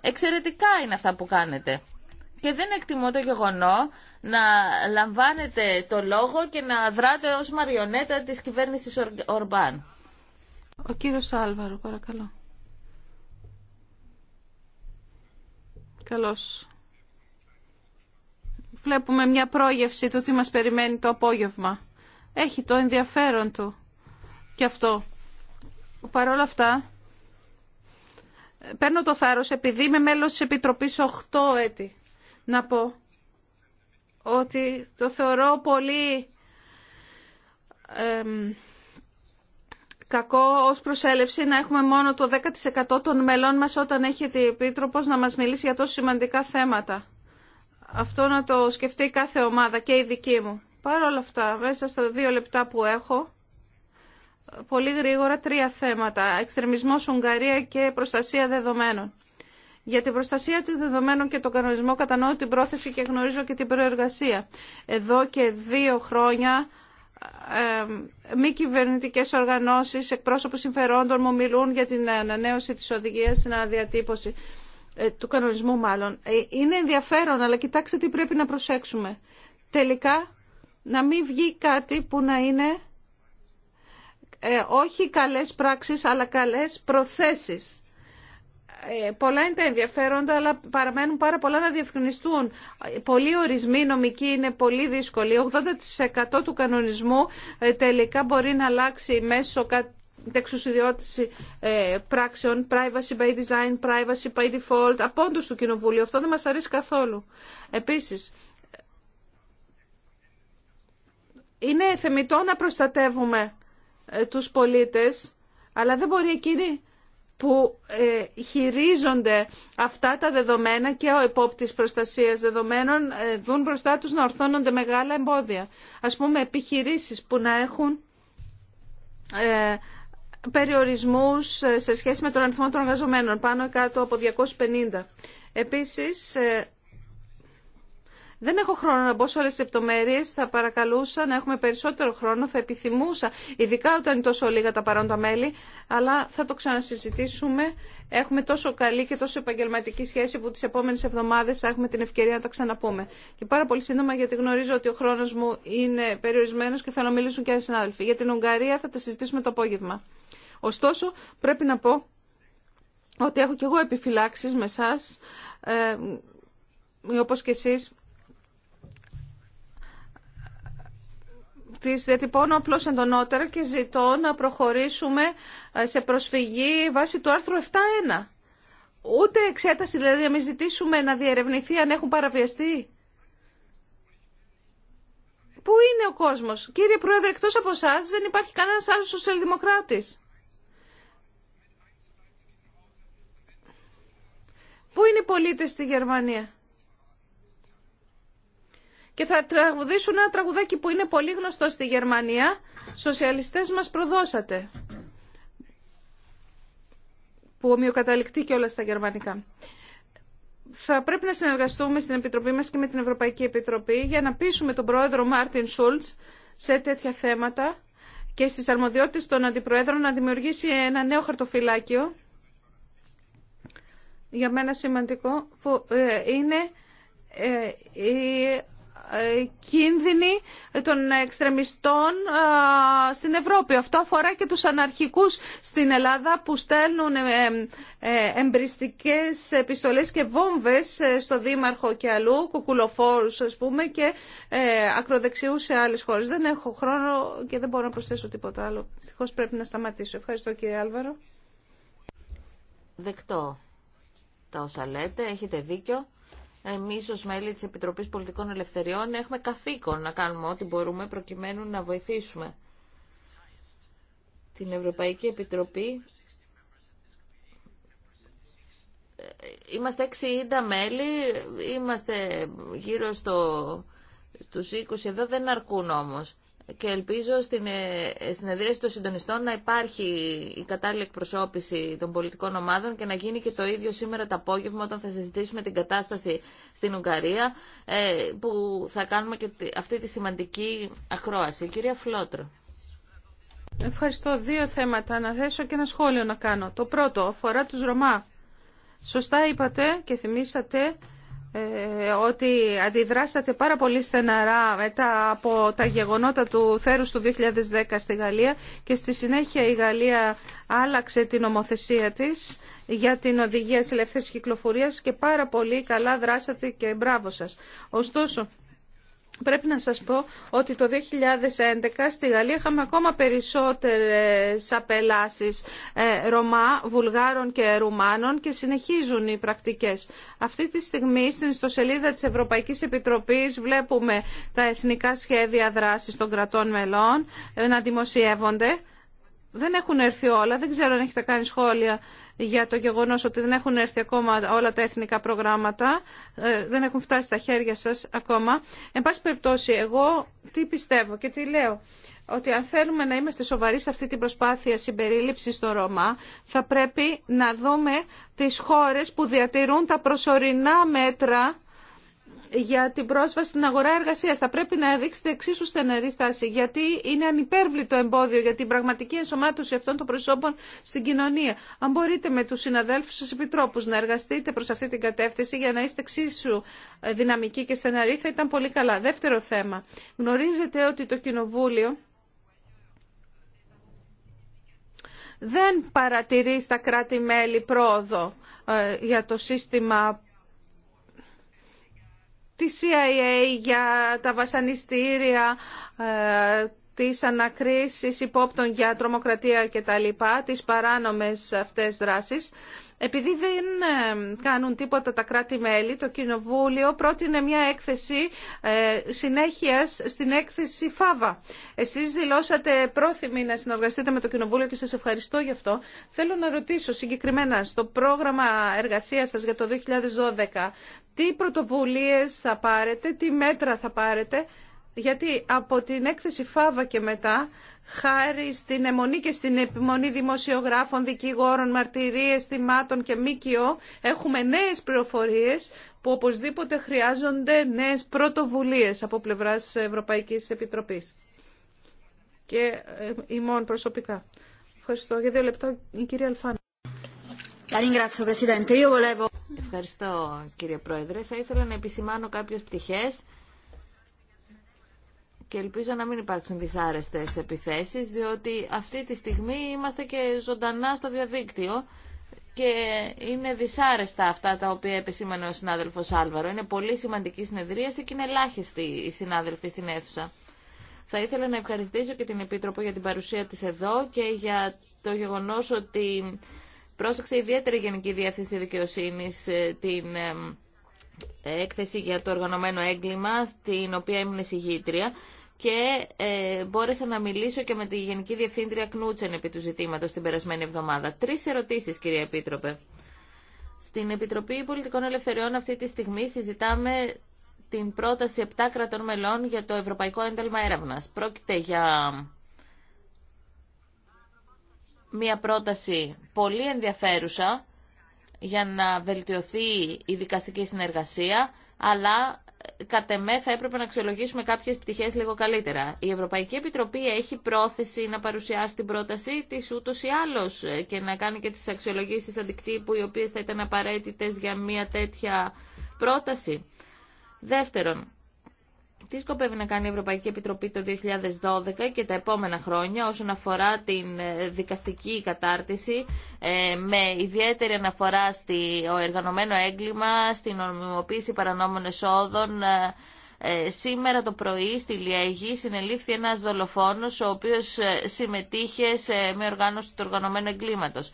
Εξαιρετικά είναι αυτά που κάνετε. Και δεν εκτιμώ το γεγονό να λαμβάνετε το λόγο και να δράτε ως μαριονέτα της κυβέρνησης Ορμπάν. Ο κύριος Άλβαρο, παρακαλώ. Καλώς βλέπουμε μια πρόγευση του τι μας περιμένει το απόγευμα. Έχει το ενδιαφέρον του και αυτό. Παρ' όλα αυτά, παίρνω το θάρρος επειδή είμαι μέλος της Επιτροπής 8 έτη. Να πω ότι το θεωρώ πολύ κακό ως προσέλευση να έχουμε μόνο το 10% των μελών μας όταν έχει την Επίτροπος να μας μιλήσει για τόσο σημαντικά θέματα. Αυτό να το σκεφτεί κάθε ομάδα και η δική μου. Παρ' όλα αυτά, μέσα στα δύο λεπτά που έχω, πολύ γρήγορα τρία θέματα. Εξτρεμισμός Ουγγαρία και προστασία δεδομένων. Για την προστασία των δεδομένων και τον κανονισμό κατανοώ την πρόθεση και γνωρίζω και την προεργασία. Εδώ και δύο χρόνια μη κυβερνητικέ οργανώσεις, εκπρόσωποι συμφερόντων μου μιλούν για την ανανέωση της οδηγίας στην αναδιατύπωση. Ε, του κανονισμού μάλλον. Ε, είναι ενδιαφέρον, αλλά κοιτάξτε τι πρέπει να προσέξουμε. Τελικά, να μην βγει κάτι που να είναι ε, όχι καλές πράξεις, αλλά καλές προθέσεις. Ε, πολλά είναι τα ενδιαφέροντα, αλλά παραμένουν πάρα πολλά να διευκρινιστούν. Πολλοί ορισμοί νομικοί είναι πολύ δύσκολοι. 80% του κανονισμού τελικά μπορεί να αλλάξει μέσω εξουσιοδότηση ε, πράξεων, privacy by design, privacy by default, όντως του Κοινοβουλίου. Αυτό δεν μας αρέσει καθόλου. Επίσης, είναι θεμητό να προστατεύουμε ε, τους πολίτες, αλλά δεν μπορεί εκείνοι που ε, χειρίζονται αυτά τα δεδομένα και ο επόπτης προστασίας δεδομένων ε, δουν μπροστά τους να ορθώνονται μεγάλα εμπόδια. Ας πούμε, επιχειρήσεις που να έχουν περιορισμούς ε, σε σχέση με τον αριθμό των εργαζομένων, πάνω κάτω από 250. Επίσης, ε, δεν έχω χρόνο να μπω σε όλε τι λεπτομέρειε. θα παρακαλούσα να έχουμε περισσότερο χρόνο, θα επιθυμούσα, ειδικά όταν είναι τόσο λίγα τα παρόντα μέλη, αλλά θα το ξανασυζητήσουμε. Έχουμε τόσο καλή και τόσο επαγγελματική σχέση που τι επόμενε εβδομάδε θα έχουμε την ευκαιρία να τα ξαναπούμε. Και πάρα πολύ σύντομα γιατί γνωρίζω ότι ο χρόνο μου είναι περιορισμένο και θέλω να και άλλοι συνάδελφοι. Για την Ουγγαρία θα τα συζητήσουμε το απόγευμα. Ωστόσο, πρέπει να πω ότι έχω κι εγώ επιφυλάξει με εσά, ε, όπως και εσείς, τις διατυπώνω απλώ εντονότερα και ζητώ να προχωρήσουμε ε, σε προσφυγή βάσει του άρθρου 7.1. Ούτε εξέταση, δηλαδή να μην ζητήσουμε να διερευνηθεί αν έχουν παραβιαστεί. Πού είναι ο κόσμος. Κύριε Πρόεδρε, εκτό από εσά δεν υπάρχει κανένας άλλος σοσιαλδημοκράτης. Πού είναι οι πολίτες στη Γερμανία και θα τραγουδήσουν ένα τραγουδάκι που είναι πολύ γνωστό στη Γερμανία. Σοσιαλιστές μας προδώσατε. Που ομοιοκαταληκτεί και όλα στα γερμανικά. Θα πρέπει να συνεργαστούμε στην Επιτροπή μας και με την Ευρωπαϊκή Επιτροπή για να πείσουμε τον πρόεδρο Μάρτιν Σούλτς σε τέτοια θέματα και στις αρμοδιότητες των αντιπροέδρων να δημιουργήσει ένα νέο χαρτοφυλάκιο για μένα σημαντικό που ε, είναι ε, η ε, κίνδυνοι των εξτρεμιστών ε, στην Ευρώπη. Αυτό αφορά και τους αναρχικούς στην Ελλάδα που στέλνουν ε, εμπριστικές επιστολές και βόμβες στο Δήμαρχο και αλλού, κουκουλοφόρους ας πούμε και ακροδεξιούς σε άλλες χώρες. Δεν έχω χρόνο και δεν μπορώ να προσθέσω τίποτα άλλο. Συχώς πρέπει να σταματήσω. Ευχαριστώ κύριε Άλβαρο. Δεκτό τα όσα λέτε, έχετε δίκιο εμείς ως μέλη της Επιτροπής Πολιτικών Ελευθεριών έχουμε καθήκον να κάνουμε ό,τι μπορούμε προκειμένου να βοηθήσουμε την Ευρωπαϊκή Επιτροπή είμαστε 60 μέλη, είμαστε γύρω στο, στους 20, εδώ δεν αρκούν όμως και ελπίζω στην ε, συνεδρίαση των συντονιστών να υπάρχει η κατάλληλη εκπροσώπηση των πολιτικών ομάδων και να γίνει και το ίδιο σήμερα το απόγευμα όταν θα συζητήσουμε την κατάσταση στην Ουγγαρία ε, που θα κάνουμε και αυτή τη σημαντική ακρόαση. Κυρία Φλότρο. Ευχαριστώ. Δύο θέματα να θέσω και ένα σχόλιο να κάνω. Το πρώτο αφορά τους Ρωμά. Σωστά είπατε και θυμήσατε ε, ότι αντιδράσατε πάρα πολύ στεναρά μετά από τα γεγονότα του θέρους του 2010 στη Γαλλία και στη συνέχεια η Γαλλία άλλαξε την ομοθεσία της για την οδηγία της ελεύθερης κυκλοφορίας και πάρα πολύ καλά δράσατε και μπράβο σας. Ωστόσο, Πρέπει να σας πω ότι το 2011 στη Γαλλία είχαμε ακόμα περισσότερες απελάσεις ε, Ρωμά, Βουλγάρων και Ρουμάνων και συνεχίζουν οι πρακτικές. Αυτή τη στιγμή στην ιστοσελίδα της Ευρωπαϊκής Επιτροπής βλέπουμε τα εθνικά σχέδια δράσης των κρατών μελών ε, να δημοσιεύονται. Δεν έχουν έρθει όλα, δεν ξέρω αν έχετε κάνει σχόλια για το γεγονός ότι δεν έχουν έρθει ακόμα όλα τα εθνικά προγράμματα, ε, δεν έχουν φτάσει στα χέρια σας ακόμα. Εν πάση περιπτώσει, εγώ τι πιστεύω και τι λέω, ότι αν θέλουμε να είμαστε σοβαροί σε αυτή την προσπάθεια συμπερίληψης στο Ρωμά, θα πρέπει να δούμε τις χώρες που διατηρούν τα προσωρινά μέτρα για την πρόσβαση στην αγορά εργασίας. Θα πρέπει να δείξετε εξίσου στεναρή στάση, γιατί είναι ανυπέρβλητο εμπόδιο για την πραγματική ενσωμάτωση αυτών των προσώπων στην κοινωνία. Αν μπορείτε με τους συναδέλφους σας επιτρόπους να εργαστείτε προς αυτή την κατεύθυνση για να είστε εξίσου δυναμικοί και στεναροί, θα ήταν πολύ καλά. Δεύτερο θέμα. Γνωρίζετε ότι το Κοινοβούλιο δεν παρατηρεί στα κράτη-μέλη πρόοδο ε, για το σύστημα τη CIA για τα βασανιστήρια, ε, τις ανακρίσεις υπόπτων για τρομοκρατία κτλ, τις παράνομες αυτές δράσεις επειδή δεν ε, κάνουν τίποτα τα κράτη-μέλη, το Κοινοβούλιο πρότεινε μια έκθεση ε, συνέχειας στην έκθεση ΦΑΒΑ. Εσείς δηλώσατε πρόθυμοι να συνεργαστείτε με το Κοινοβούλιο και σας ευχαριστώ γι' αυτό. Θέλω να ρωτήσω συγκεκριμένα στο πρόγραμμα εργασίας σας για το 2012 τι πρωτοβουλίες θα πάρετε, τι μέτρα θα πάρετε, γιατί από την έκθεση ΦΑΒΑ και μετά χάρη στην αιμονή και στην επιμονή δημοσιογράφων, δικηγόρων, μαρτυρίες, θυμάτων και ΜΚΟ έχουμε νέες πληροφορίες που οπωσδήποτε χρειάζονται νέες πρωτοβουλίες από πλευράς Ευρωπαϊκής Επιτροπής. Και ε, ημών προσωπικά. Ευχαριστώ. Για δύο λεπτά η κυρία Αλφάνη. Ευχαριστώ κύριε Πρόεδρε. Θα ήθελα να επισημάνω κάποιες πτυχές και ελπίζω να μην υπάρξουν δυσάρεστε επιθέσει, διότι αυτή τη στιγμή είμαστε και ζωντανά στο διαδίκτυο και είναι δυσάρεστα αυτά τα οποία επισήμανε ο συνάδελφο Άλβαρο. Είναι πολύ σημαντική συνεδρίαση και είναι ελάχιστοι οι συνάδελφοι στην αίθουσα. Θα ήθελα να ευχαριστήσω και την Επίτροπο για την παρουσία της εδώ και για το γεγονός ότι πρόσεξε ιδιαίτερη Γενική Διεύθυνση Δικαιοσύνης ε, την ε, έκθεση για το οργανωμένο έγκλημα, στην οποία ήμουν εισηγήτρια και ε, μπόρεσα να μιλήσω και με τη Γενική Διευθύντρια Κνούτσεν επί του ζητήματος την περασμένη εβδομάδα. Τρεις ερωτήσεις, κυρία Επίτροπε. Στην Επιτροπή Πολιτικών Ελευθεριών αυτή τη στιγμή συζητάμε την πρόταση 7 κρατών μελών για το Ευρωπαϊκό Ένταλμα Έρευνα. Πρόκειται για μια πρόταση πολύ ενδιαφέρουσα για να βελτιωθεί η δικαστική συνεργασία, αλλά κατ' εμέ θα έπρεπε να αξιολογήσουμε κάποιες πτυχές λίγο καλύτερα. Η Ευρωπαϊκή Επιτροπή έχει πρόθεση να παρουσιάσει την πρότασή τη ούτως ή άλλως ε, και να κάνει και τι αξιολογήσει αντικτύπου οι οποίε θα ήταν απαραίτητες για μια τέτοια πρόταση. Δεύτερον, τι σκοπεύει να κάνει η Ευρωπαϊκή Επιτροπή το 2012 και τα επόμενα χρόνια όσον αφορά την ε, δικαστική κατάρτιση ε, με ιδιαίτερη αναφορά στο εργανομένο έγκλημα, στην νομιμοποίηση παρανόμων εσόδων. Ε, σήμερα το πρωί στη Λιέγη συνελήφθη ένας δολοφόνος ο οποίος συμμετείχε σε μια οργάνωση του οργανωμένου εγκλήματος.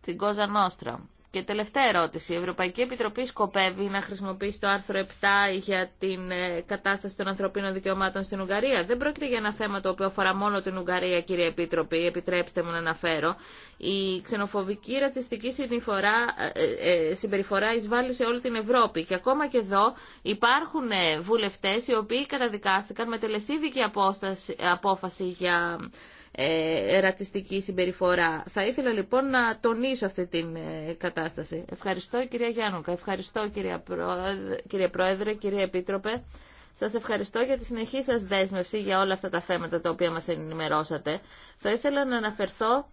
Στην Κόζα Νόστρα. Και τελευταία ερώτηση. Η Ευρωπαϊκή Επιτροπή σκοπεύει να χρησιμοποιήσει το άρθρο 7 για την ε, κατάσταση των ανθρωπίνων δικαιωμάτων στην Ουγγαρία. Δεν πρόκειται για ένα θέμα το οποίο αφορά μόνο την Ουγγαρία, κύριε Επίτροπη. Επιτρέψτε μου να αναφέρω. Η ξενοφοβική ρατσιστική ε, ε, συμπεριφορά εισβάλλει σε όλη την Ευρώπη. Και ακόμα και εδώ υπάρχουν βουλευτέ οι οποίοι καταδικάστηκαν με τελεσίδικη απόφαση για ε, ρατσιστική συμπεριφορά. Θα ήθελα λοιπόν να τονίσω αυτή την ε, κατάσταση. Ευχαριστώ κυρία Γιάννουκα, ευχαριστώ κυρία Πρόεδρε, κύριε Πρόεδρε, κυρία Επίτροπε. Σας ευχαριστώ για τη συνεχή σας δέσμευση για όλα αυτά τα θέματα τα οποία μας ενημερώσατε. Θα ήθελα να αναφερθώ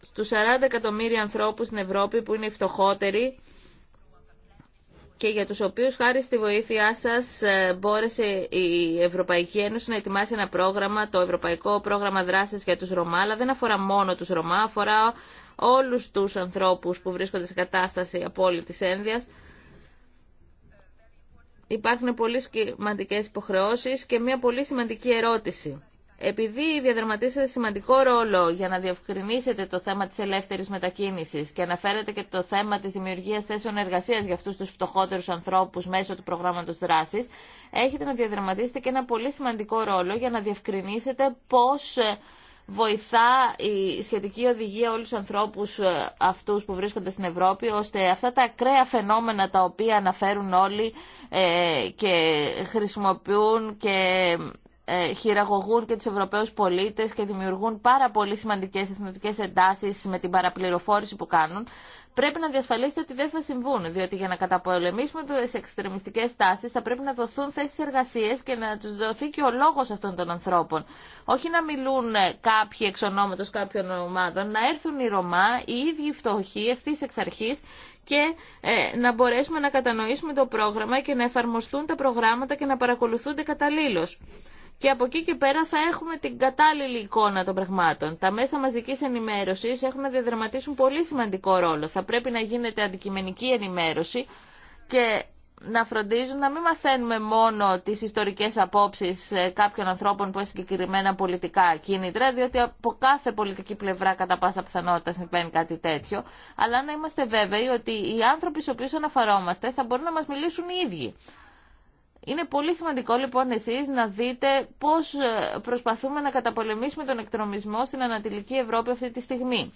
στους 40 εκατομμύρια ανθρώπους στην Ευρώπη που είναι οι φτωχότεροι και για τους οποίους χάρη στη βοήθειά σας ε, μπόρεσε η Ευρωπαϊκή Ένωση να ετοιμάσει ένα πρόγραμμα, το Ευρωπαϊκό Πρόγραμμα Δράσης για τους Ρωμά, αλλά δεν αφορά μόνο τους Ρωμά, αφορά όλους τους ανθρώπους που βρίσκονται σε κατάσταση απόλυτης ένδυας. Υπάρχουν πολύ σημαντικέ υποχρεώσεις και μια πολύ σημαντική ερώτηση επειδή διαδραματίσατε σημαντικό ρόλο για να διευκρινίσετε το θέμα της ελεύθερης μετακίνησης και αναφέρετε και το θέμα της δημιουργίας θέσεων εργασίας για αυτούς τους φτωχότερους ανθρώπους μέσω του προγράμματος δράσης, έχετε να διαδραματίσετε και ένα πολύ σημαντικό ρόλο για να διευκρινίσετε πώς ε, βοηθά η σχετική οδηγία όλους τους ανθρώπους ε, αυτούς που βρίσκονται στην Ευρώπη, ώστε αυτά τα ακραία φαινόμενα τα οποία αναφέρουν όλοι ε, και χρησιμοποιούν και ε, χειραγωγούν και τους Ευρωπαίους πολίτες και δημιουργούν πάρα πολύ σημαντικές εθνωτικές εντάσεις με την παραπληροφόρηση που κάνουν, πρέπει να διασφαλίσετε ότι δεν θα συμβούν. Διότι για να καταπολεμήσουμε τι εξτρεμιστικέ τάσει θα πρέπει να δοθούν θέσει εργασία και να του δοθεί και ο λόγο αυτών των ανθρώπων. Όχι να μιλούν ε, κάποιοι εξ ονόματο κάποιων ομάδων, να έρθουν οι Ρωμά, οι ίδιοι φτωχοί ευθύ εξ αρχή και ε, να μπορέσουμε να κατανοήσουμε το πρόγραμμα και να εφαρμοστούν τα προγράμματα και να παρακολουθούνται καταλήλω και από εκεί και πέρα θα έχουμε την κατάλληλη εικόνα των πραγμάτων. Τα μέσα μαζικής ενημέρωση έχουν να διαδραματίσουν πολύ σημαντικό ρόλο. Θα πρέπει να γίνεται αντικειμενική ενημέρωση και να φροντίζουν να μην μαθαίνουμε μόνο τι ιστορικέ απόψει ε, κάποιων ανθρώπων που έχουν συγκεκριμένα πολιτικά κίνητρα, διότι από κάθε πολιτική πλευρά κατά πάσα πιθανότητα συμβαίνει κάτι τέτοιο, αλλά να είμαστε βέβαιοι ότι οι άνθρωποι στου οποίου αναφερόμαστε θα μπορούν να μα μιλήσουν οι ίδιοι. Είναι πολύ σημαντικό λοιπόν εσείς να δείτε πώς ε, προσπαθούμε να καταπολεμήσουμε τον εκτρομισμό στην Ανατολική Ευρώπη αυτή τη στιγμή.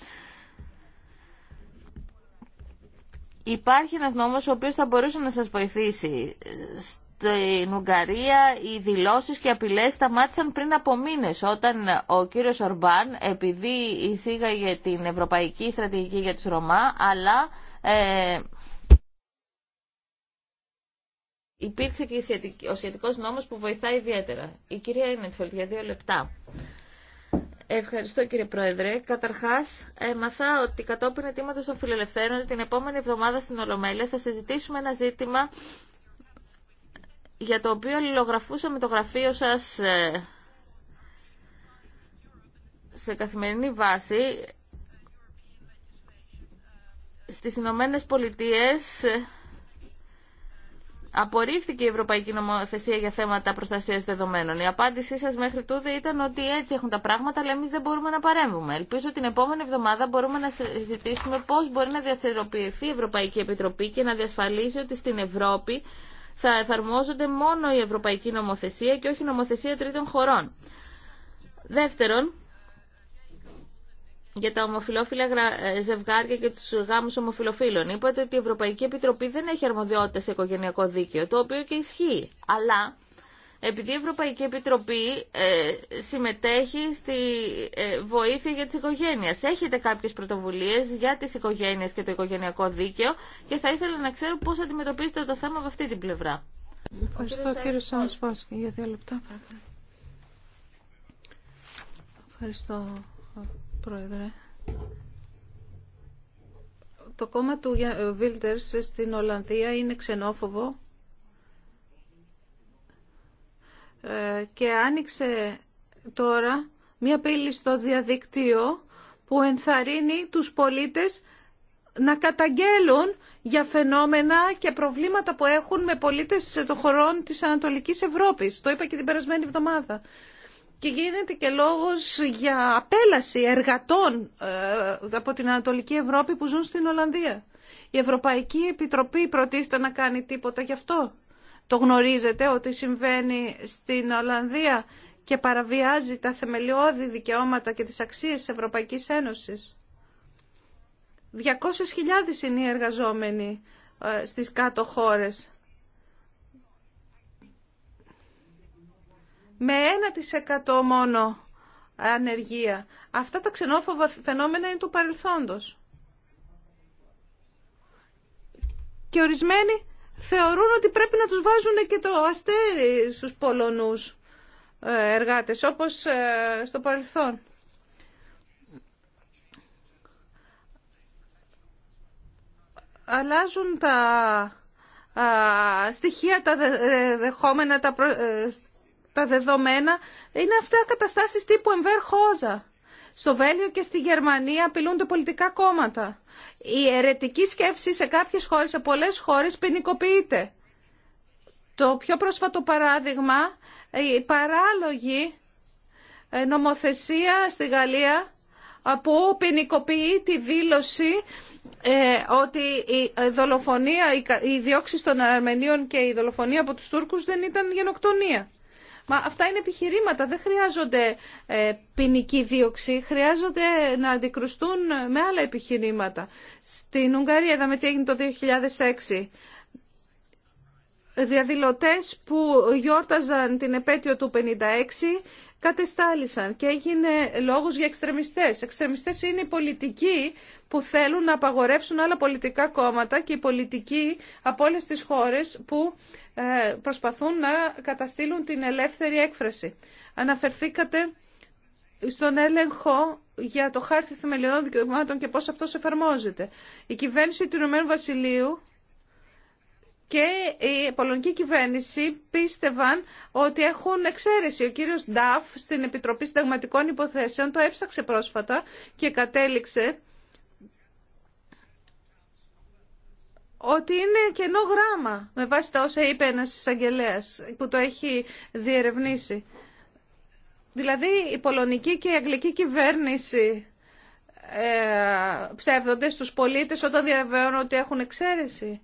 Υπάρχει ένας νόμος ο οποίος θα μπορούσε να σας βοηθήσει. Στην Ουγγαρία οι δηλώσεις και οι απειλές σταμάτησαν πριν από μήνες όταν ο κύριος Ορμπάν επειδή εισήγαγε την Ευρωπαϊκή Στρατηγική για τους Ρωμά αλλά... Ε, υπήρξε και ο σχετικό νόμο που βοηθάει ιδιαίτερα. Η κυρία Ινέντφελτ, για δύο λεπτά. Ευχαριστώ κύριε Πρόεδρε. Καταρχάς, έμαθα ότι κατόπιν αιτήματος των φιλελευθέρων την επόμενη εβδομάδα στην Ολομέλεια θα συζητήσουμε ένα ζήτημα για το οποίο αλληλογραφούσαμε το γραφείο σας ε, σε καθημερινή βάση στις Ηνωμένε Πολιτείες ε, απορρίφθηκε η Ευρωπαϊκή Νομοθεσία για θέματα προστασίας δεδομένων. Η απάντησή σας μέχρι τούδε ήταν ότι έτσι έχουν τα πράγματα, αλλά εμεί δεν μπορούμε να παρέμβουμε. Ελπίζω την επόμενη εβδομάδα μπορούμε να συζητήσουμε πώς μπορεί να διαθεροποιηθεί η Ευρωπαϊκή Επιτροπή και να διασφαλίσει ότι στην Ευρώπη θα εφαρμόζονται μόνο η Ευρωπαϊκή Νομοθεσία και όχι η νομοθεσία τρίτων χωρών. Δεύτερον, για τα ομοφιλόφιλα ε, ζευγάρια και του γάμου ομοφιλοφίλων. Είπατε ότι η Ευρωπαϊκή Επιτροπή δεν έχει αρμοδιότητα σε οικογενειακό δίκαιο, το οποίο και ισχύει. Αλλά επειδή η Ευρωπαϊκή Επιτροπή ε, συμμετέχει στη ε, βοήθεια για τις οικογένειες. Έχετε κάποιες πρωτοβουλίες για τις οικογένειες και το οικογενειακό δίκαιο και θα ήθελα να ξέρω πώς αντιμετωπίζετε το θέμα από αυτή την πλευρά. Ευχαριστώ κύριε Σάμσφασκη για δύο λεπτά. Ευχαριστώ Πρόεδρε. Το κόμμα του ε, Βίλτερς στην Ολλανδία είναι ξενόφοβο ε, και άνοιξε τώρα μία πύλη στο διαδικτύο που ενθαρρύνει τους πολίτες να καταγγέλουν για φαινόμενα και προβλήματα που έχουν με πολίτες των χωρών της Ανατολικής Ευρώπης. Το είπα και την περασμένη εβδομάδα και γίνεται και λόγος για απέλαση εργατών ε, από την Ανατολική Ευρώπη που ζουν στην Ολλανδία. Η Ευρωπαϊκή Επιτροπή προτίθεται να κάνει τίποτα γι' αυτό. Το γνωρίζετε ότι συμβαίνει στην Ολλανδία και παραβιάζει τα θεμελιώδη δικαιώματα και τις αξίες της Ευρωπαϊκής Ένωσης. 200.000 είναι οι εργαζόμενοι ε, στις κάτω χώρες με 1% μόνο ανεργία. Αυτά τα ξενόφοβα φαινόμενα είναι του παρελθόντος. Και ορισμένοι θεωρούν ότι πρέπει να τους βάζουν και το αστέρι στους Πολωνούς ε, εργάτες, όπως ε, στο παρελθόν. Αλλάζουν τα στοιχεία, τα ε, δεχόμενα, τα τα δεδομένα είναι αυτά καταστάσεις τύπου Εμβέρ Χόζα. Στο Βέλιο και στη Γερμανία απειλούνται πολιτικά κόμματα. Η αιρετική σκέψη σε κάποιες χώρες, σε πολλές χώρες ποινικοποιείται. Το πιο πρόσφατο παράδειγμα, η παράλογη ε, νομοθεσία στη Γαλλία που ποινικοποιεί τη δήλωση ε, ότι η ε, δολοφονία, οι των Αρμενίων και η δολοφονία από τους Τούρκους δεν ήταν γενοκτονία. Μα αυτά είναι επιχειρήματα, δεν χρειάζονται ε, ποινική δίωξη, χρειάζονται να αντικρουστούν με άλλα επιχειρήματα. Στην Ουγγαρία είδαμε τι έγινε το 2006 διαδηλωτές που γιόρταζαν την επέτειο του 56 κατεστάλησαν και έγινε λόγος για εξτρεμιστές. Εξτρεμιστές είναι οι πολιτικοί που θέλουν να απαγορεύσουν άλλα πολιτικά κόμματα και οι πολιτικοί από όλες τις χώρες που ε, προσπαθούν να καταστήλουν την ελεύθερη έκφραση. Αναφερθήκατε στον έλεγχο για το χάρτη θεμελιών δικαιωμάτων και πώς αυτός εφαρμόζεται. Η κυβέρνηση του Ηνωμένου Βασιλείου και η πολωνική κυβέρνηση πίστευαν ότι έχουν εξαίρεση. Ο κύριος Νταφ στην Επιτροπή Συνταγματικών Υποθέσεων το έψαξε πρόσφατα και κατέληξε ότι είναι κενό γράμμα με βάση τα όσα είπε ένας εισαγγελέα που το έχει διερευνήσει. Δηλαδή η πολωνική και η αγγλική κυβέρνηση ε, ψεύδονται στους πολίτες όταν διαβεβαιώνουν ότι έχουν εξαίρεση.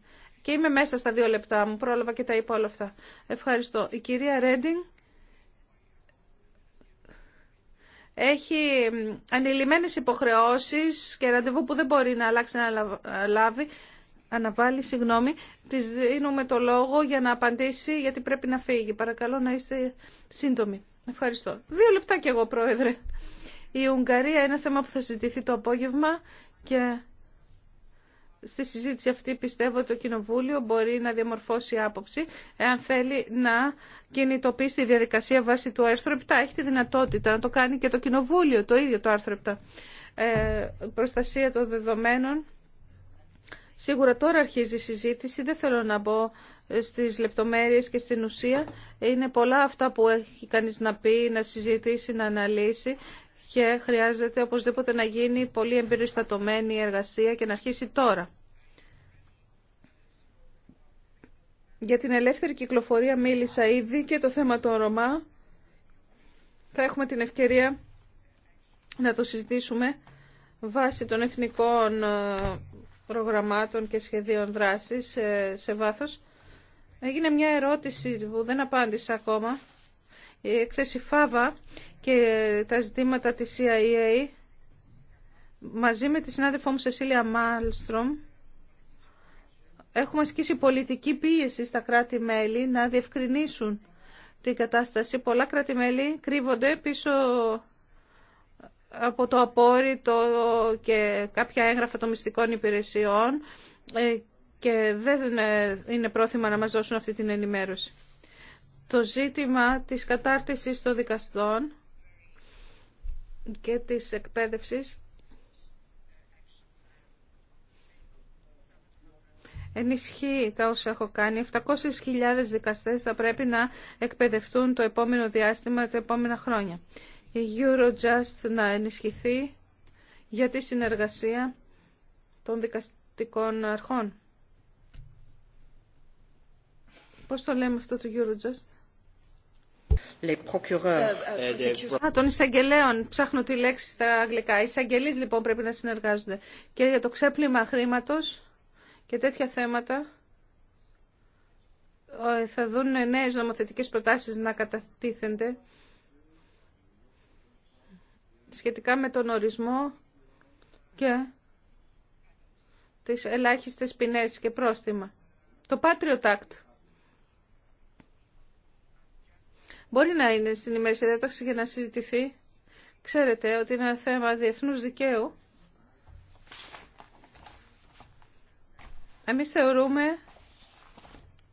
Και είμαι μέσα στα δύο λεπτά μου, πρόλαβα και τα είπα όλα αυτά. Ευχαριστώ. Η κυρία Ρέντινγκ έχει ανηλυμένες υποχρεώσεις και ραντεβού που δεν μπορεί να αλλάξει να λάβει. Αναβάλει, συγγνώμη. Τη δίνουμε το λόγο για να απαντήσει γιατί πρέπει να φύγει. Παρακαλώ να είστε σύντομοι. Ευχαριστώ. Δύο λεπτά κι εγώ, Πρόεδρε. Η Ουγγαρία είναι ένα θέμα που θα συζητηθεί το απόγευμα και στη συζήτηση αυτή πιστεύω ότι το Κοινοβούλιο μπορεί να διαμορφώσει άποψη εάν θέλει να κινητοποιήσει τη διαδικασία βάσει του άρθρου 7. Έχει τη δυνατότητα να το κάνει και το Κοινοβούλιο το ίδιο το άρθρο 7. Ε, προστασία των δεδομένων. Σίγουρα τώρα αρχίζει η συζήτηση, δεν θέλω να μπω στις λεπτομέρειες και στην ουσία. Είναι πολλά αυτά που έχει κανείς να πει, να συζητήσει, να αναλύσει και χρειάζεται οπωσδήποτε να γίνει πολύ εμπεριστατωμένη η εργασία και να αρχίσει τώρα. Για την ελεύθερη κυκλοφορία μίλησα ήδη και το θέμα των Ρωμά. Θα έχουμε την ευκαιρία να το συζητήσουμε βάσει των εθνικών ε, προγραμμάτων και σχεδίων δράσης ε, σε βάθος. Έγινε μια ερώτηση που δεν απάντησα ακόμα. Η έκθεση ΦΑΒΑ και τα ζητήματα της CIA μαζί με τη συνάδελφό μου Σεσίλια Μάλστρομ Έχουμε ασκήσει πολιτική πίεση στα κράτη-μέλη να διευκρινίσουν την κατάσταση. Πολλά κράτη-μέλη κρύβονται πίσω από το απόρριτο και κάποια έγγραφα των μυστικών υπηρεσιών ε, και δεν ε, είναι πρόθυμα να μας δώσουν αυτή την ενημέρωση. Το ζήτημα της κατάρτισης των δικαστών και της εκπαίδευσης ενισχύει τα όσα έχω κάνει. 700.000 δικαστές θα πρέπει να εκπαιδευτούν το επόμενο διάστημα, τα επόμενα χρόνια. Η Eurojust να ενισχυθεί για τη συνεργασία των δικαστικών αρχών. Πώς το λέμε αυτό το Eurojust? Les procureurs. Ε, ε, ε, των εισαγγελέων. Ψάχνω τη λέξη στα αγγλικά. Οι εισαγγελείς λοιπόν πρέπει να συνεργάζονται. Και για το ξέπλυμα χρήματος και τέτοια θέματα ε, θα δουν νέες νομοθετικές προτάσεις να κατατίθενται σχετικά με τον ορισμό και τις ελάχιστες ποινές και πρόστιμα. Το Patriot Act μπορεί να είναι στην ημέρηση διάταξη για να συζητηθεί. Ξέρετε ότι είναι ένα θέμα διεθνούς δικαίου Εμείς θεωρούμε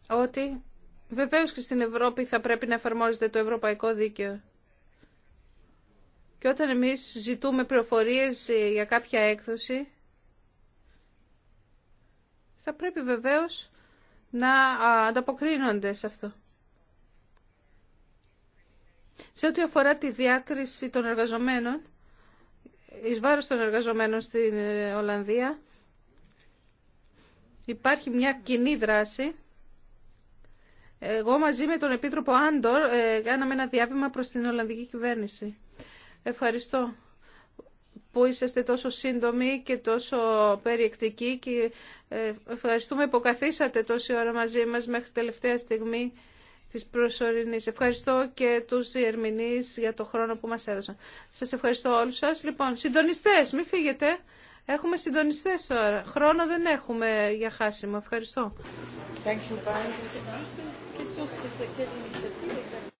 ότι βεβαίως και στην Ευρώπη θα πρέπει να εφαρμόζεται το ευρωπαϊκό δίκαιο. Και όταν εμείς ζητούμε πληροφορίες για κάποια έκδοση, θα πρέπει βεβαίως να ανταποκρίνονται σε αυτό. Σε ό,τι αφορά τη διάκριση των εργαζομένων, εις βάρος των εργαζομένων στην Ολλανδία, Υπάρχει μια κοινή δράση. Εγώ μαζί με τον Επίτροπο Άντορ ε, κάναμε ένα διάβημα προς την Ολλανδική κυβέρνηση. Ευχαριστώ που είσαστε τόσο σύντομοι και τόσο περιεκτικοί και ε, ευχαριστούμε που καθίσατε τόση ώρα μαζί μας μέχρι τελευταία στιγμή της προσωρινής. Ευχαριστώ και τους διερμηνείς για το χρόνο που μας έδωσαν. Σας ευχαριστώ όλους σας. Λοιπόν, συντονιστές, μην φύγετε. Έχουμε συντονιστές τώρα. Χρόνο δεν έχουμε για χάσιμο. Ευχαριστώ. Thank you.